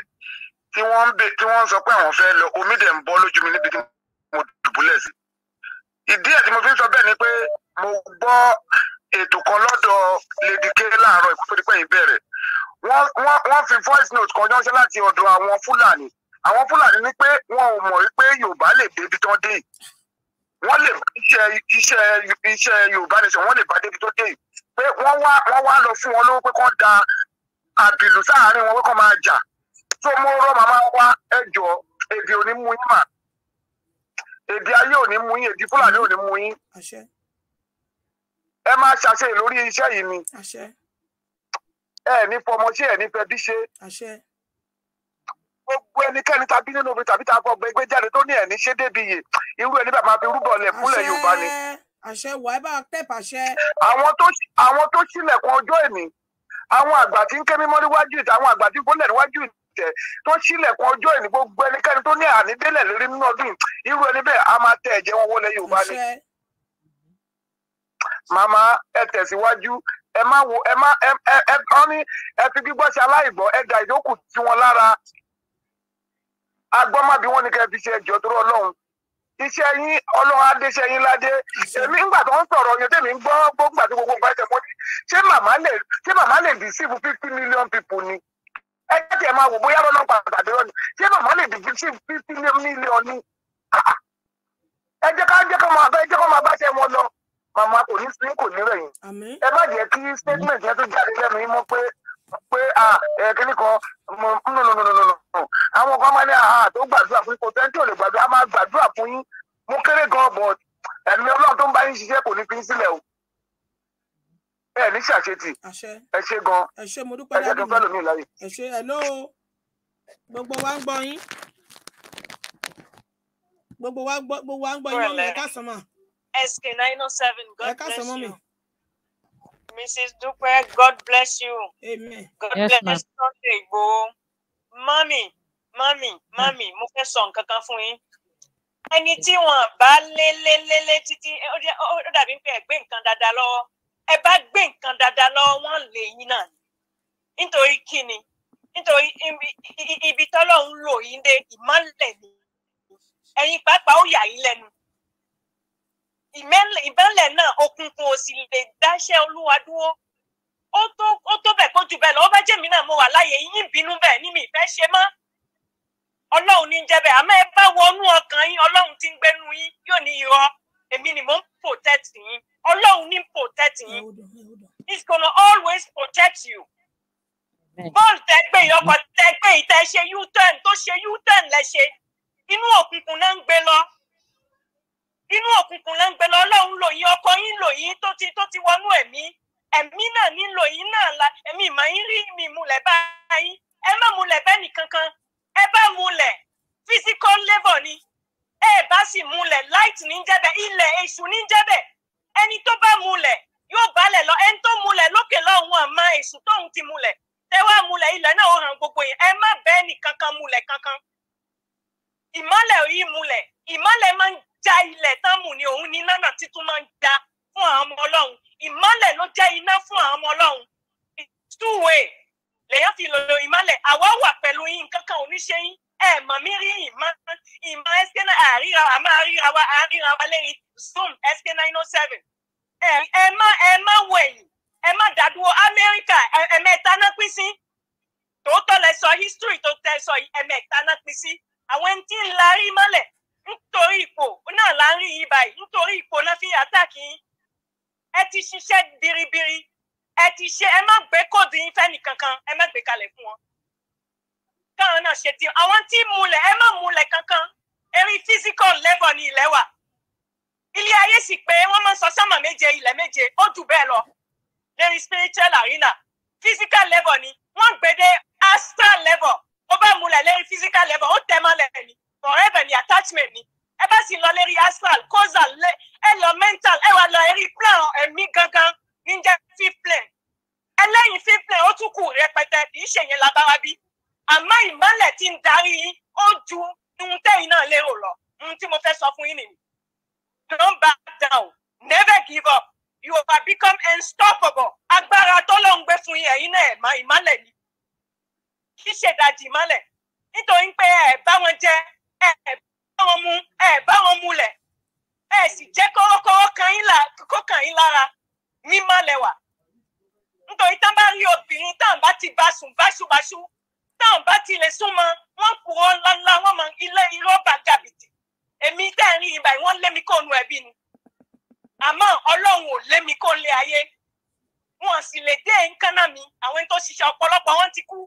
tí wọ́n ń sọ pé àwọn fẹ́ lọ omi dẹ̀ ń bọ́ lójú mi níbi tí mo dùbúlẹ̀ sí. ìdí ẹ̀ tí mo fi ń sọ bẹ́ẹ̀ ni pé mo gbọ́ ètò kan lọ́dọ̀ lady k láàárọ̀ ìkótódípẹ́yìn wọ́n fi voice note kan ránṣẹ́ láti ọ̀dọ̀ àwọn fúlàní àwọn fúlàní Ni pé wọn ò mọ̀ pé yorùbá lè débi tán dé wọ́n lè iṣẹ́ iṣẹ́ iṣẹ́ yorùbá nation wọ́n lè bá débi tó dé pé wọ́n wá wọ́n wá lọ fún wọn lówó pé kán da àbìlù sáàárín wọn pé kán máa jà tó mú rọ màmá wá ẹjọ́ èdè òní mú yín mà èdè ayé òní mú yín èdè fúlàní òní mú yín ẹ máa ṣàṣeyè lórí iṣẹ́ yìí ni ẹ ní fọmọṣẹ ẹ ní fẹbí ṣe gbogbo ẹnikẹ́ni tàbí nínú obìnrin tàbí tàbí ọgbẹ́ ẹgbẹ́ jáde tó ní ẹ̀ ṣé débi yìí irú ẹni bá fi rúbọ̀ lẹ̀ fúnlẹ̀ Yorùbá ni. àṣẹ wà ẹ bá tẹ̀ pàṣẹ. àwọn tó ṣílẹ̀kùn ọjọ́ ẹ̀mí àwọn àgbà tí ń ké mímọ́ níwájú ìtẹ́ àwọn àgbà tí ń fọ́lẹ̀ níwájú ìtẹ́ tó ṣílẹ̀kùn ọjọ́ ẹ̀mí gbogbo ẹnikẹ́ni tó ní ànídélẹ̀ lórí nínú ọdún irú ẹni bẹ́ẹ̀ a máa tẹ̀ ẹ̀jẹ̀ wọn wọlé Yorùbá ni. màmá ẹ tẹ̀síwájú ẹ má wo ẹ má ní gbígbọ́ ṣe aláìgbọ́ ẹ ìdókù tí wọ́n lára agbọ́mábí wọn ni kẹ́ fi ẹjọ́ tó iṣẹ́ yín ọlọ́run adéṣẹ́ yín ládé èmi ńgbà ń sọ̀rọ̀ yẹn tèmi ń gbọ́ gbogbo mọ́ ṣé màmá lè ṣé màmá lè fifty million people ni ẹ máa wò bóyá lọ́nà pàtàkì ṣé màmá lè fifty million ni ẹ màmá kò ní sí kò ní rẹ̀yìn ẹ má jẹ́ kí statement yẹn tó jáde lẹ́nu yín mọ́ pé pé kíní kan nùnùnùnùnùnù àwọn kan máa ní àhà tó gbàdúrà fún yín kò tẹ́ńtì ò lè gbàdúrà máa gbàdúrà fún yín mo kéré gan but ẹ̀mí ọlọ́run tó ń bá yín ṣiṣẹ́ kò ní fi sílẹ̀ o ẹ ní ṣàṣetì ẹ ṣe gan ẹ ṣe mo dúpẹ́ lábẹ́ mi lómi ìlàyè. ẹ ṣe hello gbogbo wa ń gbọ́ yín gbogbo wa ń gbọ́ yín lọ́mọ ẹ̀ká sọ́mọ́. SK907, God bless you. Mrs. Dupre. God bless you. Amen. God yes, bless Sunday Igboho. mommy, mommy, mami, mo fẹ́ sọ nǹkan kan fún yín. Ẹni tí wọ́n bá lé lé lé lé títí ó dàbí pé ẹ gbé nǹkan dáadáa lọ́wọ́. Ẹ bá gbé nǹkan dáadáa lọ́wọ́ wọ́n lè yín náà. Nítorí kí ni? Nítorí ibi tọ́lọ́run lò yín dé ìmọ́lẹ̀ ni. Ẹ̀yin pàápàá ó yà yín lẹ́nu ìmẹ́lẹ̀ náà òkùnkùn ò sì lè dáṣẹ́ olúwa dúró ó tó ó tó bẹ̀ kó jù bẹ́ẹ̀ lọ ó bá jẹ́mi náà mo wà láàyè yín bínú bẹ́ẹ̀ ní mi ìfẹ́ ṣe mọ́ ọlọ́run ní jẹ́ bẹ́ẹ̀ àmọ́ ẹ bá wọnú ọkàn yín ọlọ́run ti ń gbẹ́nu yín yóò ní irọ́ èmi ni mò ń protect yín ọlọ́run ní protect yín he's gonna always protect you bọ́ọ̀lù tẹ gbé yìí ọkọ̀ tẹ gbé yìí tẹ ṣe u-turn tó ṣe u-turn lẹ ṣe inú òkùnkùn náà ń gbé lọ inú òkùnkùn ló ń gbé lọ ọlọ́run lò yín ọkọ yín lò yín tó ti tó ti wọnú ẹ̀mí ẹ̀mí náà nílò yín náà la ẹ̀mí ìmọ̀ yín rí mi múlẹ̀ báyìí ẹ má múlẹ̀ bẹ́ẹ̀ nìkankan ẹ bá múlẹ̀ physical labour ni ẹ bá sì múlẹ̀ light ní jẹ́bẹ̀ ilẹ̀ èṣù ní jẹ́bẹ̀ ẹni tó bá múlẹ̀ yóò balẹ̀ lọ ẹni tó múlẹ̀ lókè lọ́hùn àmọ́ èṣù tóun ti múlẹ̀ tẹ́wọ́ múlẹ̀ ilẹ̀ náà ó kankan ìmọ́lẹ̀ yìí múlẹ̀ ja ilẹ̀ tán mù ni òun ni iná náà títún máa ń ja fún àwọn ọmọ ọlọ́run ìmọ́lẹ̀ ló jẹ́ iná fún àwọn ọmọ ọlọ́run two way lèyàn fi lòlò ìmọ́lẹ̀ àwa wà pẹ̀lú yín kankan oníṣe yín ẹ mọ̀ mí rí ìmọ̀ ìmọ̀ ẹsẹ̀ náà àríra wa máa ríra wa àríra wa lẹ́yìn zoom ẹsẹ̀ nine oh seven ẹ má ẹ má wọ ẹ̀yìn ẹ má dádúró amẹ́ríkà ẹ̀mẹ́ta náà pín sí tòótọ́ lẹ sọ history tó tẹ sọ yìí ẹ̀mẹ́ta náà pín sí àwọn ẹni tí ń larí mọ́lẹ̀ nítorí ipò náà là ń rí yín báyìí nítorí ipò náà fi àtàkì yín ẹ ti ṣiṣẹ́ biribiri ẹ ti ṣe ẹ má gbé kóòdù yín fẹ́ nìkankan ẹ má gbé kalẹ̀ fún wọn káwọn náà ṣe ti àwọn tí múlẹ̀ ẹ má múlẹ̀ kankan eré physical level ni ilẹ̀ wà ilé ayé sì pé wọ́n máa ń sọ sọ́mọ̀ méje ilẹ̀ méje ó jù bẹ́ẹ̀ lọ lérí spiritual arena physical level ni wọ́n gbé dé astral level ó bá múlẹ̀ lérí physical level ó tẹ̀ mọ́lẹ̀ ni ọ̀rẹ́ ẹ̀bẹ̀ ni attachment ni ẹ bá sì lọ lérí astral causal lé ẹ lọ mental ẹ wà lọ ẹrí plan ẹ̀mí gangan níjẹ́ fifth plan ẹlẹ́yìn fifth plan ó tún kù rẹpẹtẹ kì í ṣe yẹn lábára bí àmọ́ ìmọ̀lẹ̀ tí ń darí yín ó ju ohun tẹ́yìn náà lérò lọ ohun tí mo fẹ́ sọ fún yín nìyí don't back down never give up you have become unstoppable agbára tó ló ń gbé fún yín ẹ̀yin náà ìmọ̀lẹ̀ ni kì í ṣe ìdajì ìmọ̀lẹ̀ nítorí pé ẹ bá wọn jẹ́ ẹ bá wọn mu ẹ bá wọn mulẹ̀ ẹ sì jẹ́ kọ́rọ́kọ́rọ́ kan yín lára mímọ́ lẹ́wà nítorí tá bá rí obìnrin tá à ń bá ti bá sùn báṣubàṣu tá à ń bá ti lè súnmọ́ wọ́n purọ́ ńláńlá wọ́n mọ ilé irọ́ bá gàbìtì èmi tẹ́ ẹ̀ rí ibà wọ́n lé mi kó nu ẹbí ni àmọ́ ọlọ́run ò lé mi kó lé ayé wọn sì lè dé nǹkan mi àwọn tó ṣiṣẹ́ ọ̀pọ̀lọpọ̀ wọn ti kú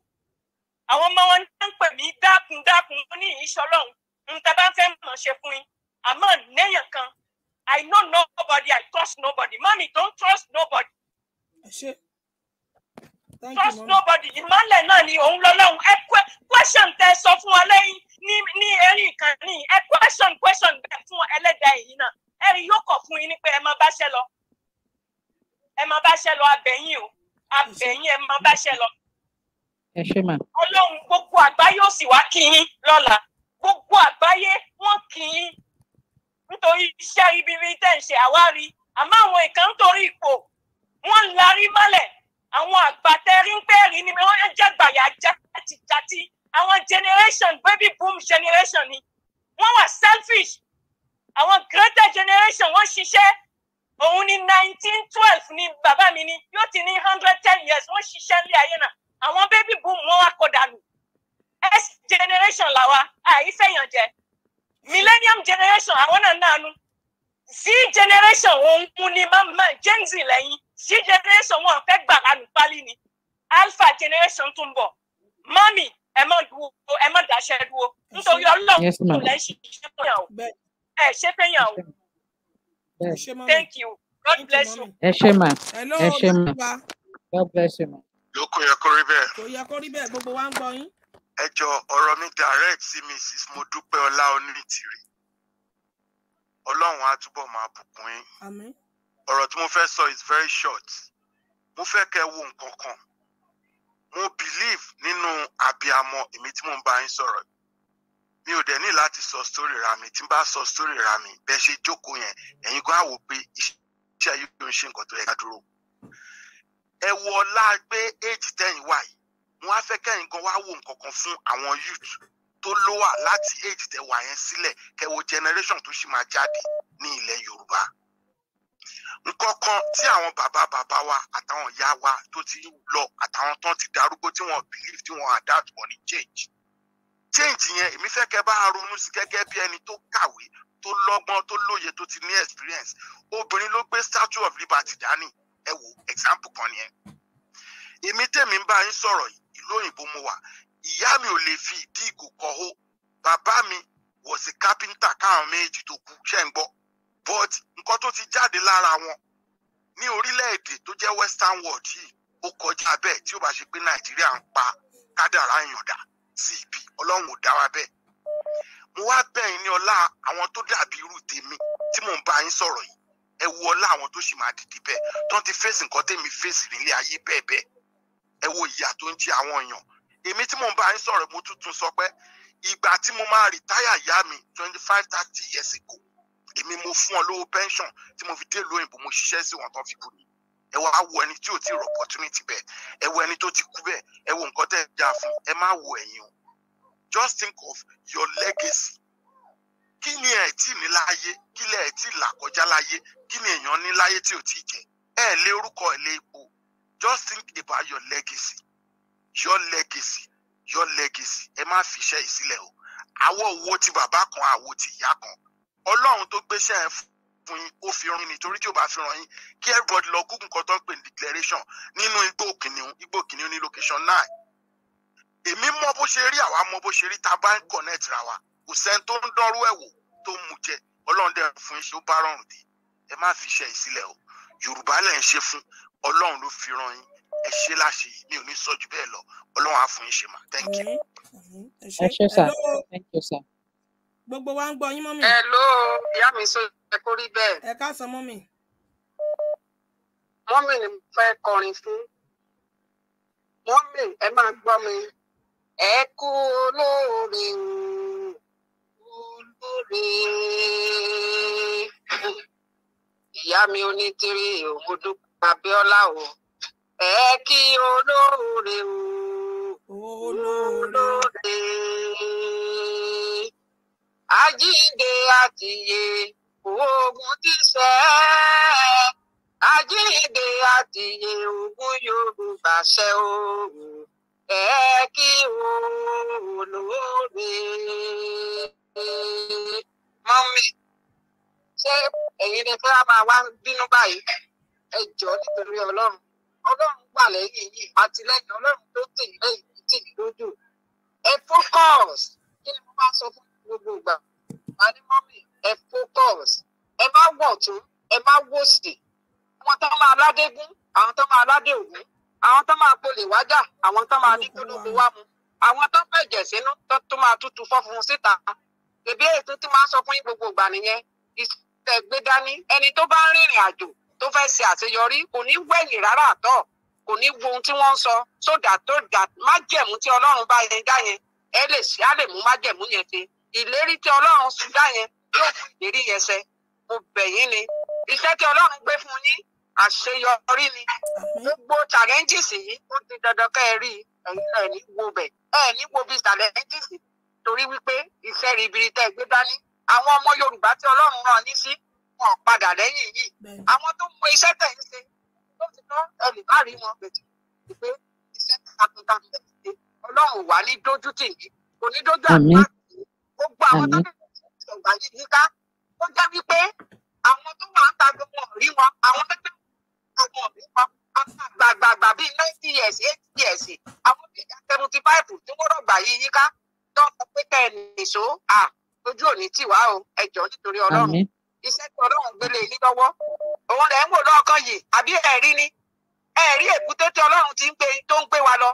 àwọn ọmọ wọn ń pè mí dákun dákun ó ní ìṣọlọ́run n bá fẹ́ mọ̀ ṣe fún yín àmọ́ nẹ́yàn kan I know nobody I trust nobody mami don't trust nobody. trust nobody ìmọ̀lẹ̀ náà ni òun lọ́lọ́run ẹ question tẹ sọ fún wa lẹ́yìn ní ní erin kan ẹ question question bẹ fún ẹlẹ́dàá èyí náà ẹrin yóò kọ̀ fún yín ní pé ẹ máa báṣẹ́ lọ ẹ máa báṣẹ́ lọ abẹ́yìn o abẹ́yìn ẹ máa báṣẹ́ lọ. ọlọ́run gbogbo àgbá yóò sì wá kí yín lọ́la gbogbo àgbáyé wọn kì í nítorí iṣẹ́ ribiribi tẹ̀ ń ṣe àwárí àmọ́ àwọn ìkan nítorí ipò wọ́n larí mọ́lẹ̀ àwọn àgbàtẹ́rí ń ni wọ́n jẹ́ gbàyà játijàti àwọn generation baby boom generation ni wọ́n wà selfish àwọn greater generation wọ́n ṣiṣẹ́ òun ni nineteen twelve ni bàbá mi ni yóò ti ní hundred ten years wọ́n ṣiṣẹ́ ní ayé náà àwọn baby boom wọ́n wá kọ̀ dànù s generation la wa làwa àìfẹ̀yàn jẹ millennium generation àwọn náà nánu z generation òun ni mama gen z lẹ́yìn z generation wọn fẹ́ gbà lánàá pálí ni alpha generation tún bọ̀ mami ẹ má dúró ẹ má dáṣẹ dúró nítorí ọlọ́run kò lẹ́ ṣiṣẹ́ fún yàn o ẹ ṣe fẹ́ yàn o thank you god bless you. ẹ ṣe mà ẹ ṣe mà god bless you. ló kò yẹ kó rí bẹ́ẹ̀. kò yẹ kó rí bẹ́ẹ̀ gbogbo wa ń gbọ́ yín ẹ jọ mi direct sí mrs modúpẹ́ ọlá onítìrí ọlọ́run á túbọ̀ máa bùkún yín àmín tí mo fẹ́ sọ is very short mo fẹ́ kẹ́ wo nǹkan kan mo believe nínú àbíamọ èmi tí mo ń bá yín sọ̀rọ̀ mi ò dẹ̀ ní láti sọ story ra mi tí n bá sọ story ra mi bẹ́ẹ̀ ṣe jókòó yẹn ẹ̀yin gan àwò pé iṣẹ́ ayé ló ń ṣe nǹkan tó yẹ ká dúró ẹ wo ọlá gbé éèjì tẹ́yìn wáyìí wọ́n á fẹ́ kẹ́yìn gan wá wò nǹkan kan fún àwọn youth tó lówà láti age tẹwà yẹn sílẹ̀ kẹwo generation tó sì máa jáde ní ilẹ̀ Yorùbá nǹkan kan tí àwọn bàbá bàbá wa àtàwọn ìyá wa tó ti lọ àtàwọn tán ti darúgbó tí wọ́n believe tí wọ́n adapt wọ́n ní change change yẹn èmi fẹ́ kẹ́ bá ronú sí gẹ́gẹ́ bí ẹni tó kàwé tó lọ́gbọ́n tó lóye tó ti ní experience obìnrin ló gbé Statue of Liberty dání ẹ wo example kan yẹn èmi tèmi ń bá yín sọ̀rọ̀ yìí ìlú òyìnbó mo wà ìyá mi ò lè fi ìdí ìgò kọ́hó bàbá mi wọ̀ sí kápẹ́ńtà káwọn méjì tó kú ṣẹ́ ń gbọ́ but nǹkan tó ti jáde lára wọn ní orílẹ̀-èdè tó jẹ́ western world yìí ó kọjá bẹ́ẹ̀ tí ó bá ṣe pé nàìjíríà ń pa kádàrá ìyànda sí ibi ọlọ́run ò dá wa bẹ́ẹ̀ mo wá bẹ̀yìn ní ọlá àwọn tó dàbí irú tèmi tí mò ń bá yín sọ̀rọ̀ yìí ẹ wo ọlá àwọn tó sì máa dìde bẹ́ẹ̀ tó ń ti fèsì nǹkan tèmi fèsì nílé ayé bẹ́ẹ̀ bẹ́ẹ̀ ẹ wo ìyà tó ń jẹ àwọn èèyàn èmi tí mo ń bá yín sọ̀rọ̀ mo tuntun sọ pé ìgbà tí mo máa rìtáyà ìyá mi twenty five thirty years ago èmi mo fún ọ lówó pension tí mo fi dé lóyìnbó mo ṣiṣẹ́ sí wọn tó fi kú ni ẹ wá wo ẹni tí ò tí rọ opportunity bẹ́ẹ̀ ẹ wo ẹni tó ti kú bẹ́ẹ̀ ẹ wo nǹkan tẹ́ ẹ jà fún ẹ má wo ẹ̀yìn o just think of your legacy kí ni ẹ tí ní láyé kí lẹ ẹ tí là kọjá láyé kí ni èèyàn ní láyé tí ò tí jẹ ẹ lé orúkọ ẹ lé ipò just think about your legacy your legacy your legacy ẹ má fi ìsílẹ̀ o àwọn owó ti bàbá kan àwo ti ìyá kan ọlọ́run tó gbéṣẹ́ ẹ fún yín ó fi rán nítorí tí ò bá fi rán yín kí everybody lọ google nǹkan tó ń pè declaration nínú igbó kìnìún igbó kìnìún ní location nine èmi mọ bó ṣe rí àwa mọ bó ṣe rí tá a bá ń connect ra wa kò sẹ́ni tó ń dọ́rú ẹ̀ wò tó ń mu jẹ ọlọ́run dẹ̀ fún iṣẹ́ ó bá rọrùn dé ẹ má fi ìsílẹ̀ o yorùbá lẹ̀ ṣe fún ọlọ́run ló fi ràn yín ẹ ṣe láṣẹ yìí ní sọ bẹ́ẹ̀ lọ ọlọ́run á fún yín ṣe mà thank you. ẹ ṣe sà thank you sà. gbogbo wa ń gbọ́ yín mọ́mì. ẹ ìyá mi sọ ẹ kó rí bẹ́ẹ̀. ẹ ká sọ mọ́mì. mọ́mì ni mo fẹ́ kọrin fún mọ́mì ẹ máa gbọ́ mi ẹ kú olóore olóore ìyá mi onítìrí òmùdókòó. Abíọ́lá o ẹ kí olóore o olóore àjíǹde àtìyè oògùn ti ṣẹ àjíǹde àtìyè oògùn Yorùbá ṣẹ o ẹ kí olóore mọ́mì ṣé ẹ̀yin ni fẹ́ máa wá bínú báyìí ẹ jọ nítorí ọlọ́run ọlọ́run wà lẹ́yìn yìí àtìlẹ́yìn ọlọ́run tó tì ní lẹ́yìn tó tì ní lójú ẹ focus kí ni mo bá sọ fún gbogbo ìgbà wà ní mọ́mì ẹ focus ẹ má wọ̀ tún ẹ má wò sí àwọn tó máa ládégún àwọn tó máa ládé ògún àwọn tó máa polè wájà àwọn tó máa ní kúlùkù wá mu àwọn tó fẹ̀jẹ̀ sínú tó máa tútù fọ́fun síta bèbí ètò máa sọ fún gbogbo ìgbà nìyẹn ìṣẹ̀gbẹ́ ẹni tó bá ń rìnrìn àjò tó fẹ́ ṣe àṣeyọrí kò ní wẹ̀yìn rárá àtọ̀ kò ní wo ohun tí wọ́n ń sọ sódà tó dà májẹ̀mú tí ọlọ́run bá yẹn dá yẹn ẹ lè ṣe á lè mú májẹ̀mú yẹn ṣe ìlérí tí ọlọ́run ti dá yẹn yóò fún ìlérí yẹn ṣẹ mo bẹ̀ yín ni iṣẹ́ tí ọlọ́run gbé fún yín àṣeyọrí ni gbogbo challenges yìí ó ti dandan kẹ́ ẹ rí ẹ̀yin náà ní wo bẹ̀ ẹ̀ ní wo bí challenges torí wípé iṣẹ́ ribiri tẹ́ ẹ gbé dání àwọn ọmọ Yorùbá tí ọlọ́run rán ní sí wọn padà lẹ́yìn yìí àwọn tó mọ iṣẹ́ tẹ̀ ń ṣe ló ti tán ẹ lè má rí wọn bẹ̀tù pé iṣẹ́ takuntakun tẹ̀ ń ṣe ọlọ́run wà ní dójú tì yìí kò ní dójú àgbà gbogbo àwọn tó bẹ̀rẹ̀ sí ọ̀gbà yìí yíká ó jẹ́ wípé àwọn tó wà ń ta gbogbo ọ̀rí wọn àwọn tó bẹ̀rẹ̀ gbogbo ọ̀rí wọn àgbàgbàgbà bíi ninety years eighty years àwọn bíi seventy five tí wọ́n rọ̀gbà yìí yíká tó ń sọ pé kẹ́ ẹ̀ nìṣó ojú òní tì wá o ẹjọ́ nítorí ọlọ́run iṣẹ́ tí ọlọ́run gbélé yìí lọ́wọ́ òun rẹ̀ ń wò lọ́ọ̀kan yìí àbí ẹ̀rí ni ẹ̀rí èbúté tí ọlọ́run ti ń gbé tó ń gbé wa lọ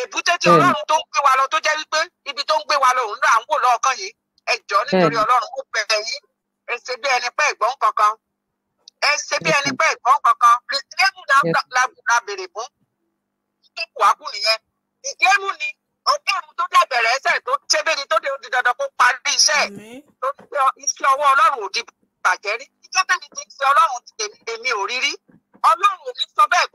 èbúté tí ọlọ́run tó ń gbé wa lọ tó jẹ́ wípé ibi tó ń gbé wa lọ òun náà ń wò lọ́ọ̀kan yìí ẹ jọ̀ọ́ nítorí ọlọ́run ó bẹ̀rẹ̀ yìí ẹ ṣe bí ẹni pẹ́ ìgbọ́n kankan ẹ ṣe bí ẹni pẹ́ ìgbọ́n kankan kìrìsìtẹ́mù la bèrè fún kíkù wákù nìyẹn ìgbẹ́mù ni ọgọ́rùn tó dàbẹ̀rẹ̀ ẹsẹ̀ tó ṣébéni tó dé ó di dandan kó parí iṣẹ́ tó ń gbé iṣẹ́ ọwọ́ ọlọ́run òdìbò bàjẹ́ rí ìjọ tẹ́mi ti ń ṣe ọlọ́run èmi ò rí rí ọlọ́run ò ní sọ bẹ́ẹ̀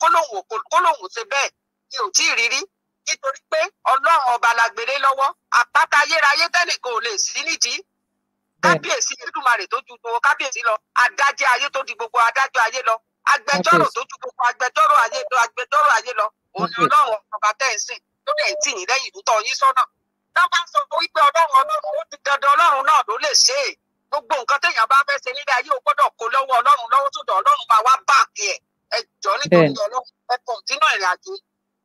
kólóhùn ò ṣe bẹ́ẹ̀ mi ò tí ì rí rí nítorí pé ọlọ́run ọba lágbèrè lọ́wọ́ àpáta ayérayé tẹ́nìkan ò lè sí nídìí kábíyèsí Elédùmarè tó ju gbogbo kábíyèsí lọ adájọ́ ayé tó di gbogbo adájọ́ ayé lọ agbẹjọ́rò tó ju gbogbo agbẹjọ́rò ayé lọ agbẹjọ́rò ayé lọ òun ni ọlọ́run ọba tẹ́ ẹ̀ sìn tó lè tì yín lẹ́yìn ìdútọ̀ yín sọ́nà. tá a sọ wípé ọlọ́run ọlọ́run ó ti dandan ọlọ́run náà ló lè ṣe é gbogbo nǹkan téèyàn bá fẹ́ ṣe nílé ayé o gbọ́dọ̀ kó lọ́wọ́ ọlọ́run lọ́wọ́ tó dọ̀ ọlọ́run máa wá báàkì ẹ̀ ẹ jọ nítorí ọlọ́run ẹ kọ̀ǹtínà ìrìn àjò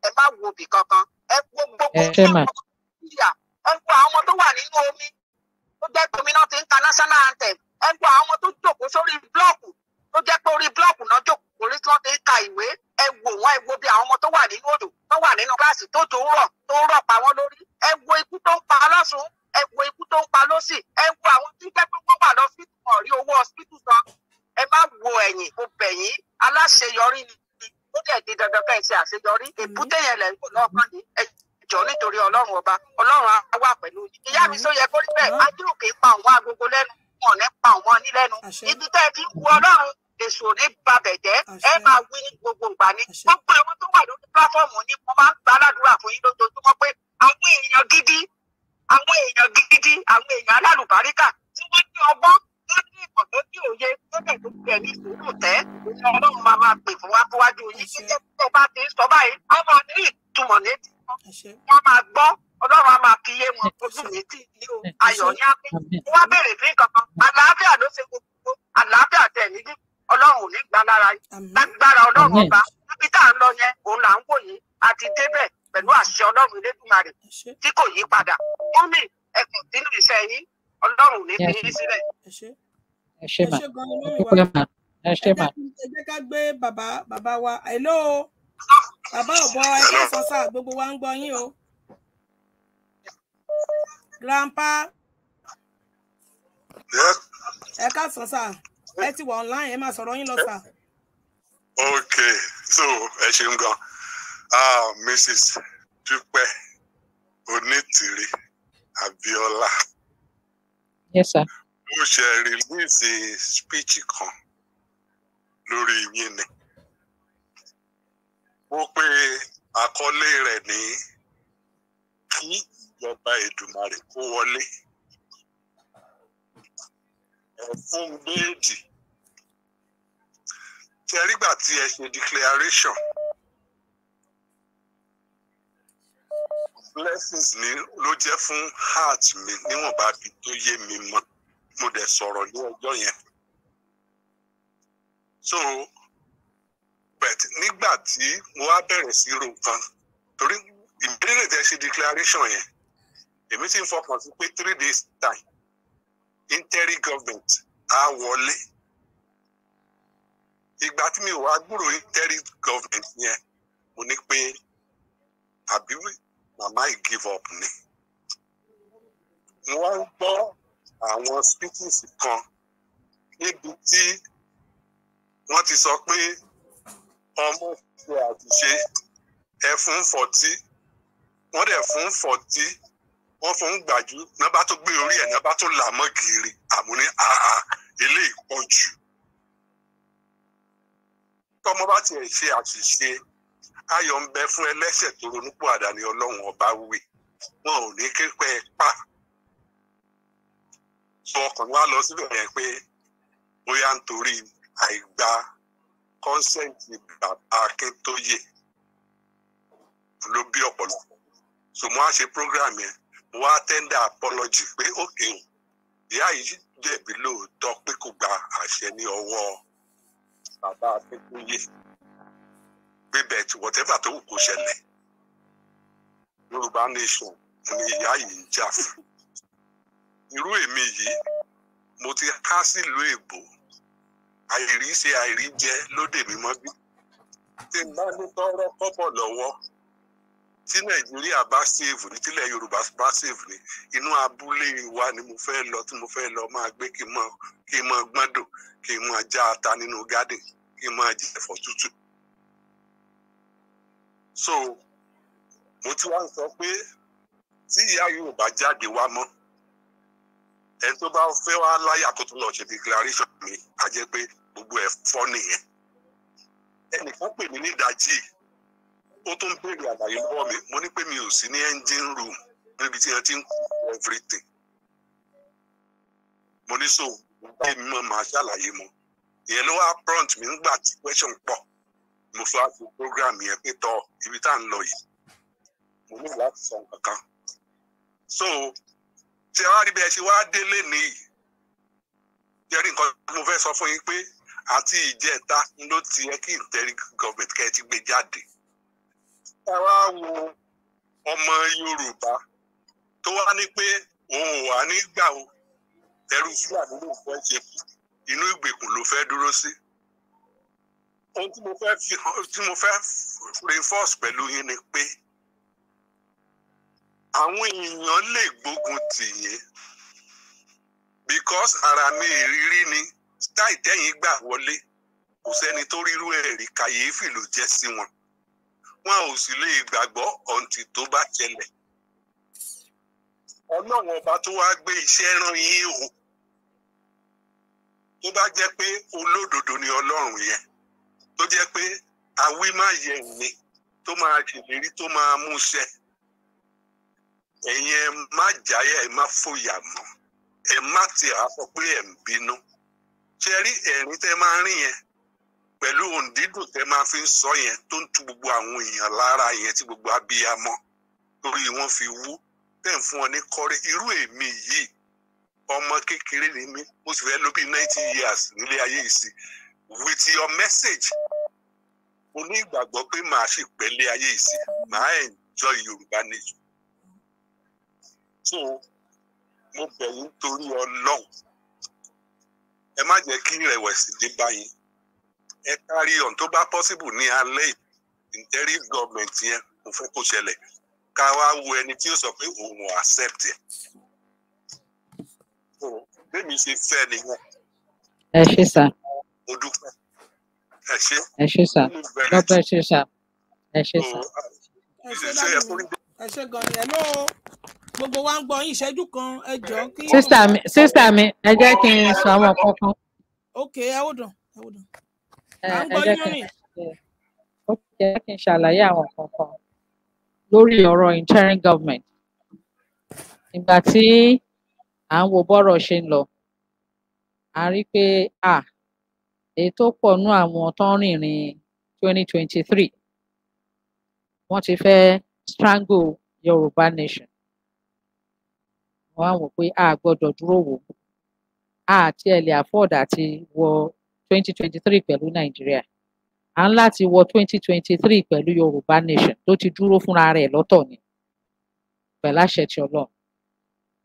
ẹ bá wo òbí kankan ẹ gbogbo nàìjíríà ẹ gbọ àwọn ọmọ tó wà nínú omi tó jẹ́ pé náà ti ń ka national anthem ẹ gbọ àwọn ọmọ tó jókòó sórí blọọkù tó jẹ́ pé orí blọọkù náà jókòó orí tí wọ́n ti ń ka ìwé ẹ wò wọ́n ẹ wo bí àwọn ọmọ tó wà nínú odò tó wà nínú kíláàsì tó tó rọ̀ tó rọ̀ pa wọ́n lórí ẹ wo ikú tó ń pa lọ́sùn ẹ wo ikú tó ń pa lọ́sì ẹ wo àwọn tí jẹ́ pé wọ́n wà lọ sí ọ̀rí owó hospital san ẹ má wo ẹ̀yìn mo bẹ̀ yín aláṣeyọrí ni ó dẹ̀ di dandan ká ẹ ṣe àṣeyọrí èbúté yẹn lẹ̀ ń kò náà kàn ní ẹjọ́ nítorí ọlọ́run ọba ọlọ́run á wà pẹ̀lú ìyá mi sọ yẹ kó rí bẹ́ẹ̀ ajíròkè pa òun agogo lẹ́nu wọn ní pa òun ní lẹ́nu ibi tẹ́ ẹ ti ń wu ọlọ́run èso ní babẹ̀ jẹ́ ẹ máa wí ní gbogbo ìgbà ni gbogbo àwọn tó wà lórí pílàfọ́ọ̀mù ni mo máa ń gbàládùra fún yín lójoojúmọ́ pé àwọn èèyàn gidi àwọn èèyàn gidi àwọn èèyàn alálùbáríkà tí wọ́n ní ọgbọ́n tó ní ìmọ̀ tó ní òye tó dẹ̀ tó tẹ̀ ní sùúrù tẹ́ ìṣẹ́ ọlọ́run máa máa pè fún wa fúwájú yìí kí ẹ tó bá ti ń sọ báyìí á máa ní ìtumọ̀ létí wọn máa gbọ́ ọlọ́run á máa fi yé wọn ojú létí ní o ayọ̀ ní apẹ́ wọ́n béèrè fún kankan àlàáfíà ló ṣe gbogbo àlàáfíà tẹ̀ nídìí ọlọ́run ò ní gbà lára yìí lágbára ọlọ́run ọba níbi tá à ń lọ yẹn òun là ń wò yìí àti débẹ̀ pẹ̀lú àṣẹ ọlọ́run elédùnmarè tí kò yí padà wọ́n ní ẹkùn sínú iṣẹ́ yín ọlọ́run ò ní fi yín sílẹ̀. ẹ ṣé mà ẹ ṣé mà. ẹ jẹ́ ká gbé bàbá bàbá wa hello bàbá ọ̀bọ ẹgbẹ́ sọ́sà gbogbo wa ń gbọ́ yín o. grandpa. ẹ ká sọ́sà ẹ ti wà online ẹ máa sọ̀rọ̀ yín lọ sà. ok so ẹ ṣeun gan ah mrs dúpẹ́ onítìrí abíọ́lá yes sir mo ṣe rìlíìsì speech kan lórí yín ni mo pe àkọlé rẹ̀ ní kí ìjọba Èdùmàrè kó wọlé ẹ fún béèdì tẹrígbà tí ẹ ṣe declaration. blessings ni ló jẹ́ fún heart mi níwọ̀nba bí tó yé mi mọ́ mo dẹ̀ sọ̀rọ̀ ní ọjọ́ yẹn so but nígbà tí mo wá bẹ̀rẹ̀ sí ro nǹkan torí ìbéèrè tẹ́ ṣe declaration yẹn èmi ti ń fọkàn sí pé three days time interim government á wọlé ìgbà tí mi ò wá gbúrò interim government yẹn mo ní pé àbí màmá yìí give up ni mo wá ń gbọ́ àwọn speeches kan níbi tí wọ́n ti sọ pé ọmọ ṣe àṣìṣe ẹ fún fọ̀tí wọ́n dẹ̀ fún fọ̀tí wọ́n fún gbàjú nọ́bà tó gbé orí ẹ̀ nọ́bà tó là mọ́ gírí àmúní àhà ilé ìpọ̀jù tọ́mọ bá tiẹ̀ ṣe àṣìṣe ayọ̀ ń bẹ fún ẹlẹ́ṣẹ̀ tó ronúpọ̀ àdáni ọlọ́run ọba wí wọn ò ní képe pa sọ ọkàn wa lọ síbẹ̀ yẹn pé bóyá nítorí àìgbà kọ́nsẹ́ǹtì bàbá akíntóyè ló bí ọ̀pọ̀lọpọ̀ so mo á ṣe program yẹn mo wá tẹ́ndà apology pé òkè o ìyá yìí jẹ̀bi lóòótọ́ pé kò gba àṣẹ ní ọwọ́ bàbá akíntóyè gbébẹ̀ tí whatever tó wù kó ṣẹlẹ̀ yorùbá nation ni ìyá yìí ń jà fún irú èmi yìí mo ti ká sílùú èbó àìrí ṣe àìrí jẹ lóde mímọ bí tí n bá ní tọrọ kọ́bọ̀ lọ́wọ́ tí nàìjíríà bá ṣèèfù ní tílẹ̀ yorùbá bá ṣèèfù ní inú abúlé wa ni mo fẹ́ lọ tí mo fẹ́ lọ máa gbé kí n mọ kí n mọ gbọ́ndò kí n mọ já ata nínú gádìn kí n mọ jẹ ẹ̀fọ́ tútù so mo ti wá sọ pé tí ìyá yóò bá jáde wá mọ́ ẹni tó bá fẹ́ wá láyà tó tún lọ ṣe declaration mi a jẹ́ pé gbogbo ẹ̀ fọ́ nìyẹn ẹnìkan pè mí ní ìdajì ó tún béèrè àlàyé lọ́wọ́ mi mo ní pé mi ò sí ní engine room níbi tí ẹ ti ń kú everything mo ní so pé mi máa ṣàlàyé mo ìyẹn ló wá prompt mi ń gbà tí question pọ̀ mo sọ àgbo program yẹn pé tọ ibi tá à ń lọ yìí mo ní láti sọ nǹkan kan so tí ẹ wá rí bí ẹ ṣe wá délé nìyí jẹ́rìí nǹkan mo fẹ́ sọ fún yín pé àti ìjẹta ló ti yẹ kí interim government kẹ́ ẹ ti gbé jáde. ẹ wá wo ọmọ Yorùbá tó wá ní pé òun ò nígbà ẹrú fúlàní ló fẹ́ ṣe inú ìgbèkùn ló fẹ́ dúró sí. Si ohun tí mo fẹ́ fi tí mo fẹ́ reinforce pẹ̀lú yín ni pé àwọn èèyàn lè gbógun tì yín because ara mi ìrírí ni táì tẹ́yìn gbà wọlé kò sẹ́ni tó rírú ẹ̀ rí kàyéfì ló jẹ́ sí wọn wọn ò sì lè gbàgbọ́ ọ̀ǹtì tó bá ṣẹlẹ̀ ọlọ́run ọba tó wá gbé iṣẹ́ rán yín o tó bá jẹ́ pé olódodo ni ọlọ́run yẹn tó jẹ́ pé àwímáyẹ ni tó máa ṣèlérí tó máa múṣẹ ẹ̀yin ẹ má jáyà ẹ má fòyà mọ́ ẹ má ti àsọ pé ẹ ń bínú ṣe rí ẹ̀rín tẹ máa rìn yẹn pẹ̀lú ohun tẹ máa fi ń sọ yẹn tó ń tu gbogbo àwọn èèyàn lára yẹn tí gbogbo abiyamọ torí wọn fi wú tẹ̀ ń fún ọ ní kọ́rí irú èmi yìí ọmọ kékeré ni mí mo sì fẹ́ ló bí years nílé ayé yìí with your message mo ní ìgbàgbọ́ pé màá sì pẹ́lẹ́ ayé ìsìn màá enjoy Yorùbá nation so mo bẹ̀ yín torí Ọlọ́run ẹ má jẹ́ kí ìrẹ̀wẹ̀sì dé báyìí ẹ carry on tó bá possible ní alẹ́ interim government yẹn mo fẹ́ kó ṣẹlẹ̀ ká wá wo ẹni tí ó sọ pé òun accept ẹ̀ so bẹ́ẹ̀ mi ṣe fẹ́ nìyẹn. ẹ ṣe sá mo dúpẹ́ ẹ ṣe. ẹ ṣe sá lọ́pẹ́ ṣe sá ẹ ṣe sá. Uh, ẹ ṣe gan ni ẹ lóo gbogbo wa ń gbọ́ yín ìṣẹ́jú kan ẹ jọ kí. sísà mi ẹ jẹ́ kí n sọ àwọn kankan. ok ẹ wò dàn ẹ wò dàn. à ń gbọ́ yín rìn. ó jẹ́ kí n ṣàlàyé àwọn kankan lórí ọ̀rọ̀ interim government. ìgbà tí à ń wo bọ́rọ̀ ṣe ń lọ a rí i pé ah èyí tó pọ̀ nú àwọn tó ń rìnrìn twenty wọ́n ti fẹ́ strangle yorùbá nation wọ́n á wò pé a gbọ́dọ̀ dúró wò a àti ẹ̀ lè afford àti wọ twenty twenty three pẹ̀lú nàìjíríà à ń láti wọ twenty twenty three pẹ̀lú yorùbá nation tó ti dúró fúnra rẹ̀ lọ́tọ̀ ni pẹ̀lú àṣẹ ti ọlọ́run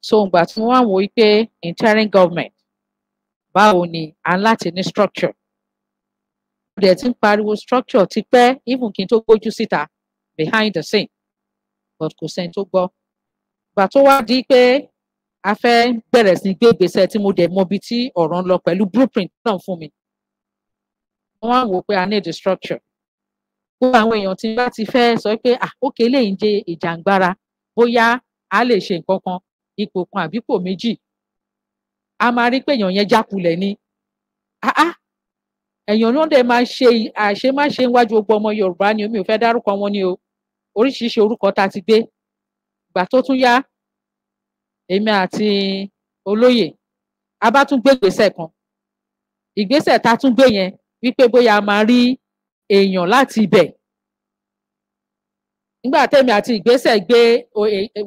so ǹgbà tí wọ́n á wò pé interim government báwo ni à ń láti ní structure dẹ̀ ti ń pariwo structure ti pẹ́ even kí n tó gbójú síta behind the scene but kò sẹ́ni tó gbọ́ ìgbà tó wá di pé a fẹ́ bẹ̀rẹ̀ sí gbé ìgbésẹ̀ tí mo dẹ̀ mọbi tí ọ̀rọ̀ ń lọ pẹ̀lú blueprint náà fún mi wọ́n á wò pé i need a structure gbogbo àwọn èèyàn tí bá ti fẹ́ sọ pé ah ókè eléyìí ń jẹ ìjàngbara bóyá a lè ṣe nǹkan kan ipò kan àbípò méjì a máa rí pé èèyàn yẹn jákulẹ̀ ni ah ah èèyàn náà dẹ̀ máa ṣe àṣemáṣe níwájú gbogbo ọmọ yorùbá ni omi ò fẹ́ dárúkọ wọn ni o oríṣiríṣi orúkọ tá a ti gbé ìgbà tó tún yá èmi àti olóyè a bá tún gbé ìgbésẹ̀ kan ìgbésẹ̀ tá a tún gbé yẹn wípé bóyá a máa rí èèyàn láti ibẹ̀ nígbà tẹ̀mí àti ìgbésẹ̀ gbé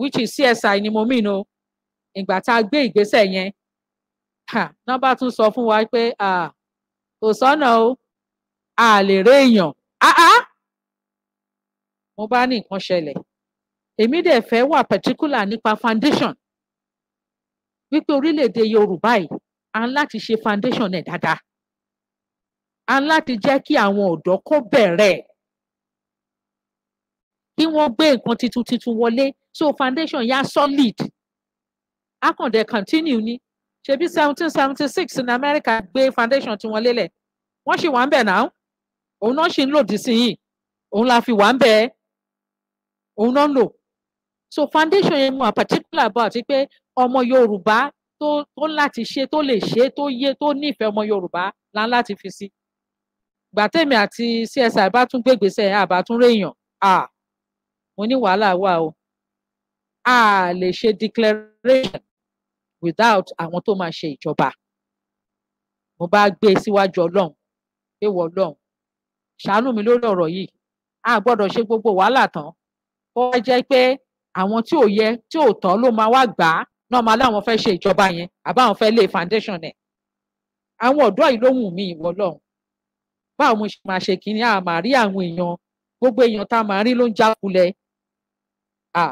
which is CSI ni mo mìíràn ìgbà tá a gbé ìgbésẹ̀ yẹn nọ́mbà tún sọ fún wa pé. Ah, kò sọ́nà o a lè ré èèyàn áá mo bá ní nǹkan ṣẹlẹ̀ èmi dẹ̀ fẹ́ wà particular nípa foundation wípé orílẹ̀-èdè Yorùbá yìí à ń láti ṣe foundation ẹ̀ dáadáa à ń láti jẹ́ kí àwọn ọ̀dọ́ kó bẹ̀rẹ̀ kí wọ́n gbé nǹkan titun titun wọlé so foundation yá solid a kàn dẹ̀ continue ni ṣebí seventeen seventy six ní Amẹ́ríkà gbé foundation tiwọn lélẹ̀ wọ́n sì wà ń bẹ̀ náà òun náà sì ń lòdì sí yìí òun la fi wà ń bẹ̀ òun náà ń lò so foundation yẹn mu a particular about pé ọmọ Yorùbá tó tó láti ṣe tó lè ṣe tó yé tó nífẹ̀ẹ́ ọmọ Yorùbá la ń láti fi sí gbàtẹ́mi àti CSI bá tún gbégbèsè àbá tún réèyàn ah mo ní wàhálà wà o a lè ṣe declaration without àwọn tó máa ṣe ìjọba mo bá gbé e síwájú Ọlọ́run pé wọ Ọlọ́run ṣàánú mi lórí ọ̀rọ̀ yìí a gbọ́dọ̀ ṣe gbogbo wàhálà tán kó wá jẹ́ pé àwọn tí ò yẹ tí ò tọ́ ló máa wá gbà á náà máa láwọn fẹ́ ṣe ìjọba yẹn àbáwọn fẹ́ lé foundation ẹ̀ àwọn ọ̀dọ́ yìí ló wù mí ìwọ Ọlọ́run báwo mo ṣe máa ṣe kínní a máa rí àwọn èèyàn gbogbo èèyàn tá a máa rí ló ń jákulẹ̀ à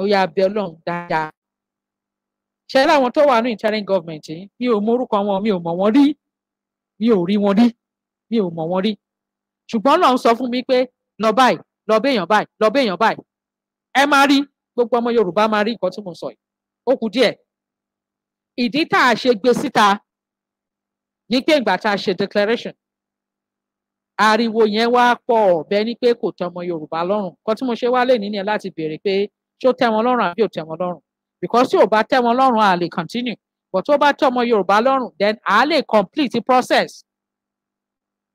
ó yà bẹ Ọlọ́run dáadáa ṣe láwọn tó wà ní interim government yìí mi ò mọ orúkọ wọn mi ò mọ wọn rí mi ò rí wọn rí mi ò mọ wọn rí ṣùgbọ́n náà ń sọ fún mi pé lọ báyìí lọ béèyàn báyìí lọ béèyàn báyìí ẹ máa rí gbogbo ọmọ Yorùbá máa rí nǹkan tí mo sọ yìí ó kù díẹ̀ ìdí tá a ṣe gbé síta ní pé ìgbà tá a ṣe declaration ariwo yẹn wá pọ̀ ọ̀bẹ ní pé kò tẹ́ ọmọ Yorùbá lọ́rùn kan tí mo ṣe wá lè ní ni láti béèrè pé ṣó tẹ́ wọn lọ́rùn àbí ò tẹ́ wọn lọ́rùn because tí ò bá tẹ́ wọn lọ́rùn a continue but tó bá tẹ́ ọmọ yorùbá lọ́rùn then a lè complete the process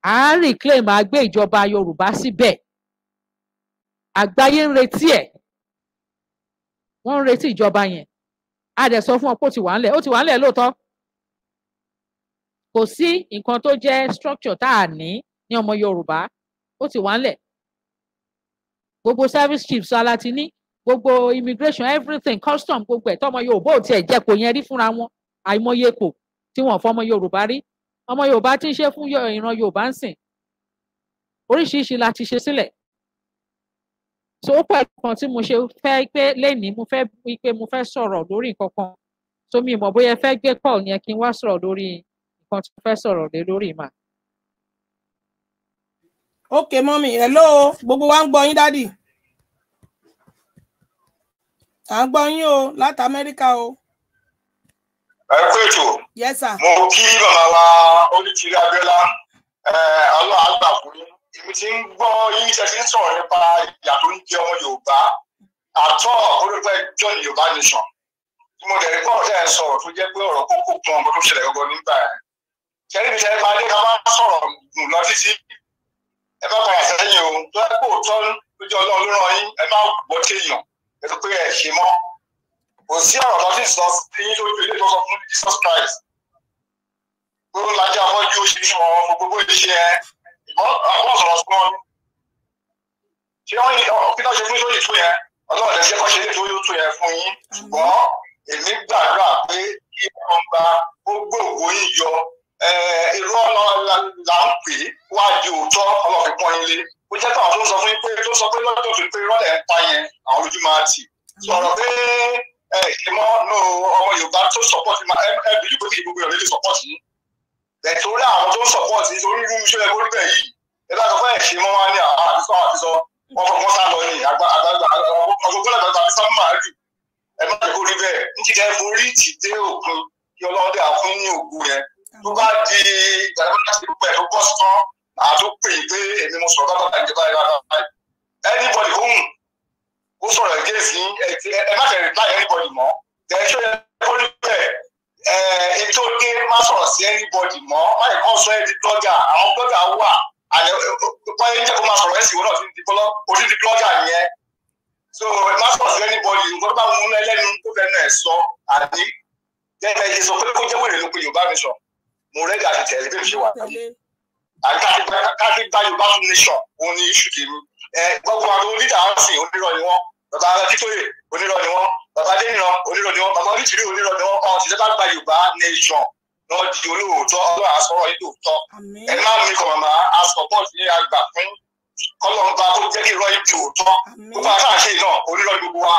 a reclaim a gbé ìjọba yorùbá síbẹ̀ àgbáyé ń retí ẹ̀ wọ́n ń retí ìjọba yẹn a dẹ̀ sọ fún ọ pé ó ti wà ńlẹ̀ ó ti wà ńlẹ̀ lóòótọ́ kò sí nǹkan tó jẹ́ structure tá a ní ní ọmọ yorùbá ó ti wà ńlẹ̀ gbogbo service chiefs aláti ní gbogbo immigration everything custom gbogbo ẹ̀ tọmọ yorùbá ò tiẹ̀ jẹ́ kò yẹn rí fúnra wọn àìmọye kò tí wọ́n fọmọ yorùbá rí ọmọ yorùbá ti ń ṣe fún ìran yorùbá ń sìn oríṣiríṣi la ti ṣe sílẹ̀ so ó pẹ̀lú kan tí mo ṣe fẹ́ pé lẹ́nìí mo fẹ́ pé mo fẹ́ sọ̀rọ̀ lórí nǹkan kan so mi mọ̀ bóyá fẹ́ gbé call yẹn kí n wá sọ̀rọ̀ lórí nǹkan tí mo fẹ́ sọ̀rọ̀ lé lórí mà. ok mọ́mí hello gbogbo wa ń gbọ́ yín dádì à ń gbọ́ yín o láti amẹ́ríkà o. ẹ kú ètò mo kí màmá wa oníkiri abiola ọlọ́run àgbà fún mi èmi ti ń gbọ́ yín ṣe ti ń sọ̀rọ̀ nípa ìyà tó ń jẹ ọmọ yorùbá àtọ́ olùgbẹ́ john yorùbá nation tí mo dẹ̀ rí pọ̀ tẹ́ sọ̀rọ̀ tó jẹ́ pé ọ̀rọ̀ kókó kan ọmọ tó ṣẹlẹ̀ gbogbo nígbà yẹn ṣẹ́ni mi ṣẹ́ni máa dé ká máa sọ̀rọ̀ gùn lọ títí ẹ bá padà sẹ́yìn o tó ẹ kó tọ́ lójú ọlọ́run ló ẹ má gbọ́ téèyàn ètò pé a ṣe mọ́ kò sí ọ̀rọ̀ lọ́sí sọ sí yín lójú ilé tó sọ fún a Christ tó ń lajà fọ́jú oṣiṣi wọn gbogbo ìṣe ẹ ìbọn àwọn sọ̀rọ̀ sí wọn ṣé wọ́n yìí kí náà ṣe fún ìṣòyè tó yẹ ọlọ́run lè ṣe kọ́ ṣe léṣe tó yẹ fún yín ṣùgbọ́n èmi gbàdúrà pé kí wọ́n gba gbogbo ògbó yín yọ irú ọ̀nà là ń pè wá di òótọ́ ọlọ́fin pọ́n ilé ó jẹ́ pé àwọn tó ń sọ fún yín pé tó sọ pé lọ́dọ̀ tó pé rọ́lẹ̀ ń pa yẹn àwọn ojú máa tì sọ̀rọ̀ pé ẹ ẹ mọ́ no ọmọ Yorùbá tó support ẹ ẹ bìlí pé kì í gbogbo ìrọ̀lẹ́ lè support yín ẹ̀tọ́ rí àwọn tó ń support yín torí irú iṣẹ́ ẹ bórí bẹ́ẹ̀ yìí ẹ bá sọ fún ẹ̀ ṣe mọ́ wá ní àwọn àtisọ́ àtisọ́ wọn fọ wọn sá lọ ní àgbàgbà ọgbọ́nàgbàgbà àtisọ́ máa rí ẹ má lè kórí bẹ́ẹ̀ ń kíkẹ́ forí ti dé òkun kí ọlọ́dẹ àfún ní òkú rẹ màá pé èmi mo sọ̀rọ̀ bàbá ìjọba ìjọba ìjọba anybody kò hùn ó sọ̀rọ̀ ẹ̀jẹ̀ sí ẹ má fẹ́ reply anybody mọ́ tẹ̀ ṣó yẹ kó rí bẹ́ẹ̀ ẹ ètò dé má sọ̀rọ̀ sí anybody mọ́ má yẹ kó sọ ẹ́ di blogger àwọn blogger wà àlẹ́ wáyé jẹ́ kó má sọ̀rọ̀ ẹ̀sìn wọn náà ti di blogger nìyẹn so má sọ̀rọ̀ sí anybody nǹkan bá mú ẹlẹ́nu tó fẹ́ náà sọ àní jẹ́ ẹ sọ pé kó jẹ́ wèrè ló pe Yorùbá mi sọ mo rẹ́gà àti tẹ̀lé bí mi ṣe àti káfí gba yorùbá fún nation òun ni iṣu tèmi ẹ gbogbo àwọn onídàá ń sìn onírọ́ ni wọn bàbá akítóyè onírọ́ ni wọn bàbá adéníran onírọ́ ni wọn bàbá onítìrí onírọ́ ni wọn àwọn òṣìṣẹ́ bá gba yorùbá nation náà di olóòótọ́ ọlọ́run àsọ̀rọ̀ yìí lóòótọ́ ẹ má mi kọ̀ mọ́ àsọ̀ bọ́ọ̀lù ní àgbà fún kọ́lọ́n bá kó jẹ́ kí irọ́ yìí di òótọ́ gbogbo àtàṣe náà onírọ́ gbogbo wa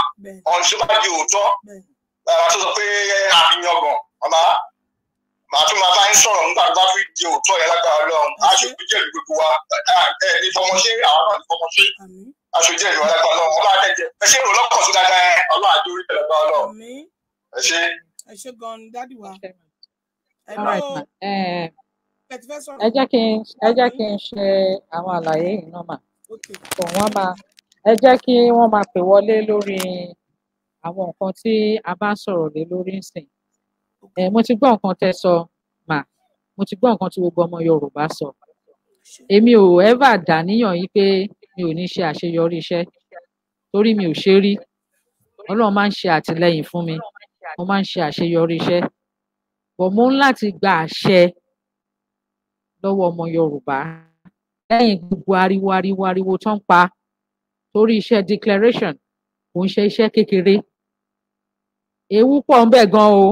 ọ̀n tó bá di òótọ́ bàbá tó sọ pé àfihàn ọgbọ̀n bàbá màá tún máa bá yín sọ̀rọ̀ nígbà tó bá fi di òótọ́ yẹn lágbára lọ́run aṣojú jẹ̀lú gbogbo wa ẹ ní fọmọṣẹ́ àwọn náà ní fọmọṣẹ́ aṣojú jẹ̀lú lágbára lọ́run ọlọ́run àtẹ̀jẹ́ ẹ ṣe èrò lọ́kàn sí dáadáa ẹ ọlọ́run àti orí ìjọba ọlọ́run ẹ ṣe. ẹ ṣe gan dádì wa. ẹ jẹ́ kí n ẹ jẹ́ kí n ṣe àwọn àlàyé ìnáma kò wọ́n máa ẹ jẹ́ kí wọ́n máa pè wọlé lórí àwọn nǹkan tí a bá sọ̀rọ̀ lé lórí ìsìn ẹ mo ti gbọ́ nǹkan tẹ́ sọ mà mo ti gbọ́ nǹkan tí gbogbo ọmọ yorùbá sọ èmi ò ever dàníyàn yìí pé mi ò ní ṣe àṣeyọrí iṣẹ́ torí mi ò ṣe rí ọlọ́run máa ń ṣe àtìlẹ́yìn fún mi mo máa ń ṣe àṣeyọrí iṣẹ́ bọ̀ mo ń láti gba àṣẹ lọ́wọ́ ọmọ yorùbá lẹ́yìn gbogbo ariwo ariwo ariwo tó ń pa torí iṣẹ́ declaration kò ń ṣe iṣẹ́ kékeré ewu pọ̀ ń bẹ gan o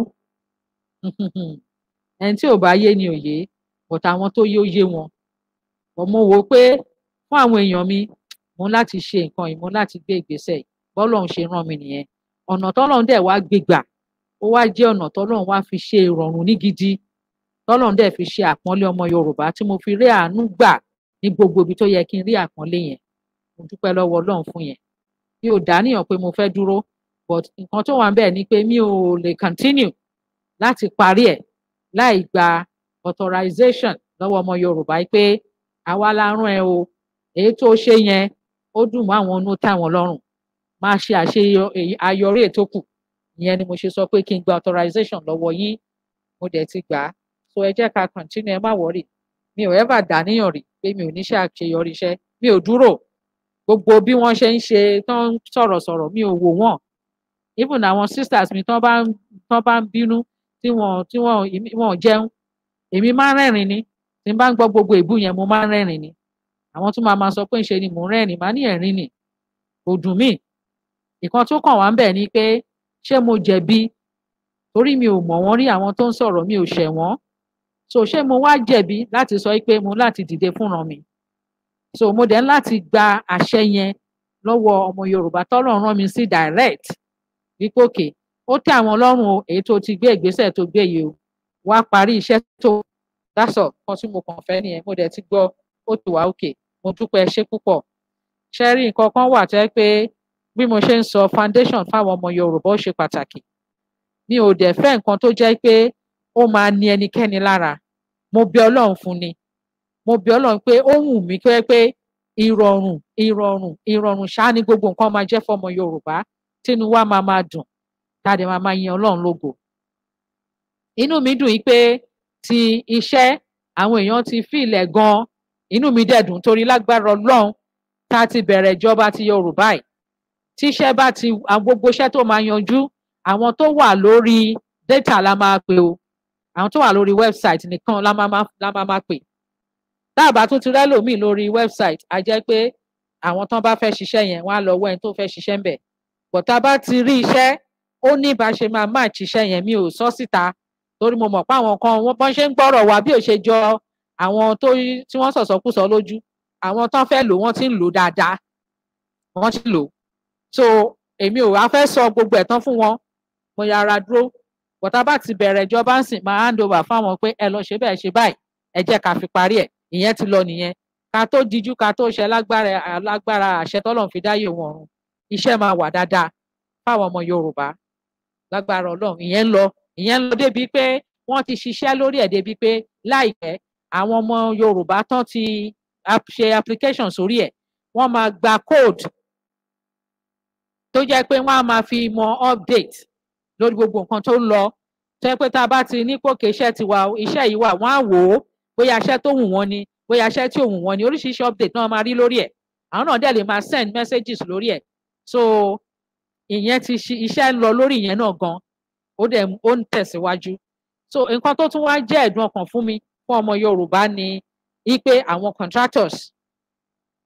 ẹni tí ò bá yé ni òye bọ̀tà àwọn tó yé ó yé wọn mo wò ó pé fún àwọn èèyàn mi mo ń láti ṣe nǹkan yìí mo ń láti gbé ìgbésẹ̀ yìí bọ́lọ́run ṣe rán mi nìyẹn ọ̀nà tọ́lọ́run dẹ̀ wá gbégbà ó wá jẹ́ ọ̀nà tọ́lọ́run wá fi ṣe ìrọ̀rùn ní gidi tọ́lọ́run dẹ̀ fi ṣe àpọ́nlé ọmọ Yorùbá tí mo fi rí àánú gbà ní gbogbo ibi tó yẹ kí n rí àpọ́nlé yẹn mo dúpẹ́ lọ́wọ́ Ọlọ́run fún yẹn mi ò dáníyàn pé mo fẹ́ dúró but nǹkan tó wà ń bẹ̀ ni pé mi ò lè continue láti parí ẹ̀ láì gba authorization lọ́wọ́ ọmọ yorùbá pé àwa la rán ẹ o èyí tó ṣe yẹn ó dùn mọ́ àwọn onú táwọn lọ́rùn máa ṣe àṣeyọrí ètò kù ìyẹn ni mo ṣe sọ pé kí n gba authorization lọ́wọ́ yìí mo dẹ̀ ti gbà á so ẹ jẹ́ ká continue ẹ má wọrí mi ò ever dàníyàn rí pé mi ò ní ṣe àṣeyọrí iṣẹ́ mi ò dúró gbogbo bí wọ́n ṣe ń ṣe tán sọ̀rọ̀sọ̀rọ̀ mi ò wò wọ́n even àwọn sisters mi tán bá ń bínú tí wọn tí wọn wọn jẹun èmi máa ń rẹ́rìn ni tí n bá ń gbọ́ gbogbo èébú yẹn mo máa ń rẹ́rìn ni àwọn tún máa ma sọ pé ń ṣe ni mò ń rẹ́rìn má ní ẹ̀rín ni kò dùn mí nǹkan tó kàn wá ń bẹ̀ ni pé ṣé mo jẹ̀bi torí mi ò mọ̀ wọ́n rí àwọn tó ń sọ̀rọ̀ mi ò ṣẹ̀ wọ́n so ṣé mo wá jẹ̀bi láti sọ pé mo láti dìde fúnra mi so mo dẹ̀ ń láti gba àṣẹ yẹn lọ́wọ́ ọmọ Yorùbá tọ́lọ̀ rán mi sí direct wípé òkè ó tẹ àwọn ọlọ́run o èyí tó ti gbé ìgbésẹ̀ tó gbé yìí o wá parí iṣẹ́ tó dáṣọ kan tí mo kàn fẹ́ nìyẹn mo dẹ̀ ti gbọ́ ó ti wà òkè mo dúpẹ́ ṣé púpọ̀ ṣe nǹkan kan wà tẹ́ pé bí mo ṣe ń sọ foundation fáwọn ọmọ Yorùbá ó ṣe pàtàkì mi ò dẹ̀ fẹ́ nǹkan tó jẹ́ pé ó máa ní ẹnikẹ́ni lára mo bí Ọlọ́run fún ni mo bí Ọlọ́run pé ó wù mí pé pé ìrọ̀rùn ìrọ̀rùn ìrọ̀rùn ṣáá ni gbogbo nǹkan máa jẹ́ fọmọ Yorùbá tínú wa máa máa dùn tá a dẹ̀ máa máa yin ọlọ́run lógo inú mi dùn yìí pé ti iṣẹ́ àwọn èèyàn ti fìlẹ̀ gan inú mi dẹ̀ dùn torí lágbára ọlọ́run tá a ti bẹ̀rẹ̀ ìjọba ti yorùbá yìí tíṣẹ́ bá ti gbogbo iṣẹ́ tó máa yanjú àwọn tó wà lórí data la máa pè o àwọn tó wà lórí website nìkan la máa la máa máa pè dáàbà tún ti rẹ́lòmíì lórí website a jẹ́ pé àwọn tán bá fẹ́ ṣiṣẹ́ yẹn wọ́n á lọ wẹ́n tó fẹ́ ṣiṣẹ́ ń bẹ̀ bọ̀tá bá ti rí iṣẹ́ ó ní bá ṣe máa máa ṣiṣẹ́ yẹn mi ò sọ síta torí mo mọ̀ pé àwọn kan wọ́n bọ́n ṣe ń gbọ́rọ̀ wá bí ò ṣe jọ àwọn tí wọ́n sọ̀sọ̀kúsọ lójú àwọn tán fẹ́ lò wọ́n ti ń lò dáadáa wọ́n ti lò so èmi ò wá fẹ́ sọ gbogbo ẹ̀ tán fún wọn mo yára dúró bọ̀tá bá ti bẹ̀rẹ̀ ìjọba ń sìn máa hand over fáwọn pé ẹ lọ ṣe bẹ́ẹ̀ ṣe báyìí ẹ jẹ́ ká fi parí ẹ̀ ìyẹn ti lọ nìyẹn ká tó dijú ká tó ṣe lágbára àṣẹ tọ́lọ́run fi dáyé wọn ọ̀run iṣẹ́ máa wà dáadáa fáwọn ọmọ Yorùbá lágbára Ọlọ́run ìyẹn ń lọ ìyẹn ń lọ débi pé wọ́n ti ṣiṣẹ́ lórí ẹ̀ débi pé láìpẹ́ àwọn ọmọ Yorùbá tán ti ṣe application sórí ẹ̀ wọ́n máa gba code tó jẹ́ pé wọ́n á máa fi mọ update lórí gbogbo nǹkan tó ń lọ tó yẹ pé tá a bá ti ní pòkè iṣẹ́ ti wà iṣẹ́ yìí wà wọ́n á wò ó bóyá iṣẹ́ tó wù wọ́n ni bóyá iṣẹ́ tí ò wù wọ́n ni oríṣiríṣi update náà máa rí lórí ẹ̀ àwọn náà dẹ̀ lè máa send messages lórí ẹ̀ so ìyẹn ti ṣe iṣẹ́ ń lọ lórí ìyẹn náà gan ó dẹ̀ ó ń tẹ̀síwájú so nǹkan tó tún wá jẹ́ ẹ̀dùn ọkàn fún mi fún ọmọ Yorùbá ni wípé àwọn contractors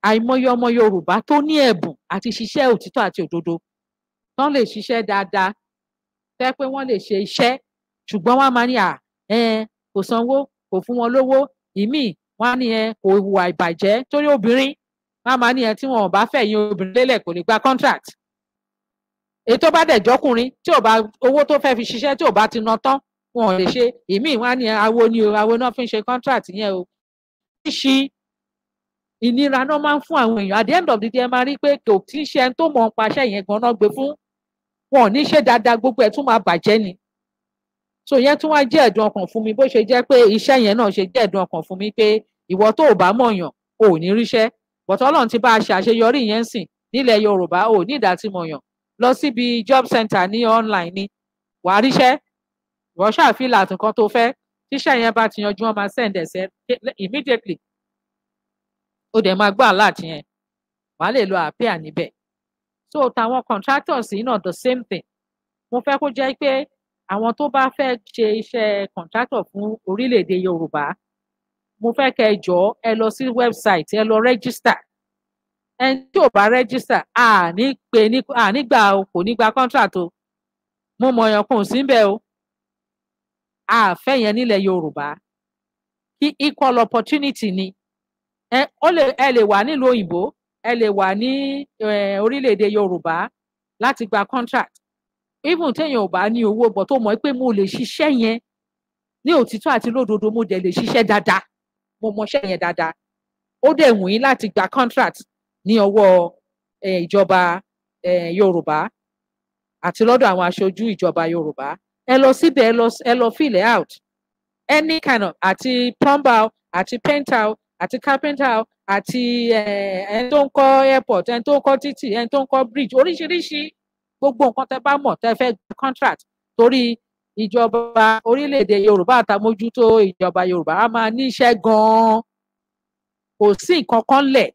àìmọye ọmọ Yorùbá tó ní ẹ̀bùn àti ṣiṣẹ́ òtítọ́ àti òdodo tán lè ṣiṣẹ́ dáadáa fẹ́ pé wọ́n lè ṣe iṣẹ́ ṣùgbọ́n wọ́n máa ní à kò sanwó kò fún wọn lówó ìmíì wọ́n á ní ẹ kò hùwà ìbàjẹ́ torí obìnrin wọ́n máa ní ẹ tí wọn ò bá fẹ̀yìn obìnrin lélẹ̀ kò lè gba contract èyí tó bá dẹ̀ jọ́kùnrin tí ò bá owó tó fẹ́ fi ṣiṣẹ́ tí ò bá ti ná tán wọn ò lè ṣe ìmíì wọn á ní awo ni o awo náà fi ń ṣe contract yẹn o. ṣíṣí ìnira náà máa ń fún àwọn èèyàn at the end of the day ẹ máa rí pé kò tí ń ṣe ẹni tó mọ̀ ń paṣẹ yẹn gan-an gbé fún wọn ò ní ṣe dáadáa gbogbo ẹ̀ tún máa bàjẹ́ ni. so yẹn tún wá jẹ́ ẹ̀dùn ọkàn fún mi bó ṣe jẹ́ pé iṣẹ́ yẹn náà ṣe jẹ́ ẹ̀dùn ọkàn fún mi pé ìwọ tó ò bá mọ̀yàn o ò ní ríṣẹ́ bọ̀tọ́ ọlọ́run ti bá a ṣe yẹn sìn nílẹ̀ yorùbá o ò ní ìdá tí lọ síbi job center ní online ni wà á ríṣẹ́ ìwọ ṣàfihàn àtúnkan tó fẹ́ tíṣà yẹn bá ti yanjú wọn máa send ẹsẹ immediately ó dẹ̀ máa gbọ́ alert yẹn wà á lè lo àpẹ́à níbẹ̀ so tàwọn contractors yìí náà the same thing mo fẹ́ kó jẹ́ pé àwọn tó bá fẹ́ ṣe iṣẹ́ contractor fún orílẹ̀-èdè Yorùbá mo fẹ́ kẹ́ ẹ jọ ẹ lọ sí website ẹ lọ register ẹni tí ò bá rẹ́gísítà àní pé ànígbà o kò ní gba contract o mo mọ ọyàn kan ò sí bẹ́ẹ̀ o àfẹ́ yẹn nílẹ̀ Yorùbá kí equal opportunity ni ẹ eh, lè wà nílùú òyìnbó ẹ lè wà ní orílẹ̀-èdè Yorùbá láti gba contract even téèyàn ò bá ní owó bọ̀ tó mọ̀ pé mo lè ṣiṣẹ́ yẹn ní òtítọ́ àti lódodo mo dẹ̀ lè ṣiṣẹ́ dáadáa mo mọṣẹ́ yẹn dáadáa ó dẹ̀ wù yín láti gba contract ní ọwọ́ eh, ìjọba eh, yorùbá àti lọ́dọ̀ àwọn aṣojú ìjọba yorùbá ẹ lọ síbẹ̀ ẹ lọ fill it out any kind of àti plumber àti painter àti carpenter àti eh, ẹni tó ń kọ́ airport ẹni tó ń kọ́ títì ẹni tó ń kọ́ bridge oríṣiríṣi gbogbo nǹkan tẹ́ bá mọ̀ tẹ́ fẹ́ gba contract torí ìjọba orílẹ̀-èdè yorùbá àtàmójútó ìjọba yorùbá a máa ní iṣẹ́ gan-an kò sí nǹkan kan lẹ̀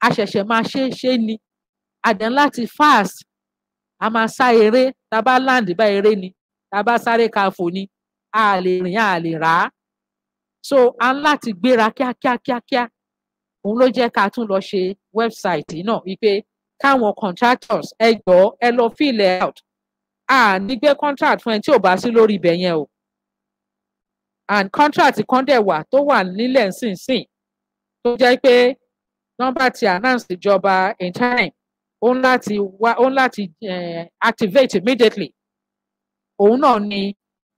a ṣẹ̀ṣẹ̀ máa ṣe é ṣe ni àdán láti fast a máa sá eré tá bá land bá eré ni tá a bá sáré káfò ni a lè rìn a lè rà á so a ń láti gbéra kíákíá kíákíá òun ló jẹ́ ká tún lọ ṣe website náà wípé káwọn contractors ẹ jọ ẹ lọ fill out a ní gbé contract fún ẹ tí ò bá sí lórí ibẹ̀ yẹn o and contract kan dẹ̀ wà tó wà nílẹ̀ nsinsìn tó jẹ́ pé nọ́mbà ti announce ìjọba in time òun láti wá òun láti eh, activate immediately òun náà ni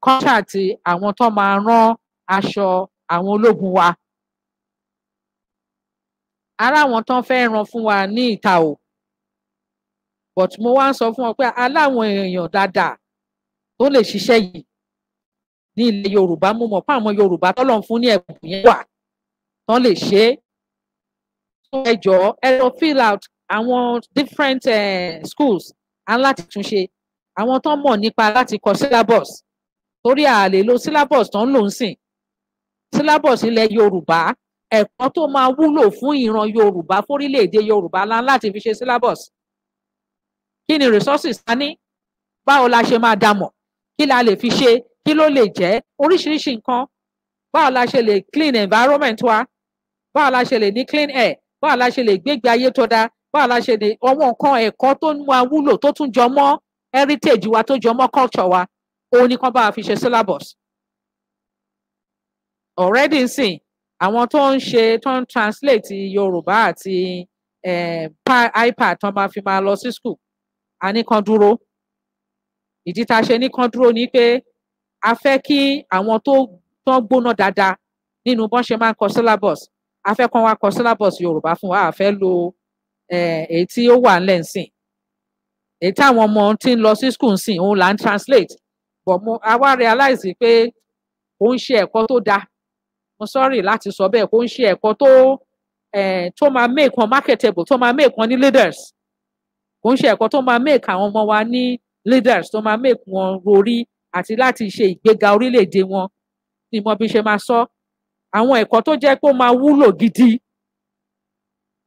contract àwọn tó máa rán aṣọ àwọn ológun wa ara àwọn tó ń fẹ́ ran fún wa ní ìta o but mo wá ń sọ fún ọ pé aláwọn èèyàn dáadáa tó lè ṣiṣẹ́ yìí ní ilẹ̀ Yorùbá mo mọ̀ pé àwọn Yorùbá tọ́lọ̀ ń fún ní ẹ̀bùn yẹn wà tán lè ṣe é ẹ jọ̀ọ́ ẹ lọ fill out àwọn different uh, schools and ń láti túnṣe àwọn tó mọ̀ nípa láti kọ syllabus torí a lè lo syllabus tó ń lò ń sìn syllabus ilẹ̀ Yorùbá ẹ̀kọ́ tó máa wúlò fún ìran Yorùbá fórílẹ̀-èdè Yorùbá la láti fi ṣe syllabus kí ni resources ta ní báwo la ṣe máa dàmọ̀ kí la lè fi ṣe kí ló lè jẹ́ oríṣiríṣi nǹkan báwo la ṣe lè clean environment wa báwo la ṣe lè ní clean air báwo la ṣe lè gbégbé ayé tó dáa báwo la ṣe lè ọwọ́ nǹkan ẹ̀kọ́ tó ń máa wúlò tó tún jọ mọ́ heritage wa tó jọ mọ́ culture wa òun ni kan bá wa fi ṣe syllabus already nsìn àwọn tó ń ṣe tó ń translate yorùbá àti eh, ipad tó máa fi máa lọ sí school àníkan dúró ìdí tá a ṣe níkan dúró ni pé a fẹ́ kí àwọn tó tó gbóná dáadáa nínú bọ́n ṣe máa ń kọ syllabus a fẹ́ kàn wá kọ syllabus yorùbá fún wa a fẹ́ lo èyí tí ó wà ńlẹ̀ ńsìn èyí táwọn ọmọ tí ń lọ sí school ńsìn òun là ń translate but mo a wá realize pé kò ń ṣe ẹ̀kọ́ tó dáa mo sorry láti sọ bẹ́ẹ̀ kò ń ṣe ẹ̀kọ́ tó tó máa make wọn marketable tó máa make wọn ní leaders kò ń ṣe ẹ̀kọ́ tó máa make àwọn ọmọ wa ní leaders tó máa make wọn rori àti láti ṣe ìgbéga orílẹ̀-èdè wọn ni mo bí ṣe máa sọ. So àwọn ẹ̀kọ́ tó jẹ́ pé ó máa wúlò gidi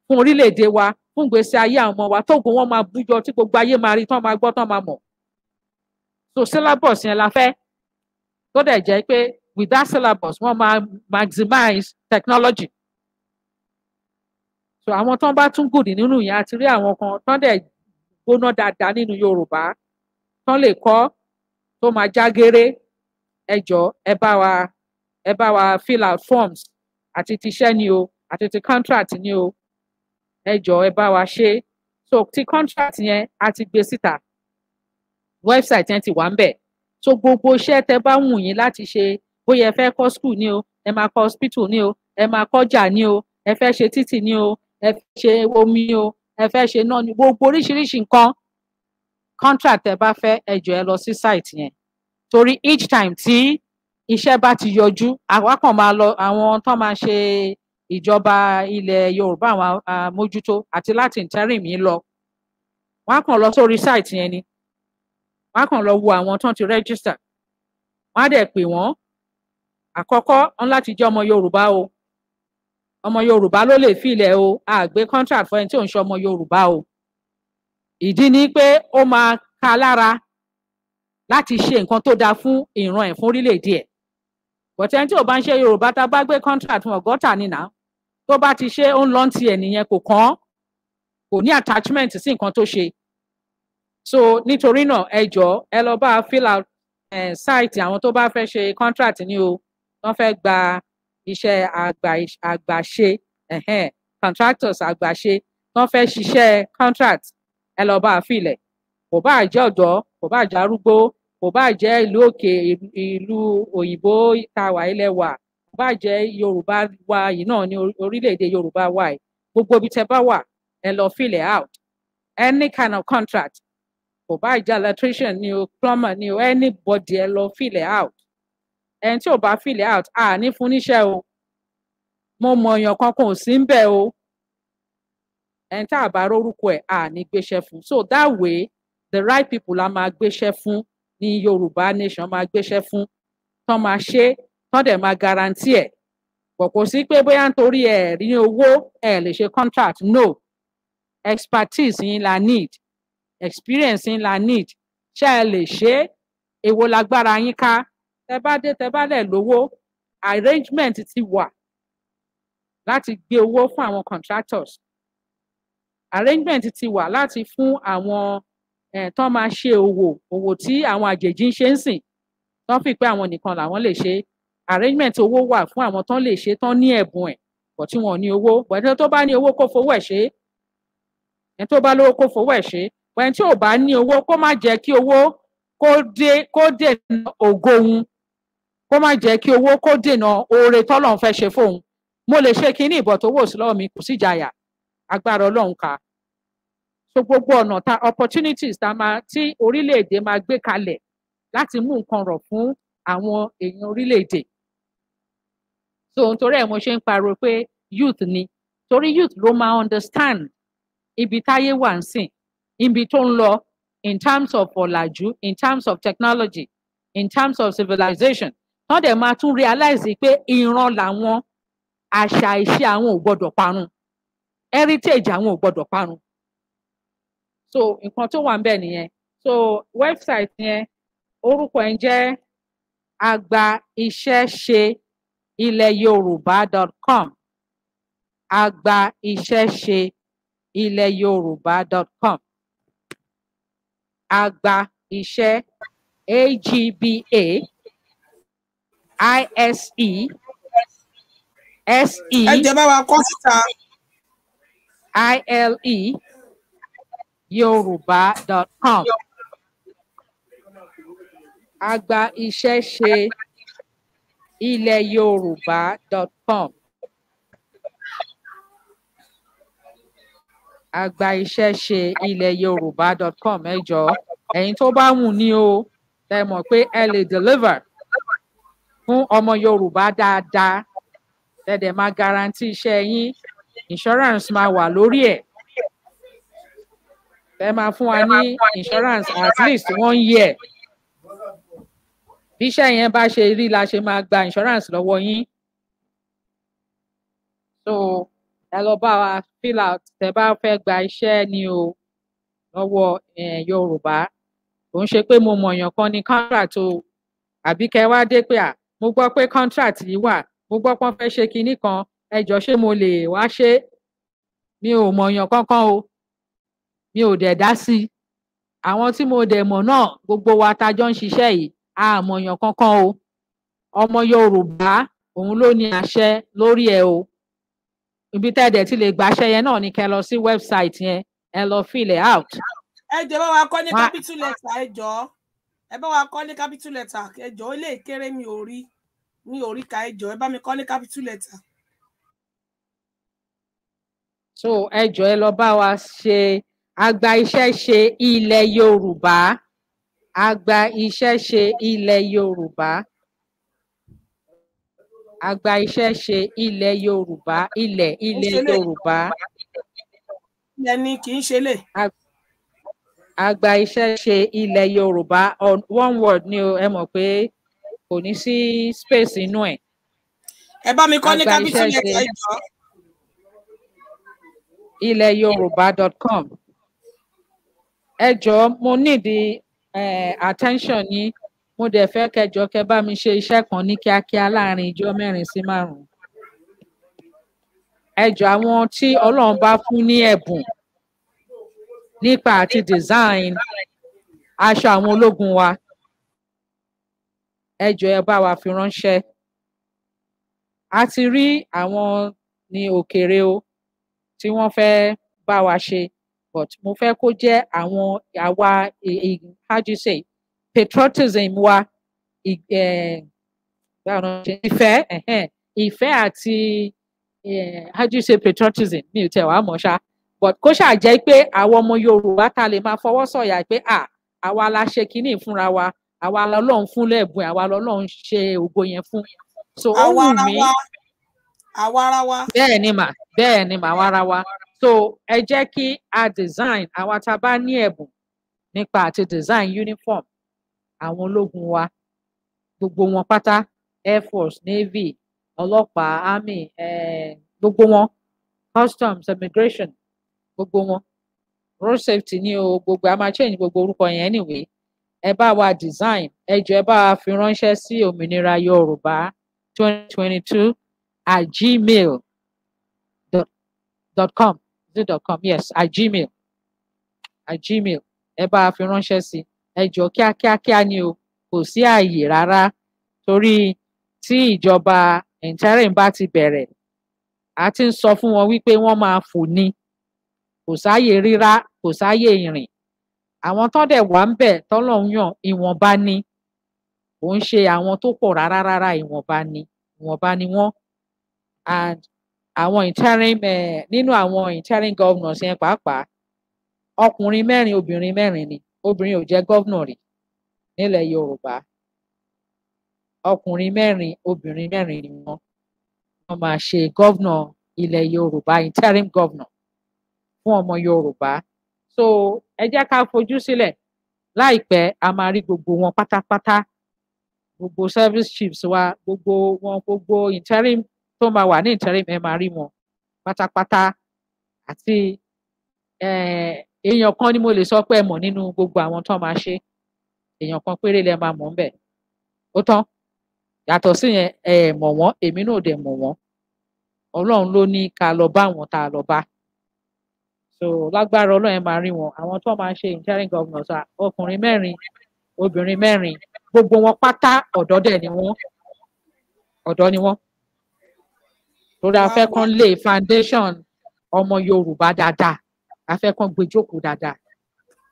fún orílẹ̀-èdè wa fún gbèsè ayé àwọn ọmọ wa tóògùn wọn máa bújọ tí gbogbo ayé máa rí tán máa gbọ́ tán máa mọ̀ so syllabus yẹn la fẹ́ tó dẹ̀ jẹ́ pé with that syllabus wọ́n máa maximize technology so àwọn tán bá tún gùdì nínú yẹn àti rí àwọn kan tán dẹ̀ gbóná dáadáa nínú Yorùbá tán lè kọ́ tó máa já ẹ jọ ẹ bá wa ẹ bá wa fill out forms àti ti iṣẹ́ ni o àti ti contract ni o ẹ jọ ẹ bá wa ṣe so ti contract yẹn a ti gbé síta website yẹn ti wà ń bẹ̀ so gbogbo iṣẹ́ tẹ bá wù yín láti ṣe bóyá ẹ fẹ́ kọ́ school ni o ẹ máa kọ́ hospital ni o ẹ máa kọjà ni o ẹ fẹ́ ṣe títì ni o ẹ fẹ́ ṣe omi o ẹ fẹ́ ṣe náà ni gbogbo oríṣiríṣi nǹkan contract ẹ bá fẹ́ ẹ jọ ẹ lọ sí site yẹn torí each time tí iṣẹ́ bá ti yọjú àwa kan máa lọ àwọn tó máa ṣe ìjọba ilẹ̀ Yorùbá àwọn amójútó àti láti interim yìí lọ wọn á kàn lọ sórí site yẹn ni wọn á kàn lọ wo àwọn tó ti register wọn á dẹ̀ pè wọ́n àkọ́kọ́ wọn láti jẹ́ ọmọ Yorùbá o ọmọ Yorùbá ló lè fi ilẹ̀ o a gbé contract fún ẹni tí ò ń ṣe ọmọ Yorùbá o ìdí ni pé ó máa ká lára láti ṣe nǹkan tó dáa fún ìran ẹ̀ fún orílẹ̀-èdè ẹ̀ bọ̀tẹ́ ẹni tí ò bá ń ṣe yorùbá tá a bá gbé contract wọn gọ́tà nínà tó bá ti ṣe ó ń ẹ̀ nìyẹn kò kàn án kò ní attachment sí nǹkan tó ṣe so nítorí náà ẹ jọ ẹ lọ bá fill out site àwọn tó bá fẹ́ ṣe contract ni o wọ́n fẹ́ gba iṣẹ́ àgbàṣe contractors àgbàṣe wọ́n fẹ́ ṣiṣẹ́ contract ẹ lọ bá a filẹ̀ kò bá àjẹ́ ọ̀dọ́ kò bá àjẹ́ arúgbó kò bá jẹ́ ìlú òkè ìlú òyìnbó tá wà ilẹ̀ wa kò bá jẹ́ yorùbá wa yìí náà ní orílẹ̀-èdè yorùbá wa yìí gbogbo ibi tẹ́ bá wà ẹ lọ fill it out any kind of contract kò bá jẹ́ electrician ni o plumber ni o anybody ẹ lọ fill it out ẹni tí ò bá fill it out a ní fún níṣẹ́ o mo mọ èèyàn kan kò sí ń bẹ̀ o ẹni tá a bá rórúkọ ẹ̀ a ní gbéṣẹ́ fún so that way the right people la máa gbéṣẹ́ fún ni yorùbá nation máa gbéṣẹ́ fún tán máa ṣe tán dẹ̀ máa garanti ẹ̀ pọ̀ kò sí pé bóyá nítorí ẹ̀ rí owó ẹ̀ lè ṣe contract no expertise yín la need experience yín la need ṣé ẹ lè ṣe é èwo lágbára yín ká tẹ bá dé tẹ bá lè lówó arrangement ti wà láti gbé owó fún àwọn contractors arrangement ti wà láti fún àwọn tán máa ṣe òwò òwò tí àwọn àjèjì ń ṣe ń sìn tán fi pé àwọn nìkan làwọn lè ṣe arrangement owó wà fún àwọn tán lè ṣe tán ní ẹ̀bùn ẹ̀ bọ̀ tí wọn ò ní owó bọ̀ ẹni tó bá ní owó kó fowó ẹ̀ ṣe ẹni tó bá lówó kó fowó ẹ̀ ṣe bọ̀ ẹni tí ò bá ní owó kó má jẹ́ kí owó kó dé kó dènà ògo òun kó má jẹ́ kí owó kó dènà oore tọ́lọ́run fẹ́ ṣe fóun mo lè ṣe kinní ìbọ̀ tó wò sí lọ́wọ́ mi kò sí ìjayà agbára ọlọ́run ká so gbogbo ọ̀nà ta opportunities ta máa tí orílẹ̀-èdè máa gbé kalẹ̀ láti mú nǹkan rọ̀ fún àwọn èèyàn orílẹ̀-èdè so nítorí ẹ̀ mo ṣe ń pariwo pé youth ni torí youth ló máa understand ibi táyé wà ń sìn ibi tó ń lọ in terms of ọ̀làjú in terms of technology in terms of civilization wọ́n dẹ̀ máa tún realize pé ìran làwọn àṣà ìṣe àwọn ò gbọ́dọ̀ parun heritage àwọn ò gbọ́dọ̀ parun so nǹkan tó wà ń bẹ̀ nìyẹn so website yẹn orúkọ ẹ̀ ń jẹ́ agbaiṣẹ́ṣe ilẹ̀ yorùbá dot com Agba agbaiṣẹ́ṣe ilẹ̀ yorùbá dot com Agba agbaiṣẹ́ agba ise se. ẹ jẹ́ bá wa kọ síta. ile Yoruba.com. Agba iṣẹ́ ṣe ilẹ̀ Yoruba.com. Agba iṣẹ́ ṣe ilẹ̀ Yoruba.com. ẹ jọ ẹ̀yin tó bá wù ní o ẹ mọ̀ pé ẹ lè deliver fún ọmọ yorùbá dáadáa ẹ dẹ̀ máa guarantee iṣẹ́ yín insurance máa wà lórí ẹ̀ ẹ máa fún wa ní insurance at least one year bí iṣẹ́ yẹn bá ṣe rí la ṣe máa gba insurance lọ́wọ́ yín so ẹ lọ bá wa fill out tẹ bá fẹ́ gba iṣẹ́ ni o lọ́wọ́ Yorùbá kò ń ṣe pé mo mọ̀yàn kan ní contract o àbí kẹ wá dé pé à mo gbọ́ pé contract yìí wà mo gbọ́ pé wọ́n fẹ́ ṣe kinní kan ẹ jọ ṣé mo lè wá ṣe mi ò mọ̀yàn kankan o mi ò dẹ̀ dá sí i àwọn tí mo dẹ̀ mọ̀ náà gbogbo wa tá jọ ń ṣiṣẹ́ yìí a mọ̀yàn kankan o ọmọ Yorùbá òun ló ní àṣẹ lórí ẹ o ibi tẹ́ dẹ̀ ti lè gbàṣẹ yẹn náà ni kẹ́ lọ sí wẹ́bsáìtì yẹn ẹ lọ fill out. ẹ jẹ́ bá wa kọ ní capital letter ẹ jọ ẹ bá wa kọ ní capital letter ẹ jọ ó lè kéré mi ò rí mi ò rí ka ẹ jọ ẹ bá mi kọ ní capital letter. so ẹ jọ ẹ lọ bá wa ṣe agba iṣẹ́ ṣe ilẹ̀ yorùbá agba iṣẹ́ ṣe ilẹ̀ yorùbá agba iṣẹ́ ṣe ilẹ̀ yorùbá ilẹ̀ ilẹ̀ yorùbá. ilẹ̀ kì í ṣe lè. agba iṣẹ́ ṣe ilẹ̀ yorùbá one word ni ẹ mọ̀ pé kò ní sí space inú ẹ̀. ẹ bá mi kọ́ ní capital letter ìjọ. ilẹ̀ yorùbá dot com ẹ jọ̀ọ́ mo nídìí eh, attention yín mo dẹ̀ fẹ́ kẹjọ kẹ bá mi ṣe iṣẹ́ kan ní kíákíá láàrin ijọ́ mẹ́rin sí márùn-ún ẹ jọ̀ọ́ àwọn tí Ọlọ́run bá fún ní ẹ̀bùn nípa àti design aṣọ àwọn ológun wa ẹ jọ̀ọ́ ẹ bá wa fi ránṣẹ́ a ti rí àwọn ní òkèèrè o tí wọ́n fẹ́ bá wa ṣe but mo fẹ́ kó jẹ́ àwọn àwa how do you say patriotism wa eh, ìfẹ́ ìfẹ́ àti how do you say patriotism mi ò tẹ̀ wá mọ̀ ṣá but kó ṣáà jẹ́ pé àwọn ọmọ yorùbá ta lè máa fọwọ́ sọ̀yà pé ah àwa la ṣe kinní fúnra wa àwa lọ́lọ́run fún lẹ́bùn àwa lọ́lọ́run ṣe ògo yẹn fún so ó wù mí. àwa ara wa. bẹ́ẹ̀ ni mà bẹ́ẹ̀ ni mà àwa ara wa so ẹ jẹ́ kí a design àwa tá a bá ní ẹ̀bùn nípa àti design uniform àwọn ológun wa gbogbo wọn pátá air force navy ọlọ́pàá army eh, gbogbo wọn customs immigration gbogbo wọn road safety ní o gbogbo a máa change gbogbo orúkọ yẹn anyway ẹ bá wa design ẹ jọ ẹ bá wa fi ránṣẹ́ sí òmìnira yorùbá twenty twenty two at gmail dot com gmail.com yes at gmail at gmail ẹ bá a fi ránṣẹ́ sí ẹ jọ kíákíákíá ni o kò sí ààyè rárá torí tí ìjọba interim bá ti bẹ̀rẹ̀ a ti ń sọ fún wọn wípé wọ́n máa fò ní kò sáàyè rírá kò sáàyè ìrìn àwọn tó dẹ̀ wà ń bẹ̀ tọ́lọ́hún yàn ìwọ̀nba ni kò ń ṣe àwọn tó pọ̀ rárá rárá ìwọ̀nba ni ìwọ̀nba ni wọ́n and àwọn interim eh, nínú àwọn interim governors yẹn pàápàá ọkùnrin mẹ́rin obìnrin mẹ́rin ni obìnrin ò jẹ́ governor rí nílẹ̀ Yorùbá ọkùnrin mẹ́rin obìnrin mẹ́rin ni wọ́n wọ́n máa ṣe governor ilẹ̀ Yorùbá interim governor fún ọmọ Yorùbá so ẹ jẹ́ ká fojú sílẹ̀ láìpẹ́ a máa rí gbogbo wọn pátápátá gbogbo service chiefs wa gbogbo wọn gbogbo interim tó máa wà ní interim ẹ máa rí wọn pátápátá àti èèyàn kan ni mo lè sọ pé ẹ mọ̀ nínú gbogbo àwọn tó máa ṣe èèyàn kan péré lẹ máa mọ̀ ńbẹ̀ ó tán yàtọ̀ sí yẹn ẹ mọ̀ wọ́n èmi náà dẹ̀ mọ̀ wọ́n Ọlọ́run ló ní ká lọ bá àwọn tá a lọ bá so lágbára Ọlọ́run ẹ máa rí wọn àwọn tó máa ṣe interim governors ọkùnrin mẹ́rin obìnrin mẹ́rin gbogbo wọn pátá ọ̀dọ́ dẹ̀ ni wọ́n ọ̀dọ́ ni wọ́n torí a fẹ́ kàn lé foundation ọmọ Yorùbá dáadáa a fẹ́ kàn gbé dáadáa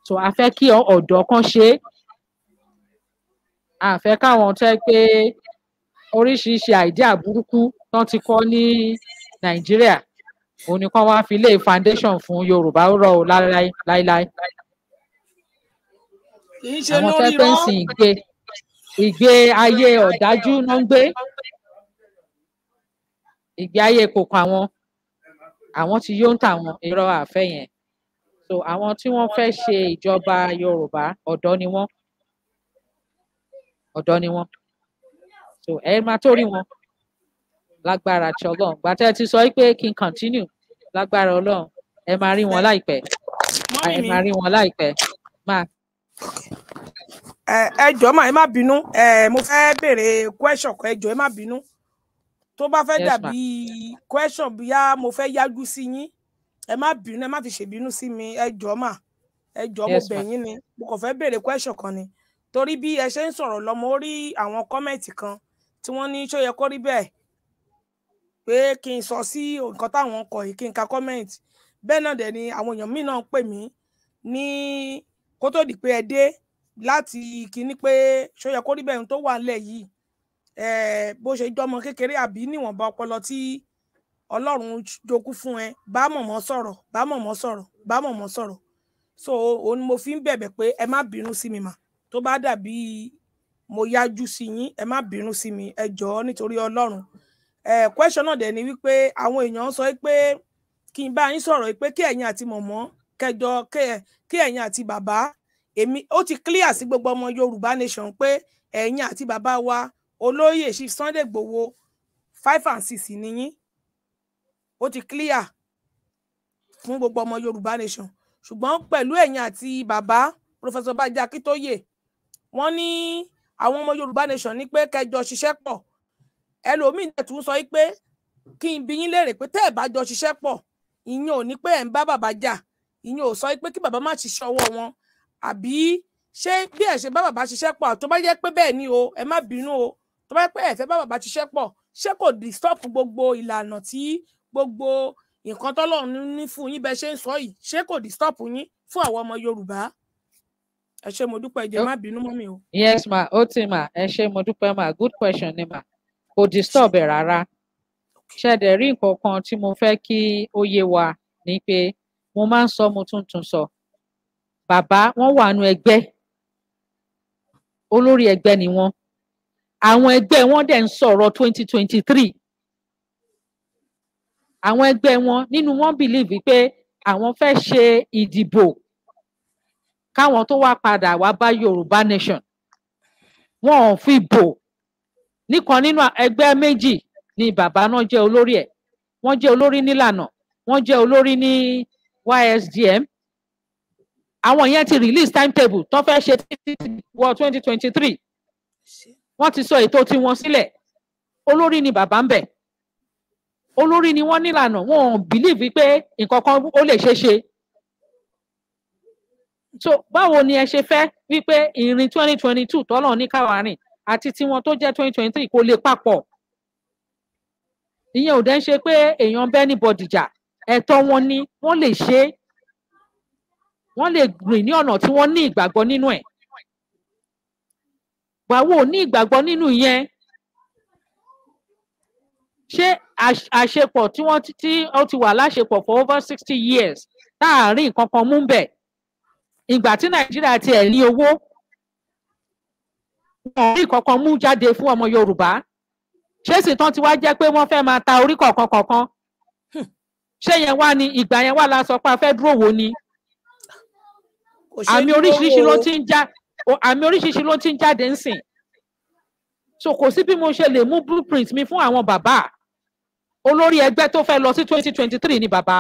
so a fẹ́ kí ọ̀dọ́ kan ṣe é a fẹ́ káwọn tẹ́ pé oríṣiríṣi àìdíà burúkú tán ti kọ́ ní Nàìjíríà òun ni kán wá fi lé foundation fún Yorùbá rọ ọ láéláé àwọn tẹ́ pé ń sin ìgbé ìgbé ayé ọ̀dájú ló ń gbé ìgbé ayé kòkó àwọn àwọn tí yóò ń tà wọn irọ́ àfẹ́ yẹn so àwọn tí wọ́n fẹ́ ṣe ìjọba yorùbá ọ̀dọ́ ni wọ́n ọ̀dọ́ ni wọ́n so ẹ máa tó rí wọn lágbára tí ọlọ́run gbàtẹ ti sọ pé kí n continue lágbára ọlọ́run ẹ máa rí wọn láìpẹ́ ẹ máa rí wọn láìpẹ́ máa. ẹ jọ̀ọ́ mà ẹ má bínú mo fẹ́ béèrè question ẹ jọ̀ọ́ ẹ má bínú tó bá fẹ́ dàbí question bíyá mo fẹ́ yájú sí yín ẹ má bínú ẹ má fi ṣèbínú sí mi ẹ jọ̀ọ́ mà ẹ jọ̀ọ́ mo bẹ̀ ni mo kàn fẹ́ béèrè question kan ni torí bí ẹ ṣe ń sọ̀rọ̀ lọ́mọ ó rí àwọn kọ́mẹ̀ntì kan tí wọ́n ní ṣó yẹ kó rí bẹ́ẹ̀ pé kí n sọ sí nǹkan táwọn kọ yìí kí n ka kọ́mẹ̀ntì bẹ́ẹ̀ náà dẹ̀ ni àwọn èèyàn míì náà ń pè mí ní kó tó di pé ẹ dé láti kíní pé ṣó yẹ kó rí bẹ́ẹ̀ tó wà nílẹ̀ yìí bó ṣe jọmọ kékeré àbí níwọ̀nba ọpọlọ tí Ọlọ́run jogún fún ẹ bá mọ̀mọ́ sọ̀rọ̀ bá mọ̀mọ́ sọ̀rọ̀ bá mọ̀mọ́ sọ̀rọ̀ so òun mo fi ń bẹ̀bẹ̀ pé ẹ má bínú sí mi mà tó bá dàbí mo yájú sí yín ẹ má bínú sí mi ẹ jọ̀ọ́ nítorí Ọlọ́run ẹ question náà dẹ̀ ni wípé àwọn èèyàn sọ pé kí n bá yín sọ̀rọ̀ pé kí ẹ̀yin àti mọ̀mọ́ kẹjọ kí ẹ̀yin àti bàbá èmi ó ti clear sí gbogbo ọmọ Yorùbá nation pé ẹ̀yin àti bàbá wa olóyè chief Sunday Igboho five and six nìyín ó ti clear fún gbogbo ọmọ Yorùbá nation ṣùgbọ́n pẹ̀lú ẹ̀yin àti bàbá professor Bánjí Akíntóyè wọ́n ní àwọn ọmọ Yorùbá nation ní pé kẹjọ ṣiṣẹ́ pọ̀ ẹlòmíín dẹ̀ tún sọ pé kí n bi yín léèrè pé tẹ́ ẹ̀ bá jọ ṣiṣẹ́ pọ̀ ìyẹn ò ní pé ẹ̀ ń bá bàbá jà ìyẹn ò sọ pé kí bàbá má ṣiṣẹ́ ọwọ́ wọn àbí ṣé bí ẹ̀ ṣe bá bàbá ṣiṣẹ́ pọ̀ àtọ́ bá jẹ́ pé bẹ́ẹ̀ ni o ẹ má bínú o tó bá pẹ́ ẹ̀fẹ́ bá bàbá ṣiṣẹ́ pọ̀ ṣé kò disturb gbogbo ìlànà tí gbogbo nǹkan tọ́lọ́run ní fún yín bẹ́ẹ̀ ṣe ń sọ yìí ṣé kò disturb yín fún àwọn ọmọ Yorùbá ẹ ṣé mo dúpẹ́ jẹ́ má bínú mọ́ mi o. yes ma ó ti ma ẹ ṣé mo dúpẹ́ ma good question ni ma kò disturb ẹ rárá ṣẹ̀dẹ̀ rí nǹkan kan tí mo fẹ́ kí ó yé wa ni pé mo máa ń sọ mo tún tún sọ bàbá wọn wà nù ẹgbẹ́ olórí ẹgbẹ́ ni wọn àwọn ẹgbẹ́ wọn dẹ̀ ń sọ̀rọ̀ 2023. twenty three àwọn ẹgbẹ́ wọn nínú wọn believe pé àwọn fẹ́ ṣe ìdìbò káwọn tó wá padà wá bá Yorùbá nation wọn ò fi bò nìkan nínú ẹgbẹ́ méjì ni bàbá náà jẹ́ olórí ẹ̀ wọ́n jẹ́ olórí nílànà wọ́n jẹ́ olórí ní YSDM àwọn yẹn ti release timetable tó fẹ́ ṣe títí wọ twenty wọ́n ti sọ ètò tiwọn sílẹ̀ olórí ni bàbá ń bẹ̀ olórí ni wọ́n nílànà wọn ò bìlíìfì pé nǹkan kan ó lè ṣeé ṣe so báwo ni ẹ ṣe fẹ́ wípé ìrìn twenty twenty two tọ́lọ̀ ní káwárìn àti tiwọn tó jẹ́ twenty twenty three kò lè papọ̀ ìyẹn ò dẹ́ ń ṣe pé èèyàn bẹ́ẹ̀ ní bọ̀dìjà ẹ̀tọ́ wọn ni wọ́n lè ṣe wọ́n lè rìn ní ọ̀nà tí wọ́n ní ìgbàgbọ́ nínú ẹ̀ àwọn ò ní ìgbàgbọ́ nínú yẹn ṣé àṣepọ̀ tí wọ́n ti ó ti wà láṣepọ̀ for over sixty years láàárín nǹkan kan mú bẹ̀ ìgbà tí nàìjíríà ti ẹ̀ ní owó wọn ò rí kankan mú jáde fún ọmọ yorùbá ṣé sì tán ti wá jẹ́ pé wọ́n fẹ́ máa ta orí kọ̀ọ̀kan kọ̀ọ̀kan hmm. ṣé yẹn wá ní ìgbà yẹn wá la sọ pé a fẹ́ dúró wò ni àmì oríṣiríṣi ló ti ń já àmì oríṣiríṣi ló ti ń jáde ń sìn so kò sí bí mo ṣe lè mú blueprint mi fún àwọn bàbá olórí ẹgbẹ́ tó fẹ́ lọ sí twenty twenty three ni bàbá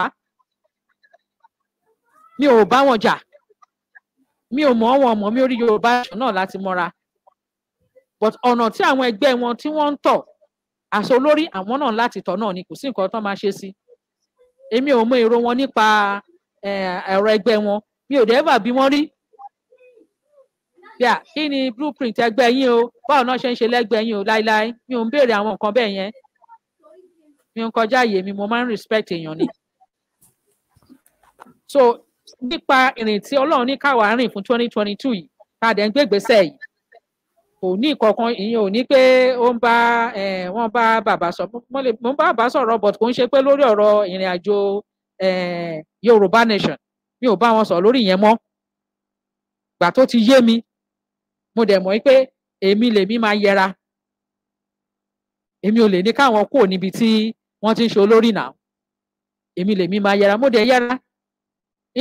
mi ò bá wọn jà mi ò mọ̀ wọn mọ̀ mi ò rí yorùbá ẹ̀sùn náà láti mọ́ra but ọ̀nà tí àwọn ẹgbẹ́ wọn tí wọ́n ń tọ̀ àṣọ olórí àwọn náà láti tọ̀ náà ni kò sí nǹkan tó máa ṣe sí èmi ò mọ èrò wọn nípa ẹ̀rọ eh, ẹgbẹ́ wọn mi ò dẹ́gbà bí wọ́n rí bíà kí ni blueprint ẹgbẹ́ yín o báwo náà ṣe ń ṣe lẹ́gbẹ̀ẹ́ yín o láíláí mi ò ń béèrè àwọn nǹkan bẹ́ẹ̀ yẹn mi ò ń kọjá àyè mi mo máa ń respect èèyàn ni. so nípa ìrìn tí ọlọ́run ní káwa rìn fún twenty twenty two yìí tá a dẹ̀ ń gbégbèsè yìí kò ní kankan ìyẹn ò ní pé ó ń bá wọn bá bàbá sọ mo ń bá bàbá sọ̀rọ̀ but kò ń ṣe pé lórí ọ̀rọ̀ ìrìn àjò Yorùbá nation mi ò bá wọn sọ lórí ìyẹn mọ́ gbà tó ti yé mi mo dẹ̀ mọ̀ pé èmi lèmi máa yẹra èmi ò lè ní káwọn kúrò níbi tí wọ́n ti ń ṣe olórí náà èmi lèmi máa yẹra mo dẹ̀ yẹra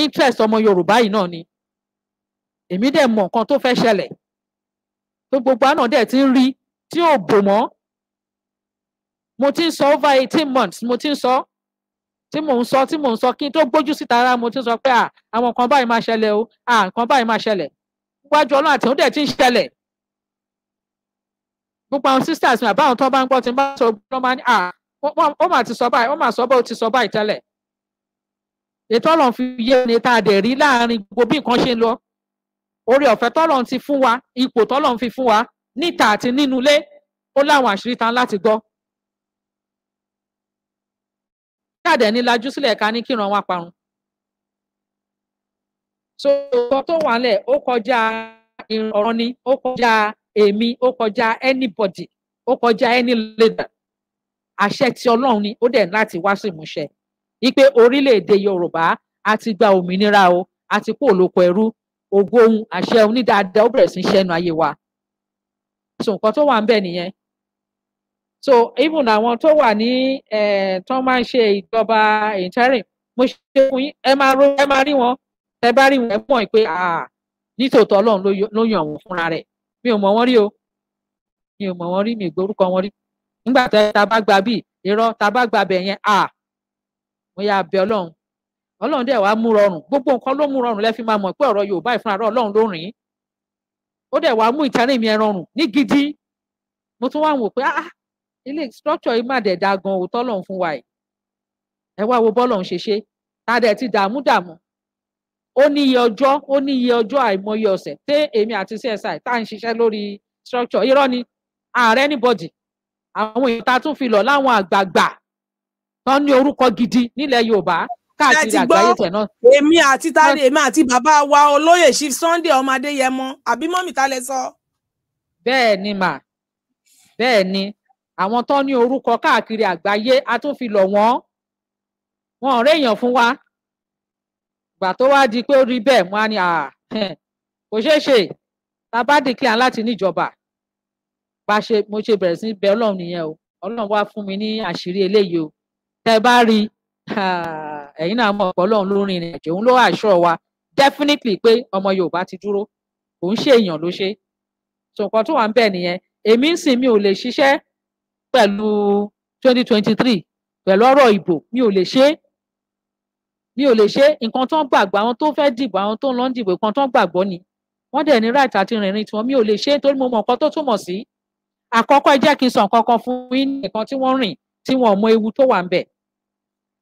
interest ọmọ Yorùbá yìí náà ni èmi dẹ̀ mọ̀ nǹkan tó fẹ́ ṣẹlẹ̀ tó gbogbo àná dẹ̀ ti ń rí tí ò bò mọ́ mo ti ń sọ over eighteen months mo ti ń sọ tí mò ń sọ tí mò ń sọ kí n tó gbójú síta ara mo ti ń sọ pé àwọn kan báyìí máa ṣẹlẹ̀ o à nǹkan báyìí máa ṣẹlẹ̀ wájú ọlọ́run àti òun dẹ̀ ti ń ṣẹlẹ̀ gbogbo àwọn sisters mi àbáwọn tó bá ń gbọ́ tí ń bá sọ gbogbo ọmọ ní à ó mà ti sọ báyìí ó mà sọ báyìí ó ti sọ báyìí tẹ́lẹ̀ ètò ọlọ́run fi yé ni tá a dẹ̀ rí láàrin gbogbo bí nǹkan ṣe ń lọ orí ọ̀fẹ́ tọ́lọ́run ti fún wa ipò tọ́lọ́run fi fún wa níta àti nínú ilé ó láwọn àṣírí tán láti gbọ́ káàdẹ̀ ní lajú sílẹ̀ ká ní kíran wa parun so nǹkan tó wà lẹ̀ ó kọjá ọ̀rọ̀ ni ó kọjá èmi ó kọjá anybody ó kọjá any leader àṣẹ ti ọlọ́run ni ó dẹ̀ láti wá sí ìmúṣẹ wípé orílẹ̀-èdè yorùbá a ti gba òmìnira o a ti kó olóko ẹrú ògo ohun àṣẹ onídàáda ó bẹ̀rẹ̀ sí í ṣẹ́nu ayé wa so nǹkan tó wà ń bẹ nìyẹn so even àwọn tó wà ní eh, tó máa ń ṣe ìjọba interim mo ṣe fún yín ẹ máa rí wọn ẹ bá rí wọn ẹ mọ̀ pé nítòótọ́ ọlọ́run ló yàn wọ́n fúnra rẹ̀ mi ò mọ̀ wọ́n rí o mi ò mọ̀ wọ́n rí mi ìgbórúkọ wọn rí nígbà tá a bá gba bíi irọ́ tá a bá gba bẹ̀ yẹn à mo yà bẹ ọlọ́run ọlọ́run dẹ̀ wá mú rọrùn gbogbo nǹkan ló mú rọrùn lẹ́fi máa mọ̀ pé ọ̀rọ̀ yorùbá ìfúnra rẹ̀ ọlọ́run ló rìn ó dẹ̀ wá mú ìtẹ́rìn mi rọrùn ní gidi mo tún wá wò pé ah ilé structure yìí má dẹ̀ da gan òótọ́ lọ́run fún wa yìí ẹ wá wo bọ́ọ̀lù ọ̀hún ṣe ṣe tá a dẹ̀ ti dààmú dààmú ó ní iye ọjọ́ ó ní iye ọjọ́ àìmọye ọ̀sẹ̀ tẹ èmi àti CSI tá à ń ṣiṣẹ́ lórí structure irọ́ ni ààrẹ anybody àwọn ìta tún fi lọ láwọn àgbààgbà tán ní orúkọ gidi nílẹ̀ Yorùbá káàkiri àgbáyé tẹ̀ náà. èmi àti tálẹ̀ èmi àti bàbá wa olóyè Chief Sunday ọmọdé yẹmọ àbí mọ́mì tálẹ̀ sọ. bẹ́ẹ̀ ni mà bẹ́ẹ̀ ni àwọn tán ní orúkọ káàkiri àgbáyé a tún fi lọ wọ́n wọn ò réèyàn fún wa ìgbà tó wá di pé ó rí bẹ́ẹ̀ wọ́n á ní kò ṣeé ṣe tá a bá dìklà láti níjọba bá ṣe mo ṣe bẹ̀rẹ̀ sí bẹ̀ Ọlọ́run nìyẹn o Ọlọ́run wá fún mi ní àṣírí eléyìí o tẹ́ bá rí ẹ̀yin náà mọ̀ pé Ọlọ́run ló ìrìn àjò òun ló àṣọ wa definitely pé ọmọ Yorùbá ti dúró kò ń ṣe èèyàn ló ṣe so nǹkan tó wà ń bẹ̀ nìyẹn èmi ń sìn mi ò lè ṣiṣẹ́ pẹ̀lú twenty twenty three pẹ̀lú ọ̀rọ̀ ìbò mi ò lè ṣe é mi ò lè ṣe nǹkan tó ń gbàgbọ́ àwọn tó fẹ́ dìbò àwọn tó ń lọ ń dìbò nǹkan tó ń gbàgbọ́ ni wọ́n dẹ̀ ní right àti rìnrìn tiwọn mi ò lè ṣe torí mo mọ nǹkan tó túmọ̀ sí àkọ́kọ́ ẹ jẹ́ kí n sọ nǹkan kan fún yín nìkan tí wọ́n rìn tí wọ́n mọ ewu tó wà ń bẹ̀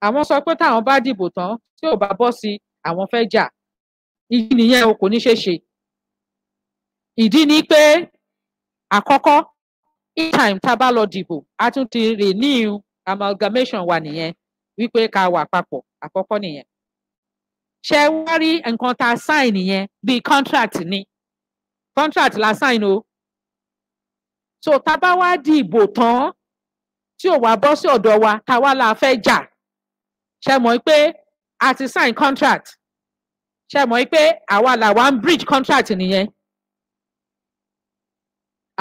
àwọn sọ pé táwọn bá dìbò tán tí ò bá bọ́ sí àwọn fẹ́ jà ìdí nìyẹn o kò ní ṣe ṣe ìdí ni pé àkọ́kọ́ each time tá a bá lọ dìbò a tún ti renew amalgamation wa nìyẹn wípé ká wà papọ̀ àkọ́kọ́ nìyẹn ṣe wá rí nǹkan tá a sign yẹn bíi contract ni contract la sign o so tá a bá wá di ìbò tán tí ò wá bọ́ sí ọ̀dọ̀ wa tá wá la fẹ́ jà ṣe mọ̀ pé a ti sign contract ṣe mọ̀ pé àwa là wá ń breach contract nìyẹn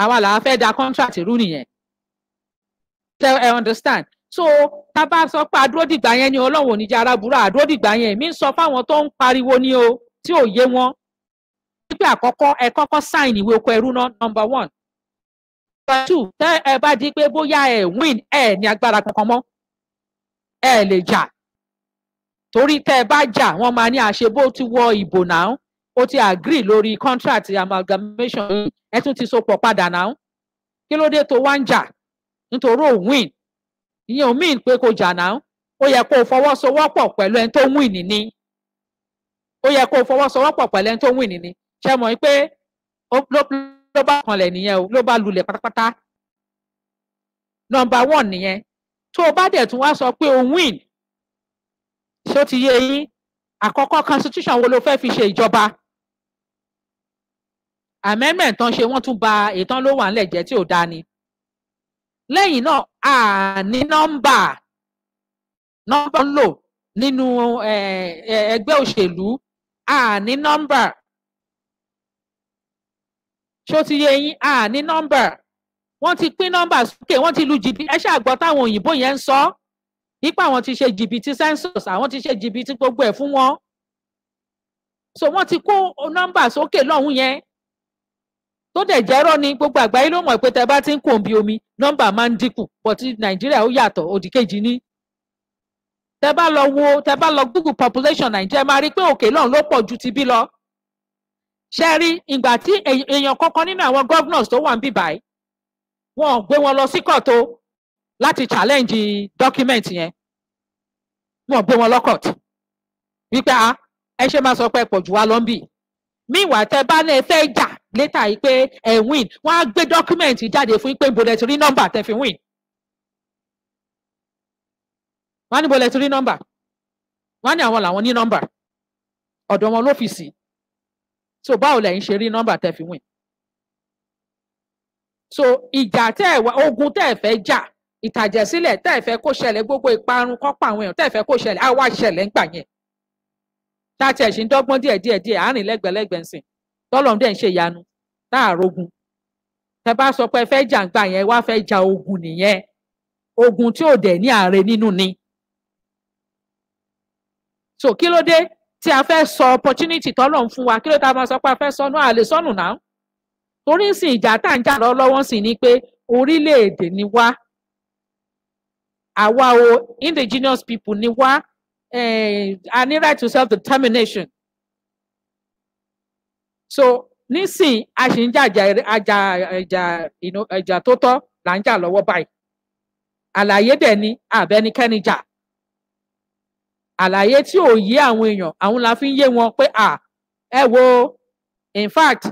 àwa là á fẹ́ da contract rú nìyẹn ṣe ẹ understand so tá a bá sọ pé àdúró dìgbà yẹn ni ọlọ́run ò ní jẹ́ arábùrà àdúró dìgbà yẹn mi ń sọ fáwọn tó ń pariwo ni o tí ò yé wọn wípé àkọ́kọ́ ẹ kọ́kọ́ sign ìwé oko ẹrú náà number one number two tẹ́ ẹ bá di pé bóyá ẹ win ẹ ní agbára kankan mọ́ ẹ lè jà torí tẹ́ ẹ bá jà wọ́n máa ní àṣebó ti wọ ìbò náà ó ti agree lórí contract amalgamation ẹ tún ti so pọ̀ padà náà kí ló dé tó wá ń jà nítorí ò win ìyẹn ò mean pé kò jà náà ó yẹ kó o fọwọ́sowọ́pọ̀ pẹ̀lú ẹni tó ń wìn níní ó yẹ kó o fọwọ́sowọ́pọ̀ pẹ̀lú ẹni tó ń wìn ṣe mọ̀ pé ló bá kanlẹ̀ nìyẹn o ló bá lulẹ̀ pátápátá nọ́mbà one nìyẹn tó o bá dẹ̀ tún wá sọ pé o win ṣé ó ti yé yín àkọ́kọ́ constitution wo ló fẹ́ fi ṣe ìjọba amendment tán ṣe wọ́n tún ba ètò ló wà ńlẹ̀ jẹ́ tí ò dáa ni lẹ́yìn náà àní nọ́mbà nọ́mbà ń lò nínú ẹgbẹ́ òṣèlú àní nọ́mbà ṣó ti yé yín àní nọ́mbà wọ́n ti pín nọ́mbà sókè wọ́n ti lu jìbìtì ẹ ṣàgbọ́ táwọn òyìnbó yẹn ń sọ nípa àwọn ti ṣe jìbìtì census àwọn ti ṣe jìbìtì gbogbo ẹ̀ fún wọn so wọ́n ti kó nọ́mbà sókè lọ́hùn yẹn tó dẹ̀ jẹ́rọ́ ni gbogbo àgbáyé ló mọ̀ pé tẹ bá ti ń kòǹbi omi nọ́mbà máa ń dínkù bọ̀tí nàìjíríà ó yàtọ̀ òdì kejì ní. tẹ bá lọ wo tẹ bá lọ google population nàìjíríà máa rí pé òkè náà ló pọ̀ ju ti bí lọ. ṣe ìgbà tí èèyàn kọ́kọ́ nínú àwọn governors tó wà ń bíbáyé wọn gbé wọn lọ sí kọ́ọ̀tù láti challenge document yẹn wọn gbé wọn lọ kọ́ọ̀tù wípé ah, ẹ ṣe máa sọ pé ẹ pọ̀ jù wá lọ́nbì míwàá tẹ bá ní ẹ fẹ́ jà Later, yìí pé ẹ win wọ́n á gbé dọ́kúmẹ̀ntì jáde fún yín pé bọ̀dẹ̀ ti rí nọ́mbà tẹ́ fi win wọ́n á ní bọ̀dẹ̀ ti rí nọ́mbà wọ́n á ní àwọn làwọn ní nọ́mbà ọ̀dọ̀ wọn lọ́fíìsì so báwo lẹ́yìn ṣe rí nọ́mbà tẹ́ fi win so ìjà tẹ́ ẹ̀ wá ogun tẹ́ ẹ̀ fẹ́ jà ìtàjẹ̀sílẹ̀ tẹ́ ẹ̀ fẹ́ kó ṣẹlẹ̀ gbogbo ìparun kọ́pà àwọn èèyàn tẹ́ ẹ̀ fẹ́ kó ṣẹlẹ̀ á wá ṣẹlẹ̀ ńgbà yẹn táti ẹ̀ ṣì ń dọ́gbọ́n díẹ̀ díẹ̀ díẹ̀ àárín lẹ́gbẹ̀lẹ́gbẹ̀ ńsìn tọ́lọ́run dẹ̀ ń ṣe ìyanu tá a rogun tẹ bá sọ pé ẹ fẹ́ yẹn wá fẹ́ ja ogun nìyẹn ogun tí ò dẹ̀ ní ààrẹ nínú ni so kí ló dé tí a fẹ́ sọ opportunity tọ́lọ̀ ń fún wa kí ló tá a sọ pé a fẹ́ sọnù àlè sọnù náà torí ń sìn ìjà tá à ń jà lọ lọ́wọ́ sì ni pé orílẹ̀-èdè ni wá àwa o indigenous people ni wá eh, a ní right to self determination so nísìn a sì ń jàjà àjà ẹjà ẹjà tó tọ́ là ń jà lọ́wọ́ báyìí àlàyé dẹ̀ ni àbẹnikẹ́ni jà àlàyé tí ò yé àwọn èèyàn àwọn la fi ń yé wọn pé à ẹ wo in fact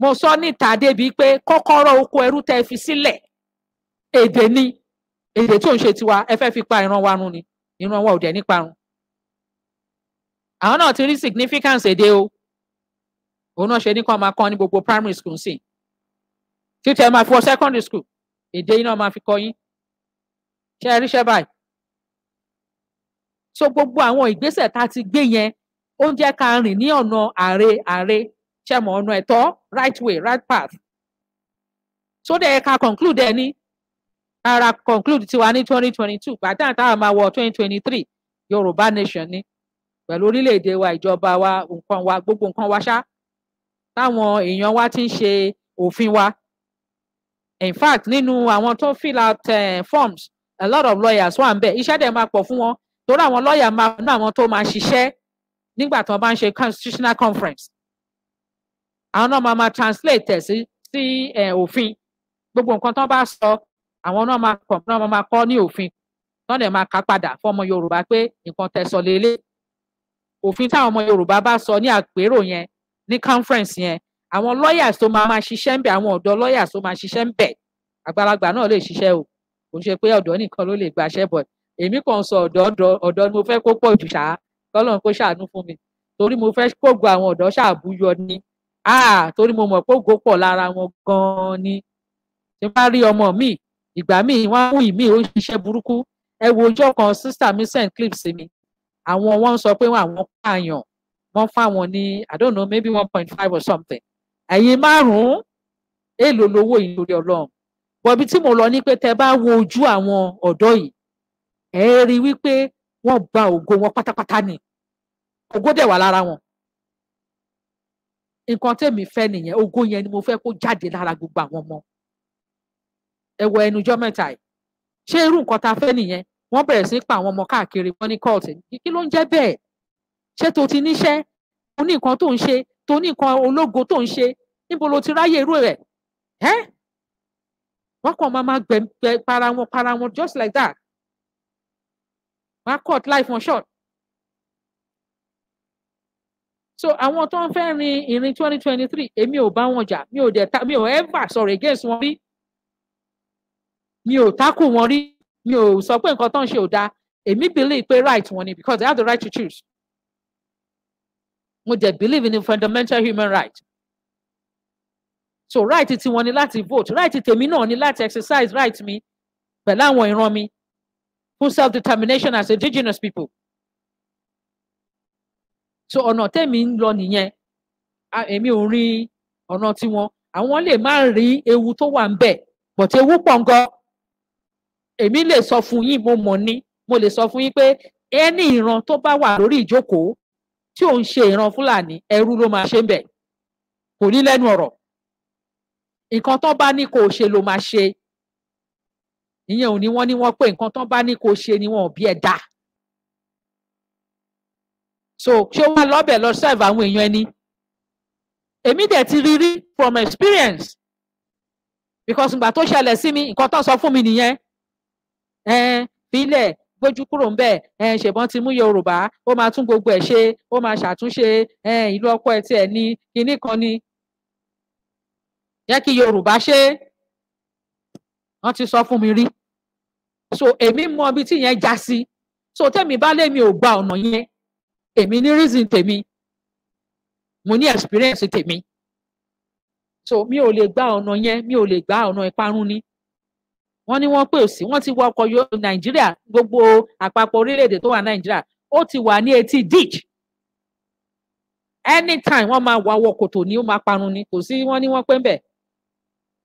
mo sọ níta débi pé kọ́kọ́rọ́ oko ẹrú tẹ́ fi sílẹ̀ èdè ni èdè tí ń ṣe tiwa ẹ fẹ́ fi pa ìran wa run ni ìran wa ò dẹ̀ ní parun àwọn náà ti rí significance èdè o òun náà ṣe ní kàn máa kọ́ ní gbogbo primary school sí títẹ̀ máa fi secondary school èdè yìí náà máa fi kọ́ yín ṣe é ríṣẹ́ báyìí so gbogbo àwọn ìgbésẹ̀ tá a ti gbé yẹn ó ń jẹ́ ká rìn ní ọ̀nà àre àre ṣẹ̀mọ̀ ọ̀nà ẹ̀tọ́ right way right path so dẹ̀ ká conclude ẹ ara conclude tiwa ní twenty twenty two gbàdá táwọn máa wọ twenty twenty three Yorùbá nation ni pẹ̀lú orílẹ̀-èdè wa ìjọba wa nǹkan wa gbogbo nǹkan wa ṣá táwọn èèyàn wa ti ń ṣe òfin wa in fact nínú àwọn tó fill out uh, forms a lot of lawyers wà ń bẹ iṣẹ́ dẹ̀ máa pọ̀ fún wọn torí àwọn lọ́ọ̀yà máa ná àwọn tó máa ṣiṣẹ́ nígbà tí wọ́n bá ń ṣe constitutional conference àwọn náà máa máa translate ẹ̀ sí sí eh, òfin gbogbo nǹkan tó bá sọ àwọn náà máa kọ̀ náà máa máa kọ́ ní òfin tán dẹ̀ máa kà padà fọmọ Yorùbá pé nǹkan tẹ́ sọ lélẹ̀ òfin táwọn ọmọ Yorùbá bá sọ ní àpérò yẹn ní conference yẹn àwọn lawyers tó máa máa ṣiṣẹ́ ń bẹ̀ àwọn ọ̀dọ́ lawyers tó máa ṣiṣẹ́ ń bẹ̀ àgbàlagbà náà lè ṣiṣẹ́ o kò ṣe pé ọ̀dọ́ nìkan ló lè gbaṣẹ́ bọ̀ èmi kàn sọ ọ̀dọ́ ọ̀dọ́ ni mo fẹ́ kó pọ̀ jù ṣáá kọ́lọ́n kó ṣàánú fún mi torí mo fẹ́ kó àwọn ọ̀dọ́ ṣàbúyọ ni torí mo mọ̀ pé pọ̀ lára wọn gan-an ni tí bá rí ọmọ mi ìgbà míì wọ́n mú ìmí ó ṣiṣẹ́ burúkú ẹ wo ọjọ́ kan sister mi send clips mi àwọn wọ́n sọ pé àwọn pààyàn wọ́n fáwọn ní i don't know maybe one point five or something ẹ̀yin márùn-ún èèlò lówó yìí lórí ọlọ́run bọ̀bí tí mo lọ ní pé tẹ bá wo ojú àwọn ọ̀dọ́ yìí ẹ rí wípé wọ́n ba ògo wọn pátápátá ni ògo dẹ̀ wà lára wọn nǹkan tẹ̀mí fẹ́ nìyẹn ògo yẹn ni mo fẹ́ kó jáde lára gbogbo àwọn ọmọ ẹ wọ ẹnujọ mẹ́ta yìí ṣé irú nǹkan ta fẹ́ nìyẹn wọ́n bẹ̀rẹ̀ sí pa àwọn ọmọ káàkiri wọ́n ní kọ́ọ̀tù kí ló ń jẹ́ bẹ́ẹ̀ ṣé tó ti níṣẹ́ o ní nǹkan tó ń ṣe tó ní nǹkan ológo tó ń ṣe níbo lo ti ráyè irú rẹ̀ ẹ́ wọ́n kàn máa máa gbẹ̀gbẹ̀ para wọn para wọn just like that wọ́n á cut life wọn short. so àwọn tó ń fẹ́ rin ìrìn twenty twenty three èmi ò bá wọn jà mi ò dẹ̀ ta mi ò ever sọ̀rọ̀ against wọn rí mi ò takò wọn rí mi ò sọ pé nǹkan tó ń ṣe ò dáa èmi believe pé right wọn ni because they have the right to choose mo dẹ̀ believe in fundamental human right so right ti wọn ni láti vote right tèmi náà ni láti exercise right mi pẹ̀lú àwọn ìran mi fún self determination as indigenous people so ọ̀nà tèmi ń lọ nìyẹn èmi ò rí ọ̀nà tiwọn àwọn lè má rí ewu tó wà ń bẹ̀ but ewu pọ̀ ń gọ́ èmi lè sọ fún yín mo mọ̀ ní mo lè sọ fún yín pé ẹni ìran tó bá wà lórí ìjókòó tí òun ṣe ìran fúlàní ẹrú ló máa ṣe ń bẹ̀ kò ní lẹ́nu ọ̀rọ̀ nǹkan tán bá ní kò ṣe ló máa ṣe ìyẹn ò ní wọ́n ní wọ́n pé nǹkan tán bá ní kò ṣe ni wọn ò bí ẹ dá so ṣé wàá lọ́bẹ̀ lọ serve àwọn èèyàn ẹni èmi dẹ̀ ti rí rí from experience because ìgbà tó ṣẹlẹ̀ sí mi nǹkan tán sọ fún mi nìyẹn ẹ filẹ̀ gbójú kúrò ńbẹ̀ ṣèbọn ti mú yorùbá ó máa tún gbogbo ẹ̀ ṣe ó máa ṣàtúnṣe ìlú ọkọ ẹ̀ tiẹ̀ ní kinní kan ni jẹ́ kí yorùbá ṣe wọ́n ti sọ fún mi rí so èmi mọ ibi tí yẹn já sí so tẹ́mi bá lé ò gba ọ̀nà yẹn èmi ní reason tèmi mo ní experience tèmi so mi ò lè gba ọ̀nà yẹn mi ò lè gba ọ̀nà ìparun ni wọ́n ní wọ́n pè sí wọ́n ti wọ ọkọ̀ yóò nàìjíríà gbogbo àpapọ̀ orílẹ̀-èdè tó wà nàìjíríà ó ti wà ní etí ditch anytime wọ́n máa wọ àwọ kòtò ni ó máa parun ni kò sí wọ́n ní wọ́n pé ń bẹ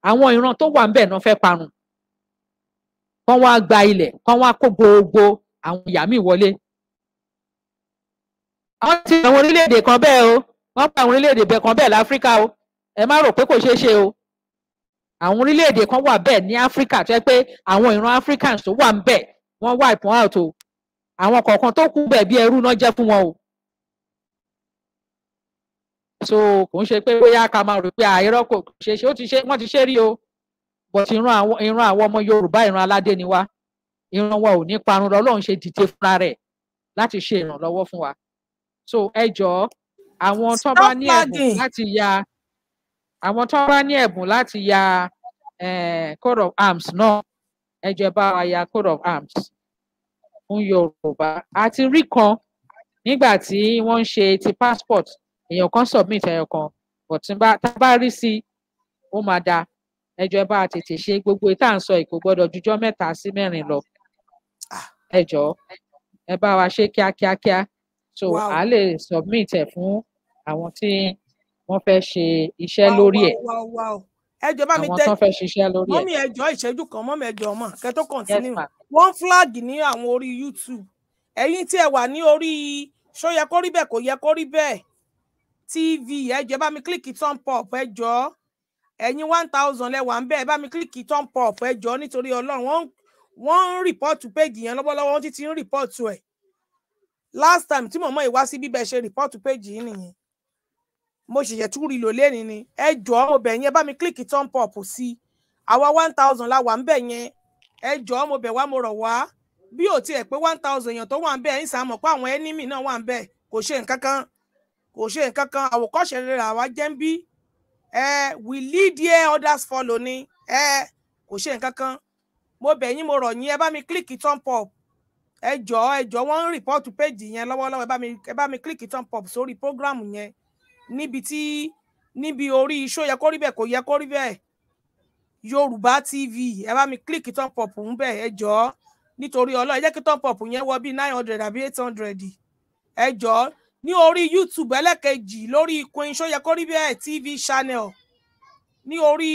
àwọn ìran tó wà ń bẹ náà fẹ́ parun kán wá gba ilẹ̀ kán wá kó gbogbo àwọn ìyá mi wọlé àwọn ti àwọn orílẹ̀-èdè kan bẹ́ẹ̀ o wọ́n pa àwọn orílẹ̀-èdè bẹ́ẹ̀ kan bẹ́ẹ̀ láfíríkà o ẹ má rò pé kò ṣeé ṣe o àwọn orílẹ̀-èdè kan wà bẹ́ẹ̀ ní áfíríkà tó yẹ pé àwọn ìran africans tó wà ń bẹ̀ wọ́n wà ìpọ́n out o àwọn kọ̀ọ̀kan tó kú bẹ̀ bí ẹrú náà jẹ́ fún wọn o. so kò ń ṣe pé bóyá ká máa rò pé àìrọ́ kò ṣe ṣe ó ti ṣe wọ́n ti ṣe rí o but ìran àwọn ìran àwọn ọmọ yorùbá ìran aládé ni wá ìran wa ò ní parun lọ́lọ́run ṣe dìde fúnra rẹ̀ láti ṣe ìrànlọ́wọ́ fún wa so ẹ jọ̀ọ́ àwọn tó bá ní ẹ̀bùn láti ya àwọn tó bá ní ẹ̀bùn láti ya coat of arms náà ẹ bá wa ya coat of arms fún yorùbá àti rí kan nígbà tí wọ́n ń ṣe ti passport èèyàn kan submit ẹyọ kan but tá a bá rí sí i ó máa da ẹjọ bá a tètè ṣe gbogbo ìta à ń sọ ìkó gbọ́dọ̀ jújọ́ mẹ́ta sí mẹ́rin lọ ẹjọ ẹ bá wa ṣe kíákíákíá so wow. a lè submit ẹ fún àwọn tí wọ́n fẹ́ ṣe iṣẹ́ lórí ẹ̀ ẹjọ bá mi tẹ mọmi ẹjọ ìṣẹ́jú kan mọmi ẹjọ ọmọ kẹtọ continue one flag ní àwọn orí YouTube ẹ̀yin tí ẹ wà ní orí ṣó yẹ kó rí bẹ́ẹ̀ kó yẹ kó rí bẹ́ẹ̀ TV ẹjọ bá mi kílìkì turn pop ẹjọ ẹ̀yin one thousand lẹwà ń bẹ ẹ bá mi kílìkì turn pop ẹjọ nítorí Ọlọ́run wọ́n ń rìpọ́ọ̀tù péjì yẹn lọ́wọ́lọ́wọ́ wọ́n ti ti ń rìpọ́ọ̀tù ẹ̀ last time tí mọ̀mọ́ ìwá sí bíbẹ̀ ṣe rìpọ́ọ̀tù péjì yìí nìyẹn mo ṣẹ̀ṣẹ̀ tún rí lò lẹ́ni ni ẹ jọ̀ọ́ mo bẹ̀ yẹn bá mi kílìkì turn pop sí i àwa one thousand la wà ń bẹ̀ yẹn ẹ jọ̀ọ́ mo bẹ̀ wá mo rọ̀ wá bí ò tiẹ̀ pé one thousand èèyàn tó wà ń bẹ̀ ẹ̀ ń sàmọ̀ pé àwọn enemy náà wà ń bẹ̀ kò ṣe nǹkan kan kò ṣe nǹkan kan àwòkọ́ṣe àwa jẹ́ ń bí ẹ we lead here others follow ni ẹ kò ṣe nǹkan mo bẹ̀ yín mo rọ̀ yín ẹ bá mi kílìkì turn pop ẹ jọ̀ọ́ ẹ jọ̀ọ́ wọ́n ń rìpọ́ọ̀tù péjì yẹn lọ́wọ́lọ́wọ́ ẹ bá mi kílìkì turn pop sórí program yẹn níbi tí níbi orí iṣó yẹ kó rí bẹ́ẹ̀ kò yẹ kó rí bẹ́ẹ̀ yorùbá tv ẹ bá mi click top up ń bẹ̀ ẹ jọ̀ọ́ nítorí ọlọ́ọ̀ ẹ jẹ́ kí top up yẹn wọ bíi nine hundred àbí eight hundred ẹ jọ̀ọ́ ní orí youtube ẹlẹ́kejì lórí queen show yẹ kó rí bẹ́ẹ̀ tv channel ní orí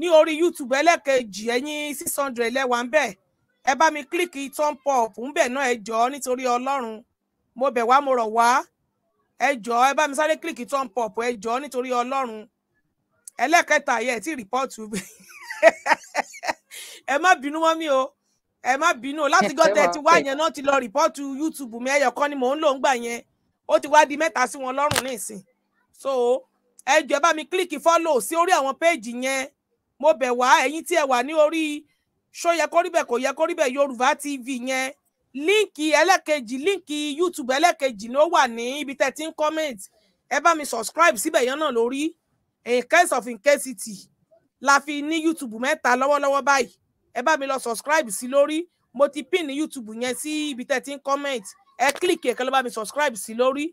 ní orí youtube ẹlẹ́kejì ẹ̀yìn six hundred lẹ́wà ń bẹ̀ ẹ bá mi click top up ń bẹ̀ náà ẹ jọ̀ọ́ nítorí ọlọ́run mo bẹ̀ wá mo rọ̀ wá ẹ jọ ẹ bá mi sáré kílìkì turn pop ẹ jọ nítorí Ọlọ́run ẹlẹ́kẹta yẹ ti rìpọ́ọ̀tù ẹ má bínú mọ́ mi o ẹ má bínú o láti gọ́tẹ̀ ti wá yẹn náà ti lọ rìpọ́ọ̀tù YouTube mi ẹyọ kan ni mò ń lò ń gbà yẹn ó ti wá di mẹ́ta sí wọn lọ́rùn nísìn so ẹ jọ ẹ bá mi kílìkì follow sí orí àwọn péèjì yẹn mo bẹ̀ wá ẹ̀yin tí ẹ wà ní orí ṣó yẹ kó rí bẹ́ẹ̀ kò yẹ kó rí bẹ́ẹ̀ Yorùbá TV yẹn líǹkì ẹlẹ́kejì líǹkì youtube ẹlẹ́kejì ló wà ní ibi tẹ́ comment ẹ bá mi subscribe síbẹ̀ yẹn náà lórí in case of incasity la fi ní youtube mẹ́ta lọ́wọ́lọ́wọ́ báyìí ẹ bá mi lọ subscribe sí lórí mo ti pin ní youtube yẹn sí ibi tẹ́ ti ń comment ẹ kílìkì ẹ̀kẹ́ ló bá mi subscribe sí lórí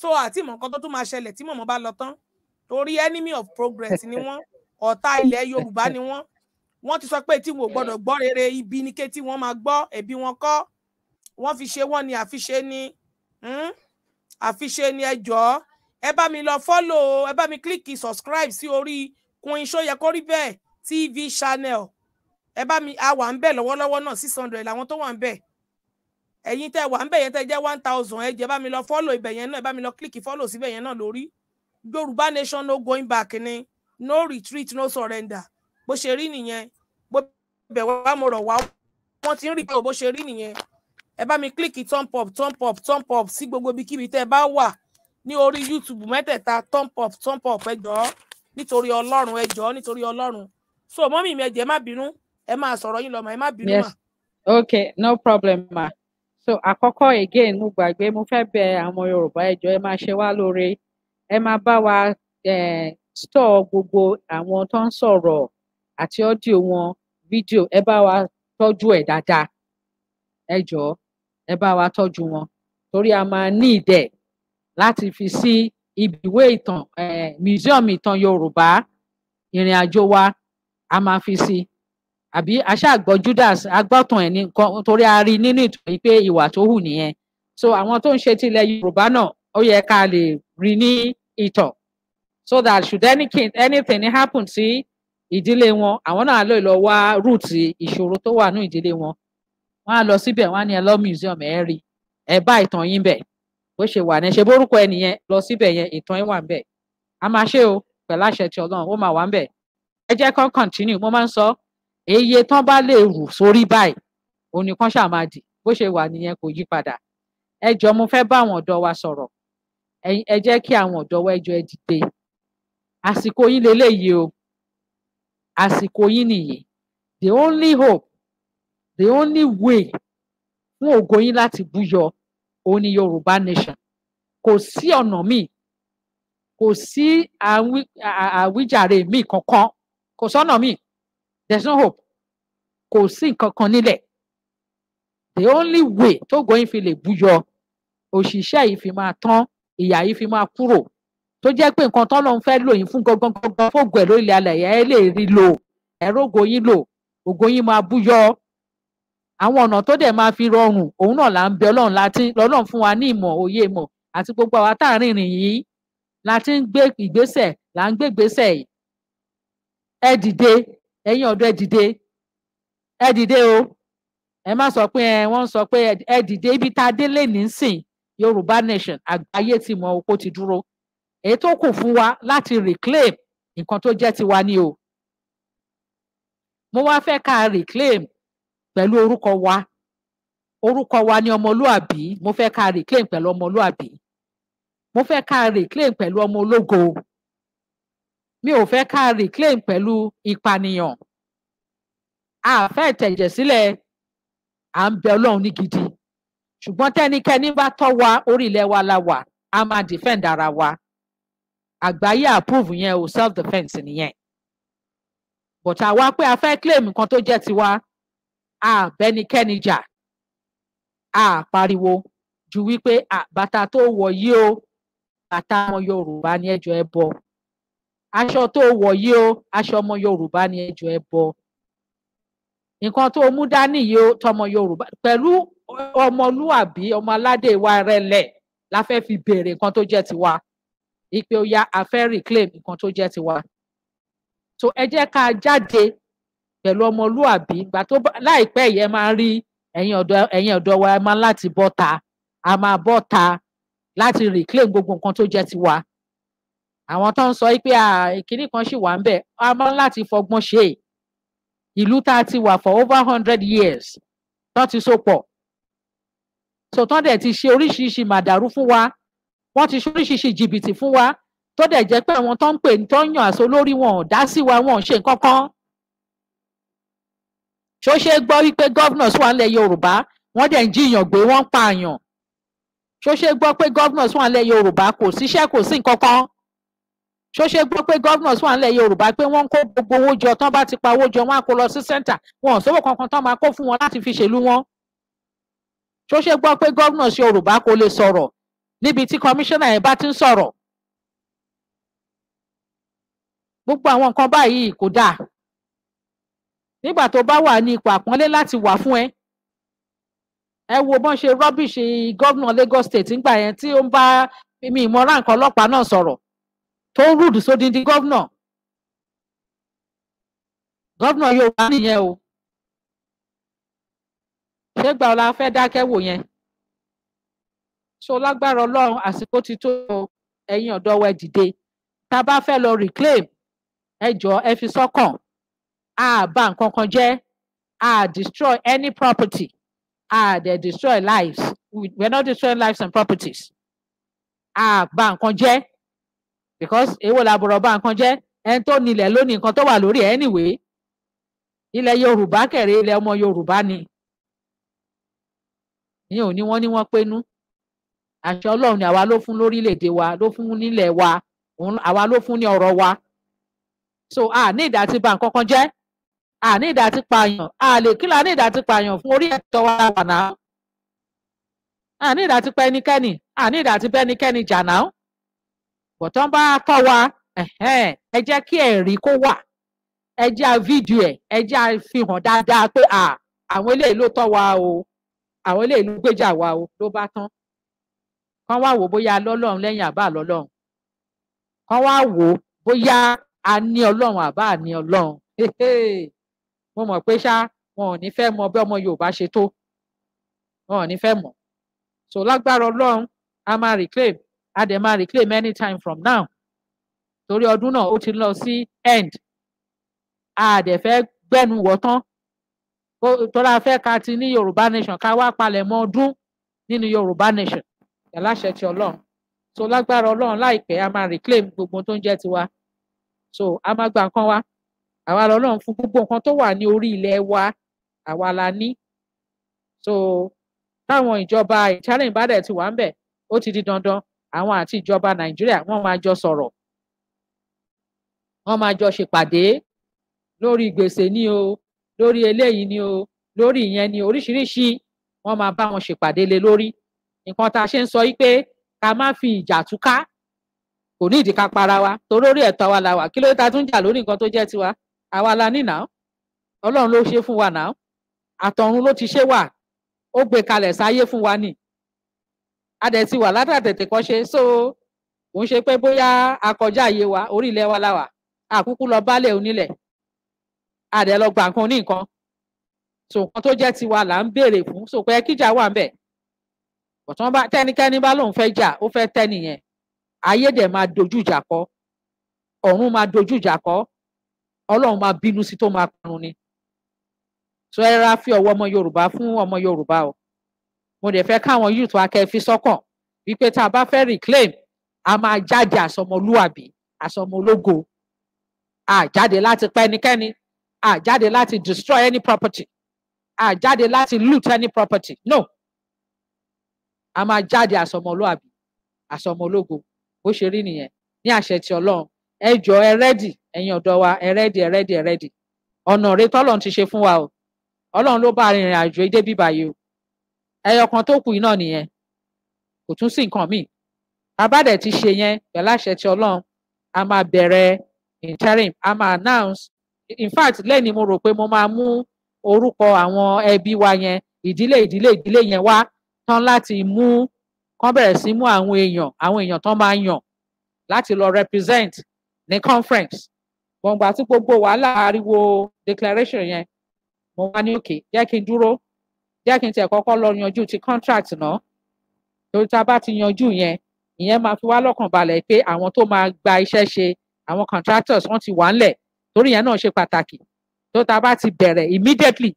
so àti ìmọ̀ nǹkan tó tún máa ṣẹlẹ̀ tí mọ̀mọ́ bá lọ tán torí enemy of progress ni wọ́n ọ̀tá ilẹ̀ yorùbá ni wọ́n wọ́n ti sọ pé tí wọn ò gbọ́dọ̀ gbọ́ rere ibi ni ké tí wọ́n máa gbọ́ ẹ̀bi wọn kọ́ wọ́n fi ṣe wọ́n ni àfiṣe ni hmm? àfiṣe ni ẹ jọ̀ọ́ ẹ bá mi lọ follow ẹ bá mi kílíkì subscribe sí orí Queen Soyekori bẹ́ẹ̀ TV channel ẹ bá mi a wà ń bẹ̀ lọ́wọ́lọ́wọ́ náà six hundred làwọn tó wà ń bẹ̀ ẹ̀yin tẹ́ wà ń bẹ̀ yẹn tẹ́ jẹ́ one thousand ẹ jẹ́ bá mi lọ follow ibẹ̀ yẹn náà ẹ bá mi lọ kílíkì follow síbẹ̀ yẹn náà lórí Yorùbá nation no going back ni no retreat no surrender bó ṣe rí nìyẹn bó bẹ̀ wá mo rọ̀ wá wọ́n ti ń rí bó ṣe rí nìyẹn ẹ bá mi kílìkì thumb up thumb up thumb up sí gbogbo ibikíbi tẹ́ ẹ bá wà ní orí YouTube mẹ́tẹ̀ẹ̀ta thumb up thumb up ẹ jọ̀ọ́ nítorí Ọlọ́run ẹ jọ̀ọ́ nítorí Ọlọ́run so mọ́mì mi ẹ jẹ́ má bínú ẹ máa sọ̀rọ̀ yín lọ mà ẹ má bínú mà. yes okay no problem ma so àkọ́kọ́ again mo gbàgbé mo fẹ́ bẹ àwọn Yorùbá ẹ jọ̀ọ́ ẹ máa ṣe wá lóore ẹ máa bá wa store gbogbo àwọn tó ń sọ̀rọ̀ àti ọ́díò wọn fídíò ẹ bá wa tọ́jú ẹ̀ dáadáa ẹ jọ̀ọ́ ẹ bá wa tọ́jú wọn torí a máa ní ìdẹ láti fi sí ibi ìwé ìtàn museum ìtàn Yorùbá ìrìn àjò wa a máa fi sí àbí aṣáàgbọ́ Judas agbọ́tàn ẹ̀ ní torí a rí nínú ìtàn yìí pé ìwà tó hù nìyẹn so àwọn tó ń ṣe tilẹ̀ Yorùbá náà ó yẹ ká lè rí ní ìtàn so that should anything, anything happen sí ìdílé wọn àwọn náà lè lọ wá rúùtì ìṣòro tó wà ní ìdílé wọn wọ́n á lọ síbẹ̀ wọ́n á ní ẹ lọ museum ẹ rí ẹ bá ìtàn yín bẹ̀ bó ṣe wà ní ṣe bórúkọ ẹ nìyẹn lọ síbẹ̀ yẹn ìtàn yín wà ń bẹ̀ a máa ṣe o pẹ̀lú àṣẹ ti Ọlọ́run ó máa wà ń bẹ̀ ẹ jẹ́ kán continue mo máa ń sọ èyí tán bá lè rù sórí báyìí òní kan ṣáà máa dì bó ṣe wà nìyẹn kò yí padà ẹ jọ mo fẹ́ bá àwọn ọ̀dọ́ wa sọ̀rọ̀ ẹ jẹ́ kí àwọn ọ̀dọ́ wa ẹjọ́ ẹ dìde àsìkò yín leléyìí o àsìkò yín nìyí the only hope the only way fún ògo yín láti búyọ òun ni yorùbá nation kò sí ọ̀nà míì kò sí àwíjàre míì kankan kò sọ́nà míì there is no hope kò sí nǹkan kan nílẹ̀ the only way tógo yín fi lè búyọ òṣìṣẹ́ yìí fi máa tán ìyà yìí fi máa kúrò tó jẹ́ pé nǹkan tán lòun fẹ́ lò yín fún gangan gangan fóògùn ẹ̀ lórí ilẹ̀ alẹ̀ ẹ̀ lè rí lò ẹ̀rọ ògo yín lò ògo yín máa búyọ àwọn ọ̀nà tó dẹ̀ máa fi rọrùn òun náà là ń bẹ ọlọ́run láti lọ́lọ́run fún wa ní ìmọ̀ òye ìmọ̀ àti gbogbo àwa tá à ń rìnrìn yìí láti ń gbé ìgbésẹ̀ là ń gbé ìgbésẹ̀ yìí ẹ dìde ẹ̀yin ọ̀dọ́ ẹ dìde ẹ dìde o ẹ má sọ pé wọ́n sọ pé ẹ dìde ibi tá a dé lè nísìn Yorùbá nation àgbáyé ti mọ oko ti dúró èyí tó kù fún wa láti reclaim nǹkan tó jẹ́ tiwa ni o mo wá fẹ́ ká reclaim pẹ̀lú orúkọ wa orúkọ wa ni ọmọlúàbí mo fẹ́ ká reclaim pẹ̀lú ọmọlúàbí mo fẹ́ ká reclaim pẹ̀lú ọmọ ológo mi ò fẹ́ ká reclaim pẹ̀lú ìpànìyàn a fẹ́ tẹ̀jẹ̀ sílẹ̀ à ń bẹ ọlọ́run ní gidi ṣùgbọ́n tẹ́nikẹ́ni bá tọ́ wa orí ilẹ̀ wa la wà a máa defend ara wa àgbáyé approve yẹn o self defence nìyẹn but àwa pé a fẹ́ claim nǹkan tó jẹ́ tiwa àbẹnikẹ́ni jà àpariwo ju wípé bàtà tó wọ̀ yìí o bàtà ọmọ Yorùbá ni ẹjọ ẹ bọ aṣọ tó wọ̀ yìí o aṣọ ọmọ Yorùbá ni ẹjọ ẹ bọ nǹkan tó mú dání yìí o tọmọ Yorùbá pẹ̀lú ọmọlúàbí ọmọ aládé wa rẹlẹ̀ la fẹ́ fi béèrè nǹkan tó jẹ́ tiwa ìpè ó yá reclaim nǹkan tó jẹ́ tiwa so ẹ jẹ́ ká jáde pẹ̀lú ọmọlúàbí ìgbà tó láìpẹ́ yẹ máa rí ẹ̀yin ọ̀dọ́ ẹ̀yin ọ̀dọ́ wa ẹ máa láti bọ́ ta a máa bọ́ ta láti reclaim gbogbo nǹkan tó jẹ́ tiwa àwọn tó ń sọ pé ìkíní kan ṣì wà ń bẹ̀ a máa láti fọgbọ́n ṣe ìlú tá a ti wà for over hundred years tó ti so pọ̀ so tó dẹ̀ ti ṣe oríṣiríṣi màdàrú fún wa wọ́n ti ṣe oríṣiríṣi jìbìtì fún wa tó dẹ̀ jẹ́ pé àwọn tó ń pè tó ń yàn àṣọ lórí wọn ò dá sí wa wọn ò ṣe nǹkan kan ṣó ṣe gbọ́ wípé governors wà nílẹ̀ yorùbá wọ́n dẹ̀ ń jiyàn gbé wọ́n ń pààyàn ṣó ṣe gbọ́ pé governors wà nílẹ̀ yorùbá kò síṣẹ́ kò sí nǹkan kan ṣó ṣe gbọ́ pé governors wà nílẹ̀ yorùbá pé wọ́n ń kó gbogbo owó jọ tán bá ti pa owó jọ wọ́n á kó lọ sí sẹ́ńtà wọn ò sówó kankan tán máa kó fún wọn láti fi ṣèlú wọn ṣó ṣe gbọ́ pé governors yorùbá kò lè sọ̀rọ̀ níbi tí commissioner yẹn bá ti ń sọ̀rọ̀ gbogbo àwọn nǹkan báyìí kò dáa nígbà tó bá wà ní ipò àpọ́nlé láti wà fún ẹ ẹ wo bọ́n ṣe rubbish gómìnà Lagos State ńgbà yẹn tí ó ń bá mi ìmọ̀ra nǹkan ọlọ́pàá náà sọ̀rọ̀ tó ń rúdù sódindi gómìnà gómìnà yóò wá nìyẹn o ṣé gbà ọ̀la fẹ́ dákẹ́ wò yẹn so lágbára Ọlọ́run àsìkò ti tó ẹ̀yin ọ̀dọ́ wa dìde tá a bá fẹ́ lọ reclaim ẹ jọ ẹ fi sọ́kàn. So a bà nǹkan kan jẹ́ a destroy any property a dey destroy lives we are not destroying lives and properties a bà nǹkan jẹ́ because èwo la bọ̀rọ̀ bà nǹkan jẹ́ ẹni tó nílẹ̀ ló ní nǹkan tó wà lórí ẹ̀ anyway ilẹ̀ Yorùbá kẹ̀rẹ́ ilẹ̀ ọmọ Yorùbá ni ìyẹn ò ní wọ́n ní wọ́n pénú àṣẹ Ọlọ́run ni àwa ló fún lórílẹ̀‐èdè wa ló fún nílẹ̀ wa àwa ló fún ní ọ̀rọ̀ wa so a ní ìdásí bà nǹkan kan jẹ́ àní ìdàtí pààyàn àlè kí la ní ìdàtí pààyàn fún orí ẹ̀tọ́ wa wà náà àní ìdàtí pa ẹnikẹ́ni àní ìdàtí pa ẹnikẹ́ni jà náà bọ̀tọ́ bá kọ́ wa ẹ jẹ́ kí ẹ̀rí kó wà ẹ jẹ́ a fídíò ẹ̀ ẹ jẹ́ a fi hàn dáadáa pé àwọn eléyìí ló tọ́ wa o àwọn eléyìí ló gbèjà wa o ló bá tán kán wá wò bóyá lọ́lọ́run lẹ́yìn àbá lọ́lọ́run kán wá wò bóyá a ní ọlọ́run àbá ní ọlọ́run mo mọ̀ pé ṣá wọn ò ní fẹ́ mọ bí ọmọ Yorùbá ṣe tó wọn ò ní fẹ́ mọ̀ so lágbára Ọlọ́run a máa reclaim a dẹ̀ máa reclaim anytime from now torí ọdún náà ó ti lọ sí end a dẹ̀ fẹ́ gbẹ́nu wọ̀ tán tọ́lá fẹ́ ká ti ní Yorùbá nation ká wá palẹ̀ mọ́ ọdún nínú Yorùbá nation yàláṣẹ ti Ọlọ́run so lágbára Ọlọ́run láìpẹ́ a máa reclaim gbogbo tó ń jẹ́ tiwa so a máa gba nǹkan wa àwa lọ́lọ́run fún gbogbo nǹkan tó wà ní orí ilẹ̀ wa àwa la ní so táwọn ìjọba ìtàlẹ́yìn bá dẹ̀ ti wà ń bẹ̀ ó ti di dandan àwọn àti ìjọba nàìjíríà wọ́n máa jọ sọ̀rọ̀ wọ́n máa jọ ṣèpàdé lórí gbèsè ni o lórí eléyìí ni o lórí ìyẹn ni oríṣiríṣi wọ́n máa bá wọn ṣèpàdé lé lórí nǹkan tá a ṣe ń sọ yìí pé ká má fi ìjà túká kò ní ìdí ká para wa torórí ẹ̀tọ́ wa la wà kí ló dé ta tún jà lórí nǹkan tó jẹ́ tiwa àwa la ní náà ọlọ́run ló ṣe fún wa náà àtọ̀run ló ti ṣe wà ó gbé kalẹ̀ sáyé fún wa ni a dẹ̀ ti wà látàtẹ̀tẹ̀ kọ́ṣe so kò ń ṣe pé bóyá akọjá àyè wa orílẹ̀ wa la wà àkúkú lọ bálẹ̀ onílẹ̀ a lọ gbà nǹkan ní nǹkan so nǹkan tó jẹ́ tiwa là ń béèrè fún so pé kíjà wà ń bẹ̀ bọ̀tán bá tẹ́nikẹ́ni bá lóun fẹ́ jà ó fẹ́ tẹ́ nìyẹn ayé dẹ̀ máa dojú ìjà kọ ọ̀run máa dojú ìjà kọ ọlọ́run máa bínú sí tó máa parun ni so ẹ ra fi ọwọ́ ọmọ yorùbá fún ọmọ yorùbá o mo dẹ̀ fẹ́ káwọn youth wa kẹ́ fi sọ́kàn wípé tá a bá fẹ́ reclaim a máa jáde àsọmọlúàbí àsọmọlógo a jáde láti pa ẹnikẹ́ni a jáde láti destroy any property a jáde láti loot any property no a máa jáde àsọmọlúàbí àsọmọlógo bó ṣe rí nìyẹn ní àṣẹ ti ọlọ́run ẹ jọ ẹ rẹ́dì ẹ̀yin ọ̀dọ́ wa ẹ rẹ́dì ẹ rẹ́dì ẹ rẹ́dì ọ̀nà rẹ tọ́lọ́run ti ṣe fún wa o ọlọ́run ló bá arìnrìn àjò dé bí báyìí o ẹyọ kan tó kù iná nìyẹn kò tún sí nǹkan míì abádẹ̀ ti ṣe yẹn pẹ̀lú àṣẹ ti ọlọ́run a máa bẹ̀rẹ̀ interim a máa announce in fact lẹ́ni mo rò pé mo máa mú orúkọ àwọn ẹbí wa yẹn ìdílé ìdílé ìdílé yẹn wá tán láti mú kán bẹ̀rẹ̀ sí mú àwọn èèyàn àwọn èèyàn tán máa yàn láti lọ represent ní conference gbọ̀ngbà tí gbogbo wàhálà ariwo declaration yẹn mo wá ní òkè jẹ́ kí n dúró jẹ́ kí n tiẹ̀ kọ́kọ́ lọ yanjú ti contract náà torí tá a bá ti yanjú yẹn ìyẹn máa fi wá lọ́kàn balẹ̀ pé àwọn tó máa gba iṣẹ́ ṣe àwọn contractors wọ́n ti wà ńlẹ̀ torí yẹn náà ṣe pàtàkì tó tá a bá ti bẹ̀rẹ̀ immediately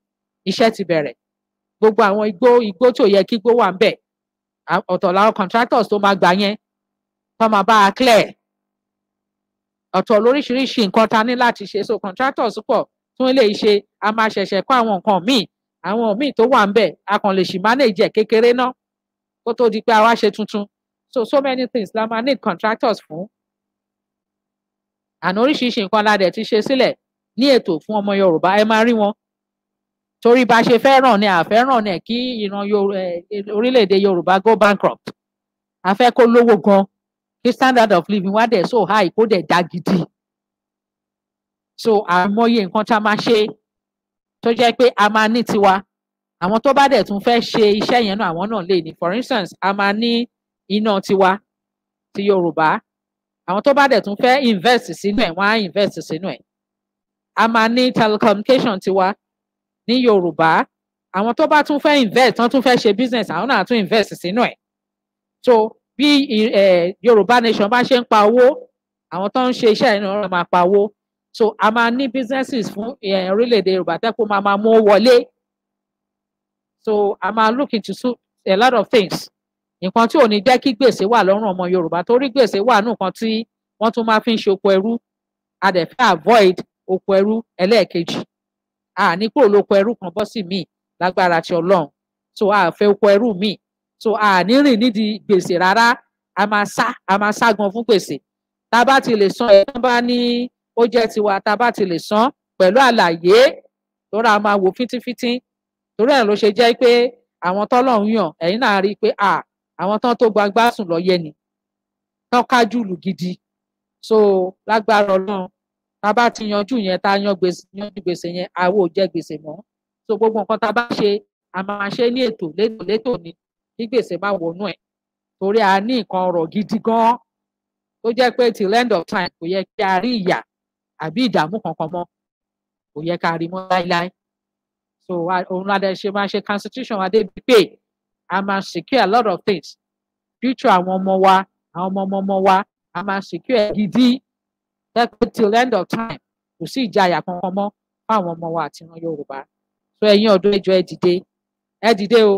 iṣẹ́ ti bẹ̀rẹ̀ gbogbo àwọn igbó igbó tó yẹ kí igbó wà ń bẹ̀ ọ̀tọ̀ làwọn contractors tó máa gbà yẹn tó máa bá a clear ọ̀tọ̀ lóríṣiríṣi nǹkan ta ní láti ṣe so contractors pọ̀ tí wọ́n lè ṣe a máa ṣẹ̀ṣẹ̀ kọ́ àwọn nǹkan míì àwọn míì tó wà ń bẹ̀ a kàn lè ṣì manage ẹ̀ kékeré náà kó tó di pé a wá ṣe tuntun so so many things la máa need contractors fún àná oríṣiríṣi nǹkan la dẹ̀ ti ṣe sílẹ̀ ní ètò fún ọmọ Yorùbá ẹ máa rí wọn torí bá a ṣe fẹ́ràn ni àfẹ́ràn ni kí ìran orílẹ̀-èdè Yorùbá go bankrupt a fẹ́ kó lówó gan-an kí standard of living wá dẹ̀ so high kó dẹ̀ dá gidi so àmọye nǹkan tá a máa ṣe tó jẹ́ pé a máa ní tiwa àwọn tó bá dẹ̀ tún fẹ́ ṣe iṣẹ́ yẹn náà àwọn náà lè ní for instance a máa ní iná tiwa ti Yorùbá àwọn tó bá dẹ̀ tún fẹ́ invest sínú ẹ̀ wọ́n á invest sínú ẹ̀ a máa ní telecommunication tiwa ní Yorùbá àwọn tó bá tún fẹ́ invest wọ́n tún fẹ́ ṣe business àwọn náà tún invest sínú ẹ̀ so bí yorùbá nation bá ṣe ń pa owó àwọn tó ń ṣe iṣẹ́ ìrìn ọ̀rọ̀ máa pa owó so a máa ní businesses fún orílẹ̀-èdè yorùbá tẹ́kọ̀ máa máa mú wọlé so a máa look into a lot of things nǹkan tí ò ní jẹ́ kí gbèsè wà lọ́rùn ọmọ yorùbá torí gbèsè wà nù kan tí wọ́n tún máa fi ń ṣe oko ẹrú a dẹ̀ fẹ́ avoid oko ẹrú ẹlẹ́ẹ̀kejì a ní kúrò lóko ẹrú kan bọ́ sí míì lágbára ti ọlọ́run so a fẹ́ oko ẹrú míì so àní rìn nídìí gbèsè rárá a máa sá a máa ságun fún gbèsè tá a bá ti lè san ẹ̀ tán bá ní ó jẹ́ tiwa tá a bá ti lè san pẹ̀lú àlàyé lórí a máa wò fíntífíntín torí ẹ̀ ló ṣe jẹ́ pé àwọn tọ́lọ́run yàn ẹ̀yin náà rí i pé àwọn tán tó gbangbá sùn lọ yẹ ni tán kájú lù gidi so lágbára Ọlọ́run tá a bá ti yanjú yẹn tá a yan gbèsè yanjú gbèsè yẹn àwo jẹ gbèsè mọ́ so gbogbo nǹkan tá a bá ṣe a máa ṣe ní ètò létò létò ni kí gbèsè má wọnú ẹ̀ torí a ní nǹkan ọ̀rọ̀ gidi gan tó jẹ́ pé till end of time kò yẹ kí a rí ìyà àbí ìdààmú kankan mọ́ kò yẹ ká rí mọ́ láíláí so òun ládàá ṣe máa ṣe constitution wa débi pé a máa secure a lot of things future àwọn ọmọ wa àwọn ọmọ ọmọ wa a máa secure gidi lẹ́pẹ́ till end of time kò sí ìjayà kankan mọ́ fáwọn ọmọ wa àti ìran Yorùbá so ẹ̀yin ọ̀dọ́ ẹjọ́ ẹ dìde ẹ dìde o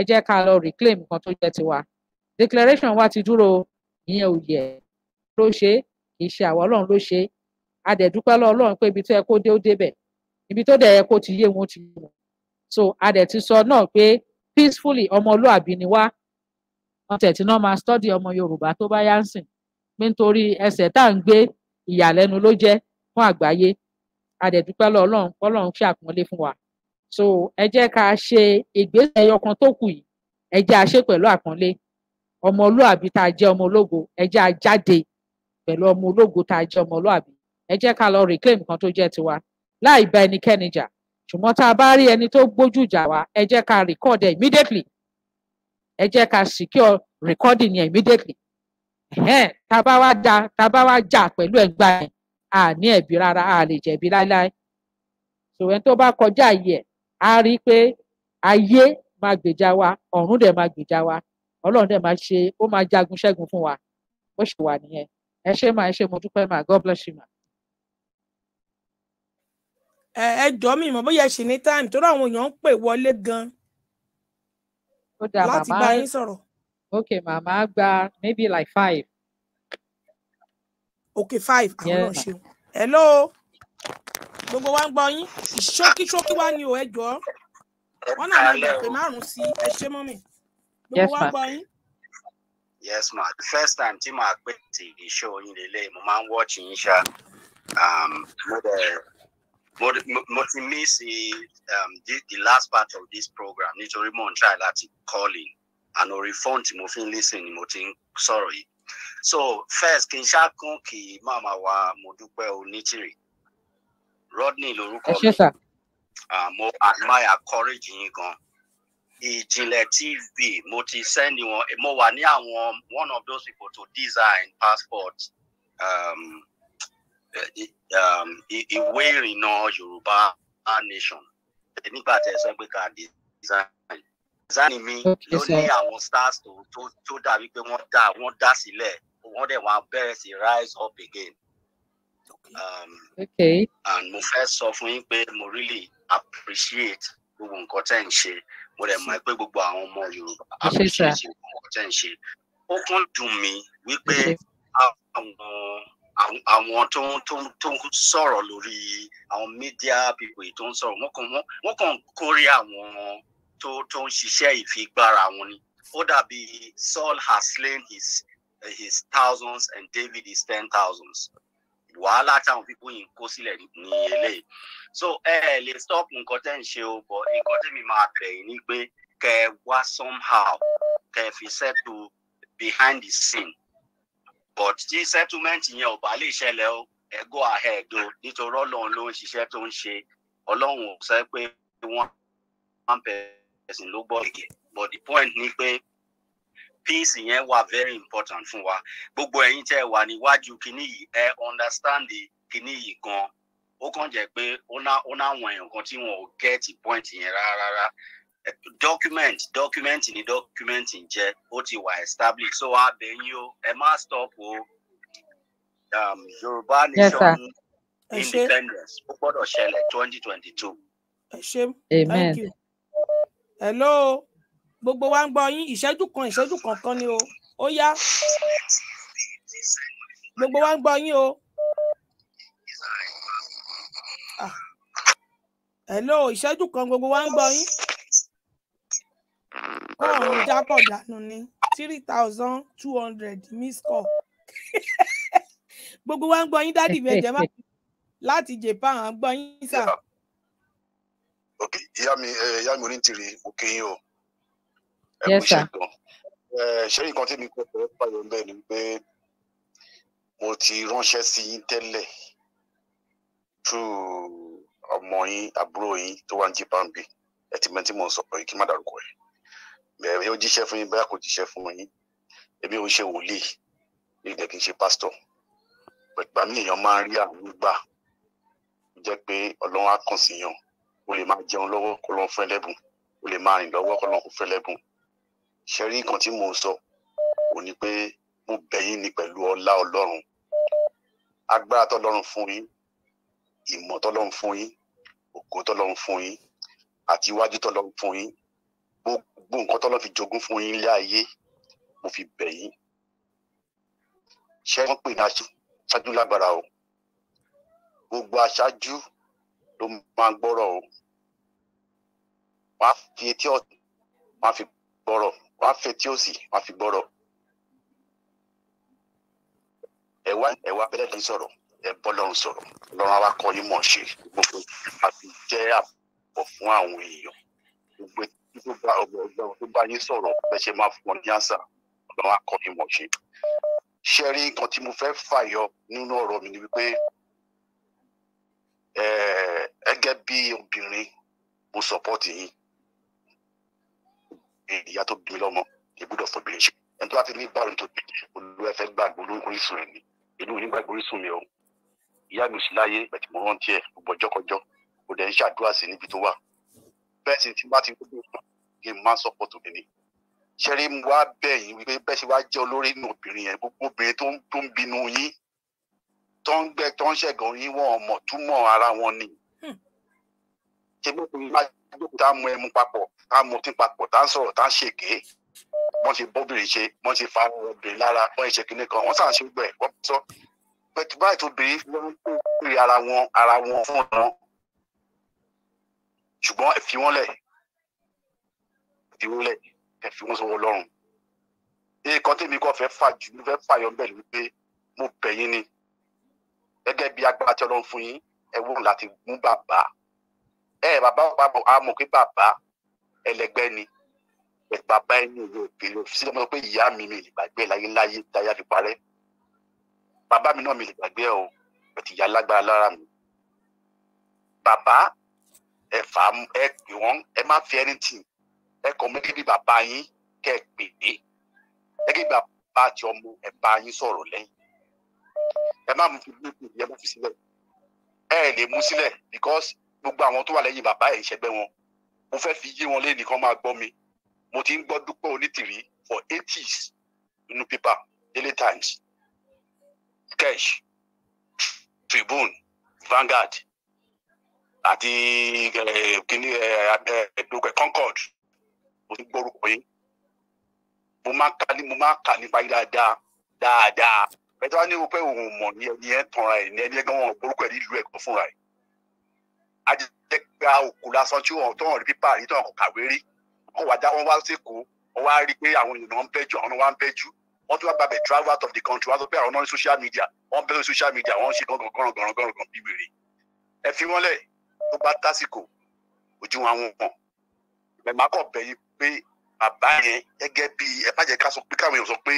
ẹ jẹ́ ká lọ reclaim nǹkan tó jẹ́ tiwa declaration wa ti dúró ìyẹn ò yẹ ló ṣe kì í ṣe àwa ọlọ́run ló ṣe adẹ̀dúpẹ́ lọ ọlọ́run pé ibi tó yẹ kó dé ó débẹ̀ ibi tó dẹ̀ yẹ kó ti yé wọn ti yé wọn so adẹ̀ ti sọ náà pé peacefully ọmọlúàbí ni wá wọn tẹ̀tí náà máa study ọmọ yorùbá tó bá yá ń sìn pé nítorí ẹsẹ̀ tá à ń gbé ìyàlẹ́nu ló jẹ́ fún àgbáyé adẹ̀dúpẹ́ lọ ọlọ́run ọlọ́run ṣàpọ́nlé fún wa so ẹ jẹ́ ká ṣe ìgbésẹ̀ ẹyọkan tó kù yìí ẹ jẹ́ a ṣe pẹ̀lú àpọ́nlé ọmọlúàbí tá a jẹ́ ọmọ ológo ẹ jẹ́ a jáde pẹ̀lú ọmọ ológo tá a jẹ́ ọmọlúàbí ẹ jẹ́ ká lọ reclaim nǹkan tó jẹ́ tiwa láì bá ẹnikẹ́ni jà ṣùgbọ́n tá a bá rí ẹni tó gbójú jà wá ẹ jẹ́ ká record immediately ẹ jẹ́ ká secure recording yẹn immediately ẹ̀hẹ́n tá a bá wá da tá a bá wá jà pẹ̀lú ẹ̀gbá yẹn a ní ẹ̀bi rárá a lè jẹ̀bi láíláí ṣòwẹ́n tó bá kọjá yẹ a rí i pé ayé máa gbèjà wa ọ̀run dẹ̀ máa gbèjà wa ọlọ́run dẹ̀ máa ṣe ó máa jagun ṣẹ́gun fún wa bó ṣe wà nìyẹn ẹ ṣé mà ẹ mo dúpẹ́ mà god bless you mà. ẹ ẹ jọ mi mọ bóyá ẹ ṣì ní time tó ráwọn èèyàn ń pè wọlé gan-an láti bá yín sọ̀rọ̀. ok màmá gba maybe like five. ok five àwọn náà ṣeun hello gbogbo wa ń gbọ́ yín ṣókíṣókí wá ní o ẹ jọ wọn náà máa gbà pé márùn sí ẹ ṣe mọ mi gbogbo wa ń gbọ́ yín. yes ma the first time tí màá pè tí ìṣó yín lélẹ̀ mo máa ń watch yín ṣá um, mo dẹ̀ mo ti um, the, the last part of this program nítorí mo ń try láti call in and orí phone tí mo fi ń listen ni mo ti ń sọ̀rọ̀ yìí so first kì í ṣáà kún kì í máa ma wá mo dúpẹ́ onítìrì. Rodney lorúkọ mi mo admire courage yín gan ìjìnlẹ̀ tv mo ti sẹ́ni wọn mo wà ní àwọn one of those people to design passport um, um, ìwé ìrìnnà yorùbá nation nígbà tẹ sọ pé ká design design mi ló ní àwọn stars tó tó dàbí pé wọ́n dá wọ́n dá sílẹ̀ wọ́n dẹ̀ wọ́n bẹ̀rẹ̀ sí rise up again Um, okay. and mo fẹ́ sọ fún yín pé mo really appreciate gbogbo nǹkan tẹ́ ń ṣe mo dẹ̀ mọ̀ pé gbogbo àwọn ọmọ Yorùbá appreciate gbogbo nǹkan tẹ́ ń ṣe ó kàn dùn mí wípé àwọn tó ń tó ń sọ̀rọ̀ lórí àwọn media people tó ń sọ̀rọ̀ wọ́n kàn wọ́n kàn kórè àwọn tó tó ń ṣiṣẹ́ ìfigbára wọn ni ó dàbí Saul has slain his his thousands and David his ten thousands wàhálà táwọn fífò yìí kó sílẹ̀ ní eléyìí so ẹ ẹ lè stop nǹkan tẹ́ ń ṣe o bọ̀ nǹkan tẹ́mi máa bẹ̀ yín ni pé kẹ ẹ wá somehow kẹ ẹ fi settle behind the scene but tí settlement yẹn ò bá lè ṣẹlẹ̀ o ẹ go ahead o nítorí ọlọ́run ló ń ṣiṣẹ́ tó ń ṣe ọlọ́run ò sẹ́ pé one person ló gbọ́ ìkẹ́ but the point ni pé peace yẹn wà very important fún wa gbogbo ẹ̀yin tẹ́ wà níwájú kínní yìí ẹ understand kínní yìí gan ó kàn jẹ́ pé ó ná ó ná àwọn èèyàn kan tí wọn ò get point yẹn rárá document document ni document ń jẹ́ ó ti wà established so abẹ́yìn o ẹ má stop o um, Yorùbá nation yes, independence ó gbọ́dọ̀ ṣẹlẹ̀ twenty twenty two. ẹ ṣé thank you hello gbogbo wa ń gbọ́ yín ìṣẹ́jú kan ìṣẹ́jú kọ̀ọ̀kan ni o ó yá gbogbo wa ń gbọ́ yín o. Ah. hello ìṣẹ́jú kan gbogbo wa ń gbọ́ yín ọ̀run jábọ̀ dànù ni three thousand two hundred miss call gbogbo wa ń gbọ́ yín dádì mi ẹ̀jẹ̀ má láti japan à ń gbọ́ yín sà. ìyá mi eh, ìyá mi onítìrì òkè yín o ẹ kú iṣẹ́ gan eh, ṣé nǹkan tí mi kọ́ fẹ́ fàyọ̀ mbẹ́ ni pé mo ti ránṣẹ́ sí yín tẹ́lẹ̀ through ọmọ yín àbúrò yín tó wà ní japan bí ẹ ti mẹ́tí mò ń sọ kí má dárúkọ ẹ̀ bẹ́ẹ̀ yóò jíṣẹ́ fún yín bẹ́ẹ̀ kò jíṣẹ́ fún yín èmi ò ń ṣe wòlíì ní ìdẹ̀ kí n ṣe pásítọ̀ pẹ̀gbà mí èèyàn máa ń rí àánú gbà jẹ́ pé ọlọ́run á kàn sí yàn o lè máa jẹun lọ́wọ́ kó lọ́n fún ẹlẹ́bùn o lè máa rìn lọ́wọ́ kó lọ́n fún ẹlẹ́bùn ṣe rí nǹkan tí mò ń sọ ò ní pé mo bẹ̀ yín ni pẹ̀lú ọlá ọlọ́run agbára tọ́lọ́run fún yín ìmọ̀ tọ́lọ́run fún yín ògo tọ́lọ́run fún yín àti iwájú tọ́lọ́run fún yín gbogbo nǹkan tọ́lọ́run fi jogún fún yín ilé mo fi bẹ̀ yín ṣé wọ́n pè ní aṣáájú lágbára o gbogbo aṣáájú ló máa ń gbọ́rọ̀ o wọ́n fi etí ọ̀tún wọ́n fi gbọ́rọ̀ wàá fẹ́ tí ó sì wàá fi gbọ́rọ̀ ẹ wá ẹ wá bẹ́lẹ̀ dín sọ̀rọ̀ ẹ bọ́ lọ́run sọ̀rọ̀ lọ́run àwa kọ́ yín mọ̀ ṣe gbogbo àfi jẹ́ àbọ̀ fún àwọn èèyàn gbogbo tó bá ọgbà tó bá yín sọ̀rọ̀ bẹ́ẹ̀ ṣe máa fún ọ ní àṣà lọ́run àkọ́ yín mọ̀ ṣe. ṣẹ́rí nǹkan tí mo fẹ́ fàyọ nínú ọ̀rọ̀ mi ni wípé ẹ̀ẹ́dẹ́gẹ́ bí obìnrin mo sọ̀pọ́tì yín ìyá tó bí lọ́mọ ìgbúdọ̀ fọbìnrin ṣe ẹni tó bá fi rí báwọn tó bí olú ẹfẹ gbàgbọ́ orísun ẹ̀ ni èmi ò ní gbàgbọ́ orísun mi o ìyá mi ò sí láyé bẹ̀tì mo rántí ẹ̀ gbogbo ọjọ́ kọjọ́ kò dẹ̀ ń ṣàdúrà sí níbi tó wà bẹ́ẹ̀ sì ti bá ti gbogbo kí n máa sọ́pọ̀ tó mi ni ṣẹ́rí mo wá bẹ̀ yín wípé bẹ́ẹ̀ ṣe wá jẹ́ olórí nù obìnrin yẹn gbogbo obìnrin tó ń bínú yín tó tá a mu ẹmu papọ̀ tá a mutí papọ̀ tá a sọ̀rọ̀ tá a ṣèké wọ́n ti bóbìnrin ṣe wọ́n ti fa obìnrin lára wọ́n ṣe kinní kan wọ́n sàn ṣe gbẹ̀ wọ́n sọ pẹ̀tù báyìí tó bèrè wọ́n ń kó kiri ara wọn ara wọn fún wọn ṣùgbọ́n ẹ fi wọ́n lẹ̀ fi wọ́n lẹ̀ ẹ fi wọ́n sọ̀rọ̀ lọ́rùn nǹkan tèmi kò fẹ́ fà jù fẹ́ fàyọ bẹ́ẹ̀ ló pé mo bẹ̀ yín ni gẹ́gẹ́ bí agbára tí Ọlọ́run fún yín ẹ wọ́n láti mú bàbá ẹ eh, bàbá a mọ̀ pé bàbá ẹlẹgbẹ́ ni bàbá ẹni yóò gbé yóò fi sílẹ̀ mọ́ pé ìyá mi mi lè gbàgbé láyé láyé táyà fi parẹ́ bàbá mi náà mi lè gbàgbé o bẹ̀tì ìyá lágbára lára mi bàbá ẹ fà á ẹ pè wọ́n ẹ má fi ẹni tì ẹ kàn mí bí bàbá yín kẹ́ ẹ pè é ẹ kí bàbá àti ọmọ ẹ bá yín sọ̀rọ̀ lẹ́yìn ẹ má mú fi bí ẹ má fi sílẹ̀ ẹ lè mú sílẹ̀ because gbogbo àwọn tó wà lẹ́yìn bàbá ẹ̀ ìṣẹ̀gbẹ́ wọn mo fẹ́ fi yé wọn lẹ́nìkan máa gbọ́ mi mo ti ń gbọ́ Dúpẹ́ Onítìrí for eighties nínú pépà Daily Times Kesh Tribune Vanguard àti eh, kíní ẹ̀ẹ́dọ́gbẹ̀ eh, eh, Concord mo ti gbọ́ orúkọ yín mo máa ka ni mo máa kà nípa yín dáadáa dáadáa bẹ́ẹ̀ tí wọ́n á ní wọ́n pẹ́ òun mọ̀ ní ẹni ẹ̀ tanra ẹ̀ ní ẹni ẹ̀ gan wọn orúkọ ẹ̀ nílùú ẹ̀ gan fúnra ẹ̀ ajẹgbà òkú lásán tí wọn tó hàn rí pípa rí tó hàn kò kàwé rí wọn wá já wọn wá sékòó wọn wá rí pé àwọn èèyàn náà ń bẹjú àwọn náà wá ń bẹjú wọn tún wá gbàgbé travel out of the country wọn sọ pé àwọn náà ní social media wọn bẹ lórí social media wọn ń ṣe gangan gangan gangan gangan bí ẹ fi wọn lẹ tó bá tásìkò ojú àwọn wọn mẹ̀má kọ̀ bẹ̀ yí pé bàbá yẹn gẹ́gẹ́ bí ẹ bá jẹ́ ká sọ pé káwọn èèyàn sọ pé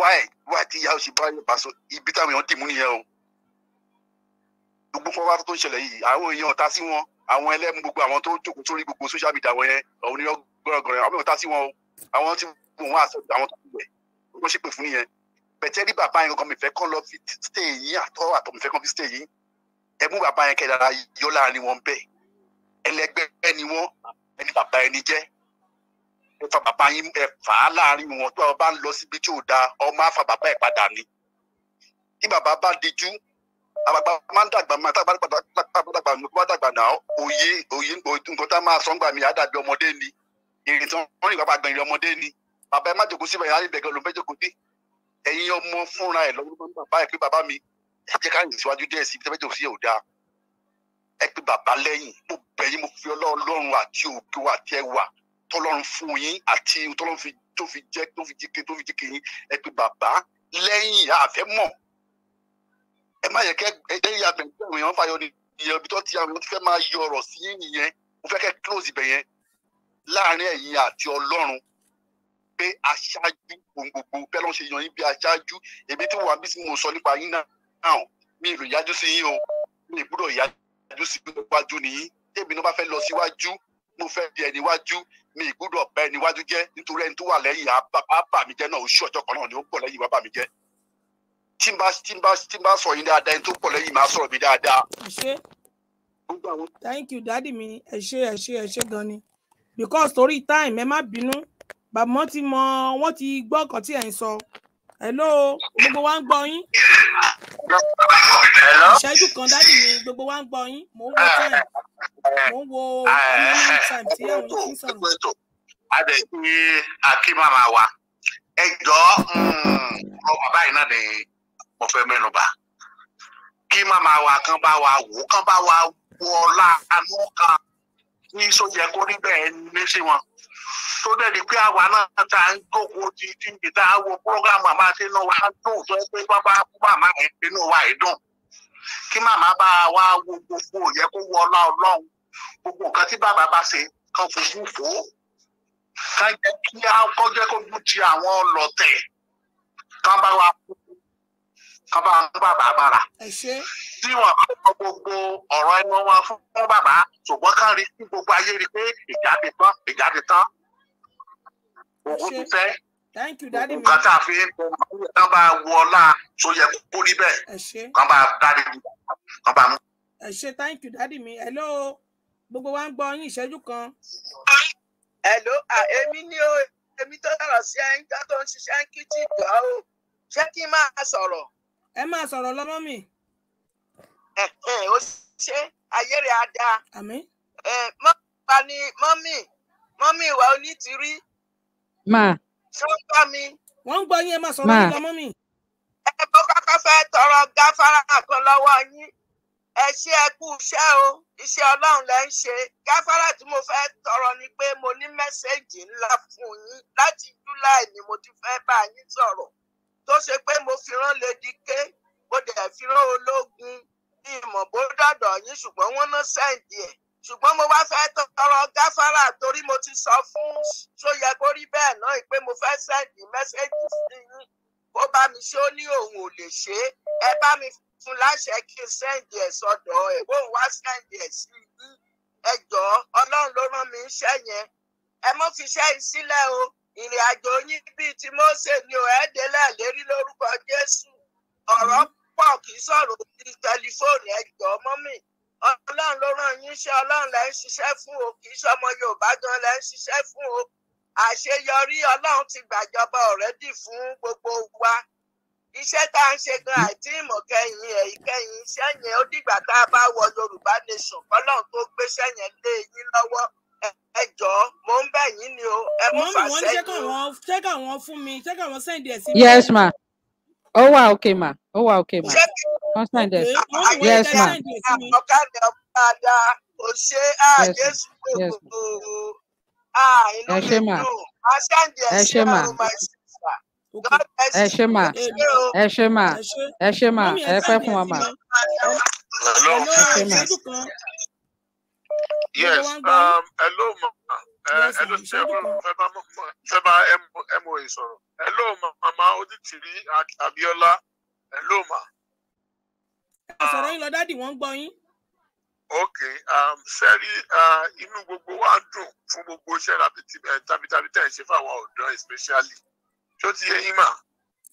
wáì wáì tí ìyá ò bá sọ ibi táwọn èèyàn dì mú nìyẹn o gbogbo fọwọ́rọ́ tó ń ṣẹlẹ̀ yìí àwọn èèyàn ọ̀tá sí wọn àwọn ẹlẹ́mu gbogbo àwọn tó jókòó sórí gbogbo social media wọn yẹn ọ̀hún ní ọgọ́rọ̀gọ́rọ̀ àwọn ọ̀tá sí wọn o àwọn tí wọn wá àṣọ àwọn tó wẹ̀ wọ́n ṣépè fún nìyẹn bẹ̀tẹ́ rí bàbá yẹn kankan mìfẹ́ kan lọ fi stay yín àtọ́ àtọ̀ mìfẹ́ kan fi stay yín ẹ mú bàbá yẹn kẹ́dára yọ láàrin wọn bẹ́ẹ̀ ẹlẹgbẹ́ ni wọ́n ẹni bàbá ẹni jẹ́ ẹ fa bàbá yín ẹ fà á láàrin wọn tó bá ń lọ síbi tí ò da ọmọ á fa bàbá ẹ padà ni tí bàbá bá dijú àgbàgbà máa ń dàgbà máa tàgbà dàgbà nípa dàgbà náà òye òye nǹkan tá a máa sọ ń gbà mí àdàbí ọmọdé ni ìrìn tí wọ́n rìn bàbá gbẹ̀yìn ọmọdé ni bàbá ẹ má jòkó síbẹ̀ yàrá ìbẹ̀gẹ̀ ló ń fẹ́ jòkó dé ẹ̀yin ọmọ fúnra ẹ̀ lọ́wọ́ máa ń bàbá ẹ̀ pé bàbá mi ẹ jẹ́ ká rìn síwájú díẹ̀ síbi tẹ́fẹ́ jòkó sí ò dáa ẹ pé bàbá lẹ́yìn mo bẹ̀ yín mo fi ọlọ́run àti ògo àti ẹwà tọ́lọ́run fún yín àti tọ́lọ́run tó fi jẹ́ tó fi jẹ́ tó fi jẹ́ kí yín ẹ pé bàbá lẹ́yìn àfẹ́ mọ̀ ẹ má yẹ kẹ ẹ yà bẹ̀rẹ̀ tí àwọn èèyàn fàyọ ní ìyẹn ibi tó ti àwọn èèyàn ti fẹ́ máa yọ ọ̀rọ̀ sí ìyẹn mo fẹ́ kẹ́ close ibẹ̀ yẹn láàrin ẹ̀yin àti ọlọ́run pé aṣáájú ohun gbogbo fẹ́ lọ́n ṣe yan yín bí aṣáájú èmi tí wà bí mo sọ nípa yín náà mi ìlú ìyájú sí yín o mi ìbúrò ìyájú sí iwájú nìyí tèmi náà bá fẹ́ lọ síwájú mo fẹ́ di ẹni wájú mi ìgbúdọ̀ bẹ́ẹ̀ ni wájú jẹ́ nítorí ẹni tó wà lẹ́yìn àbàmì jẹ́ náà oṣù ọjọ́ kan náà ni ó pọ̀ lẹ́yìn bàbá mi jẹ́ tí n bá tí n bá tí n bá sọ yín dáadáa ẹni tó pọ̀ lẹ́yìn máa sọ̀rọ̀ mi dáadáa. ẹ ṣé thank you dádì mi ẹ ṣé ẹ ṣé ẹ ṣé gan ni because torí time ẹ má bínú bàbá ti mọ wọn ti gbọ́ ọkàn tí ẹ ń sọ hello gbogbo wa ń gbọ́ yín. ìṣẹ́jú kan dádì mi gbogbo wa ń gbọ́ yín mò ń wo time mò ń wo amẹ́lẹ́ time tí ẹ̀wọ̀n ti ń sọ̀rọ̀. a lè fi akínmàmá wa ẹ jọ hmm, ọ bàbá yìí náà nìyí wọ́n fẹ́ mẹ́nu bà kí màmá wa kan bá wa wò kan bá wa wọ ọlá àánú kan ní sójà kó rí bẹ́ẹ̀ ní sí wọn tó dẹ̀ di pé àwa náà ta ń jókòó ti ti ń gbèta wo programu àmà tí inú wa dùn tó pé bàbá màmá yẹn inú wa yìí dùn kí màmá bá wa wo gbogbo yẹ kó wọ ọlá ọlọ́run gbogbo nǹkan tí bàbá bá ṣe kan fojú fò ó ká jẹ́ kí á kọ́jẹ́ kó gbùdì àwọn ọlọ́tẹ̀ kan bá wa kú ọba bàbá bára tí wọn bá kọ gbogbo ọ̀rọ̀ ẹnu wọn fún bàbá ṣùgbọ́n ká rí kí gbogbo ayé rí pé ìjà tán ìjà tán ogun ti tẹ nǹkan tá a fi ń bọ kán bá wọ ọlá tó yẹ kó rí bẹ́ẹ̀ kán bá dárí kán bá mú. ẹ ṣe thank you dádì mi hello gbogbo wa ń gbọ́ yín ìṣẹ́jú kan. hello èmi ni ó èmi tó sọ̀rọ̀ sí ẹ̀ńká tó ń ṣiṣẹ́ ń kí tí ìgbà ó ṣé kí n máa sọ̀rọ̀ ẹ máa sọ̀rọ̀ lọ́mọ mi. ó ṣe ayére ada mọ́mí mọ́mí wa onítìrí. sọ́ńgbà mi. wọ́n ń gbọ́ yín ẹ máa sọ̀rọ̀ yín lọ́mọ mi. ẹ bó kọ́kọ́ fẹ́ tọrọ gáfárà kan lọ́wọ́ yín ẹ ṣé ẹ kú iṣẹ́ o iṣẹ́ Ọlọ́run lẹ ń ṣe gáfárà tí mo fẹ́ tọrọ ni pé mo ní mẹ́sẹ̀gì ńlá fún yín láti July ni mo ti fẹ́ bá yín sọ̀rọ̀ tó ṣe pé mo fi rán lady k mo dẹ̀ fi rán ológun ní ìmọ̀ bó dàdọ̀ yín ṣùgbọ́n wọ́n ná sẹ́ǹdì ẹ̀ ṣùgbọ́n mo wá fẹ́ tọrọ gáfárà torí mo ti sọ fún ṣóyẹ kó rí bẹ́ẹ̀ náà pé mo fẹ́ sẹ́ǹdì mẹ́sẹ́jì sí yín kó bá mi ṣe ó ní òun ò lè ṣe é ẹ bá mi fún láṣẹ kí n sẹ́ǹdì ẹ̀ sọ́dọ̀ ẹ̀ bóun wá sẹ́ǹdì ẹ̀ sí yín ẹ jọ̀ọ́ ọlọ́run ló rán mi iṣẹ́ yẹn ẹ mọ́ fi iṣẹ́ yìí sílẹ̀ o ìrìn àjò yín bíi ti Mósè ni ò ẹ́ délẹ̀ lérí lórúkọ Jésù ọ̀rọ̀ pọ̀ kì í sọ̀rọ̀ ti tẹlifóònù ẹ̀jọ̀ mọ́mì ọlọ́run ló rán yín ṣe ọlọ́run lẹ́ ń ṣiṣẹ́ fún o kì í ṣọmọ Yorùbá gan lẹ́ ń ṣiṣẹ́ fún o àṣeyọrí ọlọ́run ti gbàjọba ọ̀rẹ́dì fún gbogbo wa iṣẹ́ tá à ń ṣe gan àti ìmọ̀kẹyìn ẹ̀yìnkẹyìn iṣẹ́ yẹn ó dìgbà tá a bá wọ Yorùbá nation kọ́lọ́run tó gbéṣẹ́ yẹn lé yín lọ́wọ́ ẹ jọ̀ọ́ mo ń bẹ̀ yín ni o ẹ mú fà sẹ́yìn. mọ́mí wọ́n ṣe káwọn ṣe káwọn fún mi ṣe káwọn sẹ́ǹdì ẹ̀ sí mi. yes ma ó wà òkè ma ó wà òkè ma wọ́n sẹ́ǹdì ẹ̀ sí mi ah, yes ma. ọ̀kadà ọ̀kadà ò ṣe á jésù gbogbo á ah, inú mi dùn á sẹ́ǹdì ẹ̀ sí mi ó máa ṣe ẹ ṣe mà ẹ ṣe mà ẹ ṣe mà ẹ pẹ́ fún wa mà ẹ ṣe mà. Yes, um, hello, ma. Eh, hello, ṣe fẹ́ bá MOA sọ̀rọ̀. Hello, mama Oditiri Abiola. Hello, ma. Ẹ ah. sọ̀rọ̀ yín lọ dádì, wọ́n ń gbọ́ yín. Ok, sẹ́rí um, ah, inú gbogbo wa dùn fún gbogbo iṣẹ́ tàbítàbí tẹ̀ ń ṣe fáwọn ọ̀dọ́ especially. Ṣó ti yẹ yín mà?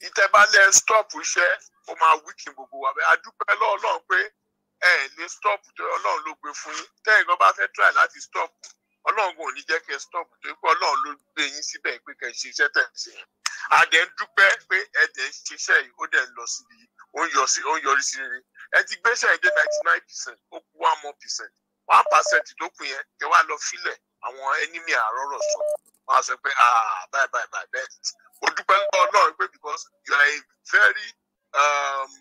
Ìtẹ̀bálẹ̀ stop iṣẹ́, ó máa wíkì gbogbo wa bẹ́ẹ̀. A dúpẹ́ lọ́ọ́ lọ́ọ́ ẹ lè stop tó ọlọ́run ló gbé fún yín tẹ́ ẹ̀gbọ́n bá fẹ́ try láti stop ọlọ́run kò ní jẹ́ kẹ́ stop tó pé ọlọ́run ló gbé yín síbẹ̀ pé kẹ́ ṣe iṣẹ́ tẹ̀ ń ṣe àdẹ̀ ń dúpẹ́ pé ẹ̀dẹ̀ ń ṣiṣẹ́ yìí ó dẹ̀ ń lọ síbi ó ń yọrí sí rere ẹ ti gbéṣẹ́ ìdé ninety nine percent ó kú one more percent one percent tó kù yẹn kẹ́ wá lọ fílẹ̀ àwọn enemy. àárọ̀rọ̀ sọ wọn á sọ pé ah bye bye bye bye. ó dúpẹ́ lọ́wọ́ ọlọ́run pé because you are a very um,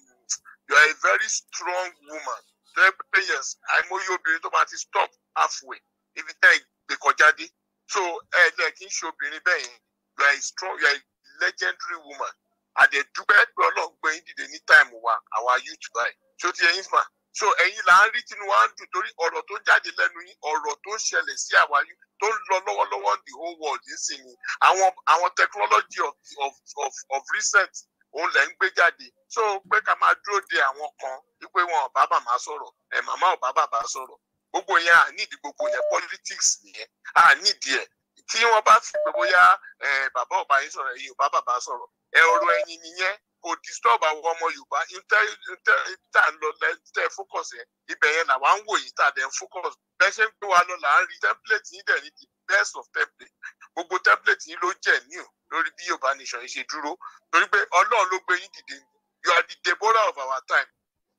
you are a very strong woman tẹ́pẹ́ yẹn àìmọye obìnrin tó máa ti stop halfway ibi tẹ́ ìgbé kọjá dé so ẹ ẹ kì í ṣe obìnrin bẹ́ẹ̀ yẹn you are a strong you are a legendary woman àdẹ̀dúpẹ́ pé ọlọ́run gbé yín dìde ní táìmù wa àwa youth báyìí tí ó ti yẹn fà so ẹ̀yin là ń rí tinú wa ń dùn torí ọ̀rọ̀ tó jáde lẹ́nu yín ọ̀rọ̀ tó ń ṣẹlẹ̀ sí àwa youth tó ń lọ lọ́wọ́lọ́wọ́ the whole world nísìnyí àwọn àwọn technology of of of of recent òun lẹ̀ ń gbé jáde so pé ká máa dúró de àwọn kan wípé wọn ò bá màmá sọ̀rọ̀ ẹ̀ màmá ò bá bàbá sọ̀rọ̀ gbogbo yẹn à gbogbo yẹn politics nìyẹn à nídìí ẹ̀ tí wọ́n bá fi pé bóyá bàbá ò bá yín sọ̀rọ̀ èyí ò bá bàbá sọ̀rọ̀ ẹ ọ̀rọ̀ ẹ̀yin nìyẹn kò disturb àwọn ọmọ yorùbá tá ń lọ tẹ focus yẹn ibẹ̀ yẹn làwa ń wò yìí tá dẹ̀ ń focus bẹ́ẹ̀ ṣe ń gbé wa lọ là ń rí template yín dẹ̀ ní best of template gbogbo template yìí ló jẹ́ new lórí bí yorùbá nation yìí ṣe dúró torí pé ọlọ́run ló gbé yín dìde you are the Deborah of our time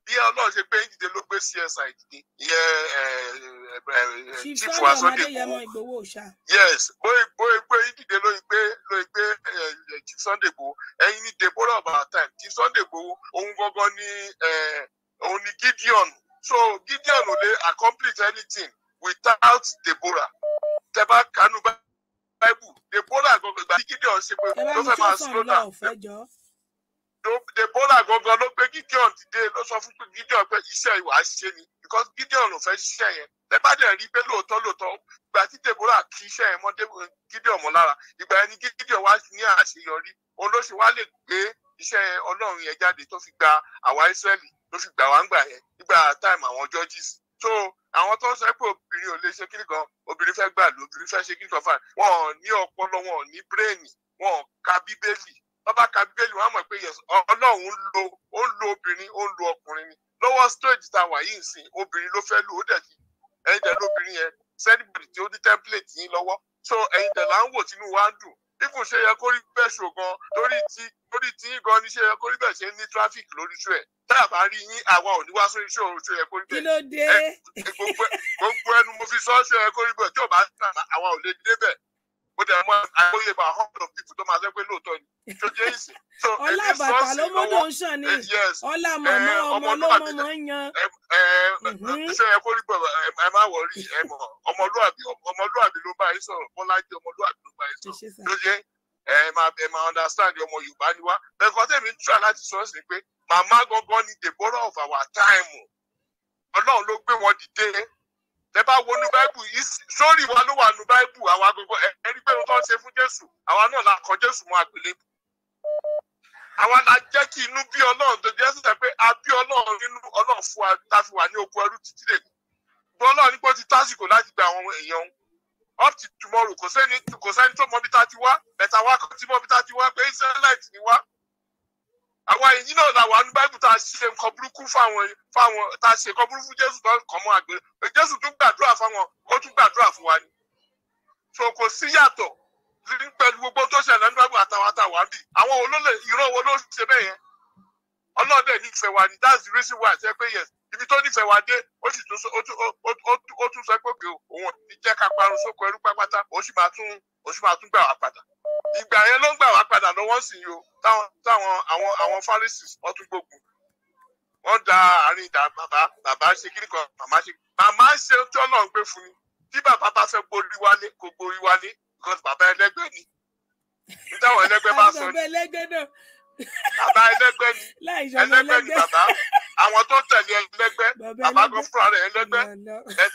bí ọlọ́run ṣe gbé yín dìde ló gbé CSI dìde ìyẹn eh, eh, eh, chief wa Sunday Igboho yes bóyá gbé yín dìde ló gbé ló gbé chief Sunday Igboho ẹ̀yin ni Deborah of our time chief Sunday Igboho òun gangan ni òun ni Gideon so Gideon ò lè accomplish anything without Deborah tẹ́bá kánú Bible. Deborah gangan gba Gideon ṣe pé ló fẹ́ máa slow down No, Deborah gangan ló gbé Gideon dìde ló sọ fún pé Gideon pé iṣẹ́ ìwà ṣe ni because Gideon ló fẹ́ ṣiṣẹ́ yẹn tẹ́bá dẹ̀ rí pé lóòótọ́ lóòótọ́ ìgbà tí Deborah kí iṣẹ́ yẹn mọ́ Gideon mọ́ lára ìgbà ni Gideon wá ní àṣeyọrí òun ló ṣe wá lè gbé iṣẹ́ Ọlọ́run yẹn jáde tó fi gba àwa Israẹli ló fi gbà wá ń gbà yẹn time àwọn judges so àwọn tó ń sọ pé obìnrin ò lè ṣe kíni kan obìnrin fẹ́ gbàlú obìnrin fẹ́ ṣe kíni kan fáìn wọn ò ní ọpọlọ wọn ò ní bírèènì wọn ò ka bíbélì wọn bá ka bíbélì wọn á mọ̀ pé ọlọ́run lo ó ń lo obìnrin ó lo ọkùnrin ni lọ́wọ́ stage tá a wà yìí nsìn obìnrin ló fẹ́ lò ó dẹ̀ ti ẹ̀yin dẹ̀ lóbìnrin yẹn celebrity ó ní template yín lọ́wọ́ so ẹ̀yin dẹ̀ là ń wò tínú wa ń dùn bí kò ṣe yẹ kó rí bẹ́ẹ̀ ṣògan lórí ti lórí ti yín gan ni ṣe yẹ kó rí bẹ́ẹ̀ ṣe ní traffic lórí iṣu ẹ̀ tá a bá rí yín àwa ò ní wá sórí iṣu òun yẹ kó rí bẹ́ẹ̀. kí ló dé. gbogbo ẹnu mo fi sọ yẹ kó rí bẹ́ẹ̀ tí ò bá ń tàn àwa ò lè débẹ̀ mo dẹ̀ mọ àgbóyè bá hundred of people tó máa jẹ́ pé lóòótọ́ ni tó jẹ́ ìsìn. ọlá bàtà ló mọ́dọ̀ ń ṣàn ni eh, ọlá eh, màmá ọmọ ọlọ́mọ mọ̀ ń yan. Eh, mhm. ṣé ẹ kórìí bọ̀ ẹ má wọrí ẹ mọ̀ ọmọlúàbí ọmọlúàbí ló bá yín sọ̀rọ̀ Bọ́lájí ọmọlúàbí ló bá yín sọ̀rọ̀ tó jẹ́ ẹ máa ẹ máa understand ọmọ Yorùbá ni wá bẹ́ẹ̀kọ́ tẹ̀mí ń tura láti sọ sí pé màmá gangan ni the borrower of our time Ọlọ́run ló gbé wọn dìde tẹ bá wọnú báìbù sórí wa ló wà nú báìbù àwa gbogbo ẹni pé wọn tó ṣe fún jésù àwa náà la kọ jésù mọ́ àgbélébù àwa la jẹ́ kí inú bí ọlọ́run tó jẹ́ sísè pé a bí ọlọ́run nínú ọlọ́run fún wa ta fi wà ní oko ẹrú títí lè gbọ́ ọlọ́run ní pé ó ti tásìkò láti gba àwọn èèyàn up to tomorrow kò sẹ́ni kò sẹ́ni tó mọ bí ta ti wá bẹ̀tà wá kó tí mọ bí ta ti wá pé israelite ni wá àwa èyí náà làwọn anúbáìbù tá a ṣe nǹkan burúkú fáwọn fáwọn tá a ṣe nǹkan burúkú jésù tó ń kàn mọ́ àgbèrè jésù tún gbàdúrà fáwọn ó tún gbàdúrà fún wa ni so kò sí yàtọ̀ ní pẹ̀lú gbogbo tó ṣẹlẹ̀ ní bábà àtàwọn àtàwọn àbí àwọn olólè ìran wo ló ṣe bẹ́ẹ̀ yẹn ọlọ́dẹ nífẹ̀ẹ́ wa ni that's the reason why I say pé yes ibi tó nífẹ̀ẹ́ wa dé ó sì tún ó tún sọ pé òun ti jẹ́ ká parun sóko ẹrú pápátá ó sì máa tún ó sì máa tún gbà wá padà ìgbà yẹn ló ń gbà wá padà lọ́wọ́ sí yìí o táwọn àwọn àwọn fárísì wọ́n tún gbógun wọ́n da àárín ìdá bàbá bàbá ṣe kiri kan màmá ṣe màmá ṣe tí ọlọ́run gbé fún ni tí bàbá bá fẹ́ gborí wálé kò gborí wálé because bàbá ẹlẹ́gbẹ́ ni nítawọn ẹlẹ́gbẹ́ bá sọ ni bàbá ẹlẹ́gbẹ́ ni ẹlẹ́gbẹ́ ni bàbá àwọn tó tẹ̀lé ẹlẹ́gbẹ́ bàbá kan fúnra rẹ̀ ẹlẹ́gbẹ́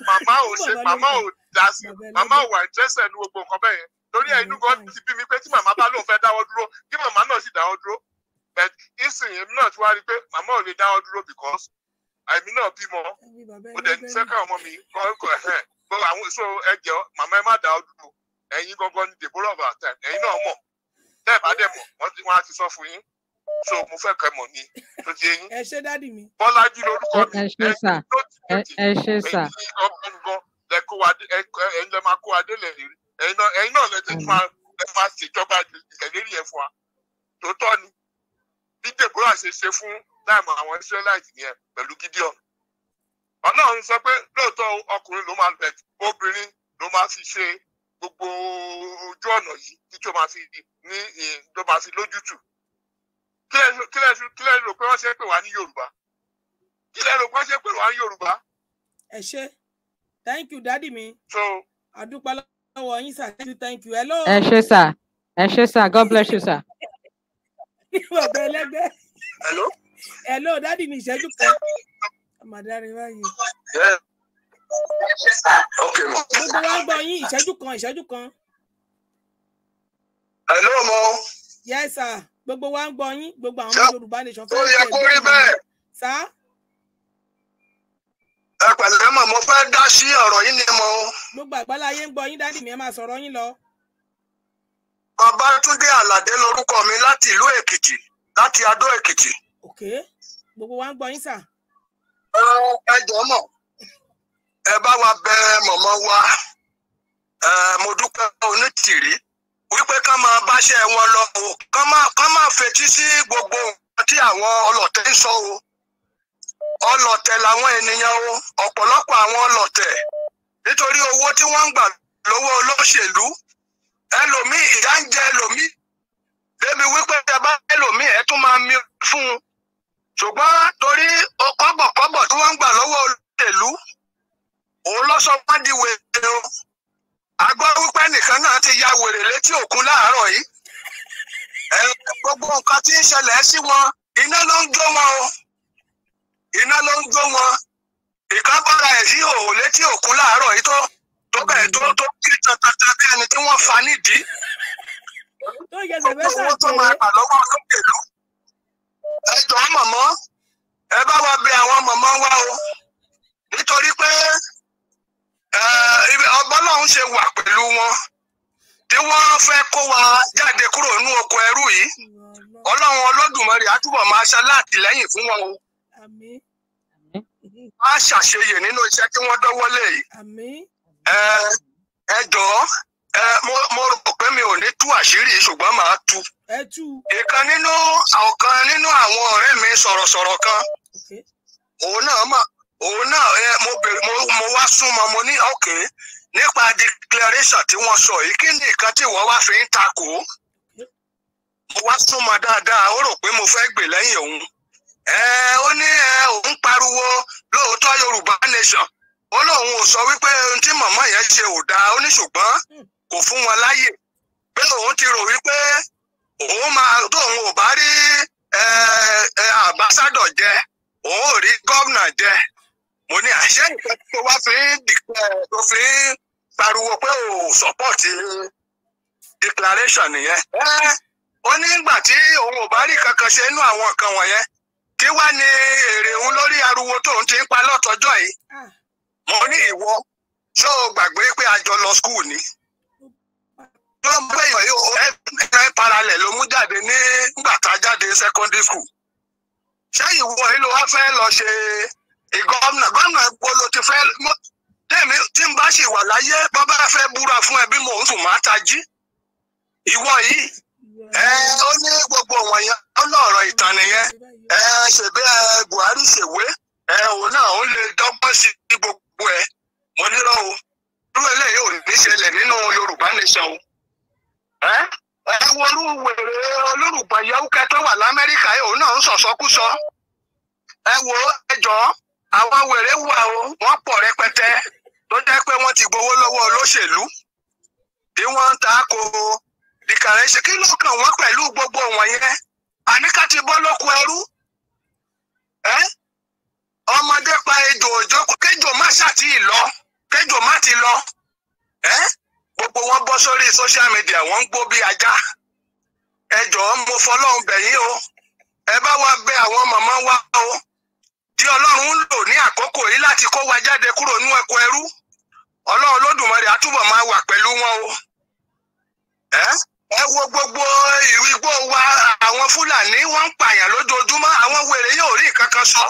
màmá ò ṣe màmá ò dá màmá ò wà ìtẹ́sẹ̀ ní gbogbo nǹkan bẹ́ẹ̀ yẹn lórí ẹ̀ inú gan ti bí mi pé tí màmá bá lóun fẹ́ dáwọ́ dúró kí màmá náà sì dáwọ́ dúró but ìsìn èmi náà ti wá rí i pé màmá ò lè dáwọ́ dúró because àìmí náà bímọ ó dẹ̀ fẹ́ ká ọmọ mi kọ́ ẹ̀kọ́ ẹ̀hẹ́n gbọ́ àwọn èso ẹ̀jẹ̀ màmá ẹ má dáwọ́ dúró ẹ̀yin gangan ni the borough of our time ẹ̀yin náà mọ̀ tẹ́ ẹ̀ bá dẹ̀ mọ̀ wọ́n á ti sọ fún yín so mo fẹ́ kẹ́ mọ̀ ni tó ti yín. ẹ ṣé dádì mi. bọ́lájí lórúkọ mi ẹ ṣé sà ẹ ṣé sà ẹ̀yin ọ̀gbọ̀ngàn lẹ́kọ̀ọ́ ẹ̀yin lẹ́ máa kó adé lẹ́yìn rí ẹ̀yin náà lẹ́tẹ̀ tí máa ẹ máa ṣèjọba ìtẹ̀lérí ẹ̀ fún tó tọ́ ni bí Deborah ṣe ṣe fún láìmọ̀ àwọn Israelite nìyẹn pẹ̀lú Gideon Ọlọ́run sọ pé lóòótọ́ ọkùnrin ló máa bẹ̀ obìnrin ló máa fi ṣe gbogbo ojú ọ̀nà yìí tí tó máa fi ní tó máa fi lójútù kí lẹ́yìn rò pé wọ́n ṣe pè wá ní Yorùbá kí lẹ́yìn rò pé wọ́n ṣe pè wá ní Yorùbá. ẹ ṣe thank you dadi mi. so adúpẹ́ wọ thank you hello. ẹ ṣé sir ẹ ṣé sir god bless you sir. ní bàbá ẹlẹgbẹ. hello. hello dádì mi ìṣẹ́jú kan. màdàrí báyìí. gbogbo wa ń gbọ́ yín ìṣẹ́jú kan ìṣẹ́jú kan. hello mo. yes sir gbogbo wa ń gbọ́ yín gbogbo àwọn Yorùbá nation ó yẹ kó rí bẹ́ẹ̀. sir ẹ pẹ̀lẹ́ mọ̀ mo fẹ́ dá sí ọ̀rọ̀ yín ni mo. gbogbo àgbáláyé ń gbọ́ yín dádì mi ẹ máa sọ̀rọ̀ yín lọ. Babátúndé Àlàdé lorúkọ mi láti ìlú Èkìtì láti Adó Èkìtì. ok gbogbo wa ń gbọ́ yín sà. ẹ jọ̀ọ́ mọ̀ ẹ bá wa bẹ mọ̀mọ́ wa mo dúpẹ́ onítìrí wípé ká máa báṣẹ́ wọn lọ o ká máa fetí sí gbogbo nǹkan tí àwọn ọlọ́tẹ̀ ń sọ o ọlọ̀tẹ̀ làwọn ènìyàn o ọ̀pọ̀lọpọ̀ àwọn ọlọ̀tẹ̀ nítorí owó tí wọ́n ń gbà lọ́wọ́ olóṣèlú ẹlòmíì ìyá ń jẹ ẹlòmíì débi wípé ẹ bá ẹlòmíì ẹ tún máa mi fún un ṣùgbọ́n torí kọ́bọ̀kọ́bọ̀ tí wọ́n ń gbà lọ́wọ́ olóṣèlú òun lọ sọ wọ́n di wèrè o a wípé nìkan náà ti ya wèrè létí òkun láàárọ̀ yìí gbogbo nǹkan tí ń ṣẹlẹ̀ sí wọn iná ló ń jó wọn o iná ló ń jó wọn ìkápára ẹ̀ sí òhò létí òkun láàárọ̀ yìí tó tó bẹ̀rẹ̀ tó tó kí tantanta bí ẹni tí wọ́n fa nídìí. ọ̀pọ̀ owó tó máa gbà lọ́wọ́ olókèlú. ẹ jọ̀ọ́ mọ̀mọ́ ẹ bá wa bẹ̀ àwọn mọ̀mọ́ wa o nítorí pé ọgbọ́n náà ń ṣe wà pẹ̀lú wọn tí wọ́n fẹ́ kó wa jáde kúrò nínú oko ẹrú yìí ọlọ́run olódùmarè á túbọ̀ máa ṣe látìlẹ́yìn fún wọn o má ṣàṣeyè nínú iṣẹ́ tí wọ́n dọ́wọ́ lé yìí ẹ jọ̀ọ́ mo rò pé mi ò ní tú àṣírí ṣùgbọ́n màá tu. ìkan nínú ọ̀kan nínú àwọn ọ̀rẹ́ mi sọ̀rọ̀sọ̀rọ̀ kan òun náà mà òun náà mo bèrè mo wá súnmọ́ mo ní ọ̀kẹ́ nípa declaration tí wọ́n sọ yìí kí ni nǹkan tí wọ́n wá fi ń takò mo wá súnmọ́ dáadáa ó rò pé mo fẹ́ gbè lẹ́yìn òun. ó ní òun pariwo lóòótọ́ yorùbá nation ó lóun ò sọ wípé ohun tí màmá yẹn ṣe ò dáa ó ní ṣùgbọ́n kò fún wọn láàyè, pé òun ti rò wípé òun máa tóun ò bá rí àbásádọ̀ jẹ òun ò rí gómìnà jẹ mo ní àṣẹ nǹkan tó wá fi ń dìkẹ́ tó fi ń pariwo pé ò sọ́pọ̀tì declaration nìyẹn ó ní ìgbà tí òun ò bá rí kankan ṣe inú àwọn nǹkan wọ̀nyẹn kí wá ni èrè òun lórí ariwo tó ń ti ń pa lọ́tọ́jọ́ yìí ah. mo ní ìwọ ṣó o gbàgbé pé a jọ lọ skul ni lọ́gbẹ́ ìwọ̀ yóò ẹ paralẹ̀ ló mú jáde ní ìgbà jáde secondary school ṣé ìwọ yìí ló wá lọ ṣe ìgọ́nà ti fẹ́ tẹ̀mí tí n bá wà láyé fẹ́ búra fún yìí ó ní gbogbo wọn yẹn ó ná ọ̀rọ̀ ìtàn nìyẹn Buhari ṣèwé òun náà ó lè dọ́gbọ́n sí gbogbo mo o irú eléyìí ò ní ṣẹlẹ̀ nínú Yorùbá nation o ẹ wo olúwèrè olórùbá yahoo tó wà ẹ wo o rẹpẹtẹ tó pé ti gbowó olóṣèlú dìkàrẹ́ ṣe kí ló kàn pẹ̀lú gbogbo wọ̀nyẹn àníkà ti bọ́ lóko ẹrú ọmọdé pa ejò òjò kéjò má ṣàtì lọ kéjò má ti lọ gbogbo wọn bọ́ sórí social media wọn ń gbó bí ajá ẹjọ mo bẹ̀yìn o ẹ bá wa bẹ àwọn màmá wa o tí ọlọ́run ń lò ní àkókò yìí láti kó wa jáde kúrò wọn ẹ wo gbogbo ìrìgbò wa àwọn fúlàní wọ́n ń pààyàn lójoojúmọ́ àwọn wèrè yóò rí nǹkan kan sọ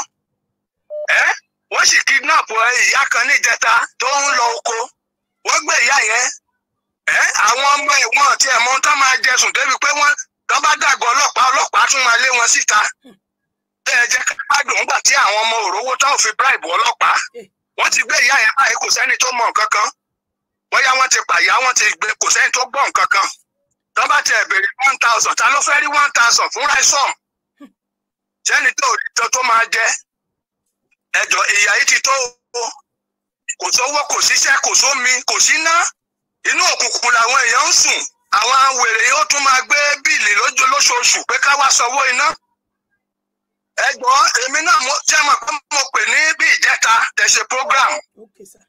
ẹ wọ́n sì kidnap ìyá kan níjẹta tó ń lọ oko wọ́n gbé ìyá yẹn ẹ àwọn ọmọ ẹ̀wọ̀n àti ẹmọ tó máa jẹsùn débi pé wọ́n tán bá dàgọ́ ọlọ́pàá ọlọ́pàá tún máa lé wọn síta ẹ jẹ́ ká dùn nígbà tí àwọn ọmọ òrówó tá fi bribe ọlọ́pàá wọ́n ti gbé ìyá yẹn báyìí kò sẹ́ni tó mọ̀ nǹkan kan bóyá wọ́n ti pàyà wọ́n ti gbé kò sẹ́ni tó gbọ́ nǹkan kan tó bá tẹ bèrè one thousand ta ló fẹ́ rí one thousand fún raison sẹ́ni tó ìjọ tó máa jẹ ẹjọ ìyá yìí ti tó o kò sówó kò síṣẹ́ kò sómi kò síná inú òkùnkùn làwọn èèyàn ń sùn àwọn wèrè yóò tún máa gbé bíìlì lóṣooṣù pé ká wá sanwó iná ẹjọ èmi náà mo jẹ́ mọ̀ pé mo pè ní bí ìjẹta tẹ̀sẹ̀ program. Okay, sir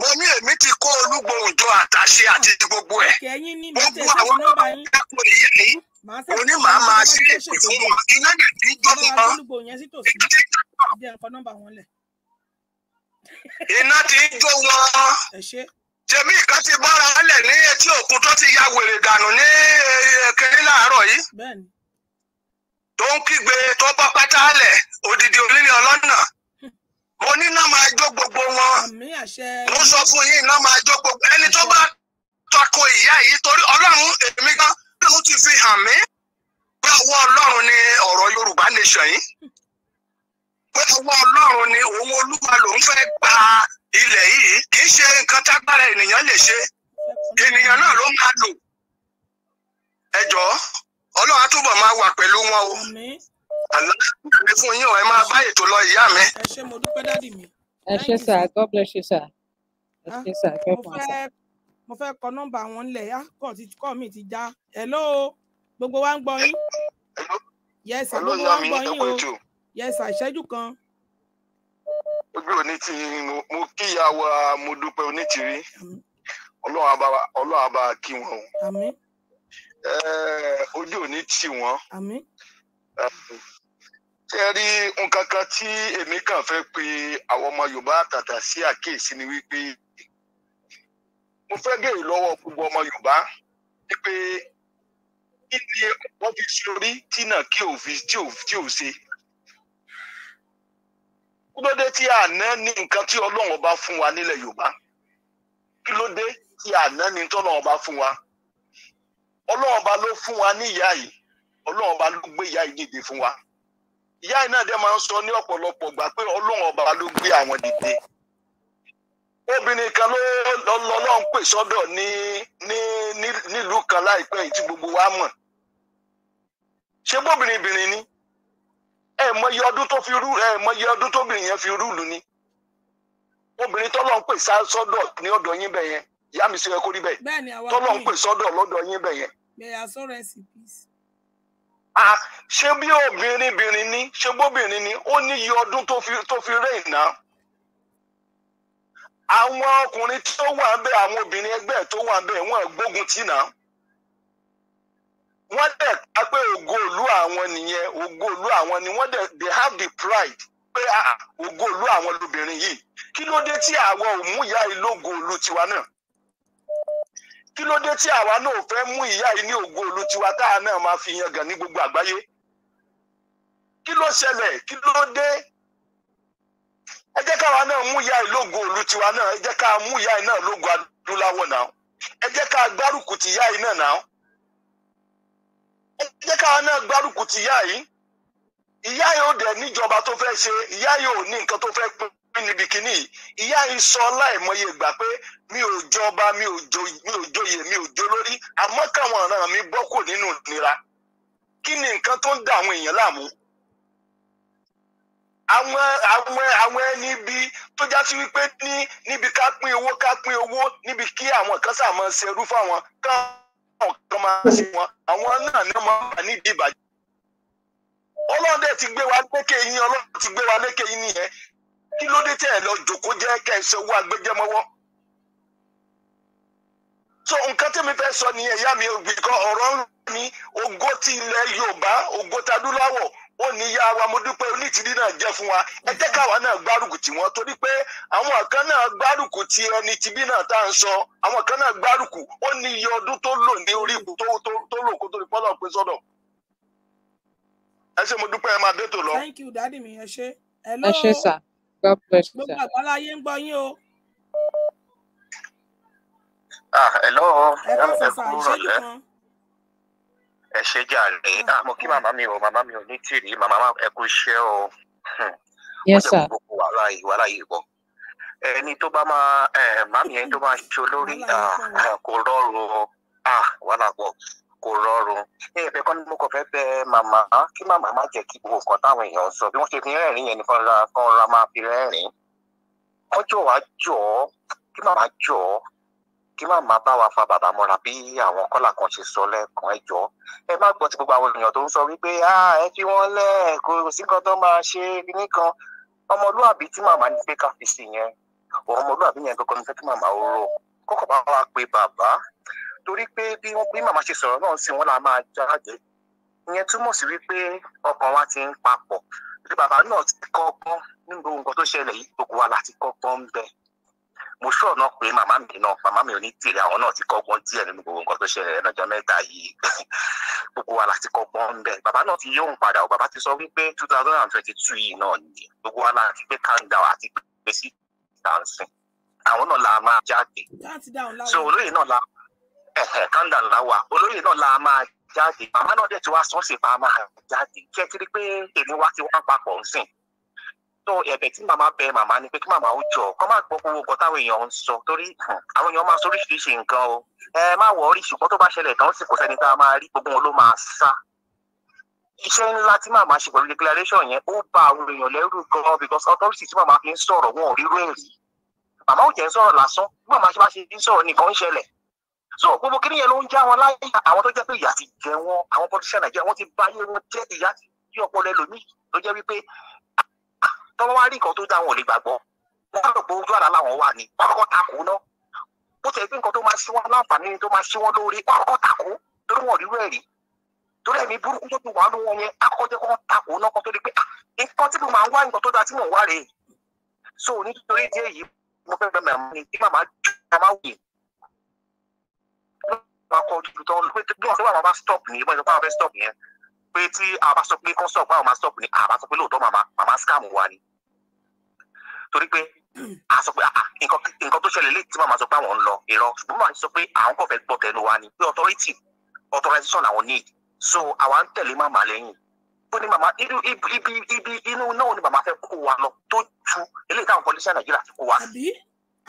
mo ní èmi ti kó olúgbòǹjọ àtàṣe àti gbogbo ẹ gbogbo àwọn ọmọ ẹkọ ìyá yìí òní màá máa ṣe èpè fún wọn iná lè ní gbogbo wọn iná ti ń jó wọn tèmi ìkan ti bára lẹ̀ ní etí òkun tó ti ya wèrè dànù ní eh, kiri láàárọ̀ yìí tó ń kígbe tó bá pátá lẹ̀ òdìdí onílé ọlọ́nà. mo ní iná máa jó gbogbo wọn mo sọ fún yín iná máa jó gbogbo ẹni tó bá tako ìyá yìí torí ọlọ́run èmi gan ọlọ́run ti fi hàn mí pé ọwọ́ ọlọ́run ni ọ̀rọ̀ yorùbá nation yìí pé ọwọ́ ọlọ́run ni òun olúwa lòun fẹ́ gba ilẹ̀ yìí kì í ṣe nǹkan tágbára ènìyàn lè ṣe ènìyàn náà ló máa lò ẹjọ́ ọlọ́run á máa wà pẹ̀lú wọn o. aláàbí fún yín o ẹ máa bá ètò lọ ìyá mi. ẹ ṣé mo dúpẹ́ dádì mi. ẹ ṣé sà god bless you sà. ẹ ah, ṣé sà kẹ́kọ̀ọ́ sà. mo fẹ́ kọ nọ́mbà wọn ńlẹ̀ yá ah, kọ́ ti kọ́ mi ti já hello gbogbo wa ń gbọ́ yín. yes sà gbogbo wa ń gbọ́ yín o yes sà ìṣẹ́jú kan. ojú òní ti mo kíyà wa mo dúpẹ́ onítìrí ọlọ́run àbá ọlọ́run àbá kí wọn o ojú òní tì wọ́n. ṣe rí nǹkan kan tí èmi kàn fẹ́ pe àwọn ọmọ Yorùbá tàtà sí àkíyèsí ni wípé mo fẹ́ gèrè lọ́wọ́ gbogbo ọmọ Yorùbá wípé kí ni wọ́n fi sórí tí náà kí o fi tí ò tí ò ṣe kí ló dé tí ní nǹkan tí Ọlọ́run bá fún wa nílẹ̀ Yorùbá kí tí a tí ní tọ́lọ́run bá fún wa Ọlọ́run bá ló fún wa ní ìyá yìí ọlọ́run ọba ló gbé ìyá yìí dìde fún wa ìyá yìí náà sọ ní ọ̀pọ̀lọpọ̀ gbà pé ọlọ́run ọba ló gbé àwọn dìde obìnrin kan ló lọ́lọ́run pè sọ́dọ̀ ní ní nílùú kan láìpẹ́ yìí gbogbo wa mọ̀ ṣé bóbìnrin bìnrin ni ẹ mọyì ọdún tó fi yẹn fi rúùlù ni obìnrin pè sọ́dọ̀ ní ọ̀dọ̀ yín ìyá mi sọ ẹ ṣé bí obìnrinbìnrin ni ṣé bóbìnrin ni ó ní iye ọdún tó fi rẹ̀ iná àwọn ọkùnrin tó wà ń bẹ àwọn obìnrin ẹgbẹ́ tó wà ń bẹ wọ́n gbógun tì náà wọ́n dẹ̀ ká pé ògo àwọn nìyẹn ògo àwọn ni wọ́n dẹ̀ they have the pride pé ah, ah, ògo àwọn lobìnrin yìí kí ló dé tí àwọn ò mú ìyá ìlógo ìlú tiwa náà kí ló dé tí àwa náà fẹ́ mú ìyá yìí ní ògo olùtiwa táwa náà máa fi yan yangàn ní gbogbo àgbáyé kí ló ṣẹlẹ̀ kí ló dé ẹ jẹ́ káwa náà mú ìyá yìí lógo olùtiwa náà ẹ jẹ́ ká mú ìyá yìí náà lógo adúláwọ̀ náà ẹ jẹ́ ká gbárùkù ti ìyá yìí náà náà ẹ jẹ́ káwa náà gbárùkù ti ìyá yìí ìyá yìí ò dẹ̀ níjọba tó fẹ́ ṣe ìyá yìí ò ní nǹkan tó fẹ́ pín níbi kínní ìyá yìí sọ láìmọye ìgbà pé mi ò jọba mi ò joyè mi ò lórí àmọ́ káwọn ọ̀ràn mi bọ́ kò nínú ìnira kí ni nǹkan tó ń dà àwọn èèyàn láàmú àwọn ẹni bí tó já sí wípé ní níbi ká pín owó ká pín owó níbi kí àwọn kan kan kan máa wọn àwọn náà ni wọn máa nídìí ìbàjẹ́ ti gbé wa lékè yín ti gbé wa lékè kí ló dé tẹ́ ẹ lọ jòkó jẹ́ kẹ́ ẹ ṣe owó agbẹjẹmọ́wọ́ so nǹkan tí mi fẹ́ sọ ni ìyá mi ògbìkan ọ̀rọ̀ mi ògo ti ilẹ̀ Yorùbá ògo tadúláwọ̀ ó ní ya wa mo dúpẹ́ onítìrí náà jẹ́ fún wa ẹ jẹ́ káwa náà gbárùkù tí wọ́n torí pé àwọn kan náà gbárùkù ti ẹni tìbí náà tá à ń sọ àwọn kan náà gbárùkù ó ní iye ọdún tó lò ní orí ipò tó lò kó tó lè pọ́nlọ̀ pé sọ́dọ̀ ẹ ṣé mo dúpẹ́ ẹ máa dé tò lọ. thank you dadi mi ẹ ṣé. ẹ ṣé sir. God bless you. Gbogbo Ah, hello. Ẹ bá sọ sàn ìṣẹ́jú kan. Ẹ ṣe jàre. Ah, mo kí màmá mi o, màmá mi ò ní tìrì, màmá ẹ kú iṣẹ́ o. Hmm. Yes, sir. Wọ́n jẹ́ gbogbo wàhálà yìí, wàhálà yìí bọ̀ ẹni tó bá máa eh, màmí ẹni tó máa ṣe olórí ah, kò rọrùn ah, wàhálà pọ̀ kò rọrùn ẹ̀bẹ̀ kan ni mo kàn fẹ́ bẹ̀ màmá kí màmá má jẹ́ kí gbogbo nǹkan táwọn èèyàn sọ bí wọ́n ṣe fi rẹ́rìn yẹn nìkan ra kan ra máa fi rẹ́rìn wọ́n jọ jọ kí màmá jọ kí màmá bá wa fa bàbá mọ́ra bí àwọn kọ́là kan ṣe sọ lẹ́ẹ̀kan ẹ jọ ẹ má gbọ́ ti gbogbo àwọn èèyàn tó ń sọ wípé ẹ fi wọ́n lẹ̀ kò sí nǹkan tó máa ṣe nìkan ọmọlúàbí tí màmá ní pé ká fi sí yẹn ọmọlúàbí yẹn gangan ní fẹ́ kí màmá ó rò kọ́kọ́ bá wa pe bàbá torí pé bí wọ́n bí màmá ṣe sọ̀rọ̀ náà sí wọn là máa jáde ìyẹn túmọ̀ sí wípé ọkàn wa ti ń papọ̀ bí bàbá náà ti kọ́gbọ́n nínú nǹkan tó ṣẹlẹ̀ yìí gbogbo wa láti kọ́gbọ́n bẹ mo ṣọ́ ọ̀nà pé màmá mi náà màmá mi ò ní tèrè àwọn náà ti kọ́gbọ́n díẹ̀ nínú gbogbo nǹkan tó ṣẹlẹ̀ lọ́jọ́ mẹ́ta yìí gbogbo wa láti kọ́gbọ́n bẹ bàbá náà ti yóò ń padà o bàbá ti sọ wípé two thousand and twenty two yìí náà ni gbogbo wa láti gbé countdown àti gbé dancing àwọn náà la máa jáde so olóyè náà la kanda ńlá wa olóyè náà la máa jáde màmá náà dẹ̀ tí wàá sọ sí pa máa jáde kí ẹ ti rí pé èmi wá ti wá papọ̀ ń sìn tó ẹ̀bẹ̀ tí màmá bẹ màmá ni pé kí màmá ó jọ kọ́ má gbọ́ owó kan táwọn èèyàn ń sọ torí hmm, àwọn èèyàn máa sọ oríṣiríṣi nǹkan o ẹ má wọ orí ṣùgbọ́n tó bá ṣẹlẹ̀ tán sì kò sẹ́ni tá a máa rí gbogbo wọn ló máa sá iṣẹ́ ńlá tí màmá ṣe pẹ̀lú declaration yẹn ó bà àwọn èèyàn lẹ́rù gan because authority tí màmá fi ń sọ̀rọ̀ wọn ò rí ròyìn màmá ò jẹ́ ń sọ̀rọ̀ lásán bí màmá ṣe bá ṣe ń sọ̀rọ̀ nìkan ń ṣẹlẹ̀ so gbogbo kí nìyẹn ló ń já wọn láyé àwọn tó jẹ́ pé ìyà ti jẹ wọn àwọn politician nàìjíríà wọ́n ti bá wọn jẹ́ ìyà ti yí ọpọlọ ẹlòmíì ló jẹ́ wípé tọ́wọ́ wá rí nǹkan tó dá wọn ò lè gbàgbọ́ wọn lọ gbọ́ ojú àlá làwọn wà ní wọn kọ́kọ́ náà bó tẹ̀ pé nǹkan tó máa ṣí wọn láǹfààní tó máa ṣí wọn lórí wọn kọ́kọ́ takò torí wọn rí wẹ̀rí torí ẹ̀mí burúkú tó ti wà ló wọn yẹn akọ́jẹ́ kọ́ takò náà kọ́ tó di pé ah, nǹkan tí máa kọ ojú tó ń pé bí wọn sọ pé àwọn máa stop ní ìbọn ìsọpá àwọn fẹ́ stop yẹn pé tí àbá sọ pé kọ́ stop pé àwọn máa stop ní àbá sọ pé lóòótọ́ màmá màmá scam wa ni torí pé a sọ pé ah, ah, nǹkan tó ṣẹlẹ̀ léyìí tí màmá sọ pé àwọn ń lọ irọ́ ṣùgbọ́n màmá sọ pé àwọn kò fẹ́ gbọ́ tẹnu wa ni pé authority authorization àwọn need so àwa ń tẹ̀lé màmá lẹ́yìn tó ní màmá ibi ibi ibi inú náà ni màmá fẹ́ kó wa lọ tó ju eléyìí táwọn kọ́lẹ́ṣẹ́ nàìjíríà ti kó wa. àbí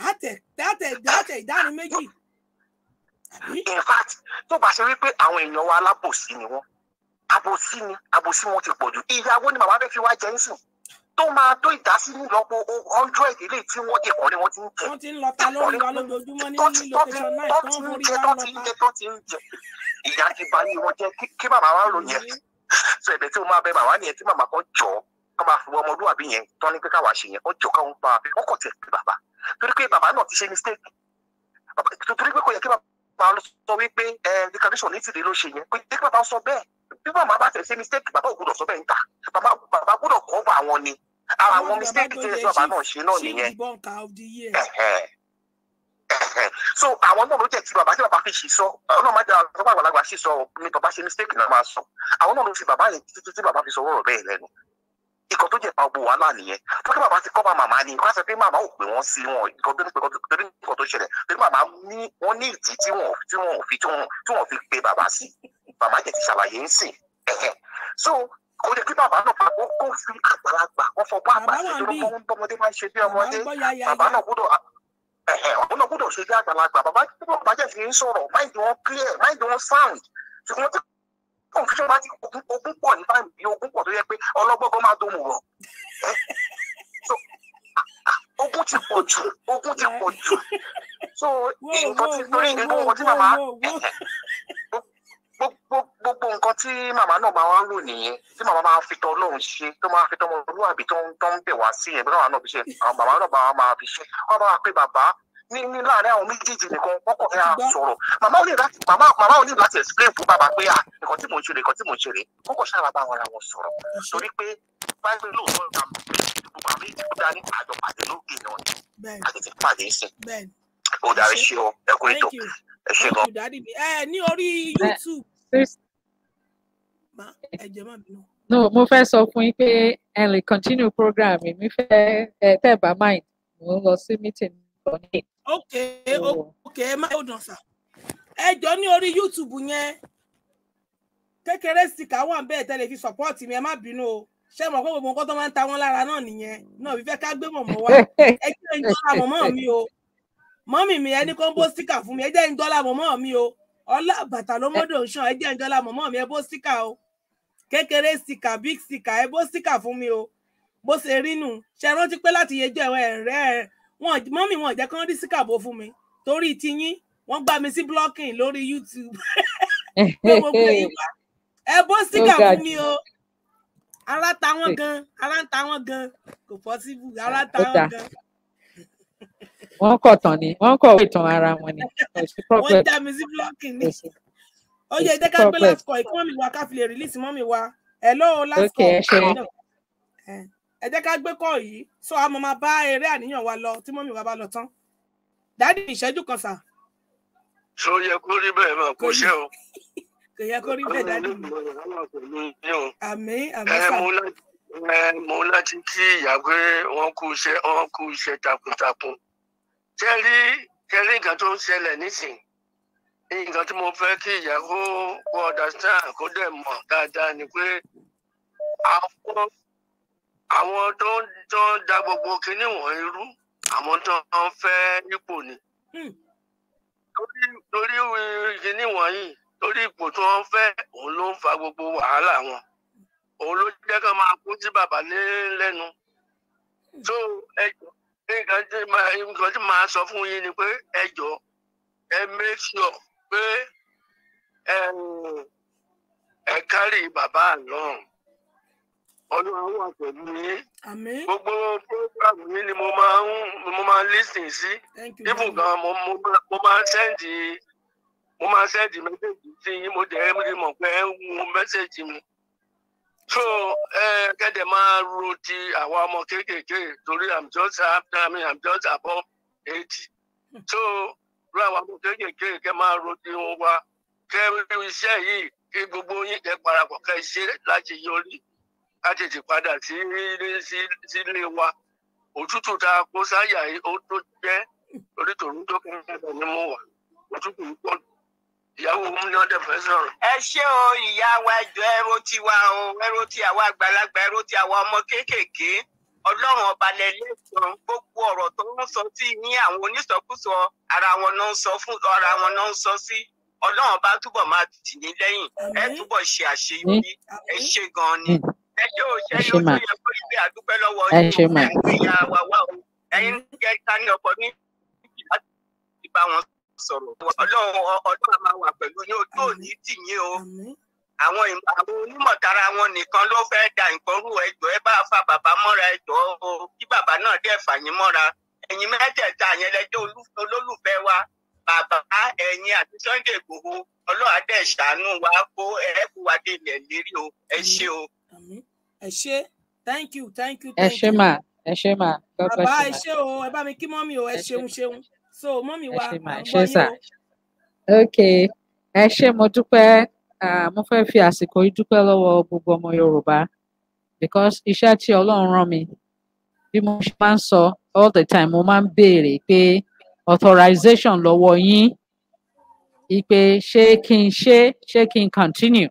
àtẹ̀ àtẹ̀ àtẹ̀ ìdárin méjì in fact tó bá ṣe wípé àwọn èèyàn wa alábòsí ni wọn àbòsí ni àbòsí wọn ti pọ̀ jù ìyàwó ni màmá fẹ́ fi wá jẹ́ ń sìn tó máa tó ìdásí nílọ́pọ̀ hundred ilé tí wọ́n ti kọ́ni wọ́n ti ń jẹ. wọ́n ti ń lọ ta lórí wa lójoojúmọ́ ní ní location náà tó ń rí wa lọ ta. tó ti ń jẹ ìyá ti ba yín wọn jẹ kí màmá wa lò yẹn so ẹ̀bẹ̀ tí mo máa bẹ màmá nìyẹn tí màmá kan jọ ká máa fi ọmọlúwàbí yẹn tán ní pé káwa ṣe yẹn ó jọ káwọn pa ọkọ tẹ pé bàbá torí pé bàbá náà ti ṣe mistake torí pé kò yẹ kí bàbá bá sọ wípé ẹ rìkàdíṣàn ní tìrì ló ṣe yẹn pé tí bàbá sọ bẹ́ẹ̀ bí màmá bá tẹ̀sí mistake bàbá ò sọ bẹ́ẹ̀ ń tà bàbá bàbá kọ́ bá wọn ni àwọn mistake tí bàbá náà ṣe náà nìyẹn so àwọn náà ló jẹ́ ti bàbá tí bàbá fi ṣì sọ ọlọ́run má jẹ́ àwọn àgbàlagbà ṣì sọ ní bàbá ṣe mistake náà máa sọ àwọn náà ló fi bàbá yẹn títí tí bàbá fi sọ wọ́rọ̀ ikọ̀ tó jẹ́ pa gbogbo wàhálà nìyẹn tó bàbá ti kọ́ bá màmá ni kó pé màmá ò pè wọ́n sí wọn ikọ̀ tó ní pẹ̀kọ́ tó ní ikọ̀ tó ṣẹlẹ̀ torí màmá ní wọ́n ní ìdí tí wọ́n fi tí wọ́n fi pe bàbá sí bàbá jẹ́ ti ṣàlàyé ń sìn ẹ̀hẹ̀ so kò jẹ́ kí bàbá náà bá kó fi àgbàlagbà wọ́n fọ bá máa ṣe tó ló máa ṣe bí ọmọdé bàbá náà gbọ́dọ̀ ọ̀hún náà gbọ́dọ̀ ṣe bí àgbàlagbà bàbá jẹ́ fi ń sọ̀rọ̀ máìndì wọn clear máìndì wọn sound ṣùgbọ́n confusion bá ti ogun ogun pọ̀ ní táìmù bí ogun pọ̀ tó yẹ pé ọlọ́gbọ́gbọ́ máa dóhùn rọ̀ eh? ogun ti pọ̀ jù ogun ti pọ̀ jù so nǹkan ti torí gbogbo nǹkan tí màmá gbogbo nǹkan tí màmá náà máa ń lò nìyẹn tí màmá máa fi tọ Ọlọ́run ṣe tó máa fi tọmọ olúwàbí tó ń bẹ̀ wá sí ẹgbẹ́ náà náà fi ṣe àwọn màmá náà máa fi ṣe wọ́n bá wa pé bàbá ní ní láàrin àwọn méjèèjì nìkan wọn kò fẹ́ sọ̀rọ̀ màmá ò ní láti màmá màmá ò ní láti explain fún bàbá pé à ah, nǹkan tí mò ń ṣe rè nǹkan tí mò ń ṣe rè wọn ṣáà bá wọn ra sọ̀rọ̀ torí pé báyìí lóòótọ́ ìgbà gbogbo àmì ìdìbò dání àjọ pàdé lóògì náà ni a tètè pàdé sí ó darí ṣe ọ ẹ kú ètò ẹ ṣe gan. ní orí YouTube no mo fẹ́ sọ fún yín pé ẹ continue program mi fẹ́ ẹ bá mind mo ń lọ sí meeting for eight okay okay ẹ má yóò dàn sà ẹ jọ ní orí youtube yẹn kékeré sìkà wà bẹ́ẹ̀ tẹ́lẹ̀ fi support mi ẹ má bínú o ṣé mo pé gbogbo nǹkan tó máa ń ta wọ́n lára náà nìyẹn náà fífẹ́ ká gbé mọ̀mọ́ wa ẹ jẹ́ ń dọ́là mọ̀mọ́ mi o mọ́mì mi ẹni kó ń bó síkà fún mi ẹ jẹ́ ń dọ́là mọ̀mọ́ mi o ọlá bàtà ló mọ́dọ̀ ń ṣàn ẹ jẹ́ ń dọ́là mọ̀mọ́ mi ẹ bó síkà o kékeré síkà big síkà ẹ bó síkà fún mi o bó ṣe rí nù ṣe rántí pé láti yejọ́ ẹ̀wọ̀n ẹ̀rẹ́ wọn mọ́mì wọn jẹ́ kán rí síkàbó fún mi torí tiyín wọ́n gbá mi sí blocking lórí YouTube ẹ bó síkà fún mi o ara ta wọn gan ara ta wọn gan kò pọ́síbù ara ta wọn gan. wọ́n kọ̀ tán ni wọ́n kọ̀ ìtàn ara wọn ni. wọ́n já mi sí blocking ni ó yẹ jẹ́ ká gbé last call ìkọ́ mi wá ká fi lè release mọ́ mi wá hello last call ẹ jẹ́ ká gbé kọ́ yìí sọ àmọ́ máa bá eré àníyàn wa lọ tí mọ́mí wa bá lọ tán dáàdì ìṣẹ́jú kan sà. ṣó yẹ kó rí bẹ́ẹ̀ máa kó ṣẹ́ o. kò yẹ kó rí bẹ́ẹ̀ dáàdì mi. àmín àmín sà. ẹ mo láti kí ìyá pé wọ́n kú iṣẹ́ wọ́n kú iṣẹ́ takuntakun. tẹ́rí tẹ́rí nǹkan tó ń ṣẹlẹ̀ nísìnyí nǹkan tí mo fẹ́ kí ìyá kó kó understand kó dẹ̀ mọ̀ dáadáa ni pé àwọn àwọn tó ń tó ń da gbogbo kinní wọ̀nyí rú àwọn tó ń fẹ́ ipò ni. Hmm. torí torí kinní wọ̀nyí torí ipò tó ń fẹ́ òun ló ń fa gbogbo wàhálà wọn òun ló jẹ́ kó máa kú sí bàbá lẹ́nu. tó hmm. ẹjọ́ nǹkan tí máa nǹkan tí máa sọ fún yín ni pé ẹjọ́ ẹ make sure pé ẹ kárí bàbá náà. Ọlọ́run wà pẹ̀lú yín. Gbogbo program yín ni mo máa ń mo máa ń listen sí. Ibùn gan mo mo máa sẹ́ndì mo máa sẹ́ndì mẹ́sẹ̀gì sí yín mo dẹ̀ ẹ́ pé ẹ ń wo mẹ́sẹ̀gì mi. So kẹ́dẹ̀ máa ro ti àwa ọmọ kéékèèké torí I'm just after me I'm just above eighty. So ro àwa ọmọ kéékèèké kẹ́ máa ro ti wọn wá kẹ́ iṣẹ́ yìí kí gbogbo yín kẹ́ parapọ̀ kẹ́ ṣe láti yọrí ká tètè padà sí sílé wa òtútù tá a kó sáyà ó tó jẹ́ onítòrún tó kún ẹ̀dọ̀ ni mo wà òtútù pọ̀ ìyàwó mi náà dẹ̀ fẹ́ sọ̀rọ̀. ẹ ṣé o ìyá wa ẹjọ ẹrọ ti wa o ẹrọ ti àwa àgbàlagbà ẹrọ ti àwa ọmọ kéékèèké ọlọ́run ọba lẹ́lẹ́sàn gbogbo ọ̀rọ̀ tó ń sọ sí ní àwọn onísọkúsọ ara wọn náà ń sọ fún ara wọn náà sọ sí ọlọ́run ọba túbọ̀ máa tì ní lẹ́yìn ẹ túbọ̀ ṣe àṣeyọrí ẹ ṣé gan-an ni ẹ ṣe mà ẹ ṣe mà. àwọn àwọn wọn nìkan ló fẹ́ da nǹkan rú ẹjọ́ ẹ bá fa bàbá mọ́ra ẹjọ́ o kí bàbá náà dẹ̀ fàyín mọ́ra ẹ̀yin mẹ́tẹ̀ẹ̀ta yẹn lẹ́jọ́ olólùfẹ́ wa bàbá ẹ̀yin àti Sunday Igboho ọlọ́run ṣàánú wa kó ẹ wa dé ilẹ̀ lérí o ẹ ṣé o àmín ẹ ṣé thank you thank you thank you. ẹ ṣé mà ẹ ṣé mà lọ́pọ̀ ṣe mà. bàbá ẹ ṣé o ẹ bá mi kí mọ́mì o ẹ ṣeun ṣeun so mọ́mì wa àgbọ̀ yín o. ok ẹ ṣé mo dúpẹ́ mo fẹ́ fi àsìkò yìí dúpẹ́ lọ́wọ́ gbogbo ọmọ Yorùbá because iṣẹ́ tí Ọlọ́run rán mi bí mo ṣe máa ń sọ all the time mo máa ń béèrè pé authorization lọ́wọ́ yín ìpè ṣé kí n ṣe ṣé kí n continue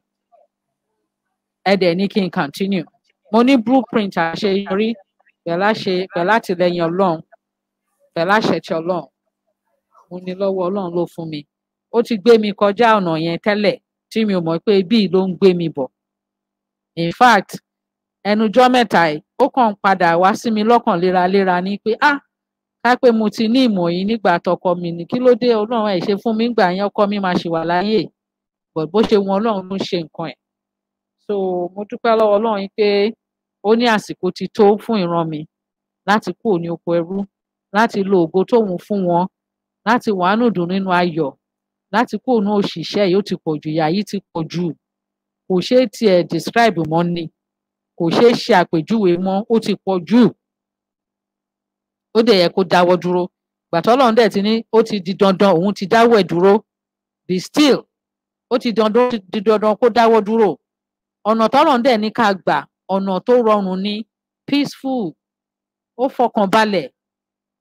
ẹ̀dẹ̀ ní kí n continue mo ní blueprint àṣeyọrí pẹ̀lá ṣe pẹ̀lá tìlẹ́yìn ọlọ́run pẹ̀lá ṣẹ̀tì ọlọ́run mo ní lọ́wọ́ ọlọ́run ló fún mi ó ti gbé mi kọjá ọ̀nà yẹn tẹ́lẹ̀ tí mi ò mọ̀ pé bíi ló ń gbé mi bọ̀ in fact ẹnujọ́ mẹ́ta yìí ó kàn ń padà wá sí mi lọ́kàn léraléra ní pé ah kápẹ́ mo ti ní ìmọ̀ yìí nígbà tọkọ mi ní kí ló dé ọlọ́run ẹ̀ ṣe fún mi gbà yẹn ọkọ mi máa ṣì wà láyé bó ṣe wọn ọlọ́run ló ń ṣe nǹkan ẹ̀ so mo dúpẹ́ lọ́wọ́ Ọlọ́run yìí pé ó ní àsìkò ti tó fún ìran mi láti kúrò ní oko ẹrú láti lo ògo tóun fún wọn láti wàánù dùn nínú ayọ̀ láti kúrò ní òṣìṣẹ́ yìí ó ti pọ̀ jù ìyà yìí ti pọ̀ jù kò ṣeé tiẹ̀ describe mọ́ ni kò ṣeé ṣe àpèjúwe mọ́ ó ti pọ̀ jù ó dẹ̀ yẹ kó dáwọ́ dúró gbàtọ́lọ́run dẹ̀ ti ní ó ti di dandan òun ti dáwọ́ ẹ̀ dúró be still ó ti dandan ó ti di dandan kó dáwọ́ dúró ọ̀nà tọ́rọ̀ ń dẹ̀ ní ká gbà ọ̀nà tó rọrùn ni peaceful ó fọkàn balẹ̀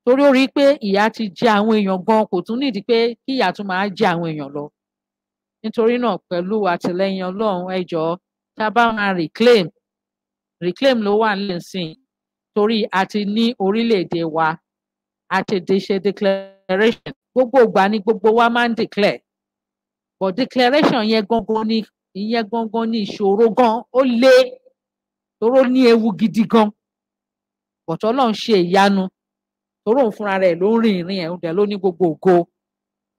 torí ó rí i pé ìyà ti jẹ àwọn èèyàn gan kò tún nídìí pé kí ìyà tún máa jẹ àwọn èèyàn lọ nítorí náà pẹ̀lú àtìlẹ́yìn Ọlọ́run ẹ tá a bá máa reclaim reclaim ló wà nílẹ̀ sìn torí a ti ní orílẹ̀-èdè wa a ti de ṣe declaration gbogbo ìgbà ni gbogbo wa máa ń declare but declaration yẹn gangan ni ìyẹn gangan ni ìṣòro gan ó le toró ní ewu gidi gan bọ̀tọ́ náà ń ṣe ìyanu toró òun fúnra rẹ̀ ló ń rìn ìrìn ẹ̀ ń ló ní gbogbo ògo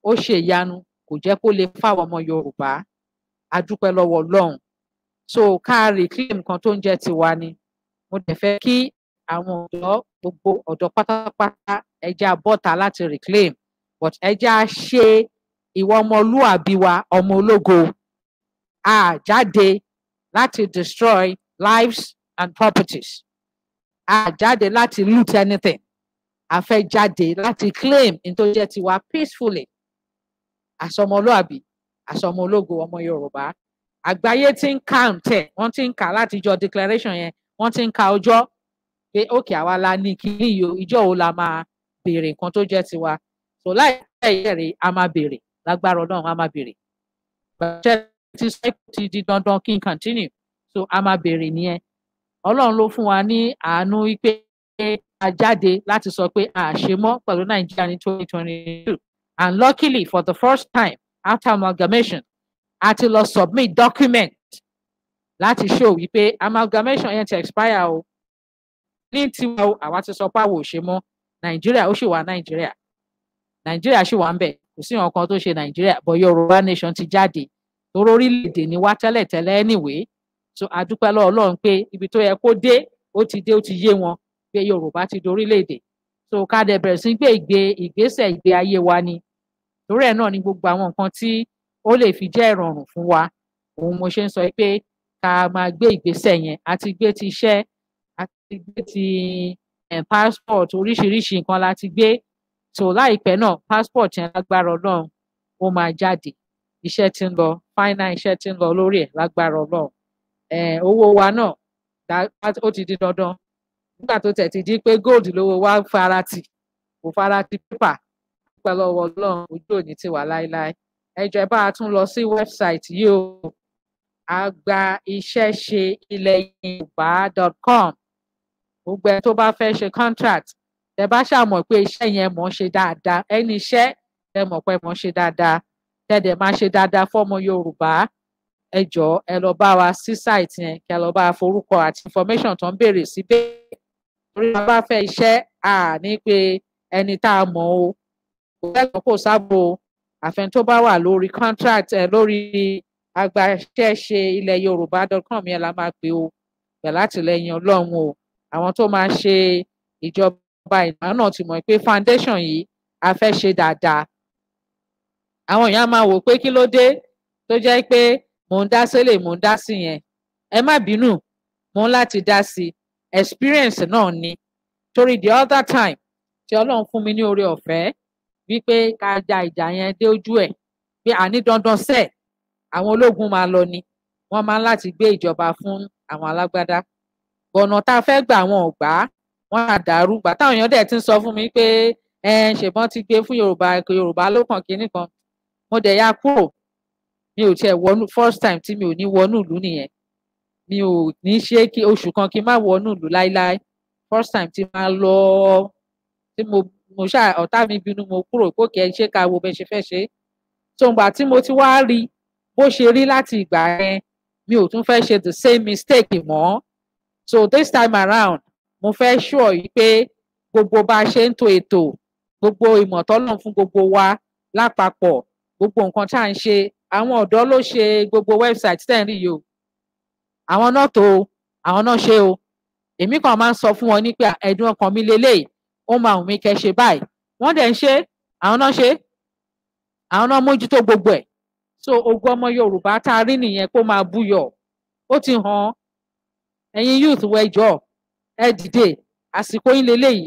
ó ṣe ìyanu kò jẹ́ kó lè fáwọn ọmọ yorùbá adúpẹ́ lọ́wọ́ ọlọ́run so ká reclaim kan tó ń jẹ́ tiwa ni mo dẹ̀ fẹ́ kí àwọn ọ̀dọ́ gbogbo ọ̀dọ́ pátápátá ẹja bọ́ta láti reclaim but ẹja ṣe ìwà ọmọlúàbí wa ọmọ ológo a jáde láti destroy lives and properties a jáde láti loot anything a fẹ́ jáde láti claim nítorí jẹ́ tiwa peacefully àsọmọlúàbí àsọmọlógo ọmọ Yorùbá àgbáyé ti ń count ẹ̀ wọ́n ti ń kà láti jọ declaration yẹn wọ́n ti ń ka ọjọ́ pé òkè àwa la ní kíní yìí ìjọ wo la máa béèrè nǹkan tó jẹ́ tiwa so láìpẹ́ ìyẹrè a máa béèrè lágbára Ọlọ́run a máa béèrè ti sọ ti di dandan kí n continue so a máa bèrè nìyẹn ọlọ́run ló fún wa ní àánú pé a jáde láti sọ pé a ṣe mọ́ pẹ̀lú nàìjíríà ní twenty twenty two and luckily for the first time after amalgamation a ti lọ submit document láti show wípé amalgamation yẹn ti expire o ní tiwa o àwa ti sọ pé àwọn ò ṣe mọ́ nàìjíríà ó sì wà nàìjíríà nàìjíríà sì wà ń bẹ kò sí nǹkan tó ṣe nàìjíríà but yorùbá nation ti jáde torí orílẹ̀-èdè ni wá tẹ́lẹ̀tẹ́lẹ̀ anyway so àdúpẹ́ lọ́wọ́ ọlọ́run pé ibi tó yẹ kó dé ó ti dé ó ti yé wọn pé yorùbá ti dorílẹ̀-èdè so ká dẹ̀ bẹ̀rẹ̀ sí gbé ìgbé ìgbésẹ̀ ìgbé ayé wa ni torí ẹ̀ náà ni gbogbo àwọn nǹkan tí ó lè fi jẹ́ ìrọ̀rùn fún wa òun mo ṣe ń sọ pé ká máa gbé ìgbésẹ̀ yẹn àti gbé ti iṣẹ́ àti gbé ti eh, passport oríṣiríṣi nǹkan la ti gbé so láìpẹ́ náà passport yẹn lágbára ọlọ́run ó máa jáde iṣẹ́ tí ń lọ fáínà iṣẹ́ tí ń lọ lórí ẹ̀ lágbára Ọlọ́run owó wa náà ó ti di dandan nígbà tó tẹ̀ ti di pé gold lówó wa fara ti kò fara ti pépà pẹ̀lú ọwọ́ Ọlọ́run ojú òní ti wà láéláé ẹ jọ̀ọ́ bá a tún lọ sí wẹ́bsáìtì yìí o agbaiṣẹ́ṣe ilẹ̀ yorùbá dot com gbogbo ẹ tó bá fẹ́ ṣe contract tẹ́ bá ṣàmọ̀ pé iṣẹ́ yẹn mọ̀ ṣe dáadáa ẹni iṣẹ́ tẹ́ mọ̀ pé mọ̀ ṣe dáadáa kẹ́dẹ̀ máa ṣe dáadáa fọ́mọ yorùbá ẹ jọ ẹ lọ bá wa sí site yẹn kí lọ bá a forúkọ àti information tó ń béèrè síbẹ̀ orí wa bá fẹ́ iṣẹ́ à ní pé ẹni tá a mọ̀ o kò sẹ́kọ̀ọ́ kò sábò àfẹn tó bá wà lórí contract ẹ lórí agbaṣẹ́ṣe ilẹ̀ yorùbá dot com yẹn la máa pè o pẹ̀lú àtìlẹyìn ọlọ́run o àwọn tó máa ṣe ìjọba ìnáwó náà ti mọ̀ pé foundation yìí a fẹ́ ṣe dáadáa àwọn èèyàn máa wò pé kí ló dé tó jẹ́ pé mò ń dá sílẹ̀ mò ń dá sí yẹn ẹ má bínú mò ń láti dá sí experience náà ni torí the other time tí Ọlọ́run fún mi ní oore ọ̀fẹ́ wípé ká ja ìjà yẹn dé ojú ẹ̀ pé àní dandan sẹ́ẹ̀ àwọn ológun máa lọ ni wọ́n máa ń láti gbé ìjọba fún àwọn alágbádá gbọ̀nà tá a fẹ́ gbà wọn ò gbà wọ́n á dàrú gbà táwọn èèyàn dẹ̀ ti ń sọ fún mi pé ẹ ṣèbọn ti gbé fún Yorùbá Yorùbá ló kàn kínní kan mo dẹ̀ ya kúrò mi ò tiẹ̀ wọnú first time tí mi ò ní wọnú ìlú nìyẹn mi ò ní ṣe kí oṣù kan kí n má wọnú ìlú láíláí first time tí máa lọ tí mo mo ṣá ọ̀tá mi bínú mo kúrò ìkókè ẹ ṣe ká wo bẹ ṣe fẹ́ ṣe so ìgbà tí mo ti wá rí bó ṣe rí láti ìgbà yẹn mi ò tún fẹ́ ṣe the same mistake mọ́ so this time around mo fẹ́ sure yìí pé gbogbo bá a ṣe ń to ètò gbogbo ìmọ̀ fún gbogbo wa lápapọ̀ gbogbo nǹkan tá à ń ṣe àwọn ọ̀dọ́ ló ṣe gbogbo website tẹ́ ń rí yìí o àwọn náà tó o àwọn náà ṣe o èmi kan máa ń sọ fún wọn ní pé ẹ̀dùn ọkàn mi lélẹ́yìí ó máa wù mí kẹ́ ṣe báyìí wọ́n dẹ̀ ń ṣe àwọn náà ṣe àwọn náà mójútó gbogbo ẹ̀ so ogun ọmọ Yorùbá tá a rí nìyẹn kó máa búyọ̀ ó ti hàn ẹ̀yin youth wẹjọ ẹ dìde àsìkò yín lélẹ́yìí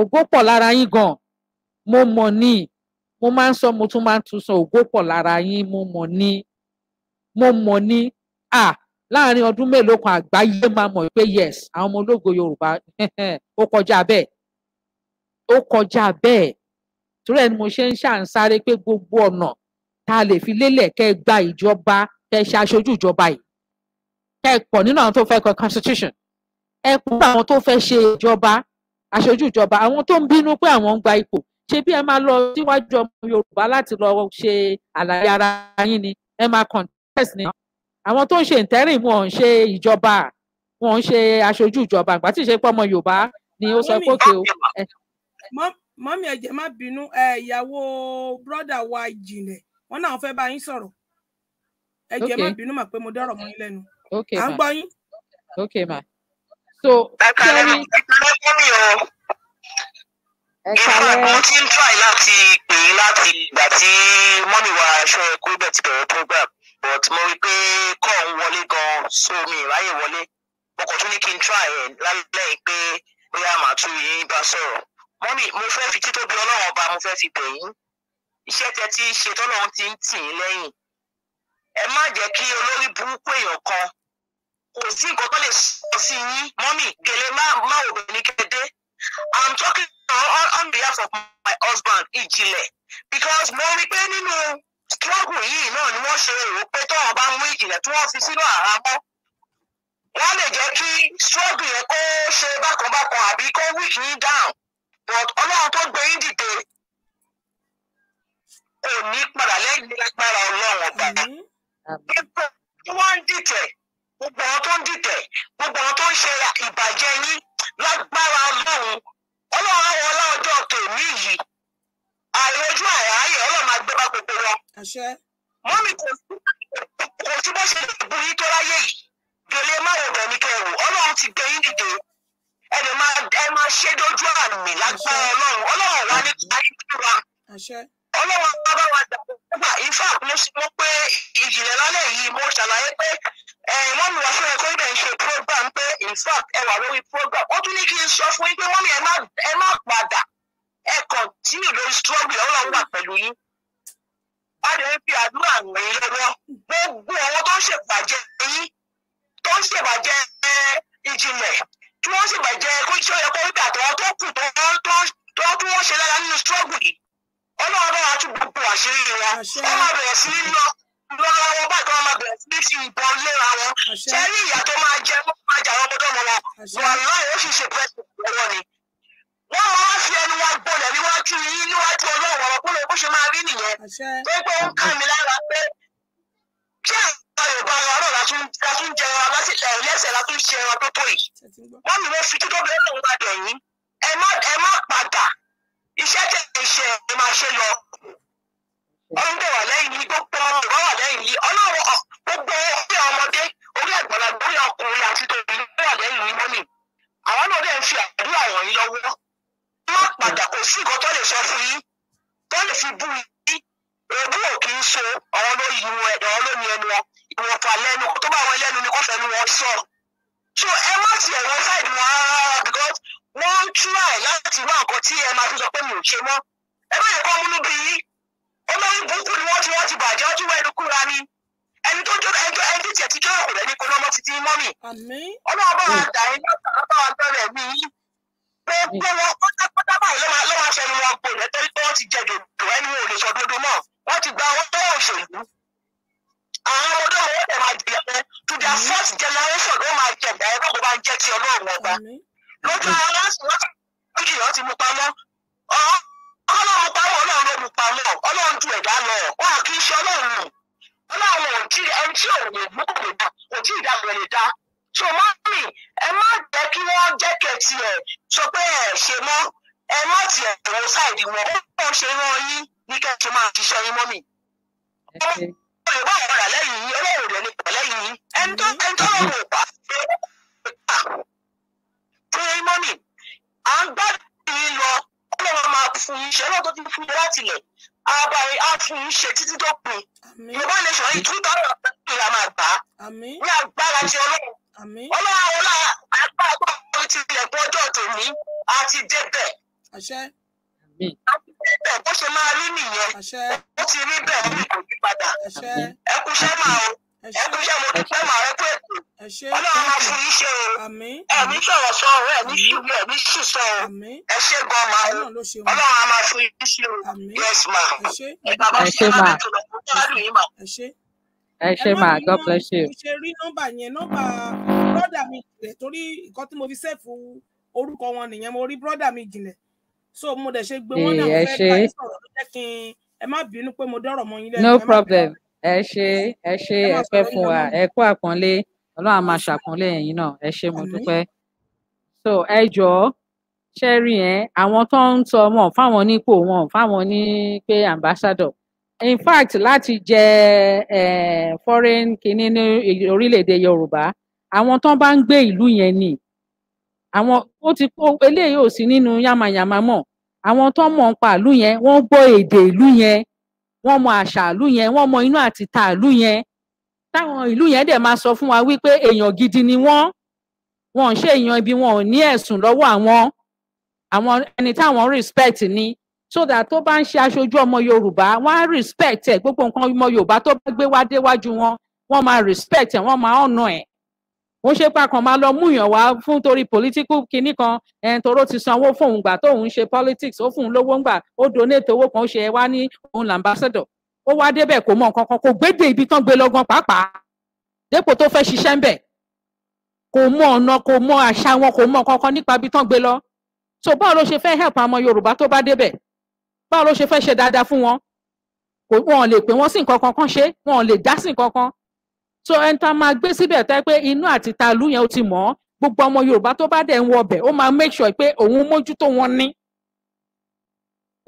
ògo pọ̀ lára yín gan mo mọ̀ níyì mo máa ń sọ mo tún máa ń tún sọ ògo pọ̀ lára yín mo mọ̀ ní mo mọ̀ ní à láàrin ọdún mélòó kan àgbáyé máa mọ̀ pé yes àwọn ọmọ ológo yorùbá ó kọjá bẹ́ẹ̀ ó kọjá bẹ́ẹ̀ torí ẹni mo ṣe ń ṣàǹsáré pé gbogbo ọ̀nà tá a lè fi lélẹ̀ kẹ́ ẹ gba ìjọba kẹ́ ẹ ṣe aṣojú ìjọba yìí kẹ́ ẹ pọ̀ nínú àwọn tó fẹ́ kọ constitution ẹ pọ̀ àwọn tó fẹ́ ṣe ìjọba aṣojú ìjọba àwọn tó ń bínú pé àwọn ń gba ipò ṣé bí ẹ máa lọ síwájú ọmọ yorùbá láti lọ ṣe àlàyé ara yín ni ẹ máa contest ni àwọn tó ń ṣe ìtẹ́rìn wọn ò ń ṣe ìjọba wọn ò ń ṣe aṣojú ìjọba àgbà tí ì pé ọmọ yorùbá ni ó sọ pé kí o. mọ́mí ẹ̀jẹ̀ má bínú ìyàwó bírọ́dà wa ìjìnlẹ̀ wọn náà fẹ́ bá yín sọ̀rọ̀ ẹ̀jẹ̀ má bínú mà pé mo dọ́rọ̀ mọ́ yín lẹ́nu à ń gbọ́ yín. ok ma so. ẹ̀ka lẹ́nu ẹ̀ka lẹ́nu mi o ìfà mo ti ń try láti pè é láti ìgbà tí mọ́mì wa aṣọ ẹ̀kọ́ ibẹ̀ ti bẹ̀rẹ̀ program but mo rí i pé kọ́ ń wọlé gan-an so mi ìráyè wọlé mo kàn tún ní kí n try ẹ̀ lálẹ́ pé bóyá màá tún yín bá sọ̀rọ̀ mọ́mì mo fẹ́ fi títóbi ọlọ́run ọba mo fẹ́ fi bẹ̀ yín iṣẹ́ tẹ ti ṣe tọ́lọ́run ti ń tì yín lẹ́yìn ẹ má jẹ́ kí olórí burúkú èèyàn kan kò sí nǹkan tó lè sọ sí yín mọ́mì gèlè má má òbí ní kéde I'm talking on, on behalf of my husband Ìjìnlẹ̀ because mo rí nínú struggle yìí náà ni wọ́n ṣe rò pé tọ́wọ́n bá ń mú Ìjìnlẹ̀ tí wọ́n fi sínú àhámọ́ wọ́n lè jẹ́ kí struggle yẹn kó ṣe bákanbákan àbí kó weak yín down but ọlọ́run tó gbé yín dìde kò ní padà lẹ́yìn lágbára ọlọ́run ọ̀gbà. gbogbo tí wọ́n ń dìtẹ̀ gbogbo àwọn tó ń dìtẹ̀ gbogbo àwọn tó ń ṣe ìbàjẹ́ yín lágbára ọlọ́run ọlọ́run àwọn ọlọ́jọ́ tèmi yìí àìrojú àyàáyẹ ọlọ́run máa gbé bá gbogbo wọn. mọ́mí kò sí bó ṣe lè bu yín tó láyé yìí gèlè má bẹ̀ ní kẹrù ọlọ́run ti gbé yín dìde ẹ máa ẹ máa ṣe dojú àmì lágbára ọlọ́run ọlọ́run wà ní ayélujára ọlọ́run bá bá wa dàgbà ìfà mo pé ìjìnlẹ̀ lálẹ́ yìí mo ṣàlàyé pé ẹ̀yin eh, mọ́mí wá fún ẹ kó dẹ̀ ń ṣe program pé in fact ẹ wà lórí program ó tún ní kí n sọ fún yín pé mọ́mí ẹ má padà ẹ kọ̀ntínú lórí struggle ẹ ó lọ́wọ́ wà pẹ̀lú yín adé ń fi àdúrà ràn yín lọ́wọ́ gbogbo àwọn tó ń ṣèbàjẹ́ yín tó ń ṣèbàjẹ́ eh, ìjìnlẹ̀ tí wọ́n ṣèbàjẹ́ kó ṣe ọyọ kó rí bàtọ́ tó kù tó tó tó wọ́n ṣe lára nínú struggle yìí ọlọ́run náà wàá tún gbogbo àṣírí wọn ẹ má bẹ̀rẹ̀ sí í lọ lọ́wọ́ wọn báyìí kí wọ́n máa bẹ̀rẹ̀ sí ní fi ìbọn wọn ṣé rí ìyá tó máa jẹ wọ́n máa jà wọ́n gbọ́dọ̀ mọ́ wọn wà láì ó sì ṣe pẹ́ẹ́sì lọ́wọ́ ni wọ́n máa fi ẹnu wa gbọ́dọ̀ níwájú yín níwájú ọlọ́run ọ̀rọ̀ kó bó ṣe máa rí nìyẹn tó pé ó ń kà mí lára pé ṣé àwọn yorùbá wa náà látún jẹ ẹran lẹ́sẹ̀ látún ṣe ẹran tó tó yìí wọ́n mi wọ́n fi ẹni tó wà lẹ́yìn yìí gbogbo ọmọ wà lẹ́yìn yìí ọlọ́run gbogbo orí ọmọdé orí àgbàlagbà orí ọkùnrin àti tòbí ló wà lẹ́yìn yìí mọ́mì àwọn náà dẹ̀ ń fi àdúrà ràn yín lọ́wọ́ má padà kò sí nǹkan tó lè sọ fún yín tó lè fi bú yín èébú ò kì í so ọ̀rọ̀ ló yí wọn ẹ̀dọ̀ ló ní ẹnu wọn ìwọ̀nfà lẹ́nu tó bá wọn lẹ́nu ni kò fẹ́nu wọn sọ so ẹ má ti ẹ̀rọ fáìdì wọn rárá because wọ́n ń try láti wá nǹkan tí ẹ máa fi sọ pé mi ò ṣe mọ́ ẹ bá yẹ kó múnú bí yín olórí burúkú ni wọ́n ti wọ́n ti bàjẹ́ ọtí wọ ẹnu kúra ni ẹni tó jọrọ ẹjọ ẹni tiẹ̀ ti jọrọ kò lẹ́ni ọmọ títí mọ́ mi ọlọ́wọ́ bá wa dà yín lọ́sàn-án bá wa bẹ̀rẹ̀ mí gbogbo wọn pátápátá báyìí ló máa fẹnu wọn gbò lẹ́tọ́ pé wọ́n ti jẹ dòdò ẹni wọn ò lè sọ dòdò mọ́ wọ́n ti gba owó tó òṣèlú àwọn ọmọdé wọn wọ́n máa jẹ ẹ to their first generation ló máa jẹ ẹ bá ń jẹ́ ti ọlọ́run ọba lójú àwọn aláṣẹ wọn ti mú pamọ́ ọ̀hún ọlọ́run pawọ́ ọlọ́run ló lupa náà ọlọ́run ju ẹ̀dá lọ wọn kì í ṣe ọlọ́run nù ọlọ́run ò tí ẹni tí dá ò tí ìdàgbọ̀ lè dá so má mi ẹ má jẹ́ kí wọ́n jẹ́ kẹ̀tì ẹ̀ sọ pé ẹ̀ ṣe mọ́ ẹ má tiẹ̀ wo sáìdì wọn ó mọ̀ ṣe rán yín ní kẹ́tì máa ṣiṣẹ́ yín mọ́ mi. ọlọ́run ò rà lẹ́yìn yín ọlọ́run rẹ̀ ọlọ́run máa fún yín ṣe ọlọ́run tó ti fún yín láti lẹ̀ àbá á fún yín ṣe títí tó pin yorùbá nation yìí tún tọrọ ọ̀sẹ̀ la máa ní agbára ti ọlọ́run ọlọ́run ọlá agbára tó ń ti ilẹ̀kùn ọjọ́ tòní àti débẹ̀ bẹ́ẹ̀ bó ṣe máa rí nìyẹn ó ti rí bẹ́ẹ̀ ní kò padà ẹ máa o ẹkú iṣẹ́ ẹ ṣe ma yes ma ẹ bàbá ṣe ma. God bless you. ṣe rí nọ́mbà yẹn nọ́mbà bọ́dà mi jìnlẹ̀ torí nǹkan tí mo fi sẹ́ẹ̀fù orúkọ wọn nìyẹn mo rí bọ́dà mi jìnlẹ̀ so mo dẹ̀ ṣe gbé wọn náà fẹ́ẹ́ bá yín sọ̀rọ̀ kí n ẹ má bínú pé mo dọ́rọ̀ mọ́ yín lẹ́nu. no problem ẹ ṣe ẹ ṣe ẹ pẹ́ fún wa ẹ kú àpọ́nlé Ọlọ́run a máa ṣàpọ́nlé náà ẹ ṣe mo dúpẹ́ so ẹ jọ̀ọ́ ṣẹ́rí yẹn àwọn tó ń sọ wọn fáwọn nípò wọn fáwọn ní pé ambassador in fact láti jẹ eh, foreign kìíní ní orílẹ̀-èdè Yorùbá àwọn tó bá ń gbé ìlú yẹn ni àwọn ó ti kó eléyìí ò sí nínú yamayama mọ́ àwọn tó mọ̀ ń pa ìlú yẹn wọ́n gbọ́ èdè ìlú yẹn wọ́n mọ àṣà ìlú yẹn wọ́n mọ inú àti ta ìlú yẹn táwọn ìlú yẹn dẹ̀ máa sọ fún wa wípé èèyàn gidi ni wọ́n wọn ò ṣe èèyàn ibi wọn ò ní ẹ̀sùn lọ́wọ́ àwọn àwọn ẹni táwọn respect ni so that tó bá ń ṣe aṣojú ọmọ Yorùbá wọ́n á respect ẹ̀ gbogbo nǹkan ọmọ Yorùbá tó bá gbé wá déwájú wọn wọ́n máa respect ẹ̀ wọ́n máa ọ̀nà ẹ̀ ó ṣe pàkàn máa lọ múyàn wá fún torí political kinní kan ẹn toró ti sanwó fóun gbà tóun ṣe politics ó fóun lówó ńgbà ó donate owó kan ó ṣe ẹ wá ní òun làǹbàṣẹdọ ó wá débẹ̀ kò mọ nǹkan kan kò gbédè ibi tán gbé lọ́gán pàápàá dépò tó fẹ́ ṣiṣẹ́ ńbẹ̀ kò mọ ọ̀nà kò mọ àṣà wọn kò mọ nǹkan kan nípa ibi tán gbé lọ so báwo ló ṣe fẹ́ help àwọn Yorùbá tó bá débẹ̀ báwo ló ṣe fẹ́ ṣe dáadáa fún wọn wọn ò lè pè wọn sí nǹkan kan kan ṣe wọn ò lè dá sí nǹkan kan so ẹni tá máa gbé síbẹ̀ tẹ́ pé inú àti talú yẹn ó ti mọ̀ ọ́ gbogbo ọmọ yorùbá tó bá dẹ̀ ń wọ ó máa make sure pé òun mójútó wọn ní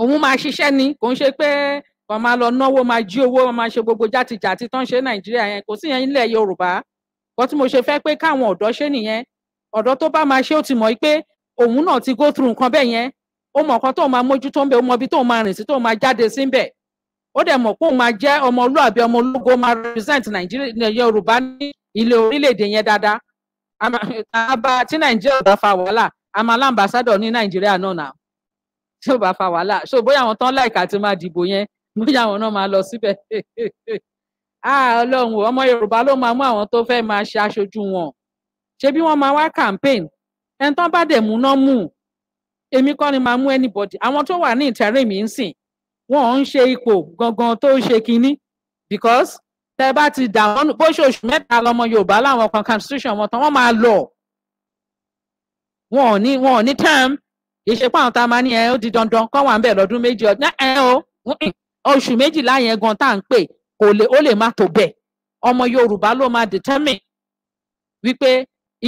òun máa ṣiṣẹ́ ni kò ń ṣe pé kò máa lọ náwó máa jí owó máa ṣe gbogbo játijàti tán ṣe nàìjíríà yẹn kò sí yẹn nílẹ̀ yorùbá kò tí mo ṣe fẹ́ pé káwọn ọ̀dọ́ ṣe nìyẹn ọ̀dọ́ tó bá máa ṣe ó ti mọ̀ pé òun náà ti go through nǹkan bẹ́ẹ̀ yẹn ó mọ̀ nǹkan tó máa mójútó ń bẹ̀ ó mọ ibi tó máa rìn sí tó máa jáde sí ń bẹ̀ ó dẹ̀ mọ̀ pé òun máa jẹ́ ọmọlúàbí ọmọ ológo máa represent nàìjíríà eh, yorùbá ní ilé orílẹ̀-èdè yẹn dáadáa àbá tí nàìjíríà bá fa wàhálà àmà alámbàsádọ̀ ní nàìjíríà náà nà tí ó bá fa wàhálà so bóyá àwọn tán láìka àti máa dìbò yẹn bóyá àwọn náà máa lọ síbẹ̀ ah, ọlọ́run ọmọ yorùbá ló máa mú àwọn tó fẹ́ máa ṣe aṣojú wọn ṣé bí wọ́n máa wá campaign ẹni tán bá dẹ̀ mú náà mú èmi kọ́ ni máa mú anybody àwọn tó wà ní ìtẹ̀rẹ̀ mi ń sìn wọn ò ń ṣe ipò gangan tó ń ṣe kinní because tẹ bá ti dà wọn bó ṣe oṣù mẹ́ta lọmọ yorùbá láwọn kan constitution wọn tán wọn máa lọ wọn ò ní wọn ò ní term ìṣepọ̀ àwọn tá a máa ní ẹ ó di dandan kọ́ wà ń bẹ̀ lọ́dún méjì ọdún ẹ o oṣù méjìlá yẹn gan tá à ń pè kò lè ó lè má tó bẹ́ẹ̀ ọmọ yorùbá ló máa determine wípé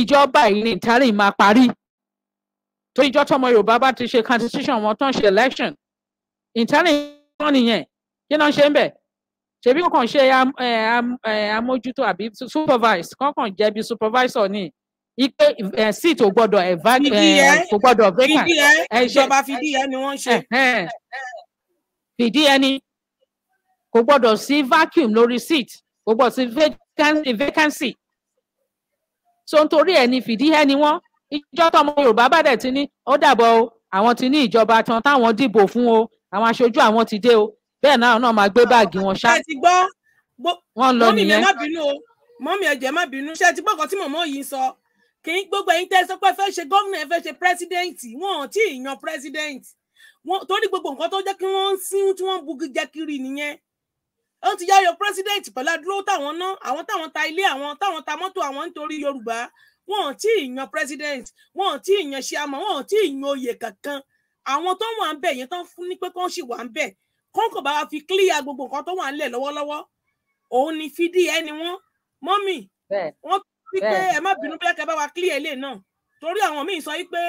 ìjọba yìí ní ìtàrí máa parí tó ìjọ tọmọ yorùbá bá ti ṣe constitution wọn tán ṣe election ìtánìyàn nìyẹn kí náà ṣe ń bẹ̀ ṣèbí kàn ṣe eh, eh, eh, amójútó àbí supervise kọkàn jẹ́ bí supervisor ni ipe seat ò gbọ́dọ̀ kò gbọ́dọ̀ vacant ìjọba fìdí ẹ ni wọ́n ṣe fìdí ẹ ni kò gbọ́dọ̀ sí vacuum lórí seat kò gbọ́dọ̀ sí vacancy so nítorí ẹ ní fìdí ẹ ni wọ́n ìjọ tọmọ Yorùbá bá dẹ̀ ti ní ó dàbọ̀ o àwọn ti ní ìjọba tán táwọn dìbò fún o àwọn aṣojú àwọn ti dé o bẹ́ẹ̀ náà náà máa gbé ah, báàgì wọn ṣá. ẹ ti gbọ́ wọ́n lọ nìyẹn. mọ́mí ẹ má bínú o mọ́mí ẹ jẹ́ má bínú ṣé ẹ ti gbọ́ nǹkan tí mọ̀mọ́ yìí ń sọ kì í gbogbo ẹ̀yin tẹ́ ẹ sọ pé fẹ́ ṣe gómìnà ẹ fẹ́ ṣe pírẹ́sídẹ́ǹtì wọn ò tí ì yan pírẹ́sídẹ́ǹtì torí gbogbo nǹkan tó jẹ́ kí wọ́n ń sín tí wọ́n ń bugi jẹ kiri nìyẹn ó ti yá yọ pírẹ́sídẹ́ǹtì pẹ̀lú adúró táwọn ná àwọn táwọn ta ilé àwọn táwọn ta mọ́tò àwọn nítorí Yorùbá wọn ò tí ì yan pírẹ́sídẹ́ǹtì wọn ò tí ì yan ṣíàmọ̀ wọn ò tí ì yan oyè kankan àwọn tó wà ń bẹ yẹn tán fún ní pé kán sì wà ń bẹ kán kò bá wa fi clear gbogbo nǹkan tó wà ń lẹ̀ lọ́wọ́lọ́wọ́ òun ni fídí ẹni wọn mọ́mì wọn fi pé ẹ má bínú bẹ́ẹ̀ kẹ́ bá wa clear ilé náà torí àwọn míì sọ wípé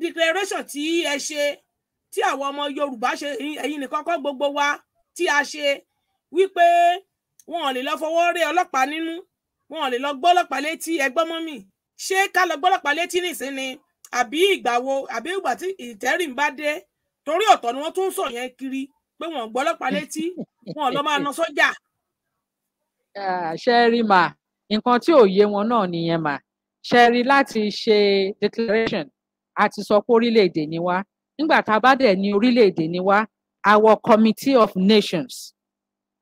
declaration tí ẹ ṣe tí àwọn ọmọ Yorùbá ṣe ẹ̀yin nìkan kọ́ gbogbo wa tí a ṣe wípé wọn ò lè lọ fọwọ́ rẹ ọlọ́pàá nínú wọn ò lè lọ gbọ́ ọlọ́pàá létí ẹgbọ́n mọ́mì ṣé ká lọ gbọ́ ọlọ́pàá létí nìsín ni. Sen, àbí ìgbà wo àbí ìgbà tí ìtẹ́rìn bá dé torí ọ̀tọ̀ ni wọ́n tún ń sọ yẹn kiri pé wọ́n gbọ́ ọlọ́pàá létí wọn lọ máa na sọ́jà. Ah, ṣe mà nǹkan tí ò yé wọn náà nìyẹn mà ṣe láti ṣe declaration àti sọ pé orílẹ̀-èdè ni wá nígbà tá a bá dẹ̀ ní orílẹ̀-èdè ni wá our committee of nations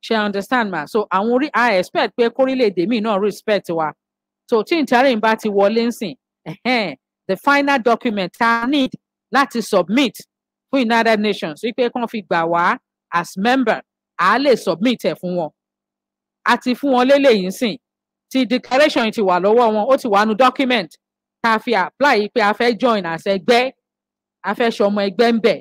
ṣe understand ma so àwọn orí i expect pé kórílẹ̀-èdè míì náà respect wa so tí ìtẹ́rìn bá ti wọlé ń sìn the final document tá a need láti submit fún United Nations wípé kán fi gbà wá as member a lè submit ẹ̀ fún wọn a ti fún wọn léléyìí ti declaration ti wà lọ́wọ́ wọn ó ti wà nù document tá a fi apply yìí a fẹ́ join as ẹgbẹ́ a fẹ́ ṣọmọ ẹgbẹ́ ń bẹ̀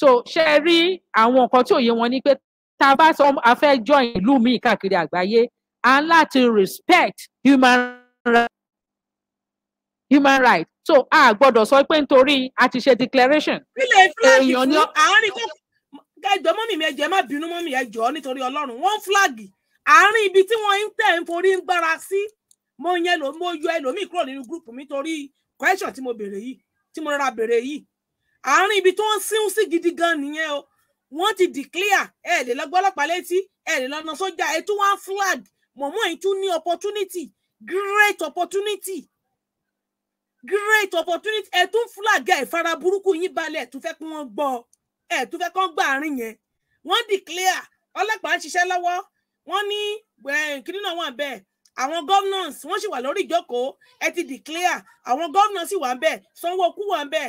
so ṣe rí àwọn nǹkan tí òye wọn ni pé tá a bá a fẹ́ join ìlú míì káàkiri àgbáyé à ń láti respect human rights human rights so a gbọ́dọ̀ sọ pé nítorí a ti ṣe declaration. ilé fúlàgì fún àárín kò ẹjọ mọ́mì mi ẹjọ ẹ má bínú mọ́mì ẹjọ nítorí ọlọ́run wọ́n fúlàgì àárín ibi tí wọ́n ń tẹ̀ ń forí ń gbára sí mo yẹn lò mo yọ ẹlòmíì kúrò nínú gúrùpù mi torí question tí mo béèrè yìí tí mo rọra béèrè yìí àárín ibi tí wọ́n síhun sí gidi gan nìyẹn o wọ́n ti declare ẹ lè lọ gbọ́lọ́pàá létí ẹ lè lọ́nà sójà ẹ tún wá flag mọ̀mọ́ yìí tún ní opportunity great opportunity great opportunity ẹ tún fúlàgà ìfara burúkú yín balẹ̀ ẹ tún fẹ́ kí wọ́n gbọ́ ẹ tún fẹ́ kán gbà àárín yẹn wọ́n declare ọlọ́pàá ń ṣiṣẹ́ lọ́wọ́ wọ́n ní kiri náà wà bẹ́ẹ̀ àwọn governors wọ́n sì wà lórí ìjókòó ẹ ti declare àwọn governors sì wà ń bẹ̀ sanwó-okú wà ń bẹ̀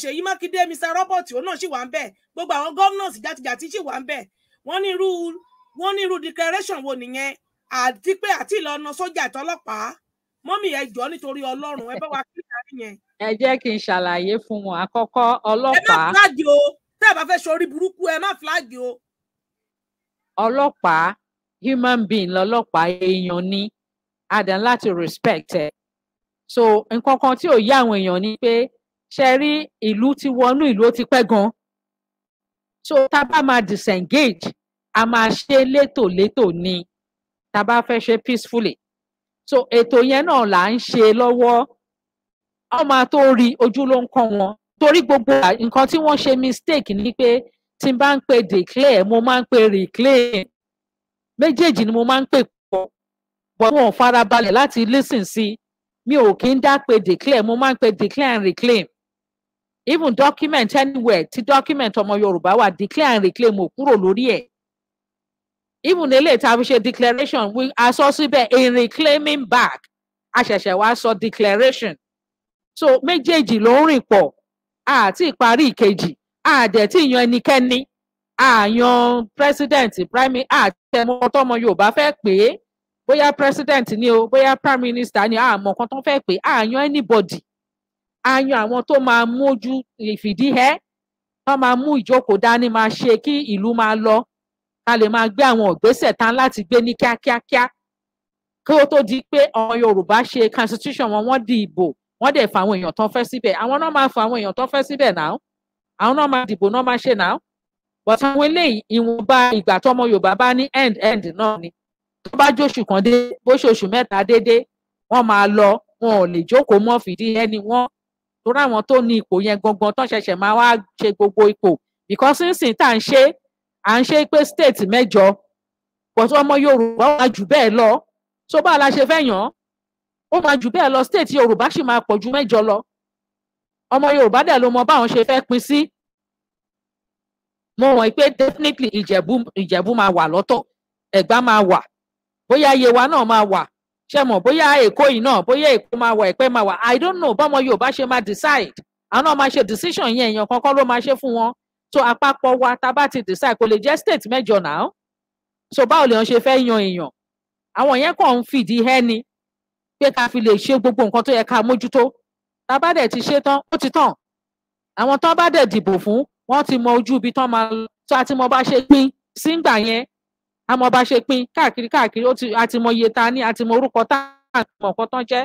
ṣèyí mákindé mr robert òun náà sì wà ń bẹ̀ gbogbo àwọn governors jàtijàti sì wà ń bẹ̀ wọ́n ní irú wọ́n ní irú declaration wo nìyẹn àti pé àti ìlànà sójà àtọlọ́pàá mọ́mì ẹ jọ̀ọ́ nítorí ọlọ́run ẹ bá wa kí ìdarí yẹn. ẹ jẹ́ kí n ṣàlàyé fún wọn àkọ́kọ́ ọlọ́pàá. ẹ má flag o tẹ́ ẹ bá fẹ́ sọrí burúkú ẹ má flag o. ọlọ́pàá human being lọ́lọ́pàá èèyàn ni adam láti respect ẹ so nǹkan kan tí ò yá àwọn èèyàn ni pé ṣe rí ìlú ti wọnú ìlú ó ti pẹ́ gan so tá a bá máa disengage a máa ṣe létòlétò ni tá a bá fẹ́ ṣe peacefully so ètò yẹn náà là ń ṣe lọ́wọ́ ọmọ tó rí ojú ló ń kọ́ wọn torí gbogbo nǹkan tí wọ́n ṣe mistake ni pé tí n bá ń pè declare mo máa ń pè reclaim méjèèjì ni mo máa ń pè pọ̀ but wọn farabalẹ̀ láti listen sí mi ò kí ń dá pè declare mo máa ń pè declare and reclaim even document anywhere ti document ọmọ Yorùbá wa declare and reclaim ò kúrò lórí ẹ̀ even eléyìí tá a fi ṣe declaration we a sọ síbẹ̀ in reclaiming back a ṣẹ̀ṣẹ̀ wá sọ declaration so méjèèjì ló ń rìn pọ̀ àti ìparí ìkejì àdẹ̀ tí yan ẹnikẹ́ni àyan president prime àtẹmọ tọmọ Yorùbá fẹ́ pè é bóyá president ni o bóyá prime minister ni àmọ́ kan tó fẹ́ pè é àyan anybody àyan àwọn tó máa mójú ìfìdíhẹ́ tó máa mú ìjókòó dání máa ṣe kí ìlú máa lọ ká lè máa gbé àwọn ìgbésẹ̀ tán láti gbé ní kíákíákíá kí ó tó di pé àwọn Yorùbá ṣe constitution wọn wọ́n di ìbò wọ́n dẹ̀ fa àwọn èèyàn tán fẹ́ síbẹ̀ àwọn náà máa fa àwọn èèyàn tán fẹ́ síbẹ̀ náà àwọn náà máa dìbò náà máa ṣe náà but àwọn eléyìí ìwọ̀nba ìgbà tọmọ Yorùbá bá ní end end náà ni tó bá jóṣù kan dé bó ṣe oṣù mẹ́ta déédéé wọ́n máa lọ wọn ò lè jókòó mọ́ fìdí ẹni wọ́n torí àwọn tó ní ipò yẹn gangan tán ṣẹ̀ṣẹ̀ máa wá ṣe gbogbo ipò because nísìnyí tá à ń ṣe à ń ṣe pé state mẹ́jọ but ọmọ yorùbá wà jù bẹ́ẹ̀ lọ tó bá la ṣe fẹ́ yàn ó máa jù bẹ́ẹ̀ lọ state yorùbá sì máa pọ̀ ju mẹ́jọ lọ ọmọ yorùbá dẹ̀ ló mọ báwọn ṣe fẹ́ pín sí mo mọ̀ pé definitely ìjẹ̀bú ìjẹ̀bú máa wà lọ́tọ̀ ẹ̀gbá máa wà bóyá yewa náà máa wà ṣe mọ̀ bóyá èkó yìí náà bóyá èkó máa wà ẹ̀pẹ́ máa wà i don't know bọ́mọ yorùbá ṣe máa decide àwọn náà máa ṣe decision yẹn èèyàn kankan ló máa ṣe fún wọn so àpapọ̀ wa tá a bá ti decide kò lè jẹ́ state mẹ́jọ náà so báwo lèèyàn ṣe fẹ́ yan èèyàn àwọn yẹn kàn ń fìdí hẹ́ni pé ká fi lè ṣe gbogbo nǹkan tó yẹ ká mójútó tá a bá dẹ̀ ti ṣe tán ó ti tàn àwọn tán bá dẹ̀ dìbò fún wọ́n ti mọ ojú ibi tán máa lọ tó àti mọ bá ṣe pín sígbà yẹn a mọ bá ṣe pín káàkiri káàkiri ó ti àti mọ iye ta ní àti mọ orúkọ tá àti mọ nǹkan tán jẹ́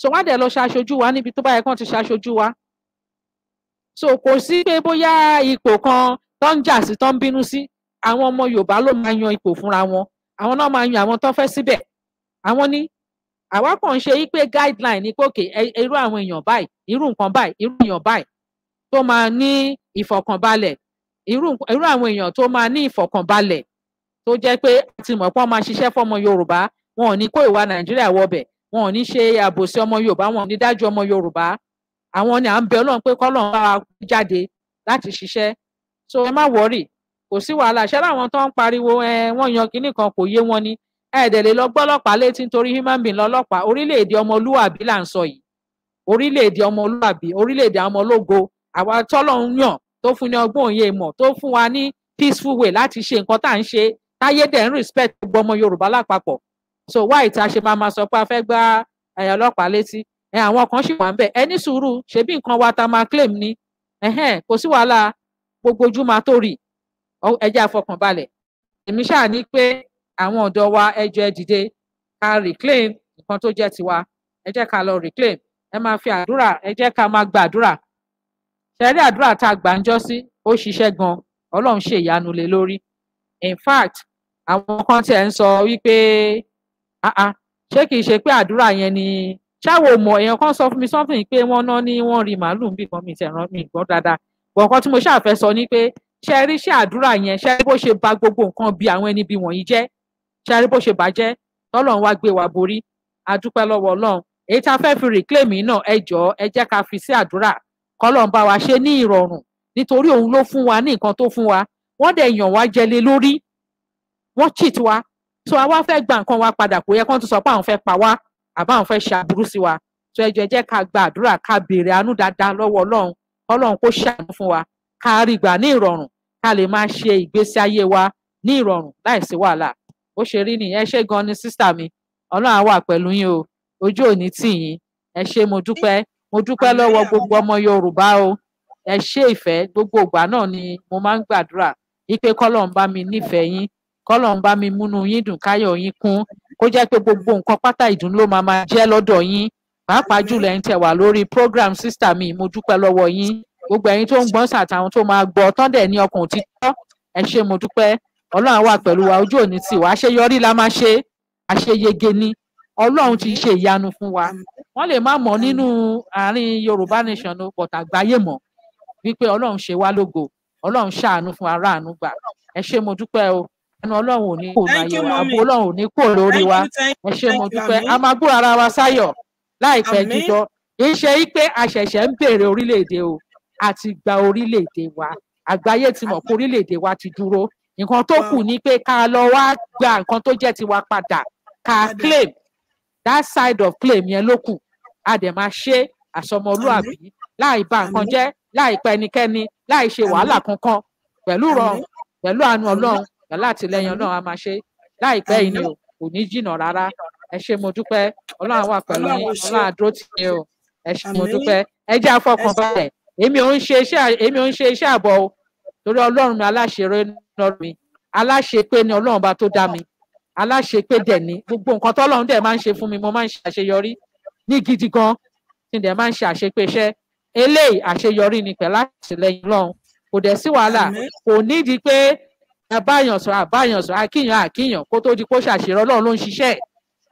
so wọ́n á dẹ̀ lọ ṣaṣojú wa níbi tó bá yẹ kán ti ṣaṣojú wa so kò sí pé bóyá ipò kan tó ń jà sí tó ń bínú sí àwọn ọmọ Yorùbá ló máa yan ipò fúnra wọn àwọn náà máa yan àwọn tó fẹ́ síbẹ̀ àwọn ní àwa kàn ń ṣe yí pé guideline ní pòkè irú àwọn èèyàn báyìí irú nǹkan báyìí irú èèyàn báyìí tó máa ní ìfọ̀kànbalẹ̀ irú àwọn èèyàn tó máa ní ìfọ̀kànbalẹ̀ tó jẹ́ pé àti mọ̀ pé wọ́n máa ṣiṣẹ́ fọmọ Yorùbá wọn ò ní kó ìwà Nàìjíríà wọbẹ̀ wọn ò ní ṣe àbòsí ọmọ Yorùbá wọn ò ní dájú ọmọ Yorùbá àwọn ni à ń bẹ Ọlọ́run pé kọ́lọ́run bá jáde láti ṣiṣẹ́ so ẹ má wọrí kò sí wàhálà ṣé láwọn tó ń pariwo ẹ wọ́n yan kinní kan kò yé wọn ni ẹ lọ gbọ́lọ́pàá létí nítorí human being lọ́lọ́pàá orílẹ̀ ọmọlúwàbí là ń sọ yìí orílẹ̀ ọmọlúwàbí orílẹ̀ ọmọlógo àwa tọ́lọ́run yàn tó fún ní ọgbọ́n òye ìmọ̀ tó fún wa ní peaceful way láti ṣe nǹkan tá à ń ṣe táyé dẹ̀ ń respect gbogbo Yorùbá lápapọ̀ so why ìta ṣe máa ma sọ pé a fẹ́ gbá ẹ̀yà ọlọ́pàá létí ẹ àwọn kan ṣì wà ń bẹ ẹ ní sùúrù ṣebí nǹkan wa ta máa claim ni ẹhẹn kò sí wàhálà gbogbo ojú máa tó rì ẹ jẹ́ àfọkànbalẹ̀ èmi ṣáà ní pé àwọn ọ̀dọ́ wa ẹ ẹ dìde ká reclaim nǹkan tó jẹ́ tiwa ẹ jẹ́ ká lọ reclaim ẹ máa fi àdúrà ẹ jẹ́ ká máa gba àdúrà ṣẹrí àdúrà tá a gbà ń jọ sí ó ṣiṣẹ́ gan Ọlọ́run ṣe ìyanu lé lórí in fact àwọn kan tiẹ̀ ń sọ wípé ṣé kìí ṣe pé àdúrà yẹn ni ṣáwo mọ̀ èèyàn kan sọ fún mi something pé wọ́n ná ní wọ́n rí màálùú bí kan mi ti ràn mí gbọ́ dáadáa bọ̀kan tí mo ṣáà fẹ́ sọ ni pé ṣe rí ṣe àdúrà yẹn ṣe rí bó ṣe bà gbogbo nǹkan bí àwọn ẹni bí wọ̀nyí jẹ́ ṣe rí bó ṣe bàjẹ́ tọ́lọ́run wá gbé wa borí adúpẹ́ lọ́wọ́ ọlọ́run èyí tá a fẹ́ fi reclaim náà ẹ jọ̀ọ́ ẹ jẹ́ ká fi sí àdúrà kọ́lọ́run bá wa ṣe ní ìrọ̀rùn nítorí òun ló fún wa ní nǹkan tó fún wa wọ́n dẹ̀ yàn wá jẹlé lórí wọ́n cheat wa so àwa fẹ́ gba nǹkan wa padà kò yẹ kán tún sọ pé àwọn fẹ́ pa wá àbáwọn fẹ́ ṣe aburú sí wa tó ẹjọ́ ẹ jẹ́ ká gba àdúrà ká béèrè àánú dáadáa lọ́wọ́ ọlọ́run ọlọ́run kó ṣàánú fún wa ká rí gbà ní ìrọ̀rùn ká lè máa ṣe ìgbésí ayé wa ní ìrọ̀rùn láìsí wàhálà ó ṣe rí nìyẹn ṣé gan ni sísà mi ọlọ́run á wà pẹ̀lú yín o ojú ò ní tì yín ẹ ṣé mo dúpẹ́ mo dúpẹ́ lọ́wọ́ gbogbo ọmọ yorùbá o ẹ ṣé ìfẹ́ gbogbo ìgbà náà ni mo máa ń gbàdúrà wípé kọ́lọ́run bá mi nífẹ̀ẹ́ yín kọ́lọ́run bá mi múnú yín dùn káyọ̀ yín kún kó jẹ́ pé gbogbo nǹkan pátá ìdùnnú ló máa máa jẹ́ lọ́dọ̀ yín pàápàá jùlọ ẹ̀yin tẹ́ wà lórí program sister mi mo dúpẹ́ lọ́wọ́ yín gbogbo ẹ̀yin tó ń gbọ́n sàtàwọn tó máa gbọ́ tán ní ọkàn òtítọ́ ẹ ṣé mo dúpẹ́ ọlọ́run wà pẹ̀lú wa ojú òní tì wá àṣeyọrí la máa ṣe àṣeyege ni ọlọ́run ti ṣe ìyanu fún wa wọ́n lè má mọ̀ nínú àárín yorùbá nation but àgbáyé mọ̀ wípé ọlọ́run ṣe wá lógo ọlọ́run ṣàánú fún aráàánú gbà ẹ ṣé mo dúpẹ́ o ẹnu ọlọ́run ò ní kò láyé wa àbò ọlọ́run ò ní kò lórí wa ẹ ṣé mo dúpẹ́ a máa gbọ́ ara wa sáyọ̀ láìpẹ́ jíjọ kì í ṣe pé a ṣẹ̀ṣẹ̀ ń béèrè orílẹ̀-èdè o àti gba orílẹ̀-èdè wa àgbáyé ti mọ̀ pé orílẹ̀-èdè wa ti dúró nǹkan tó kù ni pé ká lọ wá gba nǹkan tó jẹ́ tiwa padà ká claim that side of claim yẹn ló kù a dẹ̀ máa ṣe àsọmọlúàbí láì bà nǹkan jẹ́ láì pa ẹnikẹ́ni láì ṣe wàhálà kankan pẹ̀lú rọrùn pẹ̀lú àánú ọlọ́run pẹ̀lú àtìlẹyìn ọlọ́run a máa ṣe láìpẹ́ yìí ni o kò ní jìnnà rárá ẹ ṣé mo dúpẹ́ ọlọ́run wà pẹ̀lú yín ọlọ́run àdúró tì yín o ẹ ṣé mo dúpẹ́ ẹ jẹ́ àfọkàn balẹ̀ èmi ò ń ṣe iṣẹ́ èmi ò ń ṣe iṣẹ́ àbọ̀ o torí ọlọ́run mi aláṣeré lọ́rùn mi aláṣepé ni ọlọ́run bá tó dá mi aláṣepé dẹ̀ ni gbogbo nǹkan tọ́lọ́run dẹ̀ máa ń ṣe fún mi mo máa ń ṣe àṣeyọrí ní gidi gan ni dẹ̀ máa ń ṣe àṣepé iṣẹ́ eléyìí àṣeyọrí ni pẹ̀lú àtìlẹyìn ọlọ́run kò dẹ̀ sí wàhálà kò nídìí pé àbáyàn sọ̀rọ̀ àbáyàn sọ̀rọ̀ akíyàn akíyàn kó tó di kó ṣàṣeyọrí Ọlọ́run ló ń ṣiṣẹ́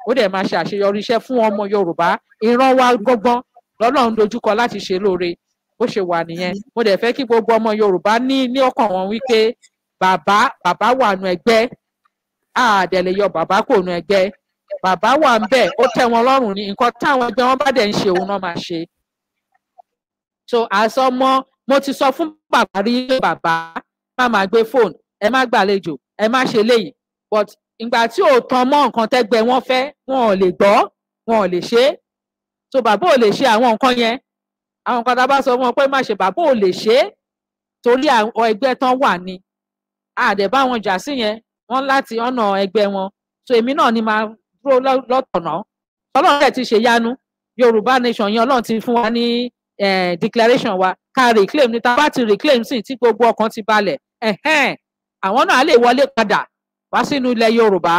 ó dẹ̀ máa ṣe àṣeyọrí iṣẹ́ fún ọmọ Yorùbá ìran wa gbọ́ngbọ́n lọ́lọ́run dojúkọ láti ṣe lóore bó ṣe wà nìyẹn mo dẹ̀ fẹ́ kí gbogbo ọmọ Yorùbá ní ní ọkàn wọn wípé bàbá bàbá wà nù ẹgbẹ́ àdẹlẹ yọ bàbá kò nù ẹgbẹ́ bàbá wà ń bẹ ó tẹ́ wọn lọ́rùn ní nǹkan táwọn ẹgbẹ́ wọn bá dẹ̀ ń ṣe òun náà máa ṣe so àsọmọ mo ti sọ fún bàbá rí bàbá má máa gbé fóònù ẹ má gbàlejò ẹ má ṣe léyìí but ìgbà tí ò tan mọ́ nǹkan tẹ́gbẹ́ wọn fẹ́ wọn ò lè gbọ́ wọn ò lè ṣe é so bàbá ò lè ṣe àwọn nǹkan yẹn àwọn nǹkan tá a bá sọ fún wọn pé má ṣe bàbá ò lè ṣe é torí àwọn ẹgbẹ́ tán wà ní àdẹ̀ bá wọn jà sí yẹn wọn láti ọ̀nà ẹgbẹ́ wọn so èmi náà ni máa dúró lọ́tọ̀nà ọlọ́run rẹ̀ ti ṣe yanu yorùbá nation yẹn ọlọ́run ti fún wa ní eh, declaration wa ká reclaim ní tá a bá ti reclaim sí tí gbogbo ọkàn ti balẹ̀ àwọn náà lè wọlé padà wá sínú ilẹ̀ yorùbá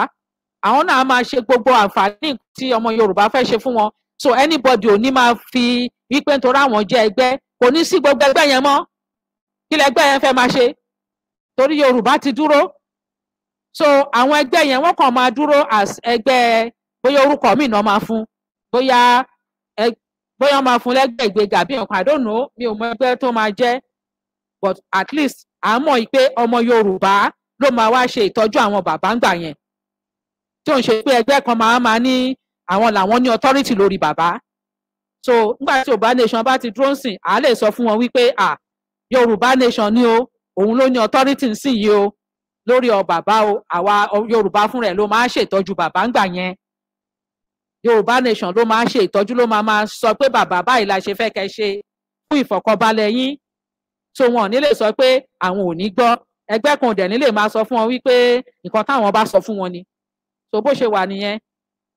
àwọn náà máa ṣe gbogbo àǹfààní tí ọmọ yorùbá fẹ́ ṣe fún wọn so anybody ò ní máa fi wípé nítorí àwọn jẹ́ ẹgbẹ́ kò ní sí gbogbo ẹgbẹ́ yẹn mọ́ kí lẹgbẹ́ yẹn fẹ́ máa ṣe torí yorùbá ti dúró so àwọn ẹgbẹ́ yẹn wọ́n kàn máa dúró as ẹgbẹ́ bóyá orúkọ mi náà máa fún bóyá bóyá máa fún lẹ́gbẹ́ ìgbéga bí ọkàn I don't know mi ò mọ ẹgbẹ́ tó máa jẹ́ but at least à ń mọ̀ yìí pé ọmọ yorùbá ló máa wá ṣe ìtọ́jú àwọn bàbá ń gbà yẹn tí ò ń ṣe pé ẹgbẹ́ kan máa máa ní àwọn làwọn ní authority lórí bàbá so nígbà tí yorùbá nation bá ti dúró sìn à lè sọ fún wọn wípé à yorùbá nation ni o òun ló ní authority nsìn yìí o lórí ọ bàbá o àwa yorùbá fúnra ẹ̀ ló máa ṣètọ́jú bàbá ń yẹn yorùbá nation ló máa ṣe ìtọ́jú ló máa máa sọ pé bàbá báyìí la ṣe fẹ́ kẹ́ ṣe fún ìfọ̀kànbalẹ̀ yín so wọn ò ní lè sọ pé àwọn ò ní gbọ́ ẹgbẹ́ kan dẹ̀ ní lè máa sọ fún wọn wípé nǹkan táwọn bá sọ fún wọn ni so bó ṣe wà nìyẹn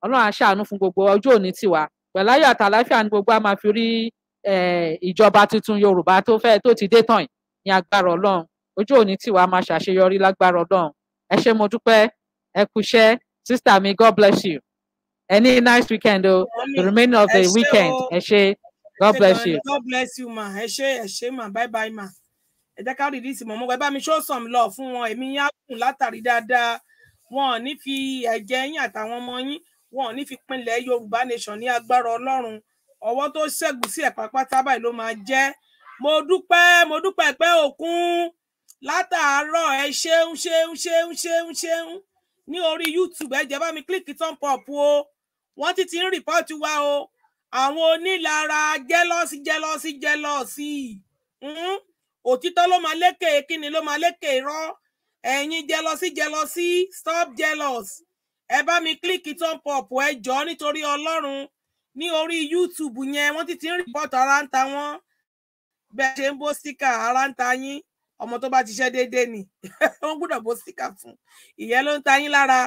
ọlọ́run aṣàánú fún gbogbo ọjọ́ òní tiwa pẹ̀lú ayọ̀ àtàláfíà ni gbogbo a máa fi rí ìjọba tuntun yorùbá tó fẹ́ tó ti dé tàn ní agbára ọlọ́run ọjọ́ òní tiwa máa ṣàṣeyọrí lágbára ọlọ́run ẹ ṣé mo dúpẹ́ ẹ kúṣẹ́ sister mi god bless you ẹ ní nice weekend o the remaining of the weekend ẹ ṣé. God bless you. God bless you ma. Ẹ ṣé ẹ ṣé ma bye bye ma. Ẹ jẹ́ ká release mọ̀ mọ́ ẹ mi show some love fún wọn èmi yá kùn látàrí dáadáa. Wọn ò ní fi ẹ̀jẹ̀ yín àtàwọn ọmọ yín. Wọn ò ní fi pinlẹ̀ Yorùbá nation ní agbára Ọlọ́run. Ọwọ́ tó ṣẹ́gun sí ẹ̀pá pátá báyìí ló máa jẹ́. Mo dúpẹ́ mo dúpẹ́ pé òkun látàárọ̀ ẹ ṣeun ṣeun ṣeun ṣeun ṣeun ní orí YouTube ẹ jẹ́ mi click it pọ̀ popo. Want it in report rìpọ́ọ̀tì wa o àwọn onílara jẹ́lọ́sí jẹ́lọ́sí jẹ́lọ́sí òtítọ́ ló máa lékè kíni ló máa lékè irọ́ ẹ̀yin jẹ́lọ́sí jẹ́lọ́sí stop jealous ẹ bá mi kílíkì tó ń pọ̀pù ẹ jọ nítorí ọlọ́run ní orí youtube yẹn wọ́n ti ti ń rìpọ́tù ara ń ta wọ́n bẹ́ẹ̀ ṣe ń bó síkà ara ń ta yín ọmọ tó bá ti ṣe déédéé ni wọ́n gbọ́dọ̀ bó síkà fún ìyẹn ló ń ta yín lára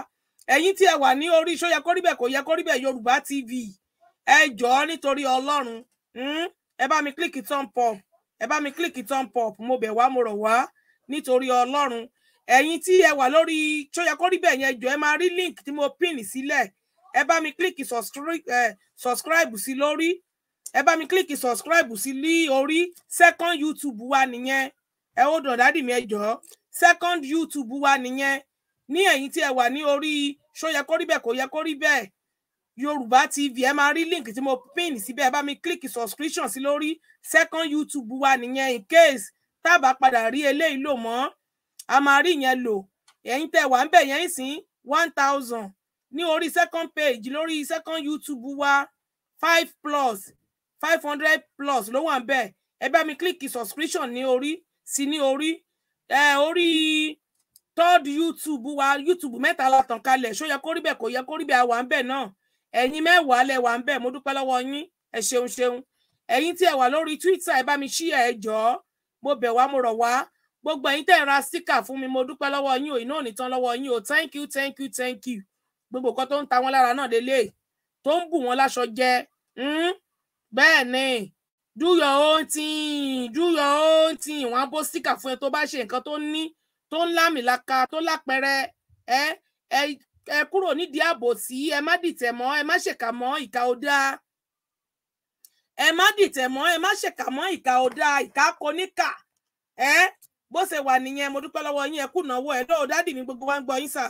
ẹ̀yin tí ẹ wà ní orí ṣó yẹ kó rí bẹ́ẹ̀ kó yẹ kó rí bẹ́ẹ̀ yorùbá tv ẹ jọ̀ọ́ nítorí Ọlọ́run hmm? ẹ bá mi kílìkì turn pop ẹ bá mi kílìkì turn pop mo bẹ̀ wá mo rọ̀ wá nítorí Ọlọ́run ẹ̀yin tí ẹ wà lórí tó yẹ kó rí bẹ́ẹ̀ yẹn jọ̀ọ́ ẹ máa rí link tí mo pin sílẹ̀ ẹ bá mi kílìkì eh, subscribe sí lórí ẹ bá mi kílìkì subscribe sí lí orí second YouTube wa nìyẹn ẹ ó dàn dádì mi ẹ jọ̀ọ́ second YouTube wa nìyẹn ní ẹ̀yin tí ẹ wà ní orí ṣó yẹ kó rí bẹ́ẹ̀ kó yẹ kó rí bẹ́ẹ̀ yorùbá tv ẹ máa rí link tí mo pin síbẹ̀ ẹ bá mi click subscription sí lórí second youtube wa nìyẹn in case tá a bá padà rí eléyìí lò mọ́ a máa rí yẹn lò ẹ̀yin tẹ́ wà ń bẹ̀ yẹn sìn one thousand ní orí second page lórí second youtube wa five plus five hundred plus ló wà ń bẹ̀ ẹ bá mi click subscription ní orí sí ní orí ẹ orí third youtube wa youtube mẹ́ta la tàn kalẹ̀ ṣó yẹ kó rí bẹ́ẹ̀ kó yẹ kó rí bẹ́ẹ̀ àwa ń bẹ̀ náà ẹ̀yin mẹ́wàá lẹ́wà ń bẹ mo dúpẹ́ lọ́wọ́ yín ẹ ṣeun ṣeun ẹ̀yin tí ẹ wà lórí twitter ẹ bá mi ṣí ẹ jọ̀ọ́ mo bẹ̀ wá mo rọ̀ wá gbogbo ẹ̀yin tẹ́ ẹ ra síkà fún mi mo dúpẹ́ lọ́wọ́ yín o iná ò ní tán lọ́wọ́ yín o thank you thank you thank you gbogbo kan tó ń ta wọn lára náà lélẹ̀ tó ń bù wọn láṣọ jẹ hmm? bẹ́ẹ̀ ni do your own thing do your own thing wọn á bó síkà fún ẹ tó bá ṣe nǹkan tó ní tó ń lámìlaka tó lápẹrẹ ẹ ẹ ẹ kúrò nídìí àbòsí ẹ má dìtẹ̀ mọ́ ẹ má ṣèkà mọ́ ìkà ò dáa ẹ má dìtẹ̀ mọ́ ẹ má ṣèkà mọ́ ìkà ò dáa ìkà kò níkà ẹ bó ṣe wà nìyẹn mo dúpẹ́ lọ́wọ́ yín ẹ kùnà owó ẹ lọ́wọ́ dádì mi gbogbo wa ń gbọ́ yín sáà.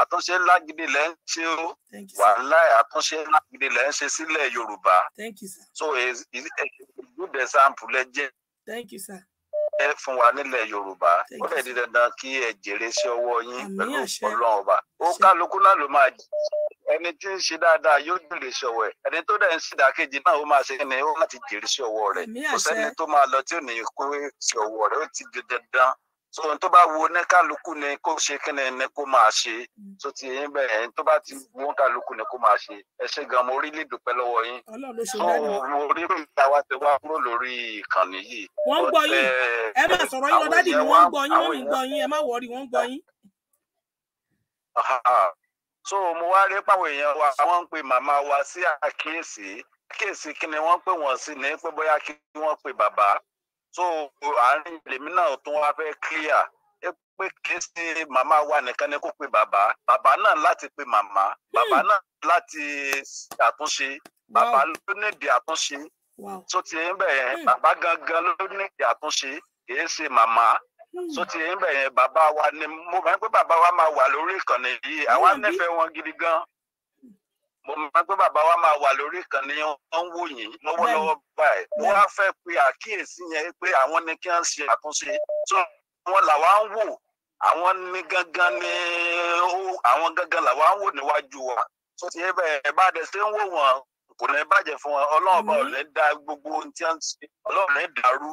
àtúnṣe ńlá gidi lẹ́ ń ṣe o wàhálà àtúnṣe ńlá gidi lẹ́ ń ṣe sílẹ̀ yorùbá so a eh, good lẹ jẹ́ ẹ fún wa nílẹ̀ yorùbá ó lè di dandan kí ẹ jèrè sí ọwọ́ yín pẹ̀lú ọlọ́run ọba ó kálukú náà ló máa jẹ ẹni tí ń ṣe dáadáa yóò jèrè sí ọwọ́ ẹ ẹni tó dẹ̀ ń ṣe ìdàkejì náà ó máa ṣe kí ó láti jèrè sí ọwọ́ rẹ̀ kò sẹ́ni tó máa lọ tí ò ní kó sí ọwọ́ rẹ̀ ó ti di dandan so n tó bá wo ní kálukú ni kó ṣe kí ni ni kó máa ṣe mm. so ti yín bẹ́ẹ̀ tó bá ti wo kálukú ni kó máa ṣe ẹ ṣe gan mo rí lè dúpẹ́ lọ́wọ́ yín so mo rí ìta wa ti wá kúrò lórí ìkànnì yìí. wọ́n ń gbọ́ yín eh, ẹ má sọ̀rọ̀ yín lọ dádì wọ́n ń gbọ́ yín wọ́n ń gbọ́ yín ẹ má wọ̀rí wọ́n ń gbọ́ yín. so mo wá rí pàwọn èèyàn wa wọ́n ń pe màmá wa sí àkíyèsí àkíyèsí kí ni wọ́n pè wọ́n sí ni pé bóyá kí wọ́n pe bàbá so àárín lèmi náà tún wá fẹ́ clear ẹ pé kìí ṣe màmá wa nìkan ni kó pe bàbá bàbá náà láti pe màmá bàbá hmm. náà láti àtúnṣe bàbá ló nídìí àtúnṣe tó ti ń bẹ̀ yẹn hmm. bàbá gangan ló nídìí àtúnṣe kìí ṣe màmá tó hmm. ti ń bẹ̀ yẹn bàbá wa ni mo mọ̀ pé bàbá wa máa wà lórí ìkànnì yìí àwa nífẹ̀ẹ́ wọn gidi gan mo máa gbé bàbá wa máa wà lórí ìkànnì wọn ń wò yín lọ́wọ́lọ́wọ́ báyìí mo wá fẹ́ pe àkíyèsí yẹn pé àwọn ni kí wọ́n ṣe àtúnṣe tó wọn làwa ń wò àwọn ni gangan ni àwọn gangan làwa ń wò níwájú wa tó ti bẹ́ẹ̀ bá dẹ̀ ṣe ń wò wọ́n kò ní bàjẹ́ fún wọn ọlọ́run ọba ò ní gbogbo ohun tí wọ́n ṣe ọlọ́run ní dàrú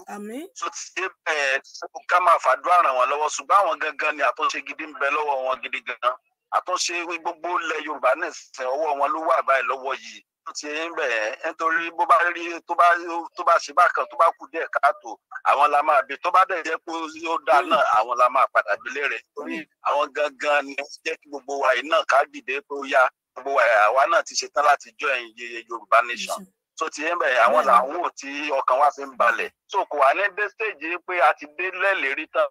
tó ti ṣe bẹ́ẹ̀ ká máa fàdúrà ràn wọ́n lọ́wọ́ ṣùgbọ́n àwọn gangan ni àtúnṣe gidi ń bẹ lọ́wọ́ wọn gidi gan àtúnṣe gbogbo ilẹ̀ yorùbá nìsín ọwọ́ wọn ló wà báyìí lọ́wọ́ yìí tó ti ń bẹ̀ ẹ́ nítorí bó bá rí tó bá tó bá ṣe bákan tó bá kù díẹ̀ káàtó àwọn la máa bi tó bá dẹ̀ jẹ́ pé ó dá náà àwọn la máa padà bilé rẹ̀ torí àwọn gangan ni ó jẹ́ kí gbogbo wa yìí náà ká dìde pé yá gbogbo wa àwa náà ti ṣetán láti join yorùbá nation tó ti ń bẹ̀ àwọn làwọn ò tí ọkàn wa fi ń balẹ̀ so kò wá ní dé stage pé a ti dé lẹ́lẹ́rí tán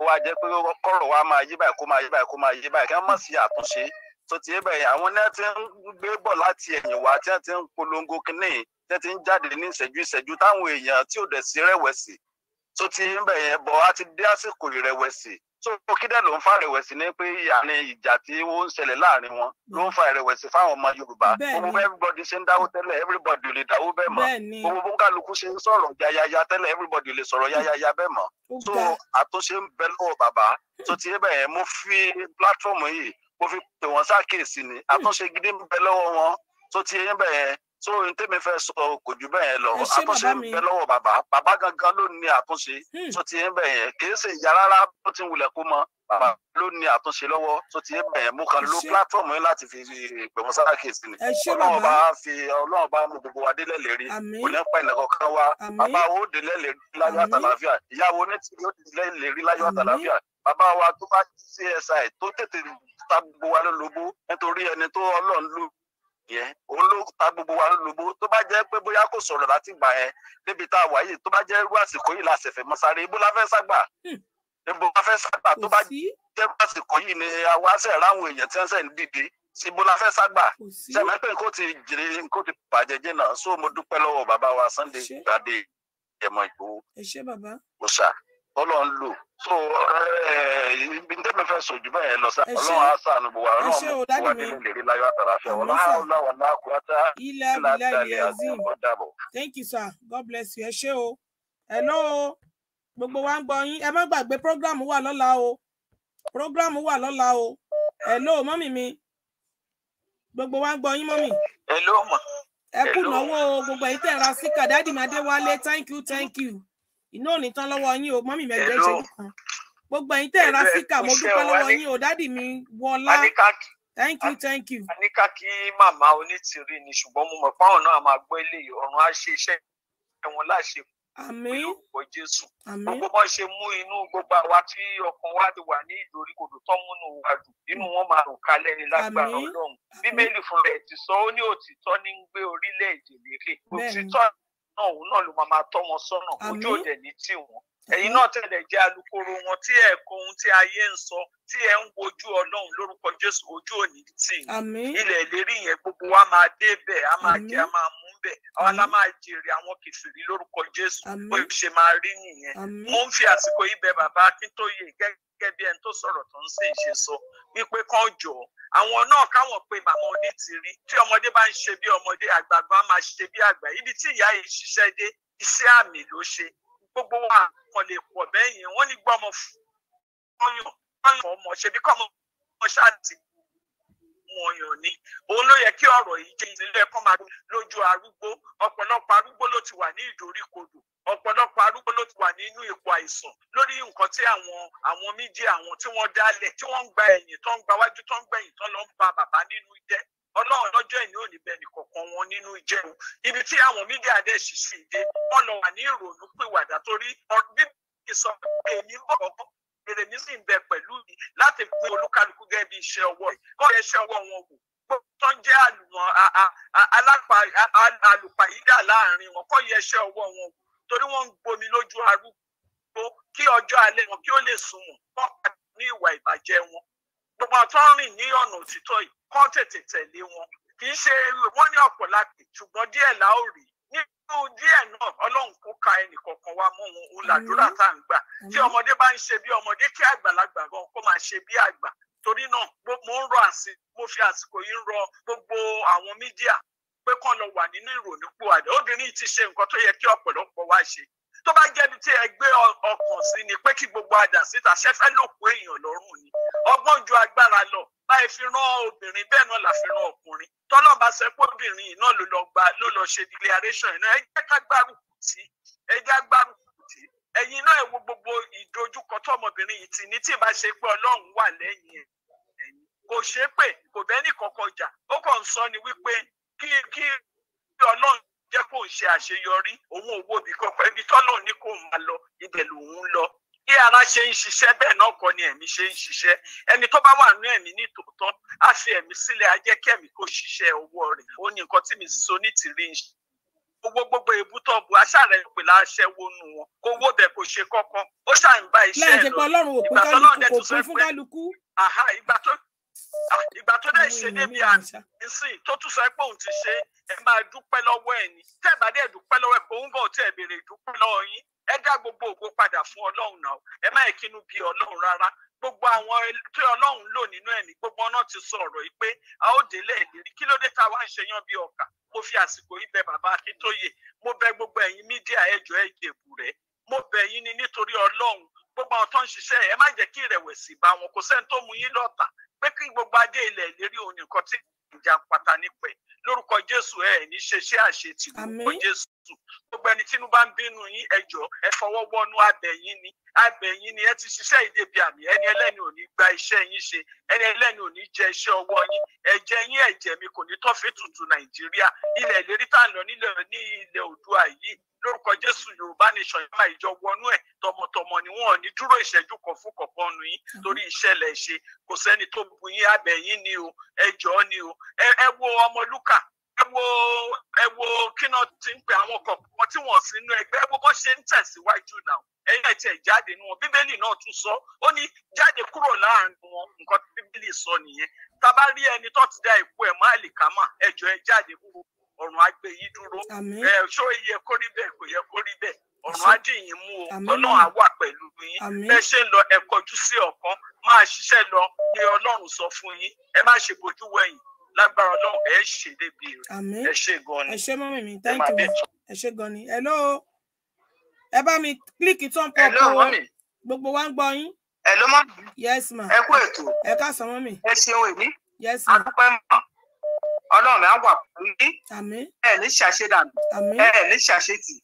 kó wá jẹ́ pé kọ̀rọ̀ wa máa yí báyìí kó máa yí báyìí kó máa yí báyìí kí wọ́n mọ̀ sí àtúnṣe tó ti yé bẹ̀yẹn àwọn náà ti ń gbé bọ̀ láti ẹ̀yìn wá tí wọ́n ti ń polongo kínní tí wọ́n ti ń jáde ní ìṣẹ́jú ìṣẹ́jú táwọn èèyàn tí ò dẹ̀ sí rẹ̀wẹ̀sì tó ti ń bẹ̀yẹn bọ̀ á ti dé àsìkò ìrẹ̀wẹ̀sì so kídẹ ló ń fa ìrẹ̀wẹ̀sì ni pé àní ìjà tí ó ń ṣẹlẹ̀ láàrin wọn ló ń fa ìrẹ̀wẹ̀sì fáwọn ọmọ yorùbá gbogbo everybody ṣe ń dáwó tẹ́lẹ̀ everybody ò lè dáwó bẹ́ẹ̀ mọ́ gbogbo bó kálukú ṣe ń sọ̀rọ̀ yayaya tẹ́lẹ̀ everybody ò lè sọ̀rọ̀ yayaya bẹ́ẹ̀ mọ́ so àtúnṣe ń bẹ lọ́wọ́ bàbá tó ti bẹ yẹn mo fi platform yìí mo fi pè wọn sákèsì ni àtúnṣe gidi ń bẹ lọ́wọ́ wọn tó ti bẹ yẹn so n tẹ́mi fẹ́ sọ kò jù bẹ́ẹ̀ lọ àtúnṣe ń bẹ lọ́wọ́ bàbá bàbá gangan ló ní àtúnṣe tó hmm. ti ń bẹ̀ yẹn kì í ṣe ìjà rárá tó ti ń wulẹ̀ kó mọ bàbá ló ní àtúnṣe lọ́wọ́ tó ti ń bẹ̀ yẹn mú kan lo platform yẹn láti fi gbẹ̀mọ sára kìsì ni ọlọ́run bá fi ọlọ́run bá mú gbogbo wa délẹ̀ lérí kò ní pa ìnàkọ̀ kan wa bàbá wo délẹ̀ lérí láyọ̀ àtàlàfíà ìyàwó onítìrí ó délẹ̀ lérí láyọ̀ àtàlàfíà bàbá wa tó bá csi tó tètè ta gbogbo wa lólobó nítorí yẹn òun ló ta gbogbo wa lóbó tó bá jẹ́ pé bóyá kò sọ̀rọ̀ láti gbà yẹn débi tá a wà yìí tó bá jẹ́ irú àsìkò yìí la ṣẹ̀fẹ̀ mọ́ sáré ibú la fẹ́ ságbà hmm. ibú la fẹ́ ságbà tó bá jẹ́ irú àsìkò yìí ni àwa ṣe ráhùn èèyàn tí wọ́n ṣe ń dìde síbo la fẹ́ ságbà ṣẹ̀mẹ́ pé nǹkó ti jèrè nǹkó ti bàjẹ́ jẹ́ náà so mo dúpẹ́ lọ́wọ́ bàbá wa Sunday Ìgbàdé ẹ̀mọ́ Ìgbòho. ẹ ṣé bàbá. mo ṣá ọlọ́run lò so eh, ibi tẹ́ mi fẹ́ sojú bẹ́ẹ̀ lọ sí ọlọ́run aṣàánú gbogbo àwọn ọlọ́run gbogbo nínú ìlérí láyọ̀ àtàràfẹ́ ọlọ́run ọlọ́run náà kú ọ́tá ìlàdàlẹ̀ àzìm ọ̀dàbọ̀. thank you sir god bless you ẹ ṣé o hello gbogbo wa ń gbọ́ yín ẹ má gbàgbé program wà lọ́la o program wà lọ́la o hello mọ́mì mi gbogbo wa ń gbọ́ yín mọ́mì. hello ma. ẹ kú náwó gbogbo èyí tẹ̀ ra síkà dáàdì Màdéwálé thank you thank you iná ò tán lọ́wọ́ yín o mọ́mì mẹ́gbẹ́ ṣe kan gbogbo ẹ̀yin tẹ́ ẹ̀ ra mo dúpẹ́ lọ́wọ́ yín o dádì mi wọlá thank you thank you. a ní kí màmá onítìrí ni ṣùgbọ́n mo mọ̀ páwọn náà máa gbọ́ eléyìí ọ̀run á ṣe iṣẹ́ ẹ̀wọ̀n láṣẹ àmín orúkọ jésù gbogbo wọn ṣe mú inú gbogbo àwa tí ọkàn wa ti wà ní ìdórí tó múnú wa dùn inú wọn máa rò kalẹ̀ lágbára Ọlọ́run bíbélì fúnra ẹ̀ ti sọ ó ní òtítọ́ ní ń gbé orílẹ̀-èdè lékè òtítọ́ náà òun náà ló máa tọ́ wọn sọ́nà ojú òde ní tì wọ́n ẹ̀yin náà tẹ̀lé jẹ́ alukoro wọn tí ẹ̀ kọ ohun tí ayé ń sọ tí ẹ̀ ń wojú ọlọ́run lórúkọ jésù ojú òní tì ilẹ̀ ìlérí yẹn gbogbo wa máa débẹ̀ a máa jẹ a máa mú bẹ̀ àwa la máa jèrè àwọn kìfìrí lórúkọ Jésù bó ṣe máa rí nìyẹn mo ń fi àsìkò yìí bàbá Akíntóyè gẹ́gẹ́ bí ẹni tó sọ̀rọ̀ tó ń sì ṣe sọ wípé kán jọ̀ọ́ àwọn náà káwọn pe màmá onítìrí tí ọmọdé bá ń ṣe bí ọmọdé àgbààgbà máa ṣe bí àgbà ibi tí ìyá yìí ṣiṣẹ́ dé iṣẹ́ àmì ló ṣe gbogbo wa lè pọ̀ bẹ́yìn wọ́n ní gbọ́mọ fún ọyàn ọyàn ọmọ ṣe bí kọ́mọ ọmọ ṣáà ti ogún ọyàn ni òun ló yẹ kí ọ̀rọ̀ yìí jẹ́ ìdílé ẹ̀kọ́ máa lójú arúgbó ọ̀pọ̀lọpọ̀ arúgbó ló ti wà ní ìdoríkodò ọ̀pọ̀lọpọ̀ arúgbó ló ti wà nínú ipò àìsàn lórí nǹkan tí àwọn àwọn mídíà àwọn tí wọ́n dálẹ̀ tí wọ́n ń gba ẹ̀yìn tó ń gba wájú tó ń gbẹ̀yìn tó lọ ń ba bàbá nínú jẹ́ ọlọ́run lọ́jọ́ ẹ̀yìn ò ní bẹ́ẹ̀ nìkọ̀ọ̀kan wọn nínú jẹ́ o ibi tí àwọn mídíà dẹ̀ ṣì ṣì dé wọ́n lọ wà ní ìrònú pìwàdà torí bíbí sọ pé èmi ń bọ̀ èrè mi sì ń bẹ pẹ̀lú mi láti fún olúkálukú gẹ́gẹ́ bí iṣẹ́ ọwọ́ rẹ̀ kọ́ ẹ ṣe ọwọ́ wọn wò tó ń jẹ́ àlùpàyídà láàrin wọn kọ́ yẹ iṣẹ́ ọwọ́ wọn wò torí wọ́n ń gbomi lójú arúgbó kí ọjọ́ alẹ́ wọn kí ó lè sunwọ̀n kọ́ ní ìwà ìbàjẹ́ wọn gbogbo àtọ́ rìn ní ọ̀nà òtítọ́ yìí kọ́ tètè tẹ̀lé wọn kì í ṣe wọ́n ní ọ̀pọ̀ láti ṣùgbọ́n díẹ̀ la nínú díẹ̀ náà ọlọ́run kó ka ẹnì kọ̀ọ̀kan wa mọ́ wọn òun làdúrà tá à ń gbà tí ọmọdé bá ń ṣe bí ọmọdé kí àgbàlagbà gan kó máa ṣe bí àgbà torí náà mo ń rọ àsìn mo fi àsìkò yìí ń rọ gbogbo àwọn mídíà pé kán lọ wà nínú ìrònúpò àdé obìnrin ti ṣe nǹkan tó yẹ kí ọ̀pọ̀lọpọ̀ wá ṣe tó bá jẹ́ ibi tí ẹ gbé ọkàn sí ni pé kí gbogbo àdá síta ṣẹ́fẹ́ ló kó èèyàn lọ́rùn ni ọgbọ́n ju agbára lọ báyìí fi rán obìnrin bẹ́ẹ̀ náà là fi rán ọkùnrin tọ́lọ́ bá sọ pé obìnrin yìí náà ló lọ gba ló lọ ṣe declaration yìí náà ẹ jẹ́ ká gbárùkù tí ẹ jẹ́ gbárùkù tí ẹ̀yin náà ẹ wo gbogbo ìdojúkọ tọmọbìnrin yìí ti ní tí ìbá ṣe pé ọlọ́run wà lẹ́yìn ẹ̀ kò ṣe é pé kò bẹ́ẹ̀ ní kọ̀kọ̀ jà ó kàn ń sọ ni wípé kí kí ọlọ́run jẹ́ kó ṣe àṣeyọrí òun ò wo ibi kankan ibi tọ́lọ̀ ní kó lọ ibẹ̀ lòun lọ bí ara ṣe ń ṣiṣẹ́ bẹ́ẹ̀ náà kọ́ ni ẹ̀mí ṣe ń ṣiṣẹ́ ẹni tó bá wà nínú ẹ̀mí ní tòótọ́ á fi ẹ̀mí sílẹ̀ á jẹ́ kẹ́mi kó ṣiṣẹ́ owó rẹ̀ ó ní nǹkan tí mi sọ ní tìrí ń ṣe owó gbogbo èébú tó bu aṣáàrẹ pè láṣẹ wọnú wọn kó owó bẹ kó ṣe kọ́kọ́ ó ṣàǹbá iṣẹ́ lọ ìgbà tó lọ́ọ̀dẹ Ah, ìgbà tó dẹ̀ ṣe débi àǹsìn tó tún sọ pé òun ti ṣe ẹ máa dúpẹ́ lọ́wọ́ ẹ̀ ni tẹ́ ẹ bá dẹ̀ dúpẹ́ lọ́wọ́ ẹ̀ òun bọ̀ tí ẹ béèrè dúpẹ́ lọ́wọ́ yín ẹ dá gbogbo ògo padà fún ọlọ́run náà ẹ má yẹ kínú bí ọlọ́run rárá gbogbo àwọn tí ọlọ́run lò nínú ẹ̀mí gbogbo ọ̀nà ti sọ ọ̀rọ̀ yìí pé a ó délé ìlérí kí ló dé ta wá ń ṣe yan bí ọkà mo fi àsìkò yìí bẹ bàbá akíntóye mo bẹ gbogbo ẹ̀yin mídíà ẹjọ́ ẹ̀jẹ̀bù rẹ̀ mo bẹ̀ yín ni nítorí ọlọ́run gbogbo àwọn tó ń ṣiṣẹ́ ẹ má jẹ́ kí ìrẹ̀wẹ̀sì bá wọn kò sẹ́ni tó mú yín lọ́tà pé kí gbogbo adé ilẹ̀ ìlérí òun nìkan tí ìjà pátá nípa lórúkọ jésù ẹ̀ ní ṣe àṣetì lórúkọ jésù gbogbo ẹni tínú bá ń bínú yín ẹjọ́ ẹ fọwọ́ wọnú abẹ yín ni abẹ yín ni ẹ ti ṣiṣẹ́ ìdèbí àmì ẹni ẹlẹ́ni ò ní gba iṣẹ́ yín ṣe ẹni ẹlẹ́ni ò ní jẹ iṣẹ́ ọwọ́ yín ẹ̀jẹ̀ yín ẹ̀jẹ̀ mi kò ní tọ́fẹ́ tutù nàìjíríà ilẹ̀ ìlérí tá à ń lọ nílẹ̀ ní ilẹ̀ oòdùà yìí lórúkọ jésù yorùbá nation yóò máa ìjọ wọnú ẹ tọmọtọmọ ni wọn ò ní dúró ìṣẹ́jú kan fún kọ̀ọ̀kan nù yín torí ìṣẹ̀lẹ̀ ṣe kò sẹ́ni tó bu yín abẹ̀yìn ni o ẹ ni o ẹ wo ọmọ lúkà ẹ wo ẹ wo kíná ti ń pè àwọn kọ̀ọ̀kan tí wọ́n sí inú ẹgbẹ́ ẹ wo bó ṣe ń tẹ̀síwájú náà ẹ̀yìn àti ẹ̀jáde ni wọn bíbélì náà tún sọ ó ní jáde kúrò láàrin wọn nǹkan tí bíbélì sọ nìyẹn tá a bá rí ẹni tó ti dá ikú ẹ̀ má àlìkámà ẹ̀jọ̀ ẹ̀ jáde kúrò ọ̀run á gbé dúró ẹ ṣó yẹ kó rí bẹ́ẹ̀ kò yẹ kó rí bẹ́ẹ̀ ọ̀run á dì mú o ọlọ́run á pẹ̀lú yín bẹ́ ṣe ń lọ ẹ kọjú sí ọ̀kan máa ṣiṣẹ́ lọ ni ọlọ́run sọ fún yín ẹ má ṣe bójú wẹ̀yìn lágbára ọlọ́run ẹ ṣe débi rẹ̀ ẹ ṣe gan ni ẹ ṣe mọ́mí mi thank you ẹ ṣe gan ni hello ẹ bá mi kílíkì tó pọ̀ pọ̀ gbogbo wa ń gbọ́ yín. hello mọ́mí yes ma ẹ kú ètò ẹ ká sọ mọ́mí. ẹ ṣeun èmi yes mọ́ ọlọ́run á wà fún yín ẹ ní ṣàṣe dànù ẹ ní ṣàṣe tì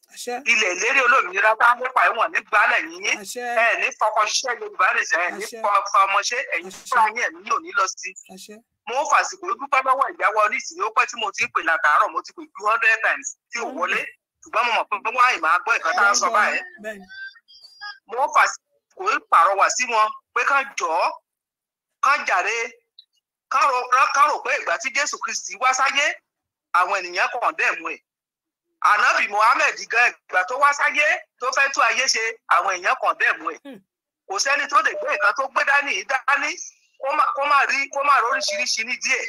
ilẹ̀ ìlérí olómìnira bá nípa ìwọ̀n nígbà lẹ́yìn yín ẹ ní fọkọṣẹ́ yorùbá rẹ̀ ṣe ẹ ní fọmọṣẹ́ ẹ̀yìn fúnra yín ẹ̀ ní òní lọ sí mo fàsìkò dúpẹ́ lọ́wọ́ ìyáwó oníṣìí ó pẹ́ tí mo ti pè látàárọ̀ mo ti pè two hundred times tí ò wọlé ṣùgbọ́n mo mọ̀ pé wọ́n àì máa gbọ́ ìkan tá a sọ báyẹn mo fàsìkò ìpàrọwà sí wọn pé kán jọ̀ọ́ kán jàre kárò pé ìgbà tí jésù kristi wá sáyé àwọn ènìyàn kọ̀ndẹ̀mù ẹ̀ ànábì muhammed gan ìgbà tó wá sáyé tó fẹ́ tú ayé ṣe àwọn èèyàn kọ̀ndẹ̀mù ẹ̀ hmm. kò sẹ́ni tó lè gbé nǹkan tó gbé dání yìí dání kó má rí kó má róríṣiríṣi ní díẹ̀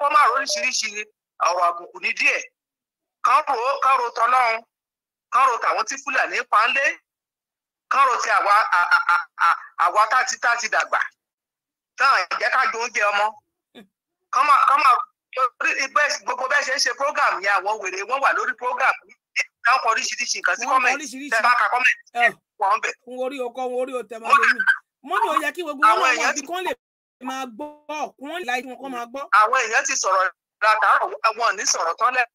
kó má róríṣiríṣi ọ̀rọ̀ àbùkù ní díẹ̀ kán ro kán ro tọlọ́run kán ro tàwọn tí fúlàní pa ń lé kán ti àwa àwa ti dàgbà tán ìjẹ́ ká jọ oúnjẹ ọmọ kán máa kán máa gbogbo bẹ́ẹ̀ ṣe ń ṣe program yẹn àwọn wèrè wọ́n wà lórí program náà kọ oríṣiríṣi nǹkan sí kọ́mẹ̀ntì tẹ́ bá ka kọ́mẹ̀ntì wọ́n bẹ̀. n orí ọkọ n orí ọtẹ máa lómi mo ní ó yẹ kí gbogbo wọn wọn bí kán lè máa gbọ́ ọkùnrin láì wọn kán máa gbọ́. àwọn èèyàn ti sọ̀rọ̀ látàárọ̀ wọn ní sọ̀rọ̀ tán lẹ́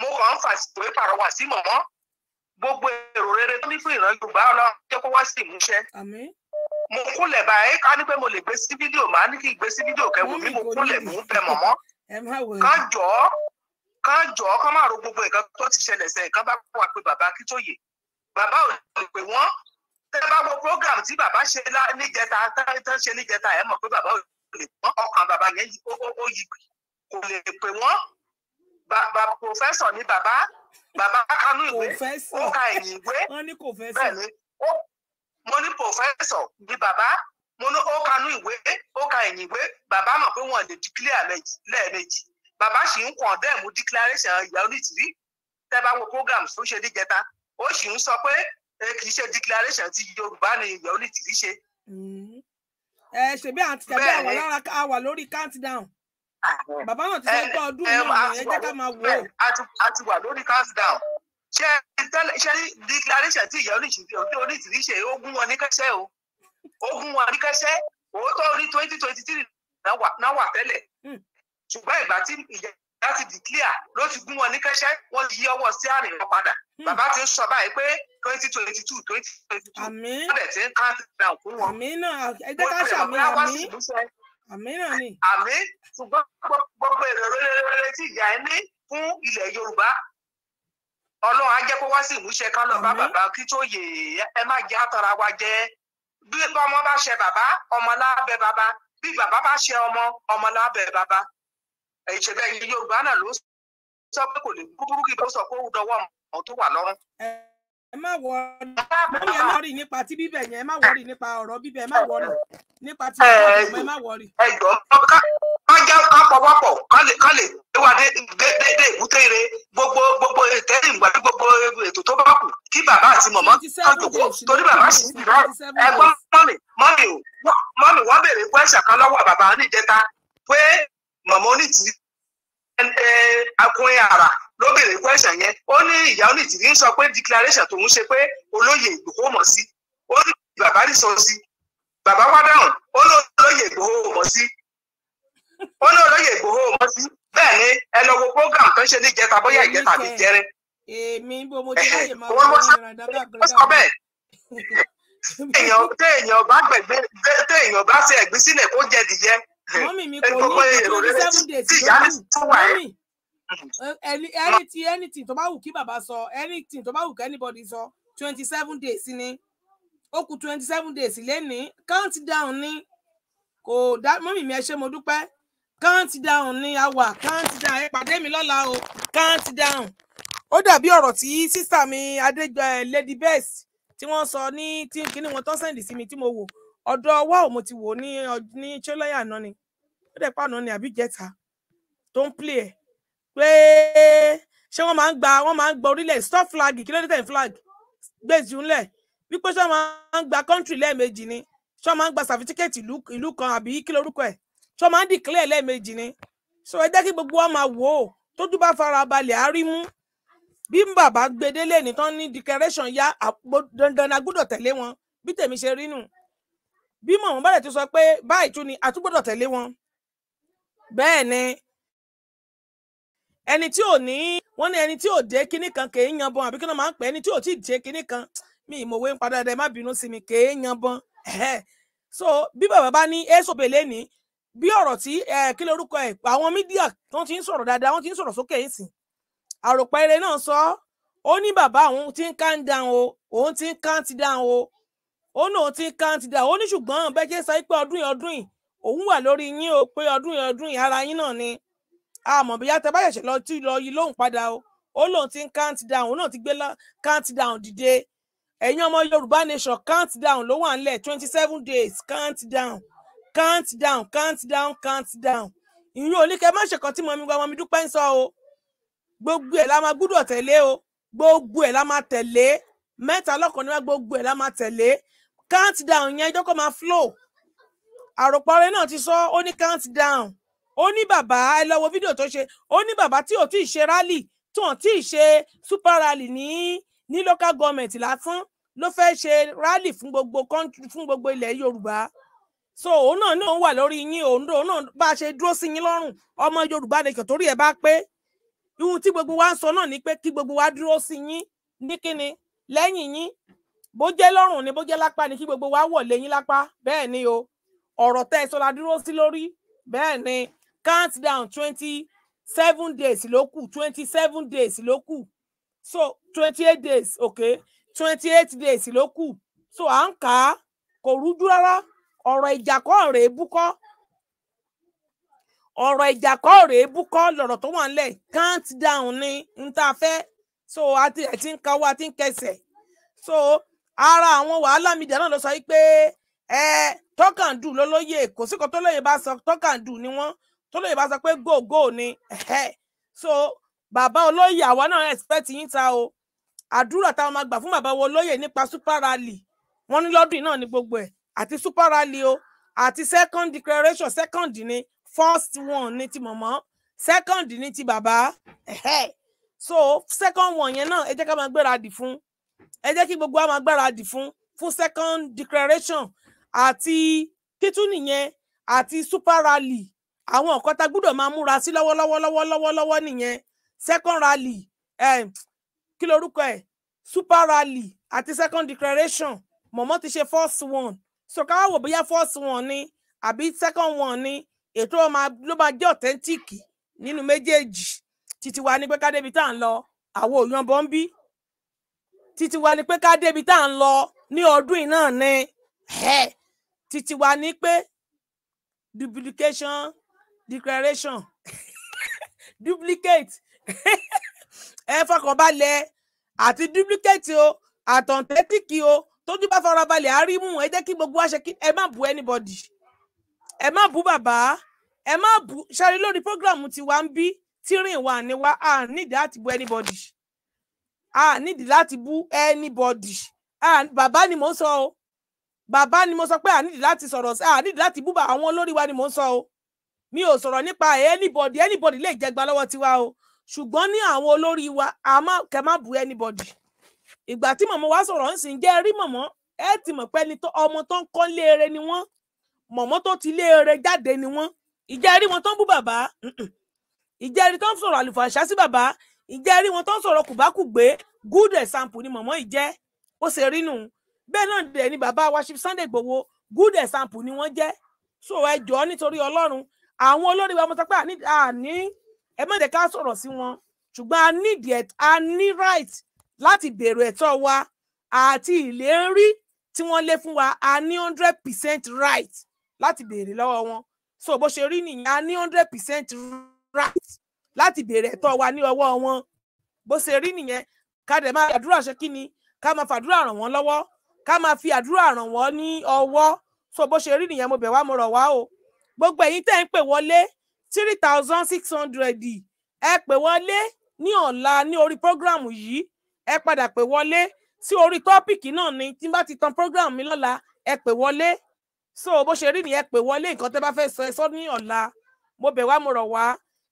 mo kàn ń fàṣìwé pàrọwà sí mọ̀mọ́ gbogbo èrò rere tó ní fún ìran Yorùbá Ọlọ́run jẹ́ kó wá sí ìmúṣẹ mo kúnlẹ̀ báyìí ká ní pé mo lè gbé sí fídíò màá ní kí n gbé sí fídíò kẹwò mi mo kúnlẹ̀ mò ń bẹ mọ̀mọ́ ká jọ ọ́ ká jọ ọ́ ká má ro gbogbo nǹkan tó ti ṣẹlẹ̀ sẹ́yìn ká bá wà pé bàbá Akíntóyè bàbá ò lè pè wọ́n tẹ́ bá wo program tí bàbá ṣe níjẹta tán ṣe níjẹta ẹ̀ mọ̀ pé bàbá ò lè wọ́n ọkàn bàbá yẹn ó yí kò lè pè wọ́n bàbá pòfẹ́sọ̀ ni bàbá bàbá kanú ìwé ó ka ẹ̀yìn ìwé bẹ́ẹ̀ ni mo ní pòfẹ́sọ̀ ní bàbá mo ní ó kanú ìwé ó ka ẹ̀yìn ìwé bàbá mọ̀ pé wọ́n lè declare lẹ́ẹ̀mejì bàbá sì ń condemn declaration ìyá onítìrí tẹ́ bá wo program tó ṣe níjẹta ó sì ń sọ pé kì í ṣe declaration ti Yorùbá ni ìyá onítìrí ṣe. Hmm. ẹ ṣèbí àti tẹ̀lé àwọn lára a wà lórí countdown ah. bàbá náà ti sọ pé ọdún náà ẹ jẹ́ ká máa wò ó. a ti wà lórí countdown ṣe tẹ́lẹ̀ ṣe rí declaration tí ìyá oníṣìṣẹ́ ọdún oníṣìṣẹ́ ogún wọn ní kẹsẹ́ o ogún wọn ní kẹsẹ́ òótọ́ orí twenty twenty three náà wà tẹ́lẹ̀ hmm. ṣùgbọ́n ìgbà tí ìjọba ti declare ló ti gún wọn ní kẹsẹ́ wọ́n yí ọwọ́ sí àrìn wọn padà hmm. bàbá ti ń sọ báyìí pé twenty twenty two twenty twenty two wọ́n dẹ̀ ti ń káàtì náà òkú wọn. àmín náà ẹgbẹ́ ká ṣàmì àmín àmín náà ni. àmín ṣùgbọ́n gbogbo èrò rere rere tí ìyá ẹ ní fún ilẹ̀ Yorùbá ọlọ́run á jẹ́ kó wá sí ìmúṣẹ kán lọ bá bàbá kí tó yè ẹ má jẹ́ àtọ́ra wa jẹ́ bí ọmọ bá ṣe bàbá ọmọ lábẹ́ bàbá bí bàbá bá ṣe ọmọ ọmọ lábẹ́ bàbá ìṣẹ̀bẹ̀ yìí Yorùbá náà ló sọ pé kò lè búburú kí bá sọ pé dọwọ́ ọmọ tó wà lọ́rùn ẹ má wọrí mọ́mí ẹ má wọrí nípa tí bíbẹ̀ yẹn ẹ má wọrí nípa ọ̀rọ̀ bíbẹ̀ ẹ má wọrí nípa tí bíbẹ̀ ẹ má wọrí. ẹ jọ ká jẹ ká pọwọ́pọ̀ ká lè wà déédéé ìbúté ire gbogbo gbogbo tẹ́lẹ̀ ìgbà gbogbo ètò tó bá kù kí bàbá àti mọ̀mọ́ àjòkó torí bàbá sì ti rọ ẹ̀gbọ́n mọ́mì mọ́mì o mọ́mì wọ́n béèrè pẹ́sà kan lọ́wọ́ bàbá oníjẹta pé mọ̀mọ́ onítìrí akúnyàrá ló béèrè yẹn ó ní ìyá onítìrí sọ pé declaration tòun ṣe pé olóyè ìgbòho mọ̀ sí ó ní bàbá rí sọ sí bàbá wá dáhùn ó ní ìgbòho sí ó ní olóyè ìgbòho sí ni ẹ program tó ń ṣe ní ìjẹta bóyá ìjẹta àbí sọ téèyàn bá gbẹgbẹ téèyàn bá ṣe kó jẹ ní anything anything tó bá wù kí bàbá sọ anything tó bá wù kí anybody sọ twenty seven days ni ó kù twenty seven days lẹ́nìí count down ni kò dá mọ́mì mi ẹ ṣé mo dúpẹ́ count down ni a wà count down ẹ pàdé mi lọ́la o count down ó dàbí ọ̀rọ̀ tí sísà mi adéjọ lady best tí wọ́n sọ ní tí kíní wọn tó sẹ́ndì sí mi tí mo wò ọ̀dọ̀ ọwọ́ ò mo ti wò ní ní àná ni ó dẹ̀ pààná ni àbí jẹ́ta tó ń plé ẹ̀ pé ṣé wọ́n máa ń gba wọ́n máa ń gba orílẹ̀ stop flag kí ló dé tẹ̀ flag gbèsè ńlẹ̀ wípé ṣé wọ́n máa ń gba country lẹ́ẹ̀mejì ni ṣé wọ́n máa ń gba certificate ìlú kan àbí kí lorúkọ ẹ̀ ṣé wọ́n máa ń declare lẹ́ẹ̀mejì ni so ẹ jẹ́ kí gbogbo wa máa wò ó tójú bá fara balẹ̀ á rí mú bí bàbá gbedele ní tán ní declaration yá dandan na gbọ́dọ̀ tẹ̀lé wọn bí tèmi ṣe rí nù bí mọ̀ wọ́n bá lè tún sọ pé báyìí tún ni àtúgbọ́dọ̀ tẹ̀lé wọn bẹ́ẹ̀ ni ẹni tí ò ní wọ́n ní ẹni tí ò dé kinní kan kèé yanbọn àbí kí wọ́n máa ń pè ẹni tí ò tí ì dé kinní kan mi ìmọ̀wé ń padà dẹ má bínú sí mi kèé yanbọn so bí bàbá bá ní èsòbè lẹ́ni bí ọ̀rọ̀ tí kí lorúkọ ẹ̀ àwọn mídíà wọ́n ti ń sọ̀rọ̀ dáadáa wọ́n ti ń sọ̀rọ̀ sókè ìsìn àròpẹ̀rẹ̀ náà sọ ó ní bàbá òun ti ń count down o òun ti ń count down o ó náà ti ń count down ó ní ṣùgbọ́n bẹ́ẹ̀ ṣe sọ pé ọdún yìí ọdún yìí òun wà lórí yín o pé ọdún yìí ọdún yìí ara yín náà ni àmọ́ bóyá tẹ bá ṣẹ̀ṣẹ̀ lọ tí lọ yìí lóhùn padà o ó lóun ti ń count down òun náà ti gbé count down dìde ẹ̀yin ọmọ Yorùbá nation count down ló wà nílẹ̀ twenty seven days count down count down count down count down ìyún oníkẹ́ má ṣe kan tí mọ̀mí gba mọ̀mí dúpẹ́ ń sọ o gbogbo ẹ̀ la máa gbúdọ̀ tẹ̀lé o gbogbo ẹ̀ la máa tẹ̀lé mẹ́ta lọ́kàn níwá gbogbo ẹ̀ la máa tẹ̀lé count down yẹn ẹjọ́ kó máa flow àròpọ̀ rẹ náà ti sọ ó ní count down ó ní bàbá ẹ lọ wo fídíò tó ṣe ó ní bàbá tí ò tí ì ṣe rálì tó ò tí ì ṣe super rally ní ní local government lásán ló fẹ́ẹ́ ṣe rálì fún gbogbo country fún gbogbo ilẹ̀ yorùbá so òun náà náà wà lórí yín òun náà bá a ṣe dúró sí yín lọ́rùn ọmọ yorùbá nìkan torí ẹ bá pé ihun tí gbogbo wa ń sọ náà ni pé kí gbogbo wa dúró sí yín ní kíni lẹ́yìn yín bó jẹ́ lọ́rùn ni bó jẹ́ lápá ni kí gbogbo wa wọ̀ lé yín lápá bẹ́ẹ̀ ni o ọ̀rọ̀ tẹ́ ẹ sọ la dúró sí lórí bẹ́ẹ̀ ni count down twenty seven days ló kù twenty seven days ló kù so twenty eight days okay twenty eight days ló kù so à ń kà á kò rújú rárá ọ̀rọ̀ ìjà rèé búkọ́ ọ̀rọ̀ ìjà rèé búkọ́ lọ̀rọ̀ tó wà nílẹ̀ count down ni n ta fẹ́ so àti ẹ̀ ti ń kawọ́ àti ń kẹsẹ̀ so ara àwọn wàhálà mídìá náà ló sọ yìí pé ẹ tọkàndù lólóyè kò síkò tó lóye bá sọ tọkàndù ni wọn tó lóye bá sọ pé go go ni so bàbá olóyè àwa náà expect yín ta o àdúrà táwọn máa gbà fún bàbá wo olóyè nípa super rally wọn ní lọ́dún náà ní gbogbo ẹ̀ àti super rally o àti second declaration second ni first one ni ti mọ̀mọ́ second ni ti bàbá so second one yẹn náà ẹ jẹ́ ká máa gbáradì fún ẹ jẹ́ kí gbogbo wa máa gbáradì fún fún second declaration àti títún nìyẹn àti super rally àwọn nǹkan tá gbọ́dọ̀ máa múra sí lọ́wọ́lọ́wọ́ lọ́wọ́lọ́wọ́ lọ́wọ́ nìyẹn second rally eh, kí lorúkọ ẹ̀ super rally àti second declaration mọ̀mọ́ ti ṣe first one so ká wá wò bóyá first one ni àbí second one ni ètò ló máa jẹ́ authentic nínú méjèèjì títí wa ni pé ká débi tá à ń lọ àwọn òyìnbọn bọ́ ń bí títí wa ni pé ká débi tá à ń lọ ní ọdún yìí náà ni títí wa ni pé duplication declaration duplicate ẹ fọkànbalẹ̀ àti duplicate o àtọ̀ntẹ́tìkì o tójú bá farabalẹ̀ á rí mú ẹ jẹ́ kí gbogbo wa ṣe kí ẹ má bu anybody ẹ má bu bàbá ẹ má bu ṣáré lórí program tí wà ń bí tírìn wà ní wa a nídìí láti bu anybody a nídìí láti bu anybody a bàbá ni mò ń sọ o bàbá ni mo sọ pé a nídìí láti sọ̀rọ̀ sí a nídìí láti bú bá àwọn olórí wa ni mò ń sọ o mi ò sọ̀rọ̀ nípa anybody anybody lè jẹgba lọ́wọ́ tiwa o ṣùgbọ́n ní àwọn olórí wa àmọ́ kẹ má bu anybody ìgbà tí mọ̀mọ́ wa sọ̀rọ̀ ń sìn jẹ́ rí mọ̀mọ́ ẹ ti mọ̀ pé ọmọ tó ń kọ́ léere ni wọ́n mọ̀mọ́ tó ti léere jáde ni wọ́n ìjẹ́ rí wọn tó ń bú bàbá ìjẹ́ rí tó ń sọ̀rọ̀ àlùfàṣà sí bàbá ìjẹ́ rí wọn tó ń sọ̀rọ̀ kùbákùgbé good example ni mọ̀mọ́ ìjẹ́ ó ṣe rí nù bẹ́ẹ̀ náà dẹ̀ ni bàbá wa Chief Sunday Igboho good example ni wọ́n jẹ́ so ẹ jọ̀ọ́ nítorí Ọlọ́run àwọn olórí wa mo sọ pé àní ẹ má jẹ́ ká sọ̀rọ̀ sí wọn ṣùgbọ́n a need it a ní right láti béèrè ẹ̀tọ́ wa àti ìlérí tí wọ́n lé fún wa a ní hundred percent right láti béèrè lọ́wọ́ wọn so bó ṣe rí nìyẹn a ní hundred percent right láti béèrè ẹ̀tọ́ wa ní ọwọ́ wọn bó ṣe rí nìyẹn ká dẹ̀ máa àdúrà ṣe kí ni ká máa fàdúrà ràn wọ́n lọ́wọ́ ká máa fi àdúrà ràn wọ́n ní ọwọ́ so bó ṣe rí nìyẹn mo bẹ̀ wá mo rọ̀ wá o gbogbo ẹ̀yin tẹ́ ń pè wọlé three thousand six hundred ẹ pè wọlé ní ọ̀la ní orí program yìí ẹ padà pè wọlé sí orí tọ́pìkì náà ni tí n bá ti tan program mi lọ́la ẹ pè wọlé so bó ṣe rí ni ẹ pè wọlé nǹkan tẹ́ bá fẹ́ sọ ẹ sọ ní ọ̀la mo bẹ̀ wá mo rọ̀ wá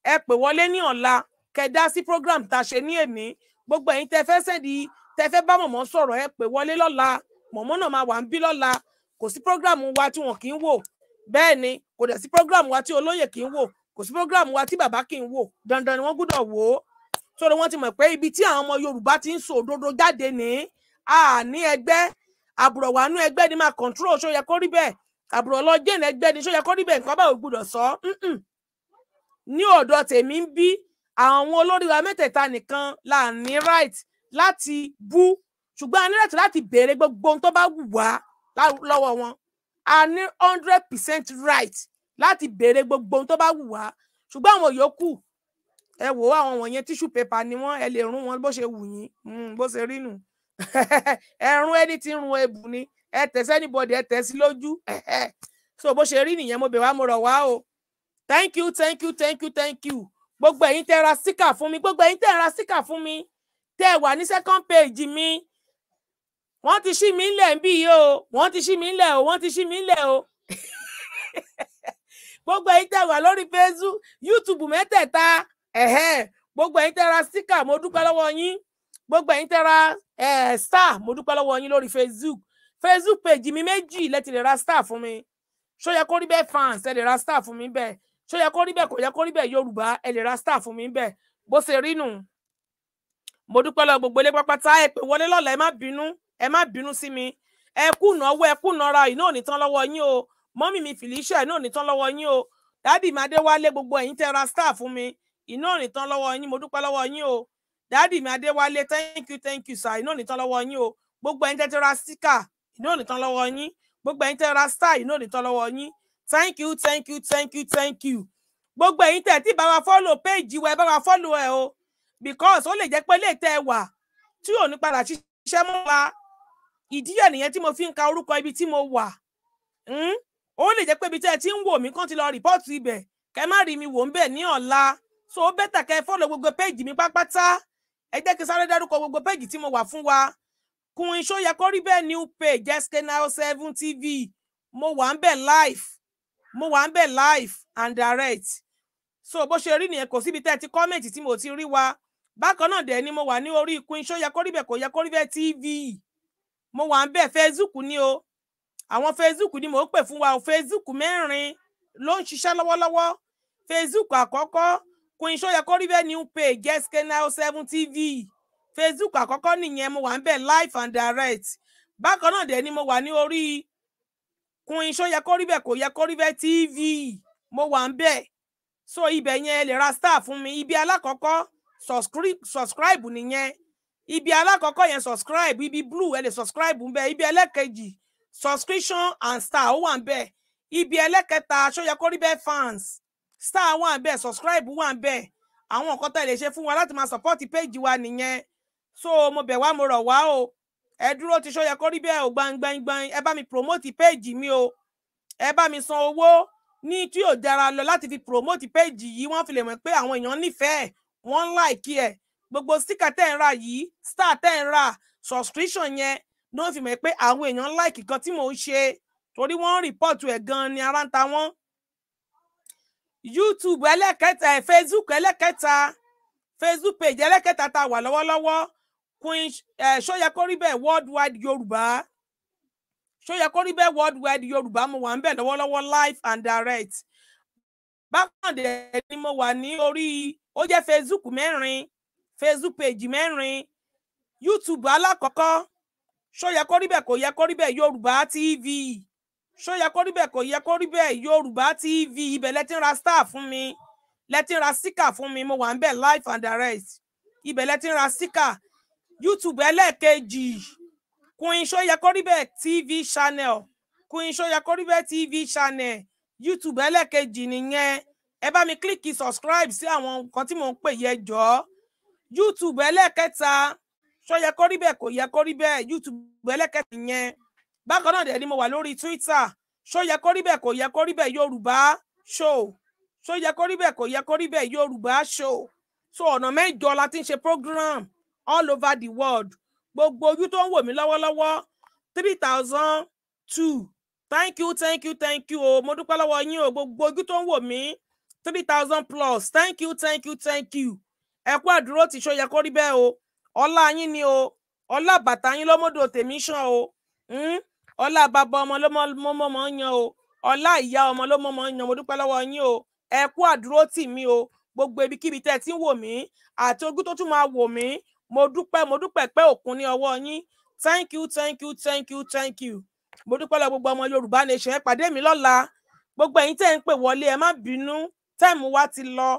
ẹ pè wọlé ní ọ̀la kẹdá sí program tá a ṣe ní èní gbogbo ẹ̀yin tẹ́ fẹ́ sẹ́ni tẹ́ fẹ́ bá mọ̀mọ́ sọ̀rọ̀ ẹ pè wọlé lọ́la mọ̀mọ́ náà máa wà ń bí lọ́la kò sí program wa tí wọn kì í wò bẹ́ẹ̀ ni kò dẹ̀ sí program wa tí olóyè kì í wò kò sí program wa tí bàbá kì í wò dandan ni wọ́n gbọ́dọ̀ wò ó sórí wọ́n ti mọ̀ pé ibi tí àwọn ọmọ Yorùbá ti ń sọ òdodo jáde ní àní ẹgbẹ́ àbùrọ̀wánú ẹgbẹ́ ni máa control ṣó yẹ kó rí bẹ́ẹ̀ àbùrọ̀ lọ jẹ́ ẹgbẹ́ ni ṣó yẹ kó rí bẹ́ẹ̀ nǹkan báwo gbọ́dọ̀ sọ ní ọ̀dọ̀ tèmi ń bí àwọn olórí wa mẹ́tẹ̀ẹ̀ta nìkan là ní right láti bú ṣùgbọ́n a ní láti láti béèrè gbogbo ohun tó bá wù wá lọ́wọ́ wọn a ní hundred percent right láti béèrè gbogbo ohun tó bá wù wá ṣùgbọ́n àwọn yòókù ẹ wò ó àwọn wọ̀nyẹn tissue paper ni wọ́n ẹ lè rún wọn bó ṣe wù yín hmm, bó ṣe rí nù ẹ rún ẹni tí ń rún ebù ni ẹ tẹ̀ anybody ẹ tẹ̀ sí lójú so bó ṣe rí nìyẹn mo bẹ̀ wá mo rọ̀ wá o thank you thank you thank you thank you gbogbo ẹ̀yin tẹ́ ra síkà fún mi gbogbo ẹ̀yin tẹ́ ra síkà fún mi tẹ́ wà ní second page mi wọ́n ti ṣí mi ńlẹ̀ ń bí yìí o wọ́n ti ṣí mi ńlẹ̀ o wọ́n ti ṣí mi ńlẹ̀ o gbogbo ẹ̀yin tẹ́ wà lórí facebook youtube mẹ́tẹ̀ẹ̀ta gbogbo ẹ̀yin tẹ́ ra sticker mo dúpẹ́ lọ́wọ́ yín gbogbo ẹ̀yin tẹ́ star mo dúpẹ́ lọ́wọ́ yín lórí facebook facebook page mi méjì lẹ́tì lè ra star fún mi ṣó yẹ kó rí bẹ́ẹ̀ fans ẹ lè ra star fún mi bẹ́ẹ̀ ṣó yẹ kó rí bẹ́ẹ̀ kò yẹ kó rí bẹ́ẹ̀ yorùbá ẹ lè ra star fún mi bẹ́ẹ̀ bó ṣe rí nù mo dúpẹ́ lọ gbogbo ilé pápátá ẹ pè wọlé lọ́la ẹ má bínú ẹ má bínú sí mi ẹ kùnàwó ẹ kùnàra iná ò ní tán lọ́wọ́ yín o mọ́mì mi fìlíṣẹ́ iná ò ní tán lọ́wọ́ yín o dádì mi adéwálé gbogbo ẹ̀yin tẹ́ ra star fún mi iná ò ní tán lọ́wọ́ yín mo dúpẹ́ lọ́wọ́ yín o dádì mi adéwálé thank you thank you sir iná ò ní tán lọ́wọ́ yín o gbogbo ẹ̀yin tẹ́ ra sticker iná ò ní tán lọ́wọ́ yín gbogbo ẹ̀yin tẹ́ star iná ò ní tán lọ́wọ́ yín thank you thank you thank you thank you gbogbo ẹ̀yin tẹ́ ti bá wa fọ́lò péèjì wa ẹ bá wa fọ́lò ẹ o because ó lè jẹ́ pé lè tẹ́ ẹ wà tí ò ní padà ṣiṣẹ́ mọ́ ìdí ẹ̀ nìyẹn tí mo fi ń ka orúkọ ibi tí mo wà hmm? ó lè jẹ́ pé ibi tẹ́ ẹ ti ń wò mí kán ti lọ rìpọ́ọ̀tù ibẹ̀ kẹ́ má rí mi wò ń bẹ̀ ní ọ̀la so ó bẹ́tà kẹ́ fọ́lọ̀ gbogbo péèjì mi pápátá ẹ jẹ́ kí sáré dárúkọ gbogbo péèjì tí mo wà fún wa Queen Soyakori bẹ́ẹ̀ new page SK907 TV mo wà ń bẹ̀ live mo wà ń bẹ̀ live and direct so bó ṣe rí nìyẹn kò síbi tẹ́ ẹ ti kọ́mẹ̀ntì tí mo ti rí wa bákan náà dẹ̀ ni mo wà ní orí Queen Soyakori bẹ́ẹ̀ kò Yakori bẹ́ẹ̀ TV mo wà ń bẹ̀ facebook ni o àwọn facebook ni mò ń pè fún wa o facebook mẹ́rin ló ń ṣiṣẹ́ lọ́wọ́lọ́wọ́ facebook àkọ́kọ́ queen Soyekoribe new page SKNIL 7 TV facebook àkọ́kọ́ nìyẹn mo wà ń bẹ̀ live and direct bákan náà dẹ̀ ni mo wà ní orí queen Soyekoribe kò yẹ Koribe TV mo wà ń bẹ̀ so ibẹ̀ yẹn lè ra star fún mi ibi alákọ̀ọ́kọ́ subscribe nìyẹn ibi alákọ̀ọ́kọ́ yẹn subscribe ibi blue ẹ lè subscribe ń bẹ ibi ẹlẹ́kejì subscription and star ó wà ń ibi ẹlẹ́kẹta ṣóyẹ kó rí bẹ́ẹ̀ fans star wà ń subscribe wà ń bẹ àwọn nǹkan tá ẹ lè ṣe fún wa láti máa support page wa nìyẹn so mo bẹ̀ wá mo rọ̀ wá o ẹ dúró ti ṣóyẹ kó rí bẹ́ẹ̀ o gbangbangbang ẹ bá mi promote page mi o ẹ bá mi san owó ní tí ò dára lọ láti fi promote page yìí wọ́n fi lè mọ̀ pé àwọn èèyàn nífẹ̀ẹ́ wọ́n like ẹ̀ gbogbo sticker tẹ́ ń rà yìí star tẹ́ ń rà subscription yẹn ló ń fi mọ̀ pé àwọn èèyàn like nǹkan tí mò ń ṣe torí wọ́n ń rìpọ́ọ̀tù ẹ̀ gan-an ni ara ń ta wọ́n. YouTube ẹlẹ́kẹta ẹ̀ Facebook ẹlẹ́kẹta Facebook page ẹlẹ́kẹta ta wà lọ́wọ́lọ́wọ́ Queen ṣóyẹkóríbẹ̀ worldwide Yorùbá ṣóyẹkóríbẹ̀ worldwide Yorùbá mo wà ń bẹ̀ lọ́wọ́lọ́wọ́ live and direct bákan dẹ̀ ni mo wà ní orí ó jẹ́ Facebook mẹ́rin facebook page mẹ́rin youtube alákọ̀ọ́kọ́ ṣó yẹ kó rí bẹ́ẹ̀ kó yẹ kó rí bẹ́ẹ̀ yorùbá tv ṣó yẹ kó rí bẹ́ẹ̀ kó yẹ kó rí yorùbá tv ibẹ̀ lẹ́tí ń ra star fún mi lẹ́tí ń fún mi mo wà ń bẹ̀ live and direct ibẹ̀ lẹ́tí ń ra youtube ẹlẹ́ẹ̀kejì queen ṣó yẹ kó rí bẹ́ẹ̀ tv channel queen ṣó yẹ kó rí tv channel youtube ẹlẹ́ẹ̀kejì nìyẹn ẹ bá mi kílíkì subscribe sí àwọn nǹkan tí mò ń pè yẹ jọ̀ọ́ youtube ẹlẹ́kẹta ṣó yẹ kó rí bẹ́ẹ̀ kò yẹ kó rí bẹ́ẹ̀ youtube ẹlẹ́kẹta yẹn bákan náà dẹ̀ ni mo wà lórí twitter ṣó yẹ kó rí bẹ́ẹ̀ kò yẹ kó rí bẹ́ẹ̀ yorùbá show ṣó yẹ kó rí bẹ́ẹ̀ kò yẹ kó rí bẹ́ẹ̀ yorùbá show so ọ̀nà mẹ́jọ la ti ń ṣe program all over the world gbogbo ojú tó ń wò mí lọ́wọ́lọ́wọ́ three thousand two thank you thank you thank you o mo dúpẹ́ lọ́wọ́ yín o gbogbo ojú tó ń wò mí three thousand plus thank you thank you thank you ẹ kú àdúró tí ṣó yẹ kó rí bẹ́ẹ̀ o ọlá yín ni o ọlá bàtà yín lọ́mọdò tèmi ṣàn o hmm? ọlá bàbá ọmọ ló mọ́mọ́ yan o ọlá ìyá ọmọ ló mọ́mọ́ yan mo dúpẹ́ lọ́wọ́ yín o ẹ kú àdúró tì mí o gbogbo ibikíbi tẹ́ ẹ ti ń wò mí àti ogún tó tún máa wò mí mo dúpẹ́ mo dúpẹ́ pé òkun ní ọwọ́ yín thank you thank you thank you thank you mo dúpẹ́ lọ gbogbo ọmọ Yorùbá nation ẹ pàdé mi lọ́la gbogbo ẹ̀yin tẹ́ ẹ ń pè wọlé ẹ má bínú tẹ́ẹ̀mù wa ti lọ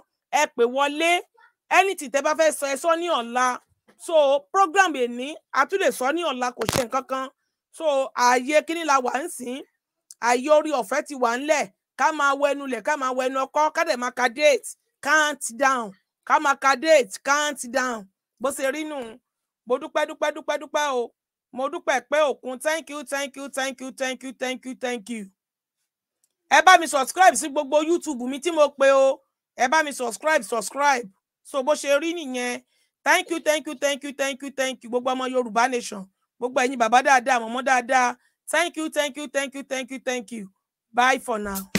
ẹ pè wọlé anything tẹ́ bá fẹ́ sọ ẹ sọ ní ọ̀la so program èní àtúndè sọ ní ọ̀la kò ṣe nǹkan kan so ààyè kíní la wà ń sìn ààyè orí ọ̀fẹ́ ti wà ńlẹ̀ ká máa wẹnu lẹ̀ ká máa wẹnu ọkọ́ ká dẹ̀ máa ka date count down ká máa ka date count down bó ṣe rí nù mo dúpẹ́ dúpẹ́ dúpẹ́ dúpẹ́ o mo dúpẹ́ pé òkun thank you thank you thank you thank you thank you thank you ẹ bá mi subscribe sí gbogbo YouTube mi tí mo pe o ẹ bá mi subscribe subscribe so bó ṣe rí nìyẹn thank you thank you thank you thank you thank you gbogbo ọmọ yorùbá nation gbogbo ẹ̀yin bàbá dáadáa mọmọ dáadáa thank you thank you thank you thank you thank you bye for now.